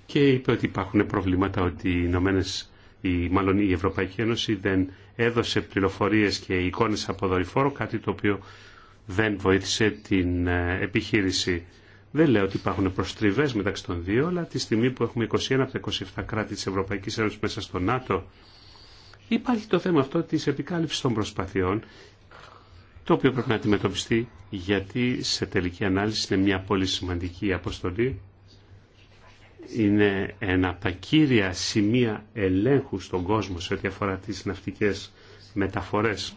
Και είπε ότι υπάρχουν προβλήματα ότι οι Ηνωμένες, η, μάλλον η Ευρωπαϊκή Ένωση δεν έδωσε πληροφορίες και εικόνες από δορυφόρο, κάτι το οποίο δεν βοήθησε την ε, επιχείρηση δεν λέω ότι υπάρχουν προστριβέ μεταξύ των δύο, αλλά τη στιγμή που έχουμε 21 από τα 27 κράτη τη Ευρωπαϊκή Ένωση μέσα στο ΝΑΤΟ, υπάρχει το θέμα αυτό τη επικάλυψη των προσπαθειών, το οποίο πρέπει να αντιμετωπιστεί, γιατί σε τελική ανάλυση είναι μια πολύ σημαντική αποστολή. Είναι ένα από τα κύρια σημεία ελέγχου στον κόσμο σε ό,τι αφορά τι ναυτικέ μεταφορές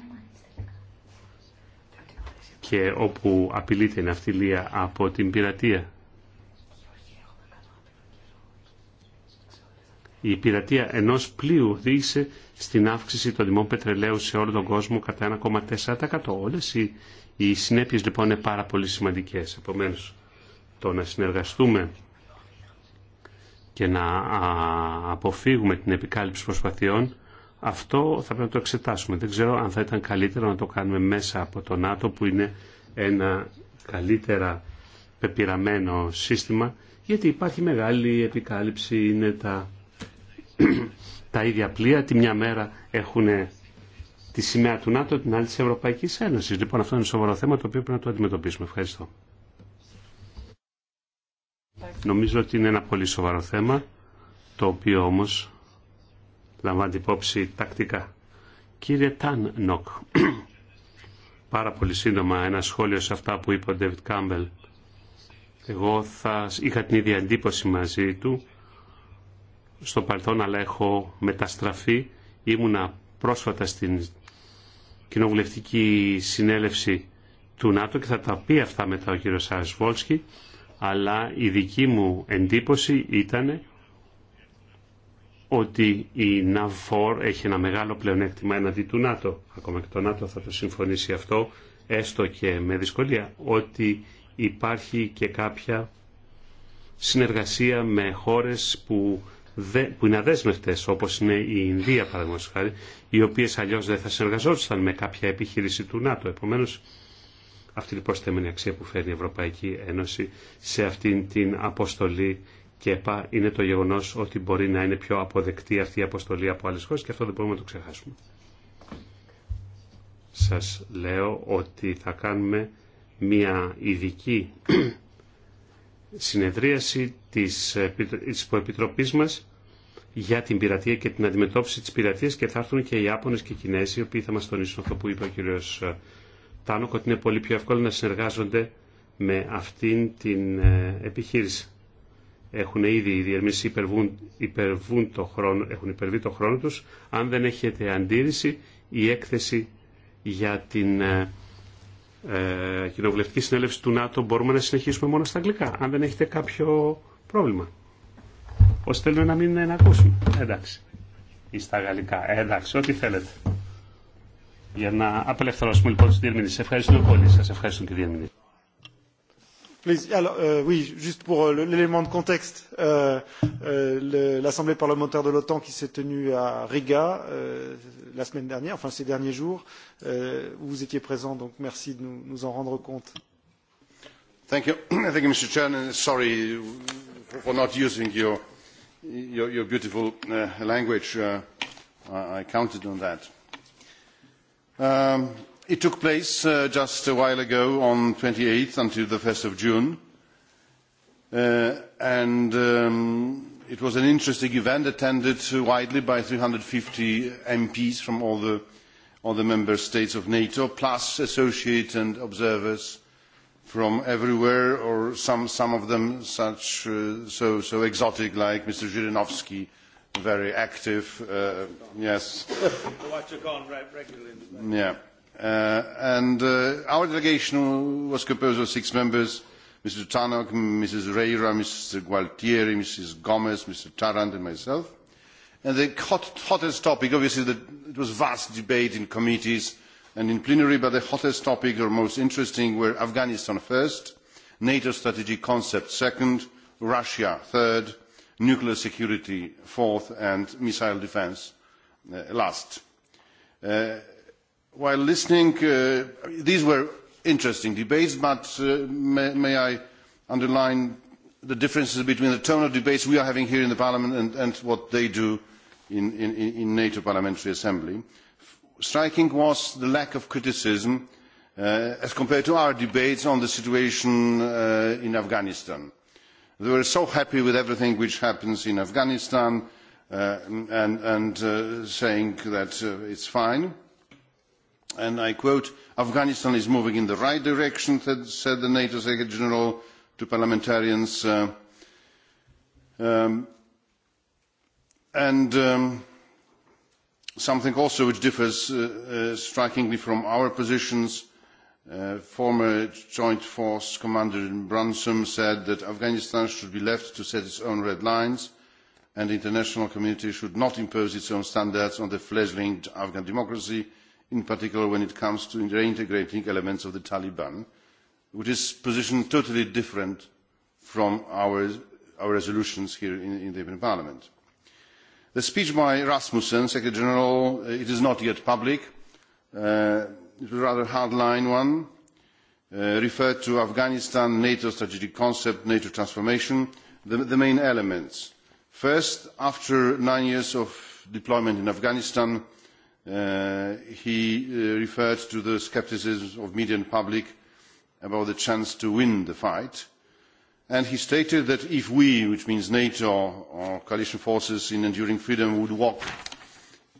και όπου απειλείται η ναυτιλία από την πειρατεία. Η πειρατεία ενός πλοίου οδήγησε στην αύξηση των τιμών πετρελαίου σε όλο τον κόσμο κατά 1,4%. Όλες οι, οι συνέπειες λοιπόν είναι πάρα πολύ σημαντικές. Επομένως, το να συνεργαστούμε και να αποφύγουμε την επικάλυψη προσπαθειών αυτό θα πρέπει να το εξετάσουμε. Δεν ξέρω αν θα ήταν καλύτερο να το κάνουμε μέσα από το ΝΑΤΟ που είναι ένα καλύτερα πεπειραμένο σύστημα γιατί υπάρχει μεγάλη επικάλυψη, είναι τα, [CLEARS THROAT] τα ίδια πλοία. Τη μια μέρα έχουν τη σημαία του ΝΑΤΟ, την άλλη της Ευρωπαϊκής Ένωσης. Λοιπόν, αυτό είναι σοβαρό θέμα το οποίο πρέπει να το αντιμετωπίσουμε. Ευχαριστώ. Νομίζω ότι είναι ένα πολύ σοβαρό θέμα, το οποίο όμως λαμβάνεται υπόψη τακτικά. Κύριε Ταν Νοκ, [CLEARS THROAT] πάρα πολύ σύντομα ένα σχόλιο σε αυτά που είπε ο Ντέβιτ Κάμπελ. Εγώ θα είχα την ίδια εντύπωση μαζί του στο παρελθόν, αλλά έχω μεταστραφεί. Ήμουνα πρόσφατα στην κοινοβουλευτική συνέλευση του ΝΑΤΟ και θα τα πει αυτά μετά ο κύριος Σαρσβόλσκι, αλλά η δική μου εντύπωση ήταν ότι η ΝΑΒΦΟΡ έχει ένα μεγάλο πλεονέκτημα έναντι του ΝΑΤΟ. Ακόμα και το ΝΑΤΟ θα το συμφωνήσει αυτό, έστω και με δυσκολία, ότι υπάρχει και κάποια συνεργασία με χώρες που, που είναι αδέσμευτες, όπως είναι η Ινδία, παραδείγματος χάρη, οι οποίες αλλιώς δεν θα συνεργαζόντουσαν με κάποια επιχείρηση του ΝΑΤΟ. Επομένως, αυτή είναι η αξία που φέρνει η Ευρωπαϊκή Ένωση σε αυτήν την αποστολή και είναι το γεγονό ότι μπορεί να είναι πιο αποδεκτή αυτή η αποστολή από άλλε χώρε και αυτό δεν μπορούμε να το ξεχάσουμε. Σας λέω ότι θα κάνουμε μια ειδική συνεδρίαση της, της υποεπιτροπής μας για την πειρατεία και την αντιμετώπιση της πειρατείας και θα έρθουν και οι Ιάπωνες και οι Κινέζοι οι οποίοι θα μας τονίσουν αυτό που είπε ο κύριος ε, Τάνοκ ότι είναι πολύ πιο εύκολο να συνεργάζονται με αυτήν την ε, επιχείρηση έχουν ήδη οι διερμηνείς υπερβούν, υπερβούν το χρόνο, έχουν υπερβεί το χρόνο τους. Αν δεν έχετε αντίρρηση, η έκθεση για την ε, ε κοινοβουλευτική συνέλευση του ΝΑΤΟ μπορούμε να συνεχίσουμε μόνο στα αγγλικά, αν δεν έχετε κάποιο πρόβλημα. Όσοι θέλουμε να μην ε, ακούσουμε. Εντάξει. Ή στα γαλλικά. Ε, εντάξει, ό,τι θέλετε. Για να απελευθερώσουμε λοιπόν τις διερμηνείς. Ευχαριστούμε πολύ. Σας ευχαριστούμε και διερμηνείς. Oui, juste pour l'élément de contexte, l'Assemblée parlementaire de l'OTAN qui s'est tenue à Riga la semaine dernière, enfin ces derniers jours, où vous étiez présent, donc merci de nous en rendre compte. It took place just a while ago on 28th until the 1 of June and it was an interesting event attended widely by 350 MPs from all the all member states of NATO plus associates and observers from everywhere or some some of them such so so exotic like Mr. Zhirinovsky very active yes And our delegation was composed of six members, Mr. Tannock, Mrs. Reira, mr Gualtieri, Mrs. Gomez, Mr. Tarand and myself. And the hottest topic, obviously, it was vast debate in committees and in plenary, but the hottest topic or most interesting were Afghanistan first, NATO strategy concept second, Russia third, nuclear security fourth, and missile defence last while listening, these were interesting debates, but may I underline the differences between the tone of debates we are having here in the Parliament and what they do in NATO Parliamentary Assembly. Striking was the lack of criticism as compared to our debates on the situation in Afghanistan. They were so happy with everything which happens in Afghanistan and saying that it's fine and i quote afghanistan is moving in the right direction said the nato secretary general to parliamentarians and something also which differs strikingly from our positions former joint force commander brunsum said that afghanistan should be left to set its own red lines and the international community should not impose its own standards on the fledgling afghan democracy in particular when it comes to reintegrating elements of the Taliban, which is position totally different from our resolutions here in the European Parliament. The speech by Rasmussen, Secretary General, it is not yet public. It was a rather hard-line one, referred to Afghanistan, NATO strategic concept, NATO transformation, the main elements. First, after nine years of deployment in Afghanistan, He referred to the scepticism of media and public about the chance to win the fight, and he stated that if we, which means NATO or coalition forces in enduring freedom, would walk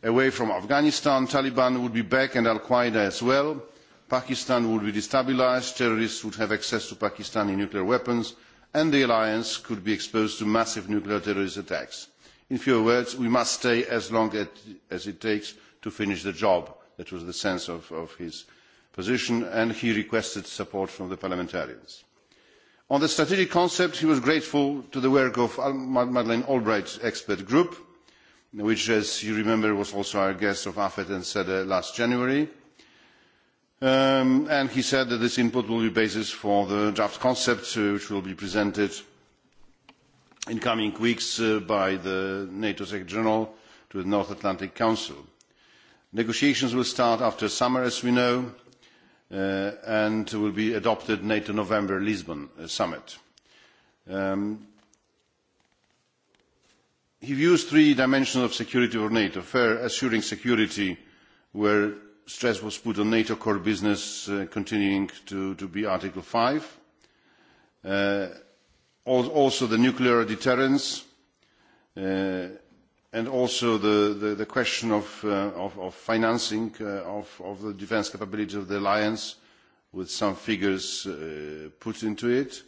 away from Afghanistan, Taliban would be back and Al Qaeda as well. Pakistan would be destabilised, terrorists would have access to Pakistani nuclear weapons, and the alliance could be exposed to massive nuclear terrorist attacks. In fewer words, we must stay as long as it takes to finish the job. That was the sense of his position, and he requested support from the parliamentarians. On the strategic concept, he was grateful to the work of Madeleine Albright's expert group, which, as you remember, was also our guest of AFET and SEDE last January. And he said that this input will be the basis for the draft concept, which will be presented in coming weeks by the NATO Secretary General to the North Atlantic Council. Negotiations will start after summer, as we know, and will be adopted NATO November Lisbon summit. He views three dimensions of security for NATO. Fair, assuring security, where stress was put on NATO core business, continuing to be Article 5. Also the nuclear deterrence and also the question of financing of the defence capabilities of the alliance with some figures put into it.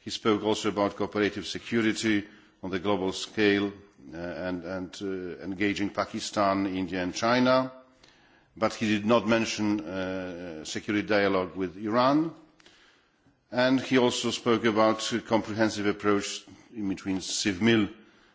He spoke also about cooperative security on the global scale and engaging Pakistan, India and China, but he did not mention security dialogue with Iran. And he also spoke about a comprehensive approach in between CIVMIL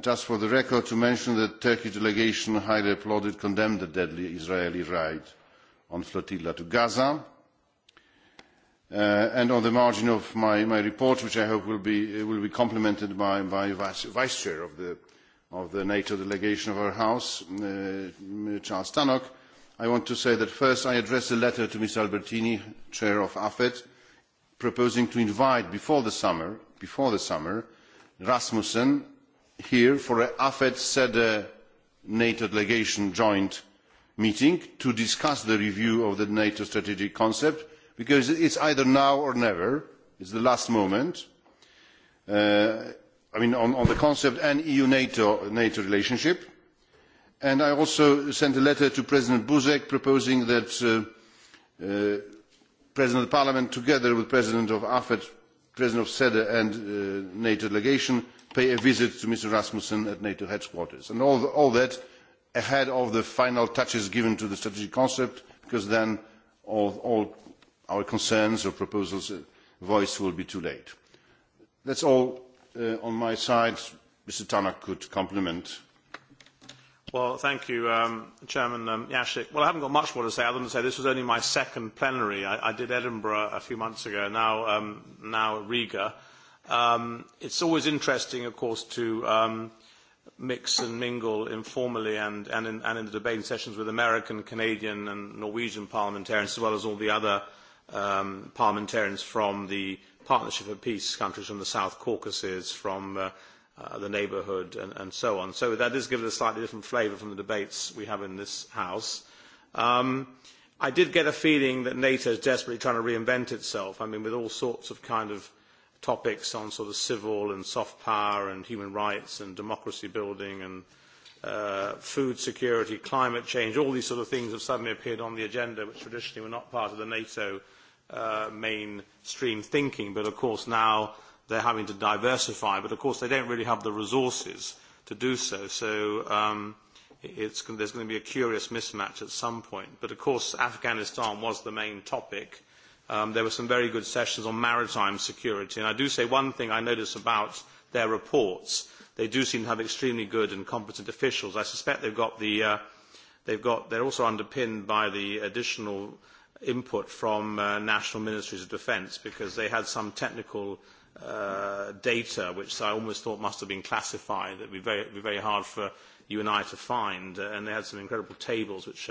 Just for the record, to mention that the Turkish delegation highly applauded, condemned the deadly Israeli raid on flotilla to Gaza. And on the margin of my report, which I hope will be complemented by the Vice Chair of the NATO delegation of our House, Charles Tannock, I want to say that first I addressed a letter to Ms. Albertini, Chair of AFET, proposing to invite before the summer Rasmussen here for an AFET SEDE NATO delegation joint meeting to discuss the review of the NATO strategic concept because it is either now or never. It's is the last moment. I mean, on the concept and EU-NATO relationship. And I also sent a letter to President Buzek proposing that President of Parliament, together with President of AFET, President of SEDE and NATO delegation, pay a visit to Mr Rasmussen at NATO headquarters. And all that ahead of the final touches given to the strategic concept, because then all our concerns or proposals voiced will be too late. That's all on my side. Mr Tannock could compliment. Well, thank you, Chairman Yashik. Well, I haven't got much more to say other than to say this was only my second plenary. I did Edinburgh a few months ago, now Riga It's always interesting, of course, to mix and mingle informally and in the debate sessions with American, Canadian and Norwegian parliamentarians, as well as all the other parliamentarians from the Partnership for Peace countries, from the South Caucasus, from the neighbourhood and so on. So that does give it a slightly different flavour from the debates we have in this House. I did get a feeling that NATO is desperately trying to reinvent itself. I mean, with all sorts of kind of topics on sort of civil and soft power and human rights and democracy building and food security, climate change, all these sort of things have suddenly appeared on the agenda, which traditionally were not part of the NATO mainstream thinking. But, of course, now they're having to diversify. But, of course, they don't really have the resources to do so. So there's going to be a curious mismatch at some point. But, of course, Afghanistan was the main topic there were some very good sessions on maritime security. And I do say one thing I notice about their reports. They do seem to have extremely good and competent officials. I suspect they've got the, they've got, they're also underpinned by the additional input from national ministries of defence because they had some technical data which I almost thought must have been classified. It would be very hard for you and I to find. And they had some incredible tables which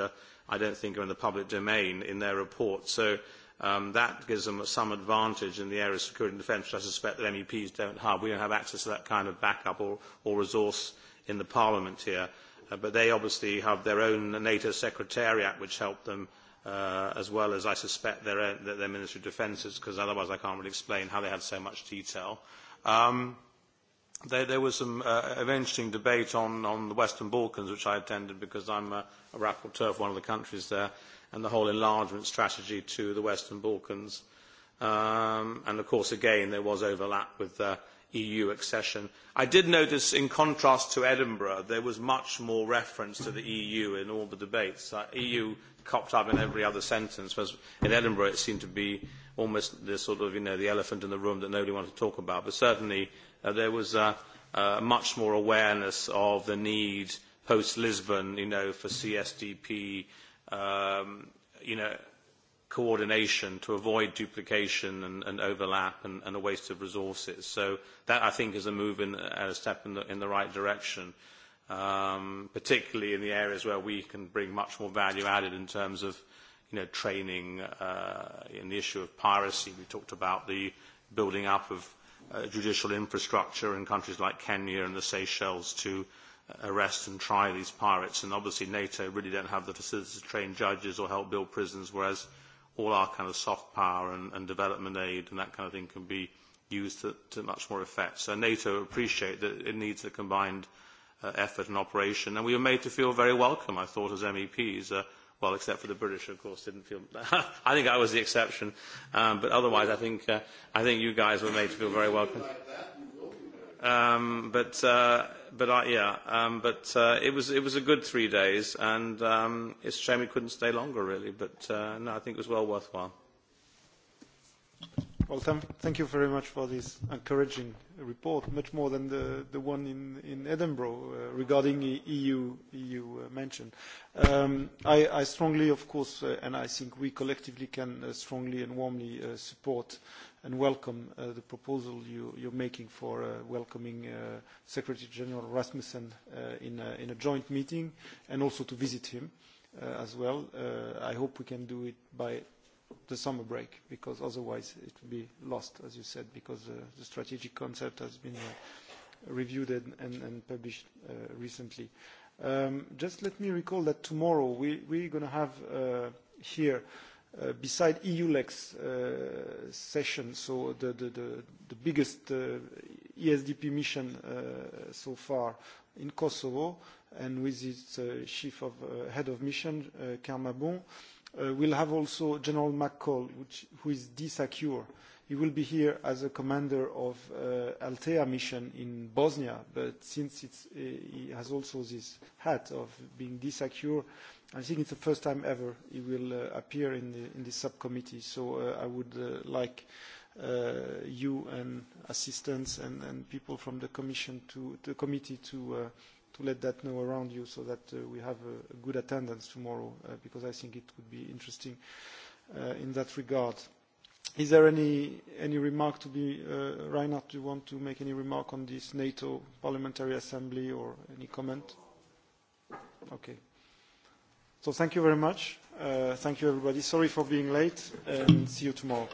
I don't think are in the public domain in their reports. That gives them some advantage in the area of security and defence, which I suspect that MEPs don't have. We don't have access to that kind of backup or resource in the Parliament here. But they obviously have their own NATO Secretariat, which helped them, as well as, I suspect, their Ministry of Defences, because otherwise I can't really explain how they have so much detail. There was some interesting debate on the Western Balkans, which I attended because I'm a rapporteur for one of the countries there and the whole enlargement strategy to the Western Balkans. And, of course, again, there was overlap with EU accession. I did notice, in contrast to Edinburgh, there was much more reference to the EU in all the debates. EU copped up in every other sentence, whereas in Edinburgh it seemed to be almost the sort of, you know, the elephant in the room that nobody wanted to talk about. But certainly there was much more awareness of the need post Lisbon, you know, for CSDP coordination to avoid duplication and overlap and a waste of resources. So that, I think, is a move and a step in the right direction, particularly in the areas where we can bring much more value added in terms of, training in the issue of piracy. We talked about the building up of judicial infrastructure in countries like Kenya and the Seychelles to arrest and try these pirates. And obviously NATO really don't have the facilities to train judges or help build prisons, whereas all our kind of soft power and development aid and that kind of thing can be used to much more effect. So NATO appreciate that it needs a combined effort and operation. And we were made to feel very welcome, I thought, as MEPs. Well, except for the British, of course, didn't feel. I think I was the exception. But otherwise, I think you guys were made to feel very welcome. But but yeah, um but it was it was a good three days, and it's a shame we couldn't stay longer, really. But no, I think it was well worthwhile. Well, thank you very much for this encouraging report, much more than the the one in in Edinburgh regarding EU EU mention. I strongly, of course, and I think we collectively can strongly and warmly support and welcome the proposal you you're making for welcoming Secretary General Rasmussen in a joint meeting and also to visit him as well. I hope we can do it by the summer break because otherwise it will be lost, as you said, because the strategic concept has been reviewed and published recently. Just let me recall that tomorrow we we're going to have here beside EULEX session, so the biggest ESDP mission so far in Kosovo, and with its chief of head of mission, Kermabon, we'll have also General McCall, who is secure. He will be here as a commander of Altea mission in Bosnia, but since he has also this hat of being secure I think it's the first time ever he will appear in the in this subcommittee. So I would like you and assistants and people from the Commission to the committee to to let that know around you so that we have a good attendance tomorrow because I think it would be interesting in that regard. Is there any any remark to be Reinhard, do you want to make any remark on this NATO Parliamentary Assembly or any comment? Okay. So thank you very much. Thank you, everybody. Sorry for being late, and see you tomorrow.